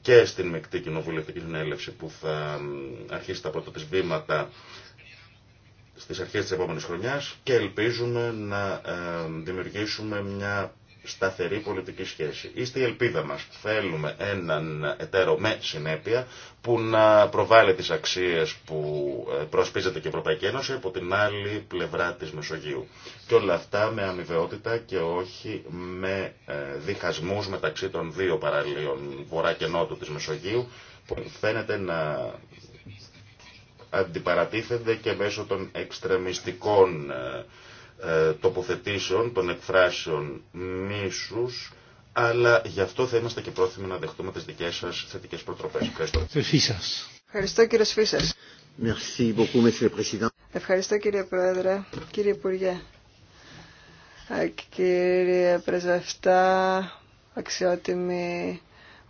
S3: και στην μεικτή κοινοβουλευτική συνέλευση που θα αρχίσει τα πρώτα της βήματα στις αρχές της επόμενης χρονιάς και ελπίζουμε να ε, δημιουργήσουμε μια σταθερή πολιτική σχέση. Είστε η ελπίδα μας. Θέλουμε έναν εταίρο με συνέπεια που να προβάλλει τις αξίες που ε, προσπίζεται και η Ευρωπαϊκή Ένωση από την άλλη πλευρά της Μεσογείου. Και όλα αυτά με αμοιβαιότητα και όχι με ε, διχασμούς μεταξύ των δύο παραλίων, βορρά και νότου της Μεσογείου, που φαίνεται να αντιπαρατίθενται και μέσω των εξτρεμιστικών ε, ε, τοποθετήσεων, των εκφράσεων μίσου, αλλά γι' αυτό θα είμαστε και πρόθυμοι να δεχτούμε τις δικές σας θετικέ προτροπές. Ευχαριστώ.
S2: Ευχαριστώ κύριε Σφίσας. Ευχαριστώ κύριε Πρόεδρε, κύριε Υπουργέ, ε, κύριε Πρεσβευτά, αξιότιμοι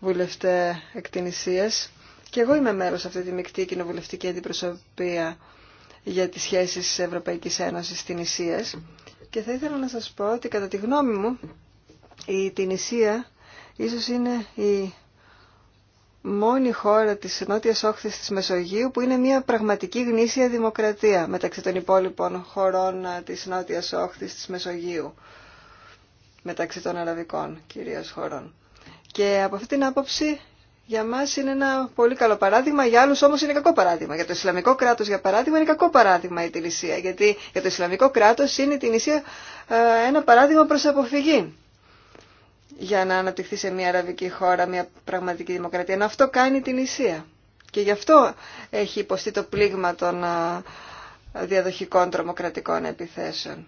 S2: βουλευτέ εκτινησίας. Και εγώ είμαι μέρος αυτή τη μεικτή κοινοβουλευτική αντιπροσωπεία για τις σχέσεις Ευρωπαϊκής Ένωσης την Ισίας. Και θα ήθελα να σας πω ότι κατά τη γνώμη μου η Τινησία ίσως είναι η μόνη χώρα της νότιας όχθης της Μεσογείου που είναι μια πραγματική γνήσια δημοκρατία μεταξύ των υπόλοιπων χωρών ε, της νότιας όχθης της Μεσογείου μεταξύ των αραβικών κυρίως χωρών. Και από αυτή την άποψη για μα είναι ένα πολύ καλό παράδειγμα, για άλλου όμω είναι κακό παράδειγμα. Για το Ισλαμικό κράτο, για παράδειγμα, είναι κακό παράδειγμα η Τινησία, γιατί για το Ισλαμικό κράτο είναι η Τινησία ε, ένα παράδειγμα προς αποφυγή για να αναπτυχθεί σε μια αραβική χώρα, μια πραγματική δημοκρατία. Να αυτό κάνει την Ισία. Και γι' αυτό έχει υποστεί το πλήγμα των ε, διαδοχικών τρομοκρατικών επιθέσεων.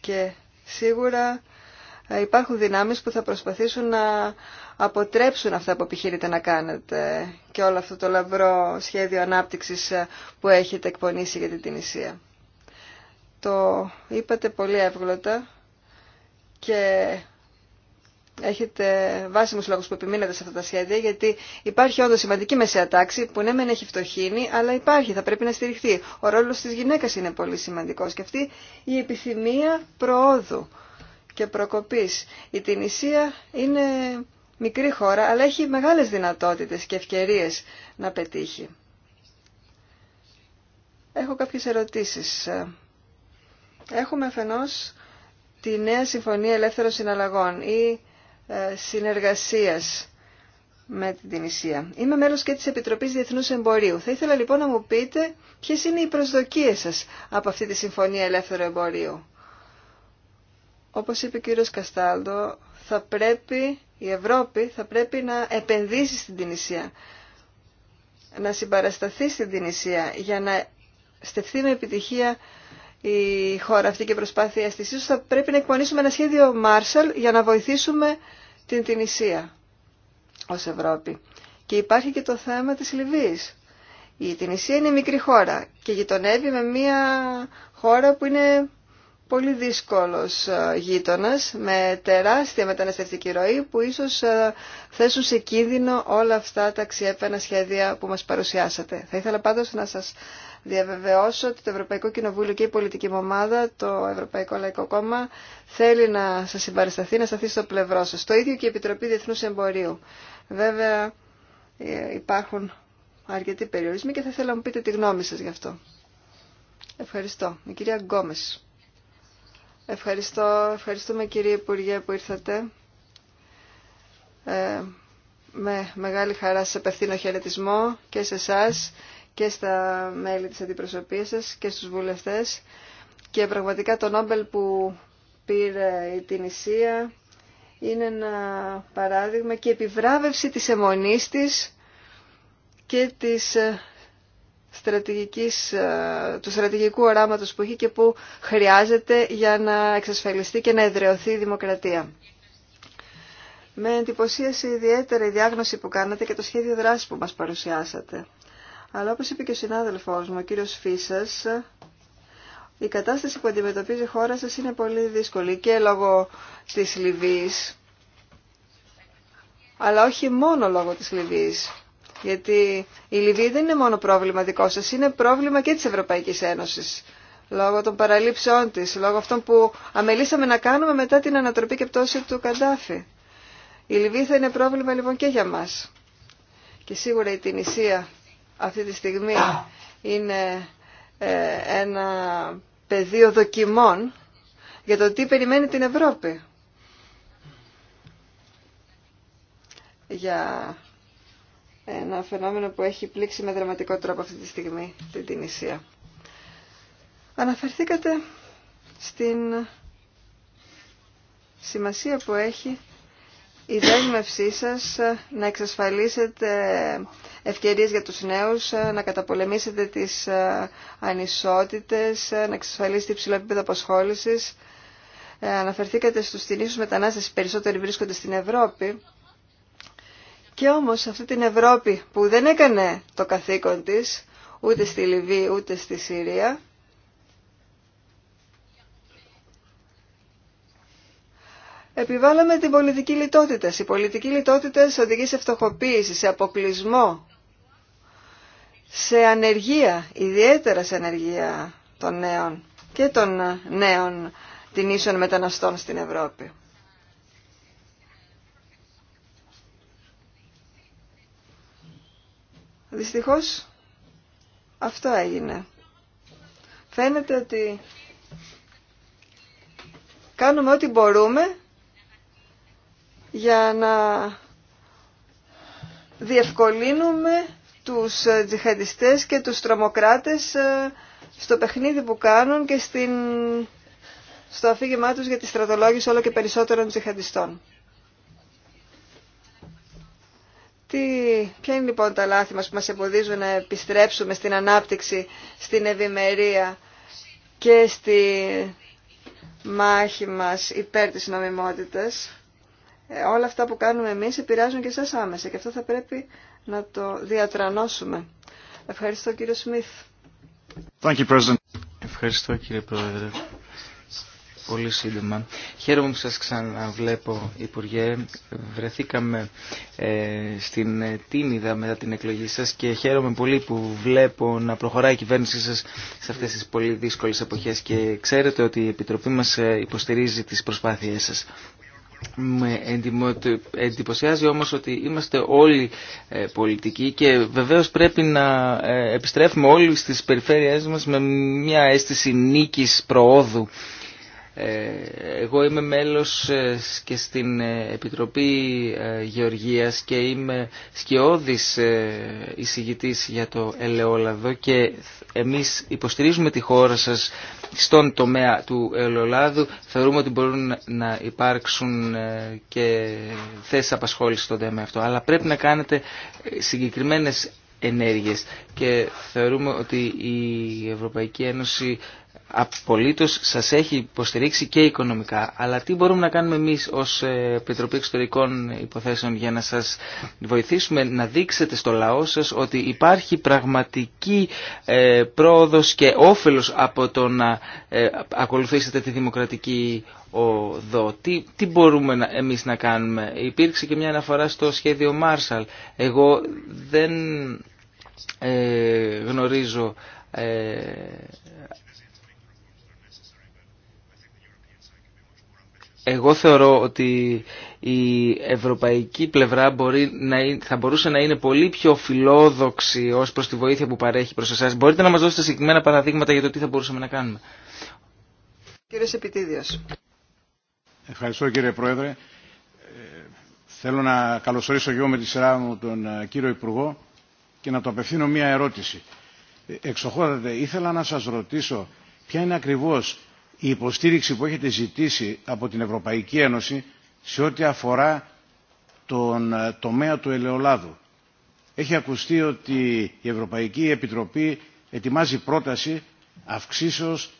S2: Και σίγουρα ε, υπάρχουν δυνάμεις που θα προσπαθήσουν να αποτρέψουν αυτά που επιχειρείτε να κάνετε και όλο αυτό το λαμπρό σχέδιο ανάπτυξης που έχετε εκπονήσει για την Τινησία. Το είπατε πολύ εύγλωτα και έχετε βάσιμους λόγους που επιμείνετε σε αυτά τα σχέδια γιατί υπάρχει όντως σημαντική μεσαία τάξη που ναι μεν έχει φτωχύνει αλλά υπάρχει, θα πρέπει να στηριχθεί. Ο ρόλος της γυναίκας είναι πολύ σημαντικός και αυτή η επιθυμία προόδου και προκοπής. Η Τινησία είναι μικρή χώρα, αλλά έχει μεγάλες δυνατότητες και ευκαιρίες να πετύχει. Έχω κάποιες ερωτήσεις. Έχουμε αφενός τη νέα Συμφωνία Ελεύθερων Συναλλαγών ή ε, συνεργασίας με την Τινησία. Είμαι μέλος και της Επιτροπής Διεθνούς Εμπορίου. Θα ήθελα λοιπόν να μου πείτε ποιες είναι οι προσδοκίες σας από αυτή τη Συμφωνία Ελεύθερου Εμπορίου. Όπως είπε ο κύριος Καστάλτο, θα πρέπει η Ευρώπη θα πρέπει να επενδύσει στην Τινησία, να συμπαρασταθεί στην Τινησία για να στεφθεί με επιτυχία η χώρα αυτή και προσπάθεια της. Ίσως θα πρέπει να εκπονήσουμε ένα σχέδιο Marshall για να βοηθήσουμε την Τινησία ως Ευρώπη. Και υπάρχει και το θέμα της Λιβύης. Η Τινησία είναι μικρή χώρα και γειτονεύει με μια χώρα που είναι πολύ δύσκολος ε, γείτονας με τεράστια μεταναστευτική ροή που ίσως ε, θέσουν σε κίνδυνο όλα αυτά τα αξιέπαινα σχέδια που μας παρουσιάσατε. Θα ήθελα πάντως να σας διαβεβαιώσω ότι το Ευρωπαϊκό Κοινοβούλιο και η πολιτική μου ομάδα, το Ευρωπαϊκό Λαϊκό Κόμμα, θέλει να σας συμπαρισταθεί, να σταθεί στο πλευρό σας. Το ίδιο και η Επιτροπή Διεθνούς Εμπορίου. Βέβαια ε, υπάρχουν αρκετοί περιορισμοί και θα ήθελα να μου πείτε τη γνώμη σας γι' αυτό. Ευχαριστώ. Η κυρία Γκόμες. Ευχαριστώ. Ευχαριστούμε κύριε Υπουργέ που ήρθατε. Ε, με μεγάλη χαρά σε απευθύνω χαιρετισμό και σε εσά και στα μέλη της αντιπροσωπείας σας και στους βουλευτές. Και πραγματικά το Νόμπελ που πήρε η Τινησία είναι ένα παράδειγμα και επιβράβευση της αιμονής της και της ε, στρατηγικής, ε, του στρατηγικού οράματος που έχει και που χρειάζεται για να εξασφαλιστεί και να εδραιωθεί η δημοκρατία. Με εντυπωσίασε ιδιαίτερα η διάγνωση που κάνατε και το σχέδιο δράση που μας παρουσιάσατε. Αλλά όπως είπε και ο συνάδελφός μου, ο κύριος Φίσας, η κατάσταση που αντιμετωπίζει η χώρα σας είναι πολύ δύσκολη και λόγω της Λιβύης, αλλά όχι μόνο λόγω της Λιβύης. Γιατί η Λιβύη δεν είναι μόνο πρόβλημα δικό σα, είναι πρόβλημα και της Ευρωπαϊκής Ένωσης. Λόγω των παραλήψεών τη, λόγω αυτών που αμελήσαμε να κάνουμε μετά την ανατροπή και πτώση του Καντάφη. Η Λιβύη θα είναι πρόβλημα λοιπόν και για μας. Και σίγουρα η Τινησία αυτή τη στιγμή είναι ε, ένα πεδίο δοκιμών για το τι περιμένει την Ευρώπη. Για ένα φαινόμενο που έχει πλήξει με δραματικό τρόπο αυτή τη στιγμή την Τινησία. Αναφερθήκατε στην σημασία που έχει η δέσμευσή σας να εξασφαλίσετε ευκαιρίες για τους νέους, να καταπολεμήσετε τις ανισότητες, να εξασφαλίσετε υψηλό επίπεδο απασχόλησης. Ε, αναφερθήκατε στους τινήσους μετανάστες, οι περισσότεροι βρίσκονται στην Ευρώπη και όμως αυτή την Ευρώπη που δεν έκανε το καθήκον της, ούτε στη Λιβύη ούτε στη Συρία, επιβάλαμε την πολιτική λιτότητα. Η πολιτική λιτότητα οδηγεί σε φτωχοποίηση, σε αποκλεισμό, σε ανεργία, ιδιαίτερα σε ανεργία των νέων και των νέων την ίσων μεταναστών στην Ευρώπη. Δυστυχώς αυτό έγινε. Φαίνεται ότι κάνουμε ό,τι μπορούμε για να διευκολύνουμε τους τζιχαντιστές και τους τρομοκράτες ε, στο παιχνίδι που κάνουν και στην... στο αφήγημά τους για τη στρατολόγηση όλο και περισσότερων τζιχαντιστών. Τι, ποια είναι λοιπόν τα λάθη μας που μας εμποδίζουν να επιστρέψουμε στην ανάπτυξη, στην ευημερία και στη μάχη μας υπέρ της νομιμότητας. Ε, όλα αυτά που κάνουμε εμείς επηρεάζουν και εσάς άμεσα και αυτό θα πρέπει να το διατρανώσουμε. Ευχαριστώ κύριο Σμιθ.
S7: Ευχαριστώ κύριε Πρόεδρε πολύ σύντομα. Χαίρομαι που σας ξαναβλέπω, Υπουργέ. Βρεθήκαμε ε, στην ε, Τίνιδα μετά την εκλογή σας και χαίρομαι πολύ που βλέπω να προχωράει η κυβέρνησή σας σε αυτές τις πολύ δύσκολες εποχές και ξέρετε ότι η Επιτροπή μας ε, υποστηρίζει τις προσπάθειές σας. Με εντυπωσιάζει όμως ότι είμαστε όλοι πολιτικοί και βεβαίως πρέπει να επιστρέφουμε όλοι στις περιφέρειές μας με μια αίσθηση νίκης προόδου ε, εγώ είμαι μέλος ε, και στην ε, Επιτροπή Γεωργίας και είμαι σκιώδης εισηγητής για το ελαιόλαδο και εμείς υποστηρίζουμε τη χώρα σας στον τομέα του ελαιολάδου. Θεωρούμε ότι μπορούν να υπάρξουν και θέσεις απασχόλησης στον τομέα αυτό. Αλλά πρέπει να κάνετε συγκεκριμένες ενέργειες και θεωρούμε ότι η Ευρωπαϊκή Ένωση Απολύτως σας έχει υποστηρίξει και οικονομικά. Αλλά τι μπορούμε να κάνουμε εμείς ως ε, Επιτροπή Εξωτερικών Υποθέσεων για να σας βοηθήσουμε να δείξετε στο λαό σας ότι υπάρχει πραγματική ε, πρόοδος και όφελος από το να ε, ακολουθήσετε τη δημοκρατική οδό. Τι, τι μπορούμε να, εμείς να κάνουμε. Υπήρξε και μια αναφορά στο σχέδιο Μάρσαλ. Εγώ δεν ε, γνωρίζω Εγώ θεωρώ ότι η ευρωπαϊκή πλευρά μπορεί να, θα μπορούσε να είναι πολύ πιο φιλόδοξη ως προς τη βοήθεια που παρέχει προς εσάς. Μπορείτε να μας δώσετε συγκεκριμένα παραδείγματα για το τι θα μπορούσαμε να κάνουμε.
S2: Κύριε Σεπιτίδιος.
S6: Ευχαριστώ κύριε Πρόεδρε. Ε, θέλω να καλωσορίσω και εγώ με τη σειρά μου τον ε, κύριο Υπουργό και να του απευθύνω μία ερώτηση. Ε, εξοχότατε, ήθελα να σας ρωτήσω ποια είναι ακριβώς η υποστήριξη που έχετε ζητήσει από την Ευρωπαϊκή Ένωση σε ό,τι αφορά τον ε, τομέα του ελαιολάδου. Έχει ακουστεί ότι η Ευρωπαϊκή Επιτροπή ετοιμάζει πρόταση αυξήσεως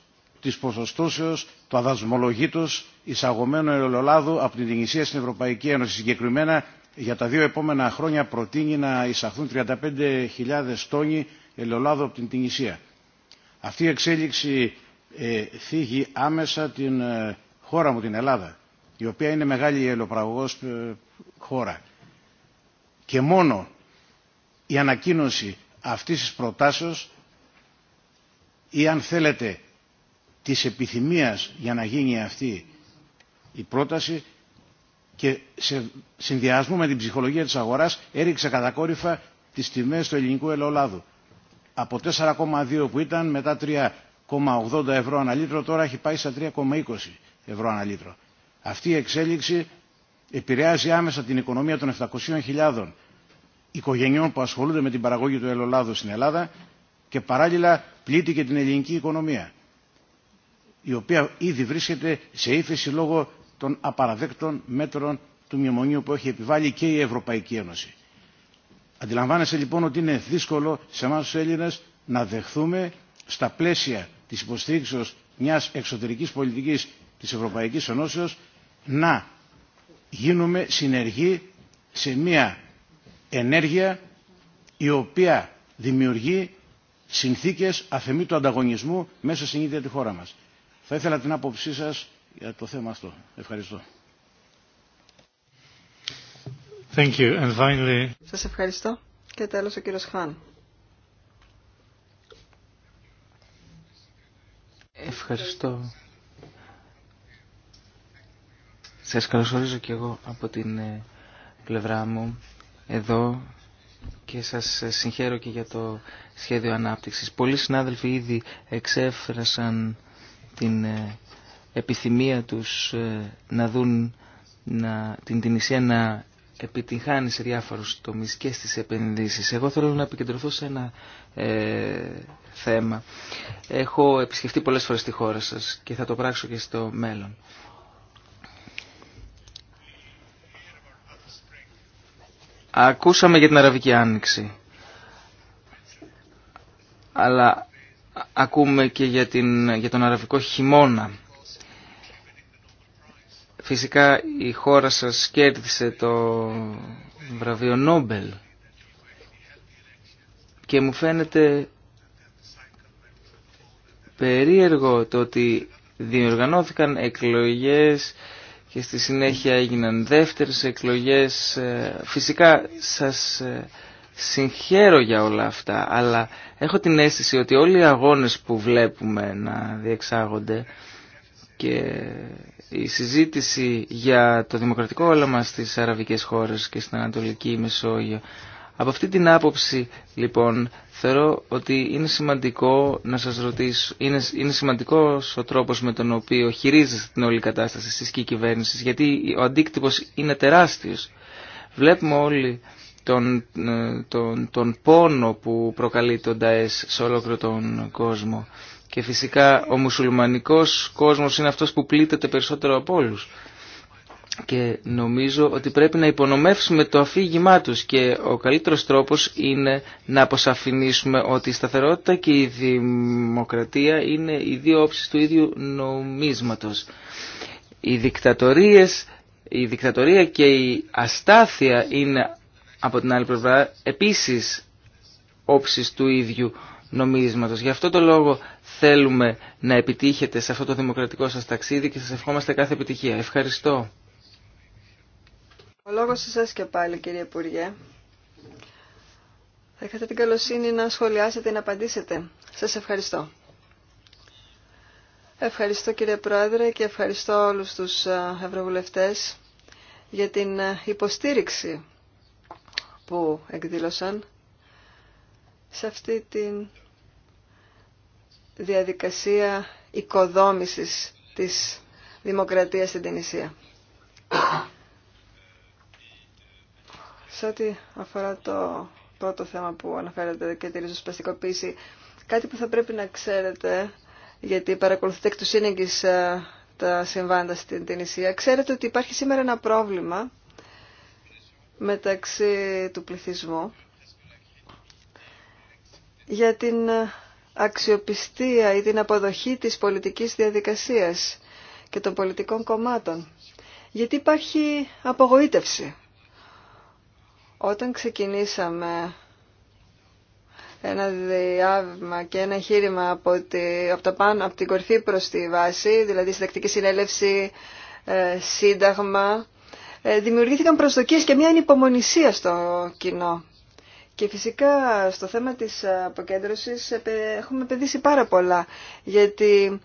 S6: της ποσοστώσεως του αδασμολογήτως εισαγωμένου ελαιολάδου από την Τινησία στην Ευρωπαϊκή Ένωση. Συγκεκριμένα για τα δύο επόμενα χρόνια προτείνει να εισαχθούν 35.000 τόνοι ελαιολάδου από την Τινησία. Αυτή η εξέλιξη ε, θίγει άμεσα την ε, χώρα μου, την Ελλάδα, η οποία είναι μεγάλη ελαιοπραγωγός ε, χώρα. Και μόνο η ανακοίνωση αυτής της προτάσεως ή αν θέλετε της επιθυμίας για να γίνει αυτή η πρόταση και σε συνδυασμό με την ψυχολογία της αγοράς έριξε κατακόρυφα τις τιμές του ελληνικού ελαιολάδου. Από 4,2 που ήταν μετά 3 3,80 ευρώ τώρα έχει πάει στα 3,20 ευρώ ανά Αυτή η εξέλιξη επηρεάζει άμεσα την οικονομία των 700.000 οικογενειών που ασχολούνται με την παραγωγή του ελαιολάδου στην Ελλάδα και παράλληλα πλήττει και την ελληνική οικονομία, η οποία ήδη βρίσκεται σε ύφεση λόγω των απαραδέκτων μέτρων του μνημονίου που έχει επιβάλει και η Ευρωπαϊκή Ένωση. Αντιλαμβάνεσαι λοιπόν ότι είναι δύσκολο σε εμά του Έλληνε να δεχθούμε στα πλαίσια της υποστήριξης μιας εξωτερικής πολιτικής της Ευρωπαϊκής Ενώσεως να γίνουμε συνεργοί σε μια ενέργεια η οποία δημιουργεί συνθήκες αφαιμή του ανταγωνισμού μέσα στην ίδια τη χώρα μας. Θα ήθελα την άποψή σας για το θέμα αυτό. Ευχαριστώ.
S1: Thank you.
S7: And
S2: Σας ευχαριστώ. Και τέλος ο κύριος Χάν.
S7: Ευχαριστώ. Σας καλωσορίζω και εγώ από την ε, πλευρά μου εδώ και σας ε, συγχαίρω και για το σχέδιο ανάπτυξης. Πολλοί συνάδελφοι ήδη εξέφρασαν την ε, επιθυμία τους να δουν να, την Τινησία να επιτυγχάνει σε διάφορους τομείς και στις επενδύσεις. Εγώ θέλω να επικεντρωθώ σε ένα ε, θέμα. Έχω επισκεφτεί πολλές φορές τη χώρα σας και θα το πράξω και στο μέλλον. Ακούσαμε για την Αραβική Άνοιξη. Αλλά ακούμε και για, την, για τον Αραβικό χειμώνα Φυσικά η χώρα σας κέρδισε το βραβείο Νόμπελ και μου φαίνεται περίεργο το ότι διοργανώθηκαν εκλογές και στη συνέχεια έγιναν δεύτερες εκλογές. Ε, φυσικά σας ε, συγχαίρω για όλα αυτά, αλλά έχω την αίσθηση ότι όλοι οι αγώνες που βλέπουμε να διεξάγονται και η συζήτηση για το δημοκρατικό όλαμα στις αραβικές χώρες και στην Ανατολική Μεσόγειο. Από αυτή την άποψη, λοιπόν, θεωρώ ότι είναι σημαντικό να σας ρωτήσω, είναι, είναι σημαντικός ο τρόπος με τον οποίο χειρίζεστε την όλη κατάσταση στις και κυβέρνηση, γιατί ο αντίκτυπος είναι τεράστιος. Βλέπουμε όλοι τον, ε, τον, τον πόνο που προκαλεί τον ΤΑΕΣ σε ολόκληρο τον κόσμο. Και φυσικά ο μουσουλμανικός κόσμος είναι αυτός που πλήττεται περισσότερο από όλους. Και νομίζω ότι πρέπει να υπονομεύσουμε το αφήγημά τους και ο καλύτερος τρόπος είναι να αποσαφηνίσουμε ότι η σταθερότητα και η δημοκρατία είναι οι δύο όψεις του ίδιου νομίσματος. Οι δικτατορίες, η δικτατορία και η αστάθεια είναι από την άλλη πλευρά επίσης όψεις του ίδιου νομίσματος. Γι' αυτό το λόγο θέλουμε να επιτύχετε σε αυτό το δημοκρατικό σας ταξίδι και σας ευχόμαστε κάθε επιτυχία. Ευχαριστώ.
S2: Ο λόγος σας και πάλι κύριε Υπουργέ. Θα είχατε την καλοσύνη να σχολιάσετε ή να απαντήσετε. Σας ευχαριστώ. Ευχαριστώ κύριε Πρόεδρε και ευχαριστώ όλους τους ευρωβουλευτές για την υποστήριξη που εκδήλωσαν σε αυτή την διαδικασία οικοδόμησης της δημοκρατίας στην Τινησία. Σε ό,τι αφορά το πρώτο θέμα που αναφέρατε και τη ριζοσπαστικοποίηση, κάτι που θα πρέπει να ξέρετε, γιατί παρακολουθείτε εκ του ε, τα συμβάντα στην Τινησία, ξέρετε ότι υπάρχει σήμερα ένα πρόβλημα μεταξύ του πληθυσμού για την ε, αξιοπιστία ή την αποδοχή της πολιτικής διαδικασίας και των πολιτικών κομμάτων. Γιατί υπάρχει απογοήτευση. Όταν ξεκινήσαμε ένα διάβημα και ένα χείρημα από, από, τα πάνω, από την κορφή προς τη βάση, δηλαδή συντακτική συνέλευση, ε, σύνταγμα, ε, δημιουργήθηκαν προσδοκίες και μια ανυπομονησία στο κοινό. Και φυσικά στο θέμα της αποκέντρωσης έχουμε παιδίσει πάρα πολλά, γιατί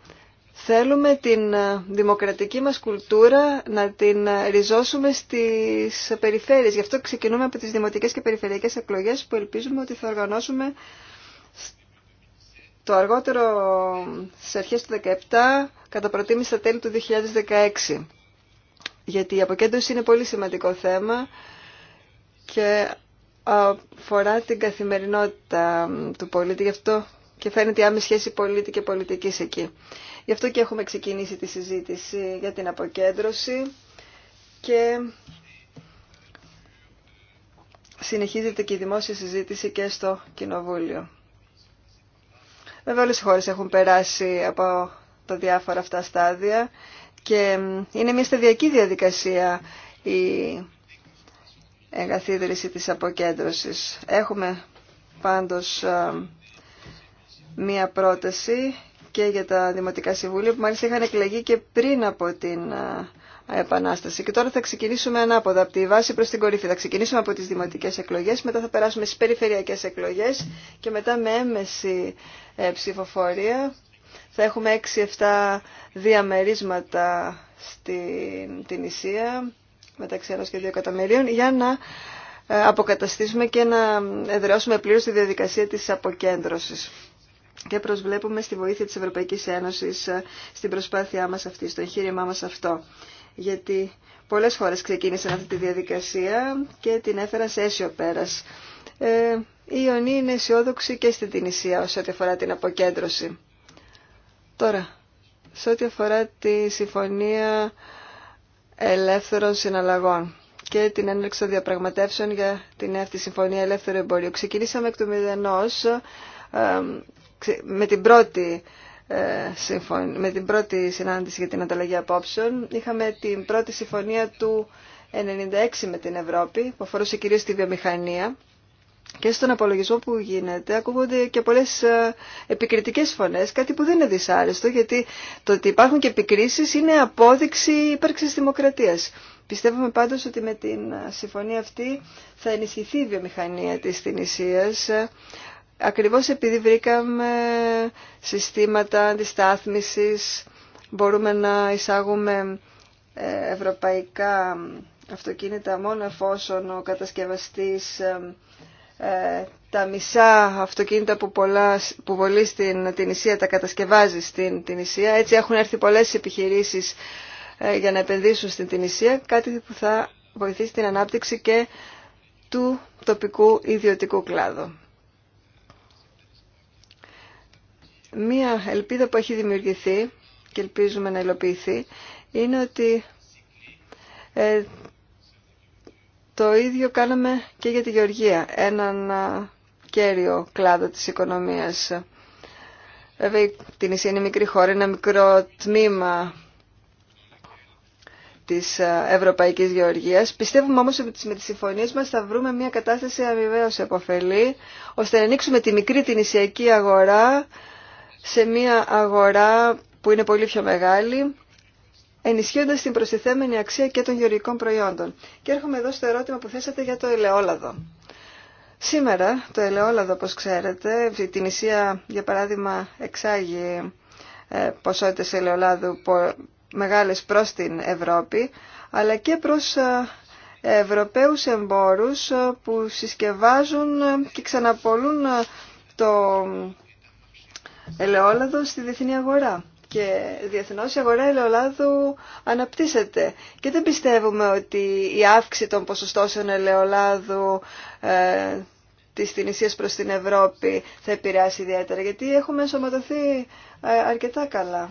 S2: θέλουμε την δημοκρατική μας κουλτούρα να την ριζώσουμε στις περιφέρειες. Γι' αυτό ξεκινούμε από τις δημοτικές και περιφερειακές εκλογές που ελπίζουμε ότι θα οργανώσουμε το αργότερο στις αρχές του 2017, κατά προτίμηση στα τέλη του 2016. Γιατί η αποκέντρωση είναι πολύ σημαντικό θέμα και αφορά την καθημερινότητα του πολίτη, γι' αυτό και φαίνεται η άμεση σχέση πολίτη και πολιτική εκεί. Γι' αυτό και έχουμε ξεκινήσει τη συζήτηση για την αποκέντρωση και συνεχίζεται και η δημόσια συζήτηση και στο Κοινοβούλιο. Βέβαια όλες οι χώρες έχουν περάσει από τα διάφορα αυτά στάδια και είναι μια σταδιακή διαδικασία εγκαθίδρυση της αποκέντρωσης. Έχουμε πάντως μία πρόταση και για τα Δημοτικά Συμβούλια που μάλιστα είχαν εκλεγεί και πριν από την Επανάσταση. Και τώρα θα ξεκινήσουμε ανάποδα, από τη βάση προς την κορύφη. Θα ξεκινήσουμε από τις δημοτικές εκλογές, μετά θα περάσουμε στις περιφερειακές εκλογές και μετά με έμεση ε, ψηφοφορία θα έχουμε 6-7 διαμερίσματα στην Ισία μεταξύ ενός και δύο εκατομμυρίων για να ε, αποκαταστήσουμε και να εδραιώσουμε πλήρως τη διαδικασία της αποκέντρωσης. Και προσβλέπουμε στη βοήθεια της Ευρωπαϊκής Ένωσης ε, στην προσπάθειά μας αυτή, στο εγχείρημά μας αυτό. Γιατί πολλές χώρες ξεκίνησαν αυτή τη διαδικασία και την έφεραν σε αίσιο πέρας. Ε, η Ιωνή είναι αισιόδοξη και στην Τινησία όσο αφορά την αποκέντρωση. Τώρα, σε ό,τι αφορά τη συμφωνία ελεύθερων συναλλαγών και την έναρξη των διαπραγματεύσεων για την αυτή συμφωνία ελεύθερου εμπορίου. Ξεκινήσαμε εκ του μηδενός με την πρώτη ε, με την πρώτη συνάντηση για την ανταλλαγή απόψεων. Είχαμε την πρώτη συμφωνία του 1996 με την Ευρώπη, που αφορούσε κυρίως τη βιομηχανία και στον απολογισμό που γίνεται ακούγονται και πολλές ε, επικριτικές φωνές, κάτι που δεν είναι δυσάρεστο γιατί το ότι υπάρχουν και επικρίσεις είναι απόδειξη ύπαρξης δημοκρατίας. Πιστεύουμε πάντως ότι με την ε, συμφωνία αυτή θα ενισχυθεί η βιομηχανία της Τινησίας ε, ακριβώς επειδή βρήκαμε συστήματα αντιστάθμισης, μπορούμε να εισάγουμε ευρωπαϊκά αυτοκίνητα μόνο εφόσον ο κατασκευαστής ε, τα μισά αυτοκίνητα που, πολλά, που στην την Ισία τα κατασκευάζει στην την Ισία. Έτσι έχουν έρθει πολλές επιχειρήσεις ε, για να επενδύσουν στην την Ισία, κάτι που θα βοηθήσει την ανάπτυξη και του τοπικού ιδιωτικού κλάδου. Μία ελπίδα που έχει δημιουργηθεί και ελπίζουμε να υλοποιηθεί είναι ότι ε, το ίδιο κάναμε και για τη Γεωργία, έναν κέριο κλάδο της οικονομίας. Βέβαια, την Ισία είναι μικρή χώρα, ένα μικρό τμήμα της Ευρωπαϊκής Γεωργίας. Πιστεύουμε όμως ότι με τις συμφωνίες μας θα βρούμε μια κατάσταση αμοιβαίως επωφελή, ώστε να ανοίξουμε τη μικρή την Ισιακή αγορά σε μια αγορά που είναι πολύ πιο μεγάλη ενισχύοντας την προστιθέμενη αξία και των γεωργικών προϊόντων. Και έρχομαι εδώ στο ερώτημα που θέσατε για το ελαιόλαδο. Σήμερα το ελαιόλαδο, όπως ξέρετε, την νησία για παράδειγμα εξάγει ε, ποσότητες ελαιολάδου μεγάλες προς την Ευρώπη, αλλά και προς ε, Ευρωπαίους εμπόρους ε, που συσκευάζουν και ξαναπολούν το ελαιόλαδο στη διεθνή αγορά. Και διεθνώς η αγορά ελαιολάδου αναπτύσσεται. Και δεν πιστεύουμε ότι η αύξηση των ποσοστώσεων ελαιολάδου ε, της Τινησίας προς την Ευρώπη θα επηρεάσει ιδιαίτερα, γιατί έχουμε ενσωματωθεί ε, αρκετά καλά.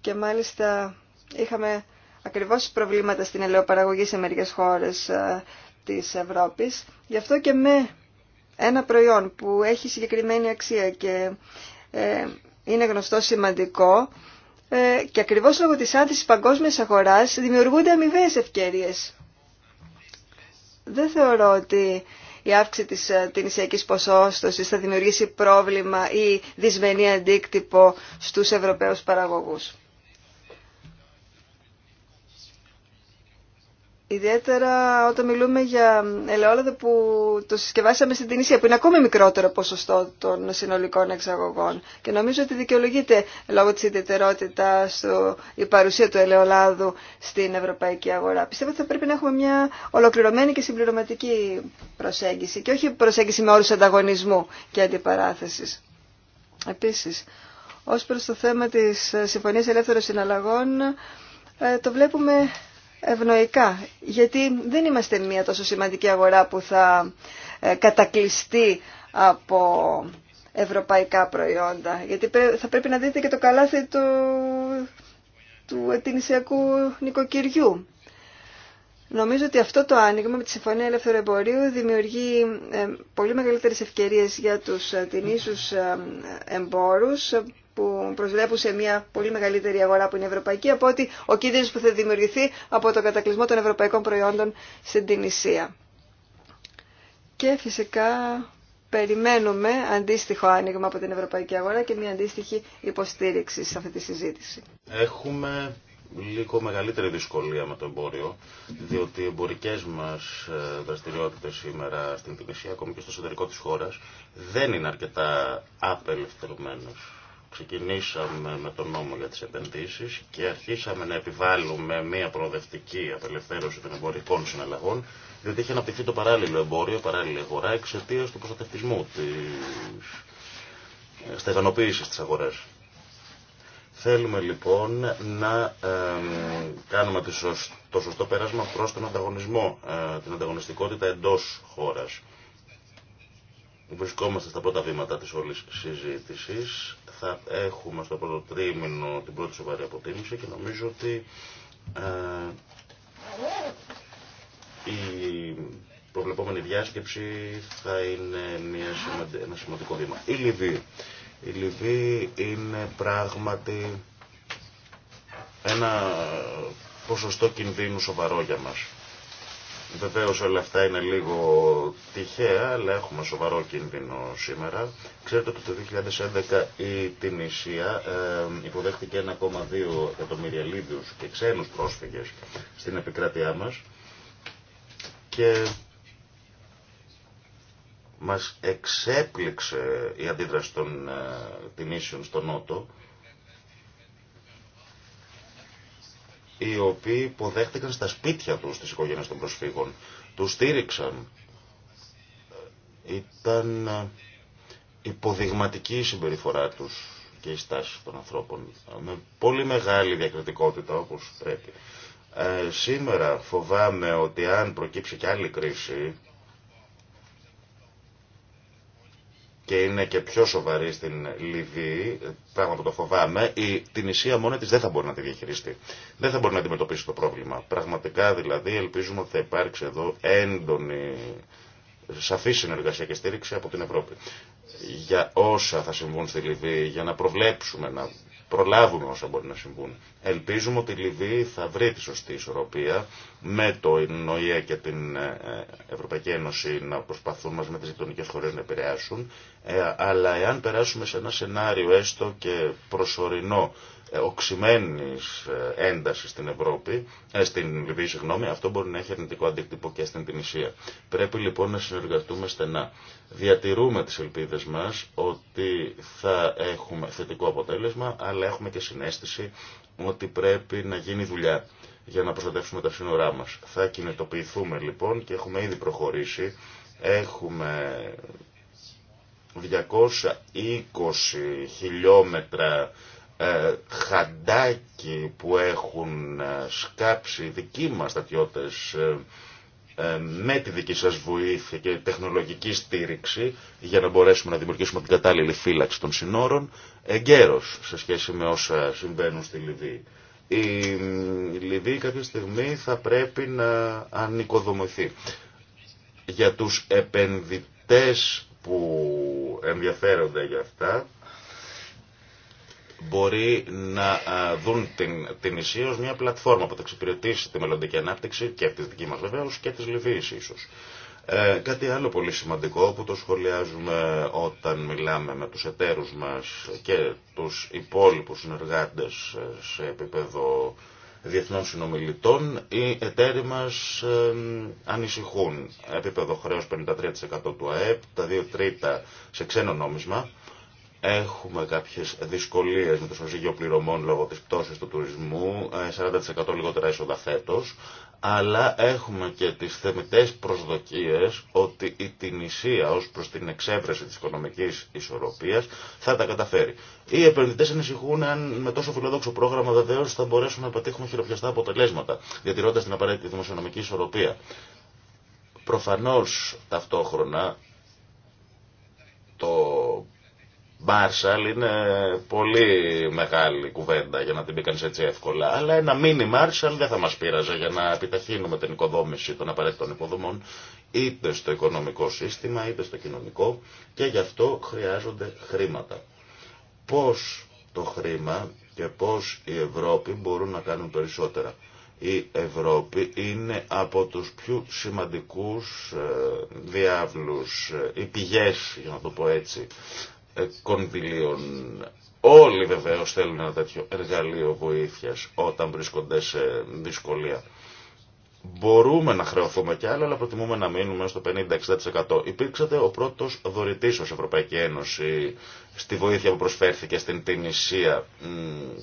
S2: Και μάλιστα είχαμε ακριβώς προβλήματα στην ελαιοπαραγωγή σε μερικές χώρες ε, της Ευρώπης. Γι' αυτό και με ένα προϊόν που έχει συγκεκριμένη αξία και ε, είναι γνωστό σημαντικό ε, και ακριβώς λόγω της άνθησης παγκόσμιας αγοράς δημιουργούνται αμοιβέ ευκαιρίες. Δεν θεωρώ ότι η αύξηση της ε, τινησιακής ποσόστοσης θα δημιουργήσει πρόβλημα ή δυσμενή αντίκτυπο στους Ευρωπαίους παραγωγούς. Ιδιαίτερα όταν μιλούμε για ελαιόλαδο που το συσκευάσαμε στην Τινησία, που είναι ακόμη μικρότερο ποσοστό των συνολικών εξαγωγών. Και νομίζω ότι δικαιολογείται λόγω της ιδιαιτερότητας η παρουσία του ελαιολάδου στην ευρωπαϊκή αγορά. Πιστεύω ότι θα πρέπει να έχουμε μια ολοκληρωμένη και συμπληρωματική προσέγγιση και όχι προσέγγιση με όρους ανταγωνισμού και αντιπαράθεσης. Επίσης, ως προς το θέμα της Συμφωνίας Ελεύθερων Συναλλαγών, ε, το βλέπουμε ευνοϊκά, γιατί δεν είμαστε μια τόσο σημαντική αγορά που θα ε, κατακλειστεί από ευρωπαϊκά προϊόντα, γιατί θα πρέπει να δείτε και το καλάθι του, του ετηνισιακού νοικοκυριού. Νομίζω ότι αυτό το άνοιγμα με τη Συμφωνία Ελεύθερου Εμπορίου δημιουργεί ε, πολύ μεγαλύτερες ευκαιρίες για τους ε, τινήσους εμπόρους που προσβλέπουν σε μια πολύ μεγαλύτερη αγορά που είναι η ευρωπαϊκή από ότι ο κίνδυνος που θα δημιουργηθεί από τον κατακλυσμό των ευρωπαϊκών προϊόντων στην Τινησία. Και φυσικά περιμένουμε αντίστοιχο άνοιγμα από την ευρωπαϊκή αγορά και μια αντίστοιχη υποστήριξη σε αυτή τη συζήτηση.
S3: Έχουμε λίγο μεγαλύτερη δυσκολία με το εμπόριο, διότι οι εμπορικέ μα ε, δραστηριότητε σήμερα στην Τινησία, ακόμη και στο εσωτερικό τη χώρα, δεν είναι αρκετά απελευθερωμένε. Ξεκινήσαμε με τον νόμο για τις επενδύσεις και αρχίσαμε να επιβάλλουμε μια προοδευτική απελευθέρωση των εμπορικών συναλλαγών, διότι είχε αναπτυχθεί το παράλληλο εμπόριο, παράλληλη αγορά, εξαιτία του προστατευτισμού της ε, στεγανοποίησης της αγοράς. Θέλουμε λοιπόν να κάνουμε το σωστό πέρασμα προς τον ανταγωνισμό, ε, την ανταγωνιστικότητα εντός χώρας. Βρισκόμαστε στα πρώτα βήματα της όλης συζήτησης θα έχουμε στο πρώτο τρίμηνο την πρώτη σοβαρή αποτίμηση και νομίζω ότι ε, η προβλεπόμενη διάσκεψη θα είναι μια σημαντι... ένα σημαντικό βήμα. Η Λιβύη. Η Λιβύη είναι πράγματι ένα ποσοστό κινδύνου σοβαρό για μας. Βεβαίω όλα αυτά είναι λίγο τυχαία, αλλά έχουμε σοβαρό κίνδυνο σήμερα. Ξέρετε ότι το 2011 η Τινησία υποδέχτηκε 1,2 εκατομμύρια Λίβιους και ξένους πρόσφυγες στην επικράτειά μας και μας εξέπληξε η αντίδραση των ε, Τινήσεων στον Νότο οι οποίοι υποδέχτηκαν στα σπίτια τους τις οικογένειες των προσφύγων. Τους στήριξαν. Ήταν ε, υποδειγματική η συμπεριφορά τους και η στάση των ανθρώπων. Με πολύ μεγάλη διακριτικότητα όπως πρέπει. Ε, σήμερα φοβάμαι ότι αν προκύψει και άλλη κρίση και είναι και πιο σοβαρή στην Λιβύη, πράγμα που το φοβάμαι, η, την μόνη τη δεν θα μπορεί να τη διαχειριστεί. Δεν θα μπορεί να αντιμετωπίσει το πρόβλημα. Πραγματικά δηλαδή ελπίζουμε ότι θα υπάρξει εδώ έντονη σαφή συνεργασία και στήριξη από την Ευρώπη. Για όσα θα συμβούν στη Λιβύη, για να προβλέψουμε, να προλάβουμε όσα μπορεί να συμβούν. Ελπίζουμε ότι η Λιβύη θα βρει τη σωστή ισορροπία με το ΙΝΟΙΕ και την ε, Ευρωπαϊκή Ένωση να προσπαθούν μας με τις γειτονικές χώρες να επηρεάσουν. Ε, αλλά εάν περάσουμε σε ένα σενάριο έστω και προσωρινό οξυμένης ε, έντασης στην Ευρώπη, ε, στην Λιβύη, συγγνώμη, αυτό μπορεί να έχει αρνητικό αντίκτυπο και στην Τινησία. Πρέπει λοιπόν να συνεργαστούμε στενά. Διατηρούμε τις ελπίδες μας ότι θα έχουμε θετικό αποτέλεσμα, αλλά έχουμε και συνέστηση ότι πρέπει να γίνει δουλειά για να προστατεύσουμε τα σύνορά μας. Θα κινητοποιηθούμε λοιπόν και έχουμε ήδη προχωρήσει. Έχουμε 220 χιλιόμετρα ε, χαντάκι που έχουν ε, σκάψει δικοί μας στρατιώτες ε, με τη δική σας βοήθεια και τεχνολογική στήριξη για να μπορέσουμε να δημιουργήσουμε την κατάλληλη φύλαξη των συνόρων εγκαίρως σε σχέση με όσα συμβαίνουν στη Λιβύη. Η Λιβύη κάποια στιγμή θα πρέπει να ανοικοδομηθεί. Για τους επενδυτές που ενδιαφέρονται για αυτά μπορεί να δουν την, την Ισία ως μια πλατφόρμα που θα εξυπηρετήσει τη μελλοντική ανάπτυξη και τη δική μας βεβαίως και της Λιβύης ίσως. Ε, κάτι άλλο πολύ σημαντικό που το σχολιάζουμε όταν μιλάμε με τους εταίρους μας και τους υπόλοιπους συνεργάτες ε, σε επίπεδο διεθνών συνομιλητών, οι εταίροι μας ε, ανησυχούν. Επίπεδο χρέος 53% του ΑΕΠ, τα 2 τρίτα σε ξένο νόμισμα Έχουμε κάποιε δυσκολίε με το σωσίγιο πληρωμών λόγω τη πτώση του τουρισμού, 40% ε, λιγότερα έσοδα φέτο, αλλά έχουμε και τι θεμητέ προσδοκίε ότι η Τινησία ω προ την εξέβρεση τη οικονομική ισορροπία θα τα καταφέρει. Οι επενδυτέ ανησυχούν αν με τόσο φιλόδοξο πρόγραμμα βεβαίω θα μπορέσουμε να πετύχουν χειροπιαστά αποτελέσματα, διατηρώντα την απαραίτητη δημοσιονομική ισορροπία. Προφανώ ταυτόχρονα το Μάρσαλ είναι πολύ μεγάλη κουβέντα για να την πει κανείς έτσι εύκολα, αλλά ένα μίνι Μάρσαλ δεν θα μας πείραζε για να επιταχύνουμε την οικοδόμηση των απαραίτητων υποδομών είτε στο οικονομικό σύστημα είτε στο κοινωνικό και γι' αυτό χρειάζονται χρήματα. Πώς το χρήμα και πώς η Ευρώπη μπορούν να κάνουν περισσότερα. Η Ευρώπη είναι από τους πιο σημαντικούς ε, διάβλους ε, οι πηγές, για να το πω έτσι, ε, κονδυλίων. Όλοι βεβαίω θέλουν ένα τέτοιο εργαλείο βοήθεια όταν βρίσκονται σε δυσκολία. Μπορούμε να χρεωθούμε κι άλλα, αλλά προτιμούμε να μείνουμε στο 50-60%. Υπήρξατε ο πρώτο δωρητή ω Ευρωπαϊκή Ένωση στη βοήθεια που προσφέρθηκε στην Τινησία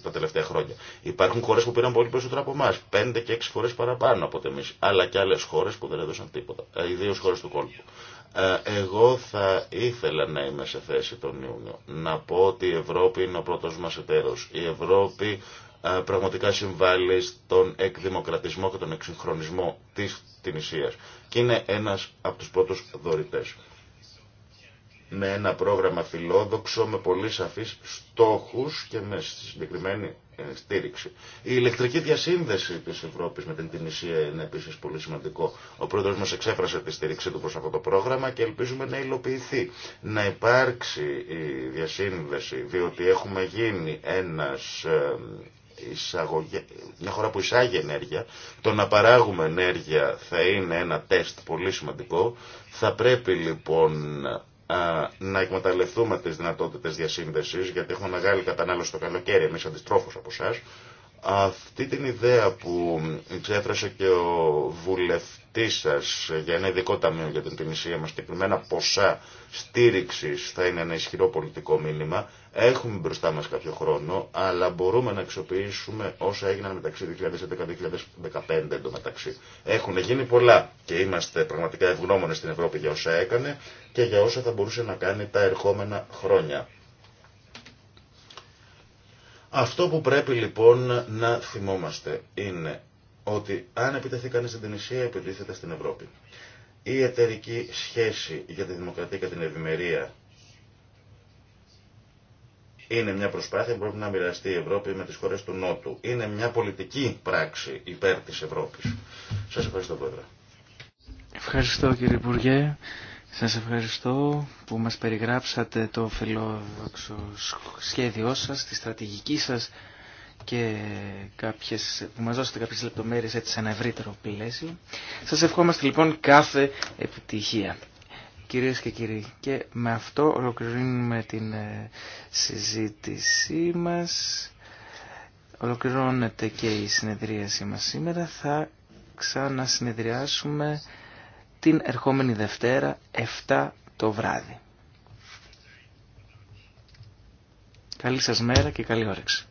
S3: τα τελευταία χρόνια. Υπάρχουν χώρε που πήραν πολύ περισσότερο από εμά, 5 και 6 φορέ παραπάνω από εμεί, αλλά και άλλε χώρε που δεν έδωσαν τίποτα, ε, ιδίω χώρε του κόλπου. Ε, εγώ θα ήθελα να είμαι σε θέση τον Ιούνιο. Να πω ότι η Ευρώπη είναι ο πρώτος μας εταίρος. Η Ευρώπη ε, πραγματικά συμβάλλει στον εκδημοκρατισμό και τον εξυγχρονισμό της Τινησίας. Και είναι ένας από τους πρώτους δωρητές. Με ένα πρόγραμμα φιλόδοξο, με πολύ σαφείς στόχους και με συγκεκριμένη ε, στήριξη. Η ηλεκτρική διασύνδεση τη Ευρώπη με την Τινησία είναι επίση πολύ σημαντικό. Ο πρόεδρο μα εξέφρασε τη στήριξή του προ αυτό το πρόγραμμα και ελπίζουμε να υλοποιηθεί. Να υπάρξει η διασύνδεση, διότι έχουμε γίνει ένα ε, Εισαγωγε... μια χώρα που εισάγει ενέργεια, το να παράγουμε ενέργεια θα είναι ένα τεστ πολύ σημαντικό. Θα πρέπει λοιπόν να εκμεταλλευτούμε τις δυνατότητες διασύνδεσης, γιατί έχουμε μεγάλη κατανάλωση το καλοκαίρι, εμείς αντιστρόφως από εσά. Αυτή την ιδέα που εξέφρασε και ο βουλευτής σας για ένα ειδικό ταμείο για την Τινησία μας, συγκεκριμένα ποσά στήριξης θα είναι ένα ισχυρό πολιτικό μήνυμα, Έχουμε μπροστά μας κάποιο χρόνο, αλλά μπορούμε να αξιοποιήσουμε όσα έγιναν μεταξύ 2011-2015 εντωμεταξύ. Έχουν γίνει πολλά και είμαστε πραγματικά ευγνώμονες στην Ευρώπη για όσα έκανε και για όσα θα μπορούσε να κάνει τα ερχόμενα χρόνια. Αυτό που πρέπει λοιπόν να θυμόμαστε είναι ότι αν επιτεθεί κανείς στην Τινησία, επιτίθεται στην Ευρώπη. Η εταιρική σχέση για τη δημοκρατία και την ευημερία είναι μια προσπάθεια που πρέπει να μοιραστεί η Ευρώπη με τις χώρες του Νότου. Είναι μια πολιτική πράξη υπέρ της Ευρώπης. Σας ευχαριστώ πρόεδρε.
S7: Ευχαριστώ κύριε Υπουργέ. Σας ευχαριστώ που μας περιγράψατε το φιλόδοξο σχέδιό σας, τη στρατηγική σας και κάποιες, που μας δώσετε κάποιες λεπτομέρειες έτσι σε ένα ευρύτερο πλαίσιο. Σας ευχόμαστε λοιπόν κάθε επιτυχία. Κυρίες και κύριοι, και με αυτό ολοκληρώνουμε την ε, συζήτησή μας. Ολοκληρώνεται και η συνεδρίασή μας σήμερα. Θα ξανασυνεδριάσουμε την ερχόμενη Δευτέρα 7 το βράδυ. Καλή σας μέρα και καλή όρεξη.